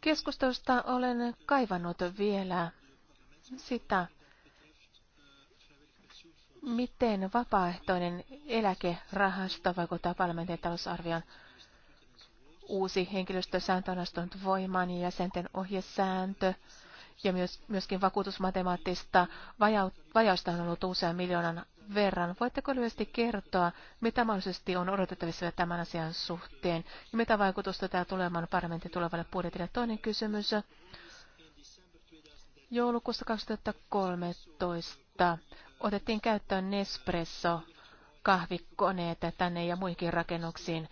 Keskustelusta olen kaivannut vielä sitä, miten vapaaehtoinen eläkerahasto vaikuttaa parlamentin talousarvion Uusi henkilöstösääntö on astunut voimaan ja jäsenten ohjesääntö ja myös, myöskin vakuutusmatemaattista vajausta on ollut usean miljoonan verran. Voitteko lyhyesti kertoa, mitä mahdollisesti on odotettavissa tämän asian suhteen ja mitä vaikutusta tämä tulemaan parlamentin tulevalle budjetille? Toinen kysymys. Joulukuussa 2013 otettiin käyttöön Nespresso kahvikoneet tänne ja muihinkin rakennuksiin.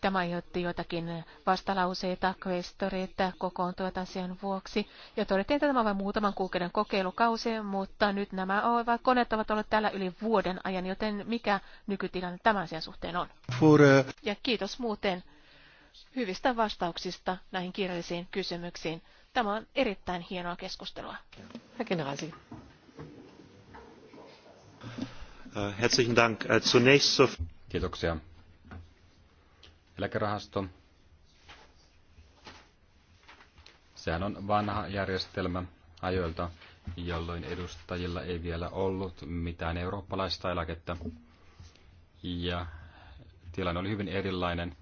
Tämä aiheutti jotakin vastalauseita, kvestoreita kokoontuvat asian vuoksi. Ja todettiin, että tämä on vain muutaman kuukauden kokeilukausi, mutta nyt nämä ovat, koneet ovat olleet täällä yli vuoden ajan, joten mikä nykytilanne tämän asian suhteen on? Äh, ja kiitos muuten hyvistä vastauksista näihin kirjallisiin kysymyksiin. Tämä on erittäin hienoa keskustelua. Herr äh, Herzlichen Dank. Äh, zunächst Kiitoksia eläkerahasto. Sehän on vanha järjestelmä ajoilta, jolloin edustajilla ei vielä ollut mitään eurooppalaista eläkettä. Ja tilanne oli hyvin erilainen.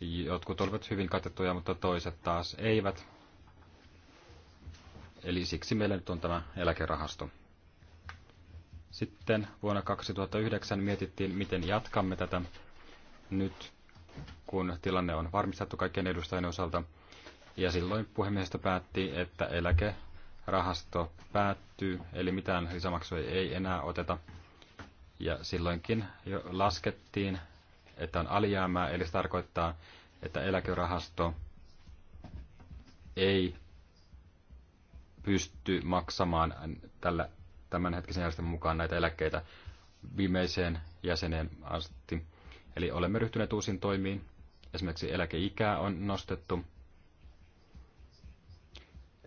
Jotkut olivat hyvin katettuja, mutta toiset taas eivät. Eli siksi meillä nyt on tämä eläkerahasto. Sitten vuonna 2009 mietittiin, miten jatkamme tätä. Nyt kun tilanne on varmistettu kaikkien edustajien osalta. Ja silloin puhemiehistö päätti, että eläkerahasto päättyy, eli mitään lisämaksuja ei enää oteta. Ja silloinkin jo laskettiin, että on alijäämää, eli se tarkoittaa, että eläkerahasto ei pysty maksamaan tällä tämänhetkisen järjestelmän mukaan näitä eläkkeitä viimeiseen jäseneen asti. Eli olemme ryhtyneet uusiin toimiin. Esimerkiksi eläkeikää on nostettu.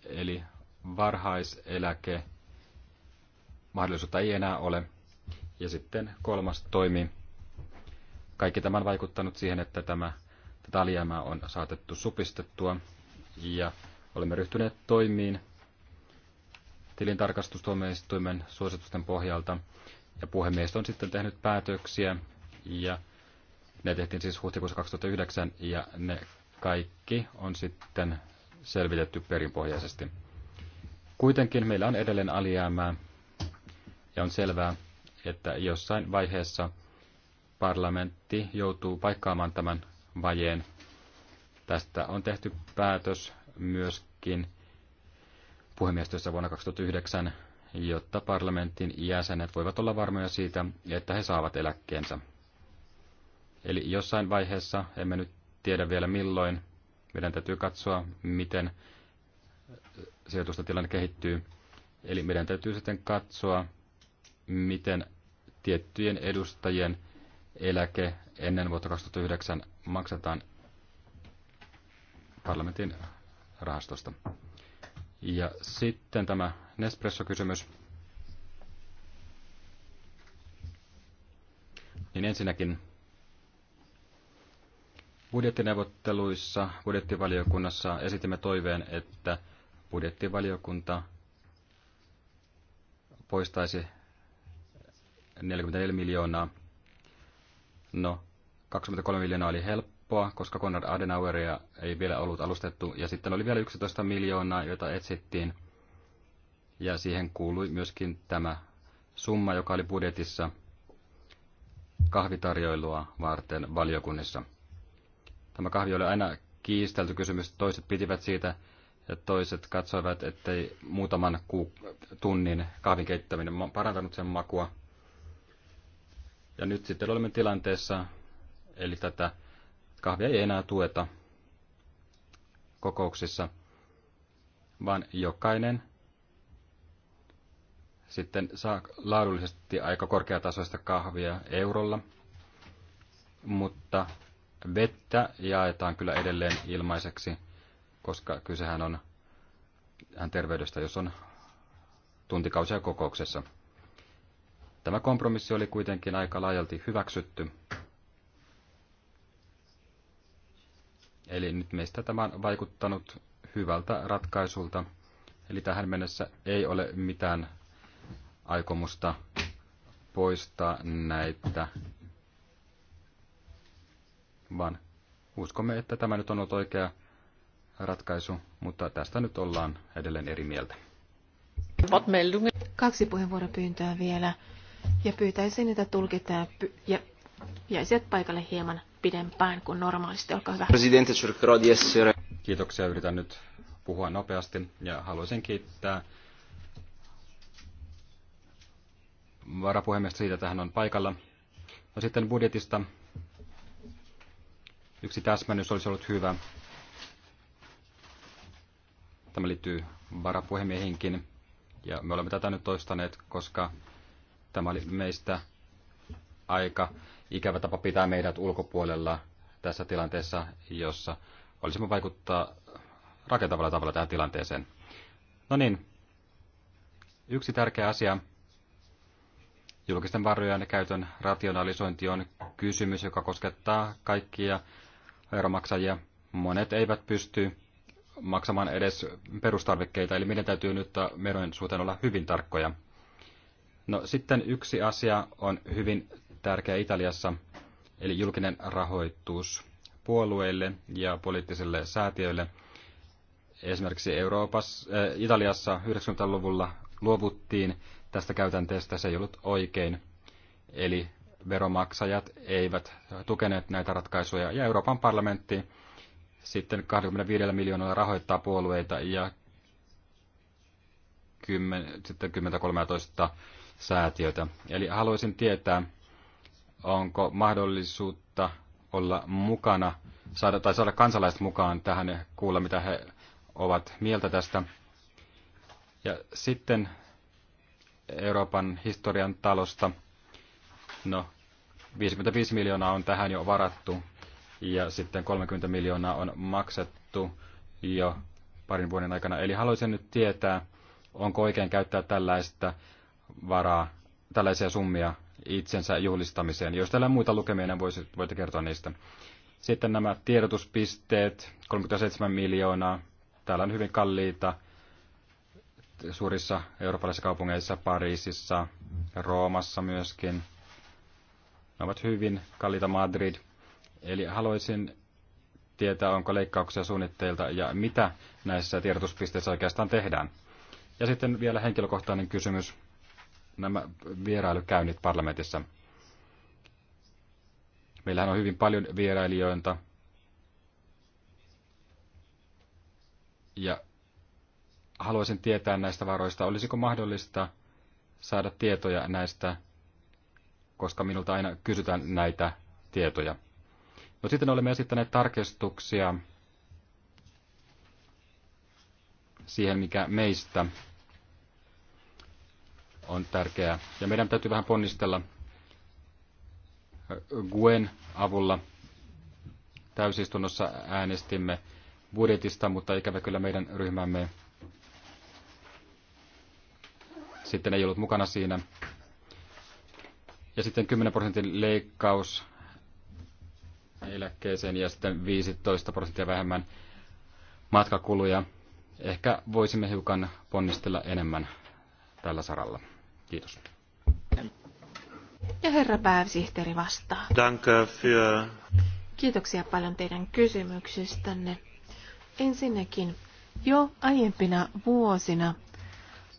Eli varhaiseläke mahdollisuutta ei enää ole. Ja sitten kolmas toimi. Kaikki tämä on vaikuttanut siihen, että tämä, talijäämä on saatettu supistettua ja olemme ryhtyneet toimiin tilintarkastustuomioistuimen suositusten pohjalta ja puhemiesto on sitten tehnyt päätöksiä ja ne tehtiin siis huhtikuussa 2009 ja ne kaikki on sitten selvitetty perinpohjaisesti. Kuitenkin meillä on edelleen alijäämää ja on selvää, että jossain vaiheessa parlamentti joutuu paikkaamaan tämän vajeen. Tästä on tehty päätös myöskin puhemiestössä vuonna 2009, jotta parlamentin jäsenet voivat olla varmoja siitä, että he saavat eläkkeensä. Eli jossain vaiheessa, emme nyt tiedä vielä milloin, meidän täytyy katsoa, miten sijoitusta tilanne kehittyy. Eli meidän täytyy sitten katsoa, miten tiettyjen edustajien eläke ennen vuotta 2009 maksetaan parlamentin rahastosta. Ja sitten tämä Nespresso-kysymys. Niin ensinnäkin Budjettineuvotteluissa budjettivaliokunnassa esitimme toiveen, että budjettivaliokunta poistaisi 44 miljoonaa. No, 23 miljoonaa oli helppoa, koska Konrad Adenaueria ei vielä ollut alustettu. Ja sitten oli vielä 11 miljoonaa, joita etsittiin. Ja siihen kuului myöskin tämä summa, joka oli budjetissa kahvitarjoilua varten valiokunnissa. Tämä kahvi oli aina kiistelty kysymys. Toiset pitivät siitä ja toiset katsoivat, ettei muutaman ku- tunnin kahvin keittäminen parantanut sen makua. Ja nyt sitten olemme tilanteessa, eli tätä kahvia ei enää tueta kokouksissa, vaan jokainen sitten saa laadullisesti aika korkeatasoista kahvia eurolla, mutta vettä jaetaan kyllä edelleen ilmaiseksi, koska kysehän on hän terveydestä, jos on tuntikausia kokouksessa. Tämä kompromissi oli kuitenkin aika laajalti hyväksytty. Eli nyt meistä tämä on vaikuttanut hyvältä ratkaisulta. Eli tähän mennessä ei ole mitään aikomusta poistaa näitä vaan uskomme, että tämä nyt on ollut oikea ratkaisu, mutta tästä nyt ollaan edelleen eri mieltä. Kaksi puheenvuoropyyntöä vielä. Ja pyytäisin, että tulkitaan äh, py- ja jäisit paikalle hieman pidempään kuin normaalisti. Olkaa hyvä. Presidente di essere... Kiitoksia. Yritän nyt puhua nopeasti ja haluaisin kiittää varapuhemiestä siitä, että hän on paikalla. No sitten budjetista Yksi täsmännys olisi ollut hyvä. Tämä liittyy varapuhemiehinkin. Ja me olemme tätä nyt toistaneet, koska tämä oli meistä aika ikävä tapa pitää meidät ulkopuolella tässä tilanteessa, jossa olisimme vaikuttaa rakentavalla tavalla tähän tilanteeseen. No niin, yksi tärkeä asia. Julkisten varojen käytön rationalisointi on kysymys, joka koskettaa kaikkia veromaksajia. Monet eivät pysty maksamaan edes perustarvikkeita, eli meidän täytyy nyt menojen suhteen olla hyvin tarkkoja. No sitten yksi asia on hyvin tärkeä Italiassa, eli julkinen rahoitus puolueille ja poliittisille säätiöille. Esimerkiksi Euroopassa, äh, Italiassa 90-luvulla luovuttiin tästä käytänteestä, se ei ollut oikein. Eli veromaksajat eivät tukeneet näitä ratkaisuja ja Euroopan parlamentti sitten 25 miljoonalla rahoittaa puolueita ja 10, sitten 10-13 säätiötä. Eli haluaisin tietää, onko mahdollisuutta olla mukana saada, tai saada kansalaiset mukaan tähän ja kuulla, mitä he ovat mieltä tästä. Ja sitten Euroopan historian talosta. No, 55 miljoonaa on tähän jo varattu ja sitten 30 miljoonaa on maksettu jo parin vuoden aikana. Eli haluaisin nyt tietää, onko oikein käyttää tällaista varaa, tällaisia summia itsensä juhlistamiseen. Jos täällä on muita lukemia, niin voitte kertoa niistä. Sitten nämä tiedotuspisteet, 37 miljoonaa. Täällä on hyvin kalliita suurissa eurooppalaisissa kaupungeissa, Pariisissa, Roomassa myöskin – ne ovat hyvin kalliita Madrid. Eli haluaisin tietää, onko leikkauksia suunnitteilta ja mitä näissä tiedotuspisteissä oikeastaan tehdään. Ja sitten vielä henkilökohtainen kysymys. Nämä vierailukäynnit parlamentissa. Meillähän on hyvin paljon vierailijoita. Ja haluaisin tietää näistä varoista. Olisiko mahdollista saada tietoja näistä koska minulta aina kysytään näitä tietoja. No sitten olemme esittäneet tarkistuksia siihen, mikä meistä on tärkeää. Ja meidän täytyy vähän ponnistella Guen avulla. Täysistunnossa äänestimme budjetista, mutta ikävä kyllä meidän ryhmämme sitten ei ollut mukana siinä. Ja sitten 10 prosentin leikkaus eläkkeeseen ja sitten 15 prosenttia vähemmän matkakuluja. Ehkä voisimme hiukan ponnistella enemmän tällä saralla. Kiitos. Ja herra pääsihteeri vastaa. Danke für... Kiitoksia paljon teidän kysymyksistänne. Ensinnäkin jo aiempina vuosina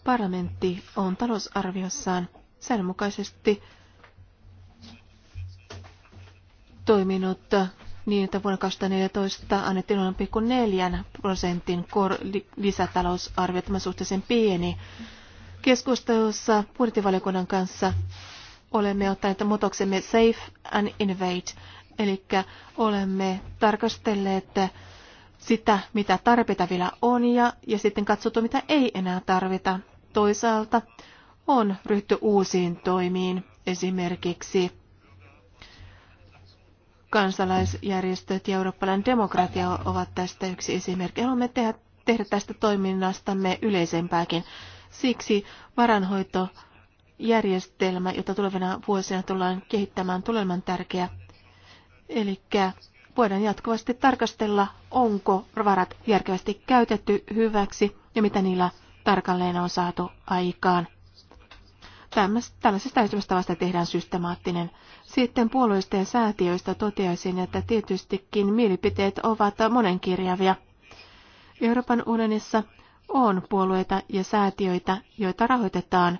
parlamentti on talousarviossaan säännönmukaisesti toiminut niin, että vuonna 2014 annettiin 0,4 prosentin lisätalousarvio, tämä suhteellisen pieni. Keskustelussa budjettivaliokunnan kanssa olemme ottaneet motoksemme Safe and Invade, eli olemme tarkastelleet sitä, mitä tarpeita vielä on ja, ja sitten katsottu, mitä ei enää tarvita. Toisaalta on ryhty uusiin toimiin, esimerkiksi kansalaisjärjestöt ja eurooppalainen demokratia ovat tästä yksi esimerkki. Haluamme tehdä, tehdä tästä toiminnastamme yleisempääkin. Siksi varanhoitojärjestelmä, jota tulevina vuosina tullaan kehittämään, tulee tärkeä. Eli voidaan jatkuvasti tarkastella, onko varat järkevästi käytetty hyväksi ja mitä niillä tarkalleen on saatu aikaan. Tällaisesta täystymistavasta tehdään systemaattinen. Sitten puolueista ja säätiöistä toteaisin, että tietystikin mielipiteet ovat monenkirjavia. Euroopan unionissa on puolueita ja säätiöitä, joita rahoitetaan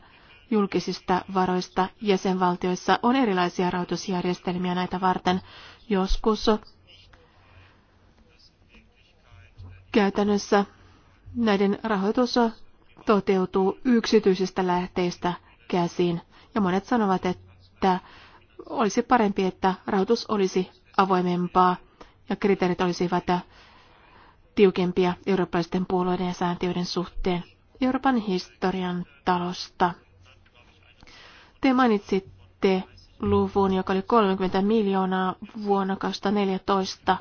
julkisista varoista. Jäsenvaltioissa on erilaisia rahoitusjärjestelmiä näitä varten. Joskus käytännössä näiden rahoitus toteutuu yksityisistä lähteistä – käsin. Ja monet sanovat, että olisi parempi, että rahoitus olisi avoimempaa ja kriteerit olisivat tiukempia eurooppalaisten puolueiden ja sääntiöiden suhteen Euroopan historian talosta. Te mainitsitte luvun, joka oli 30 miljoonaa vuonna 2014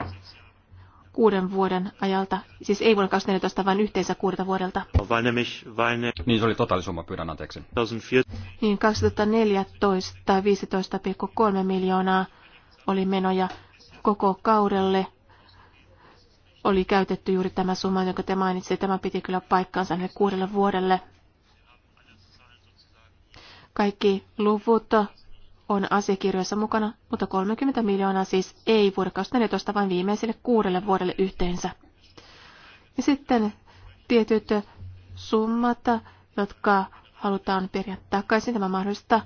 kuuden vuoden ajalta, siis ei vuonna 2014, vaan yhteensä kuudelta vuodelta. Niin se oli totaalisumma, pyydän anteeksi. Niin 2014 15,3 miljoonaa oli menoja koko kaudelle. Oli käytetty juuri tämä summa, jonka te mainitsitte. Tämä piti kyllä paikkaansa ne kuudelle vuodelle. Kaikki luvut on asiakirjoissa mukana, mutta 30 miljoonaa siis ei vuodelle 2014, vaan viimeiselle kuudelle vuodelle yhteensä. Ja sitten tietyt summat, jotka halutaan periä takaisin, tämä mahdollista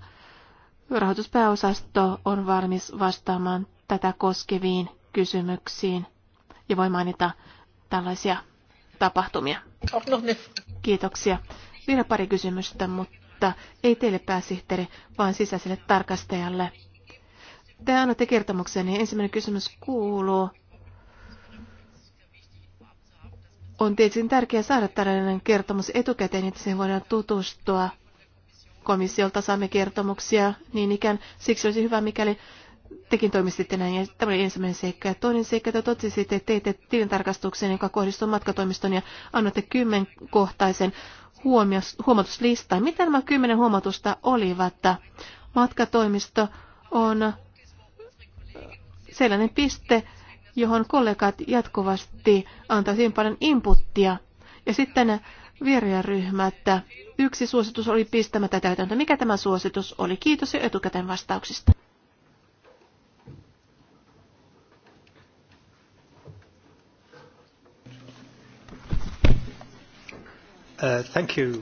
rahoituspääosasto on valmis vastaamaan tätä koskeviin kysymyksiin ja voi mainita tällaisia tapahtumia. Kiitoksia. Vielä pari kysymystä, mutta mutta ei teille pääsihteeri, vaan sisäiselle tarkastajalle. Te annatte kertomuksen, niin ensimmäinen kysymys kuuluu. On tietysti tärkeää saada tällainen kertomus etukäteen, että siihen voidaan tutustua. Komissiolta saamme kertomuksia niin ikään. Siksi olisi hyvä, mikäli tekin toimisitte näin, ja tämä oli ensimmäinen seikka. Ja toinen seikka, että totesitte, että teitte tilintarkastuksen, joka kohdistuu matkatoimiston, ja annatte kymmenkohtaisen huomatuslista. Mitä nämä kymmenen huomatusta olivat? Matkatoimisto on sellainen piste, johon kollegat jatkuvasti antavat hyvin paljon inputtia. Ja sitten että Yksi suositus oli pistämättä täytäntö. Mikä tämä suositus oli? Kiitos jo etukäteen vastauksista. Uh, thank you,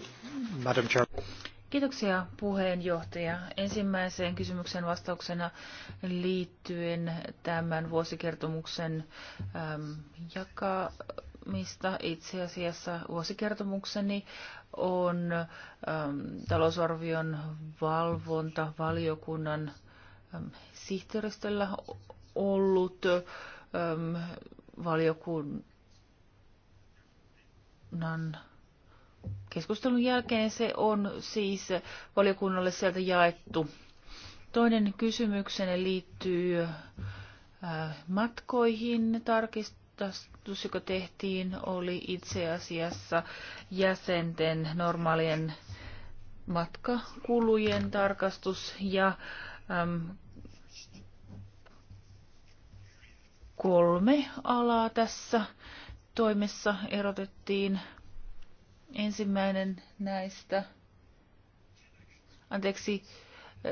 Madam Chair. Kiitoksia puheenjohtaja. Ensimmäiseen kysymyksen vastauksena liittyen tämän vuosikertomuksen ähm, jakamista. Itse asiassa vuosikertomukseni on ähm, talousarvion valvontavaliokunnan valiokunnan ähm, sihteeristöllä ollut valiokunnan keskustelun jälkeen se on siis valiokunnalle sieltä jaettu. Toinen kysymyksenne liittyy äh, matkoihin. Tarkistus, joka tehtiin, oli itse asiassa jäsenten normaalien matkakulujen tarkastus ja äm, kolme alaa tässä toimessa erotettiin Ensimmäinen näistä, anteeksi,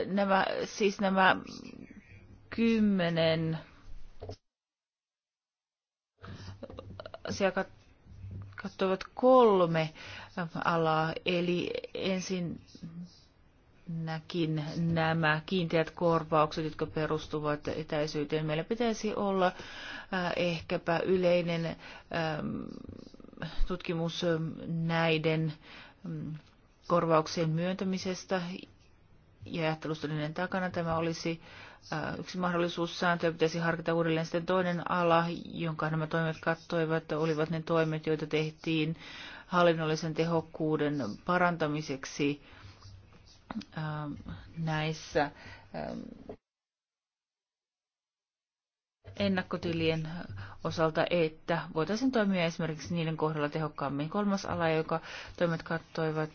nämä, siis nämä kymmenen asiakkaat katsovat kolme alaa, eli ensin näkin nämä kiinteät korvaukset, jotka perustuvat etäisyyteen. Meillä pitäisi olla äh, ehkäpä yleinen tutkimus näiden mm, korvauksien myöntämisestä ja ajattelustollinen takana. Tämä olisi yksi mahdollisuus sääntöä pitäisi harkita uudelleen. Sitten toinen ala, jonka nämä toimet kattoivat, olivat ne toimet, joita tehtiin hallinnollisen tehokkuuden parantamiseksi näissä ennakkotilien osalta, että voitaisiin toimia esimerkiksi niiden kohdalla tehokkaammin. Kolmas ala, joka toimet kattoivat,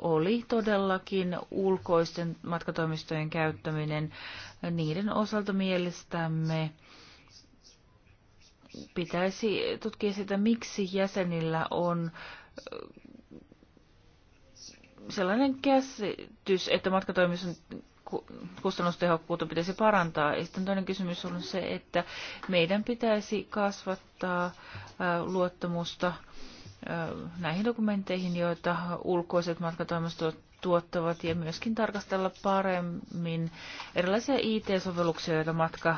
oli todellakin ulkoisten matkatoimistojen käyttäminen. Niiden osalta mielestämme pitäisi tutkia sitä, miksi jäsenillä on sellainen käsitys, että matkatoimiston kustannustehokkuutta pitäisi parantaa. Ja sitten toinen kysymys on se, että meidän pitäisi kasvattaa luottamusta näihin dokumentteihin, joita ulkoiset matkatoimistot tuottavat ja myöskin tarkastella paremmin erilaisia IT-sovelluksia, joita matka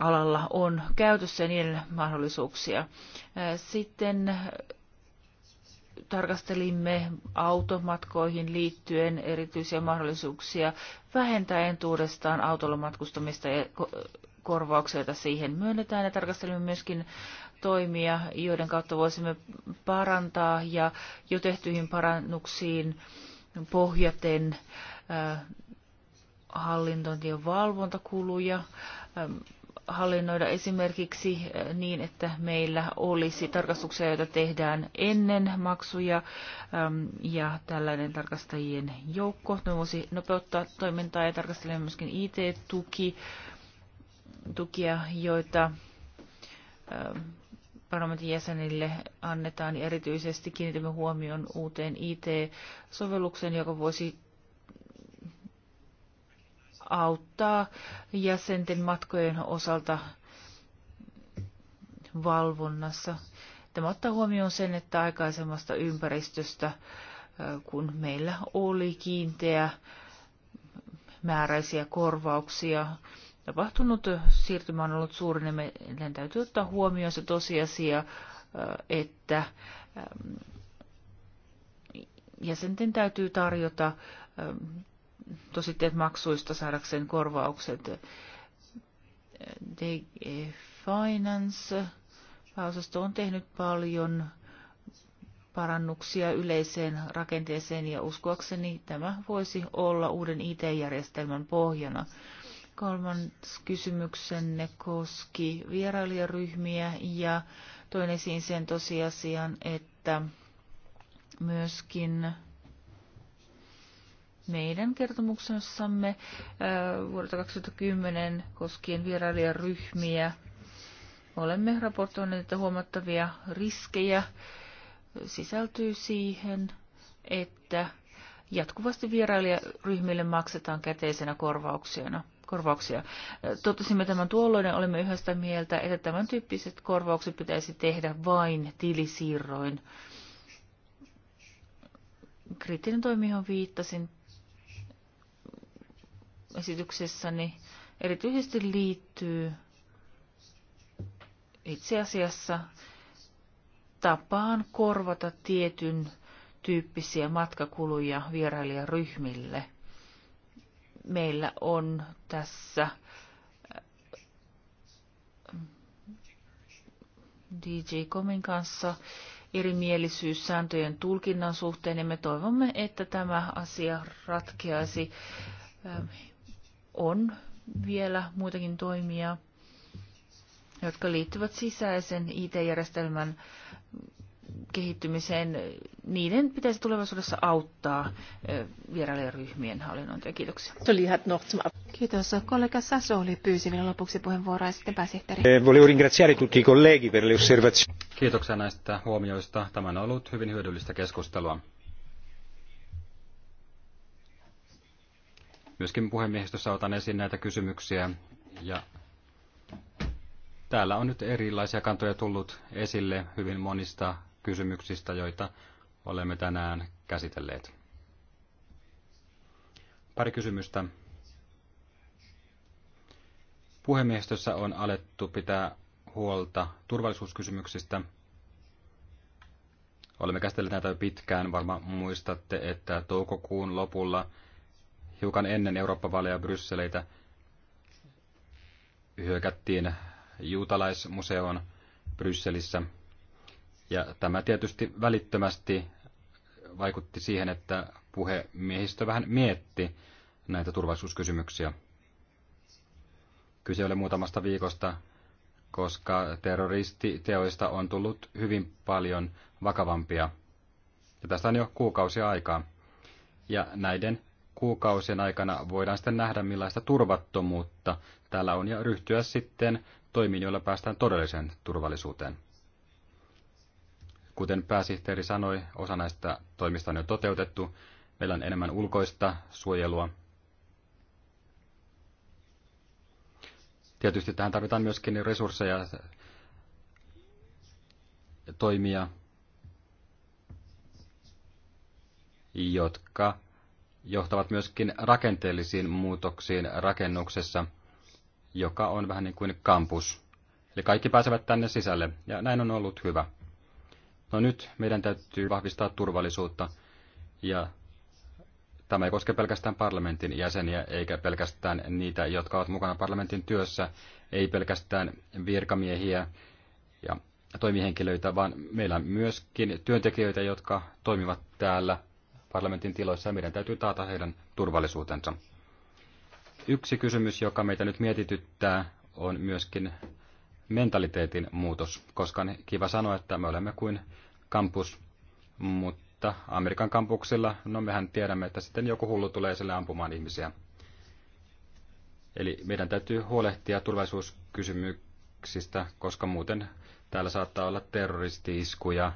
alalla on käytössä ja niiden mahdollisuuksia. Sitten tarkastelimme automatkoihin liittyen erityisiä mahdollisuuksia vähentää entuudestaan autolla matkustamista ja korvauksia, joita siihen myönnetään, ja tarkastelimme myöskin toimia, joiden kautta voisimme parantaa ja jo tehtyihin parannuksiin pohjaten äh, hallintointi- valvontakuluja, ähm, hallinnoida esimerkiksi eh, niin, että meillä olisi tarkastuksia, joita tehdään ennen maksuja ja tällainen tarkastajien joukko. Ne voisi nopeuttaa toimintaa ja tarkastella myöskin it tukia, joita parlamentin jäsenille annetaan. Erityisesti kiinnitämme huomioon uuteen IT-sovellukseen, joka voisi auttaa jäsenten matkojen osalta valvonnassa. Tämä ottaa huomioon sen, että aikaisemmasta ympäristöstä, kun meillä oli kiinteä määräisiä korvauksia, tapahtunut siirtymä on ollut suuri, niin meidän täytyy ottaa huomioon se tosiasia, että jäsenten täytyy tarjota tositteet maksuista saadakseen korvaukset. DG Finance pääosasto on tehnyt paljon parannuksia yleiseen rakenteeseen ja uskoakseni tämä voisi olla uuden IT-järjestelmän pohjana. Kolmas kysymyksenne koski vierailijaryhmiä ja toin esiin sen tosiasian, että myöskin meidän kertomuksessamme äh, vuodelta 2010 koskien vierailijaryhmiä. Olemme raportoineet, että huomattavia riskejä sisältyy siihen, että jatkuvasti vierailijaryhmille maksetaan käteisenä korvauksena. korvauksia. Totesimme tämän tuolloin ja olemme yhä sitä mieltä, että tämän tyyppiset korvaukset pitäisi tehdä vain tilisiirroin. Kriittinen toimi, johon viittasin, esityksessäni erityisesti liittyy itse asiassa tapaan korvata tietyn tyyppisiä matkakuluja vierailijaryhmille. Meillä on tässä äh, DJ Komin kanssa erimielisyys sääntöjen tulkinnan suhteen ja me toivomme, että tämä asia ratkeaisi ähm, on vielä muitakin toimia, jotka liittyvät sisäisen IT-järjestelmän kehittymiseen. Niiden pitäisi tulevaisuudessa auttaa ryhmien hallinnointia. Kiitoksia. Kiitos. Kollega oli pyysi vielä lopuksi puheenvuoroa ja sitten pääsihteeri. Eh, Kiitoksia näistä huomioista. Tämä on ollut hyvin hyödyllistä keskustelua. Myöskin puhemiehistössä otan esiin näitä kysymyksiä ja täällä on nyt erilaisia kantoja tullut esille hyvin monista kysymyksistä, joita olemme tänään käsitelleet. Pari kysymystä. Puhemiehistössä on alettu pitää huolta turvallisuuskysymyksistä. Olemme käsitelleet näitä jo pitkään. Varmaan muistatte, että toukokuun lopulla – hiukan ennen Eurooppa-vaaleja Brysseleitä hyökättiin juutalaismuseoon Brysselissä. Ja tämä tietysti välittömästi vaikutti siihen, että puhemiehistö vähän mietti näitä turvallisuuskysymyksiä. Kyse oli muutamasta viikosta, koska terroristiteoista on tullut hyvin paljon vakavampia. Ja tästä on jo kuukausia aikaa. Ja näiden kuukausien aikana voidaan sitten nähdä, millaista turvattomuutta täällä on ja ryhtyä sitten toimiin, joilla päästään todelliseen turvallisuuteen. Kuten pääsihteeri sanoi, osa näistä toimista on jo toteutettu. Meillä on enemmän ulkoista suojelua. Tietysti tähän tarvitaan myöskin resursseja toimia, jotka johtavat myöskin rakenteellisiin muutoksiin rakennuksessa, joka on vähän niin kuin kampus. Eli kaikki pääsevät tänne sisälle, ja näin on ollut hyvä. No nyt meidän täytyy vahvistaa turvallisuutta, ja tämä ei koske pelkästään parlamentin jäseniä, eikä pelkästään niitä, jotka ovat mukana parlamentin työssä, ei pelkästään virkamiehiä ja toimihenkilöitä, vaan meillä on myöskin työntekijöitä, jotka toimivat täällä parlamentin tiloissa ja meidän täytyy taata heidän turvallisuutensa. Yksi kysymys, joka meitä nyt mietityttää, on myöskin mentaliteetin muutos, koska on kiva sanoa, että me olemme kuin kampus, mutta Amerikan kampuksilla, no mehän tiedämme, että sitten joku hullu tulee sille ampumaan ihmisiä. Eli meidän täytyy huolehtia turvallisuuskysymyksistä, koska muuten täällä saattaa olla terroristi-iskuja,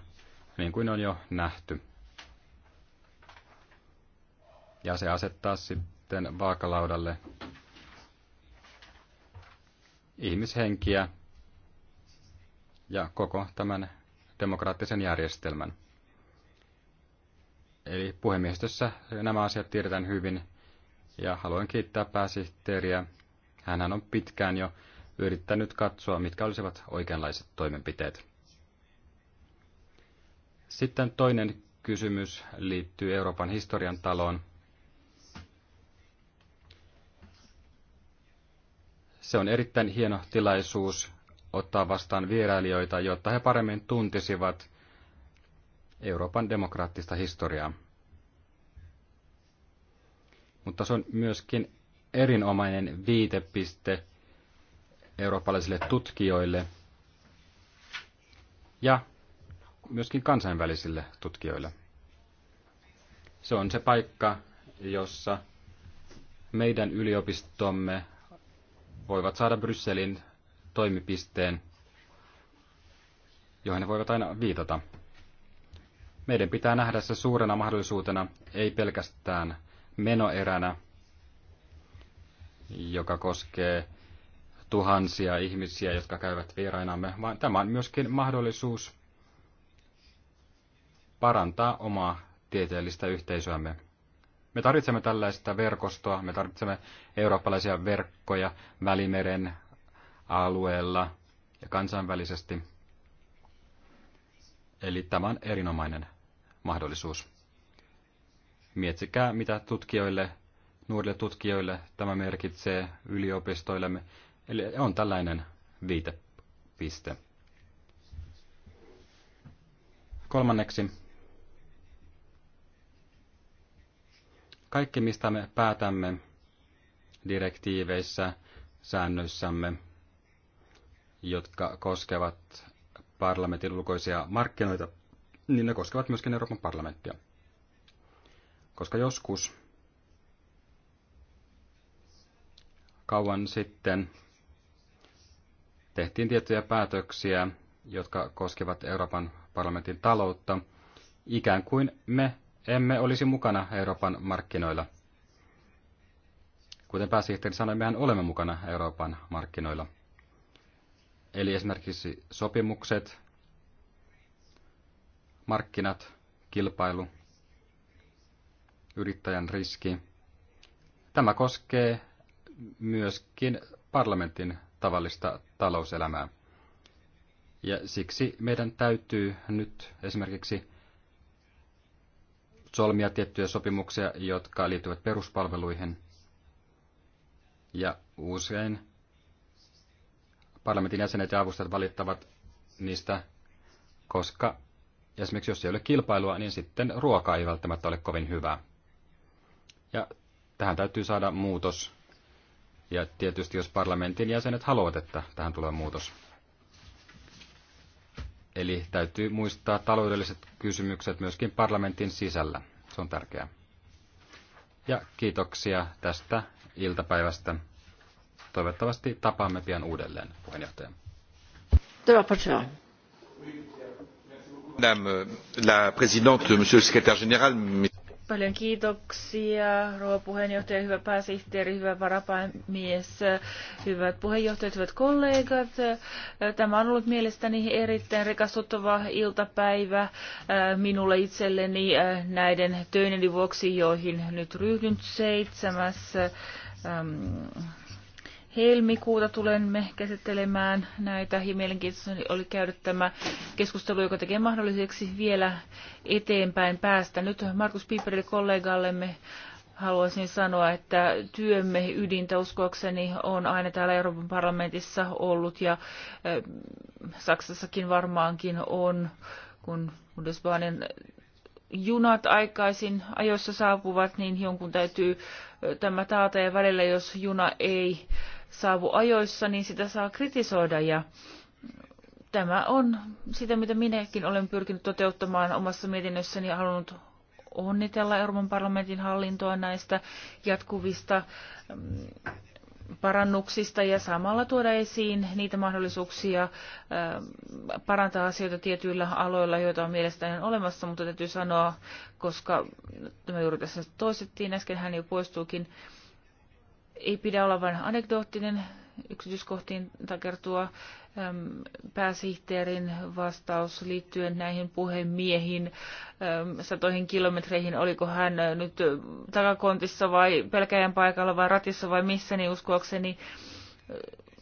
niin kuin on jo nähty ja se asettaa sitten vaakalaudalle ihmishenkiä ja koko tämän demokraattisen järjestelmän. Eli puhemiehistössä nämä asiat tiedetään hyvin ja haluan kiittää pääsihteeriä. Hänhän on pitkään jo yrittänyt katsoa, mitkä olisivat oikeanlaiset toimenpiteet. Sitten toinen kysymys liittyy Euroopan historian taloon. Se on erittäin hieno tilaisuus ottaa vastaan vierailijoita, jotta he paremmin tuntisivat Euroopan demokraattista historiaa. Mutta se on myöskin erinomainen viitepiste eurooppalaisille tutkijoille ja myöskin kansainvälisille tutkijoille. Se on se paikka, jossa meidän yliopistomme voivat saada Brysselin toimipisteen, johon ne voivat aina viitata. Meidän pitää nähdä se suurena mahdollisuutena, ei pelkästään menoeränä, joka koskee tuhansia ihmisiä, jotka käyvät vierainamme, vaan tämä on myöskin mahdollisuus parantaa omaa tieteellistä yhteisöämme. Me tarvitsemme tällaista verkostoa, me tarvitsemme eurooppalaisia verkkoja Välimeren alueella ja kansainvälisesti. Eli tämä on erinomainen mahdollisuus. Mietsikää, mitä tutkijoille, nuorille tutkijoille tämä merkitsee yliopistoillemme. Eli on tällainen viitepiste. Kolmanneksi Kaikki, mistä me päätämme direktiiveissä, säännöissämme, jotka koskevat parlamentin ulkoisia markkinoita, niin ne koskevat myöskin Euroopan parlamenttia. Koska joskus kauan sitten tehtiin tiettyjä päätöksiä, jotka koskevat Euroopan parlamentin taloutta, ikään kuin me emme olisi mukana Euroopan markkinoilla. Kuten pääsihteeri sanoi, mehän olemme mukana Euroopan markkinoilla. Eli esimerkiksi sopimukset, markkinat, kilpailu, yrittäjän riski. Tämä koskee myöskin parlamentin tavallista talouselämää. Ja siksi meidän täytyy nyt esimerkiksi solmia tiettyjä sopimuksia, jotka liittyvät peruspalveluihin. Ja usein parlamentin jäsenet ja avustajat valittavat niistä, koska esimerkiksi jos ei ole kilpailua, niin sitten ruoka ei välttämättä ole kovin hyvää. Ja tähän täytyy saada muutos. Ja tietysti jos parlamentin jäsenet haluavat, että tähän tulee muutos. Eli täytyy muistaa taloudelliset kysymykset myöskin parlamentin sisällä. Se on tärkeää. Ja kiitoksia tästä iltapäivästä. Toivottavasti tapaamme pian uudelleen, puheenjohtaja. Madame la présidente, monsieur le secrétaire général, Paljon kiitoksia, rouva puheenjohtaja, hyvä pääsihteeri, hyvä varapäämies, hyvät puheenjohtajat, hyvät kollegat. Tämä on ollut mielestäni erittäin rikastuttava iltapäivä äh, minulle itselleni äh, näiden töineni vuoksi, joihin nyt ryhdyn seitsemässä ähm, helmikuuta tulemme käsittelemään näitä ja mielenkiintoista oli käydä tämä keskustelu, joka tekee mahdolliseksi vielä eteenpäin päästä. Nyt Markus Piperille kollegallemme haluaisin sanoa, että työmme ydintä uskoakseni on aina täällä Euroopan parlamentissa ollut ja äh, Saksassakin varmaankin on, kun Bundesbahnin junat aikaisin ajoissa saapuvat, niin jonkun täytyy äh, tämä taata ja välillä, jos juna ei saavu ajoissa, niin sitä saa kritisoida ja tämä on sitä, mitä minäkin olen pyrkinyt toteuttamaan omassa mietinnössäni ja halunnut onnitella Euroopan parlamentin hallintoa näistä jatkuvista mm, parannuksista ja samalla tuoda esiin niitä mahdollisuuksia mm, parantaa asioita tietyillä aloilla, joita on mielestäni olemassa, mutta täytyy sanoa, koska tämä juuri tässä toistettiin, äsken hän jo poistuukin, ei pidä olla vain anekdoottinen yksityiskohtiin takertua pääsihteerin vastaus liittyen näihin puhemiehiin satoihin kilometreihin, oliko hän äh, nyt äh, takakontissa vai pelkäjän paikalla vai ratissa vai missä, niin uskoakseni äh,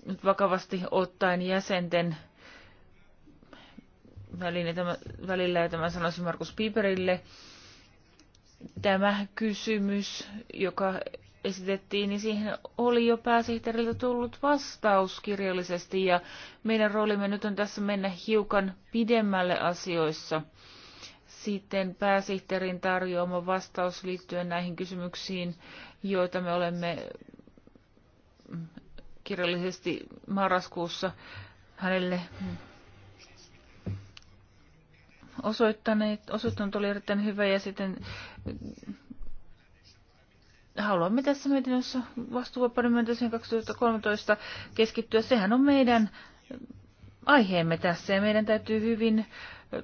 nyt vakavasti ottaen jäsenten tämä, välillä, ja tämän sanoisin Markus Piperille, tämä kysymys, joka esitettiin, niin siihen oli jo pääsihteeriltä tullut vastaus kirjallisesti ja meidän roolimme nyt on tässä mennä hiukan pidemmälle asioissa. Sitten pääsihteerin tarjoama vastaus liittyen näihin kysymyksiin, joita me olemme kirjallisesti marraskuussa hänelle osoittaneet, osoittanut oli erittäin hyvä ja sitten haluamme tässä mietinnössä vastuuvapauden myöntäisen 2013 keskittyä. Sehän on meidän aiheemme tässä ja meidän täytyy hyvin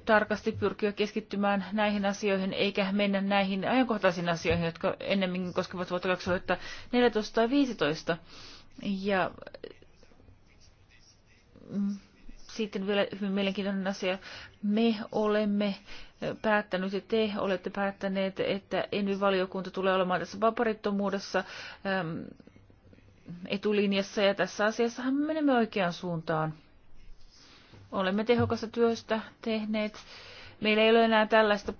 tarkasti pyrkiä keskittymään näihin asioihin, eikä mennä näihin ajankohtaisiin asioihin, jotka ennemminkin koskevat vuotta 2014 tai 2015. Ja mm, sitten vielä hyvin mielenkiintoinen asia. Me olemme päättänyt ja te olette päättäneet, että ENVY-valiokunta tulee olemaan tässä vaparittomuudessa ähm, etulinjassa ja tässä asiassa me menemme oikeaan suuntaan. Olemme tehokasta työstä tehneet. Meillä ei ole enää tällaista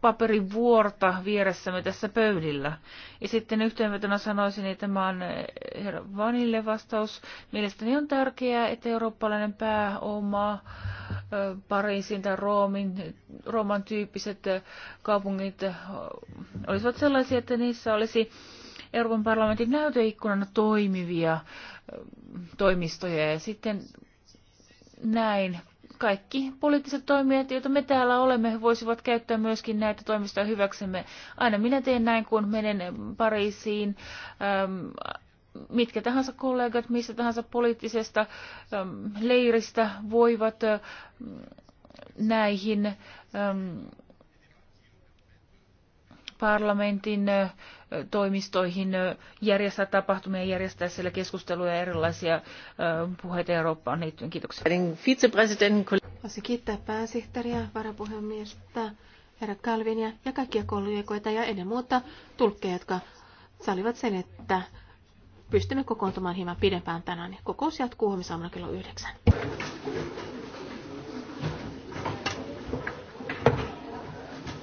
paperivuorta vieressämme tässä pöydillä. Ja sitten yhteenvetona sanoisin, että tämä on eh, herra Vanille vastaus. Mielestäni on tärkeää, että eurooppalainen pääoma, eh, Pariisin tai Roomin, Rooman tyyppiset eh, kaupungit olisivat sellaisia, että niissä olisi Euroopan parlamentin näyteikkunana toimivia toimistoja ja sitten näin kaikki poliittiset toimijat, joita me täällä olemme, voisivat käyttää myöskin näitä toimistoja hyväksemme. Aina minä teen näin, kun menen Pariisiin. Ähm, mitkä tahansa kollegat, missä tahansa poliittisesta ähm, leiristä voivat ähm, näihin ähm, parlamentin toimistoihin järjestää tapahtumia, järjestää siellä keskusteluja ja erilaisia puheita Eurooppaan liittyen. Kiitoksia. Haluaisin kiittää pääsihteeriä, varapuhemiestä, herra Kalvinia ja kaikkia kollegoita ja ennen muuta tulkkeja, jotka salivat sen, että pystymme kokoontumaan hieman pidempään tänään. Kokous jatkuu huomisaamuna kello yhdeksän.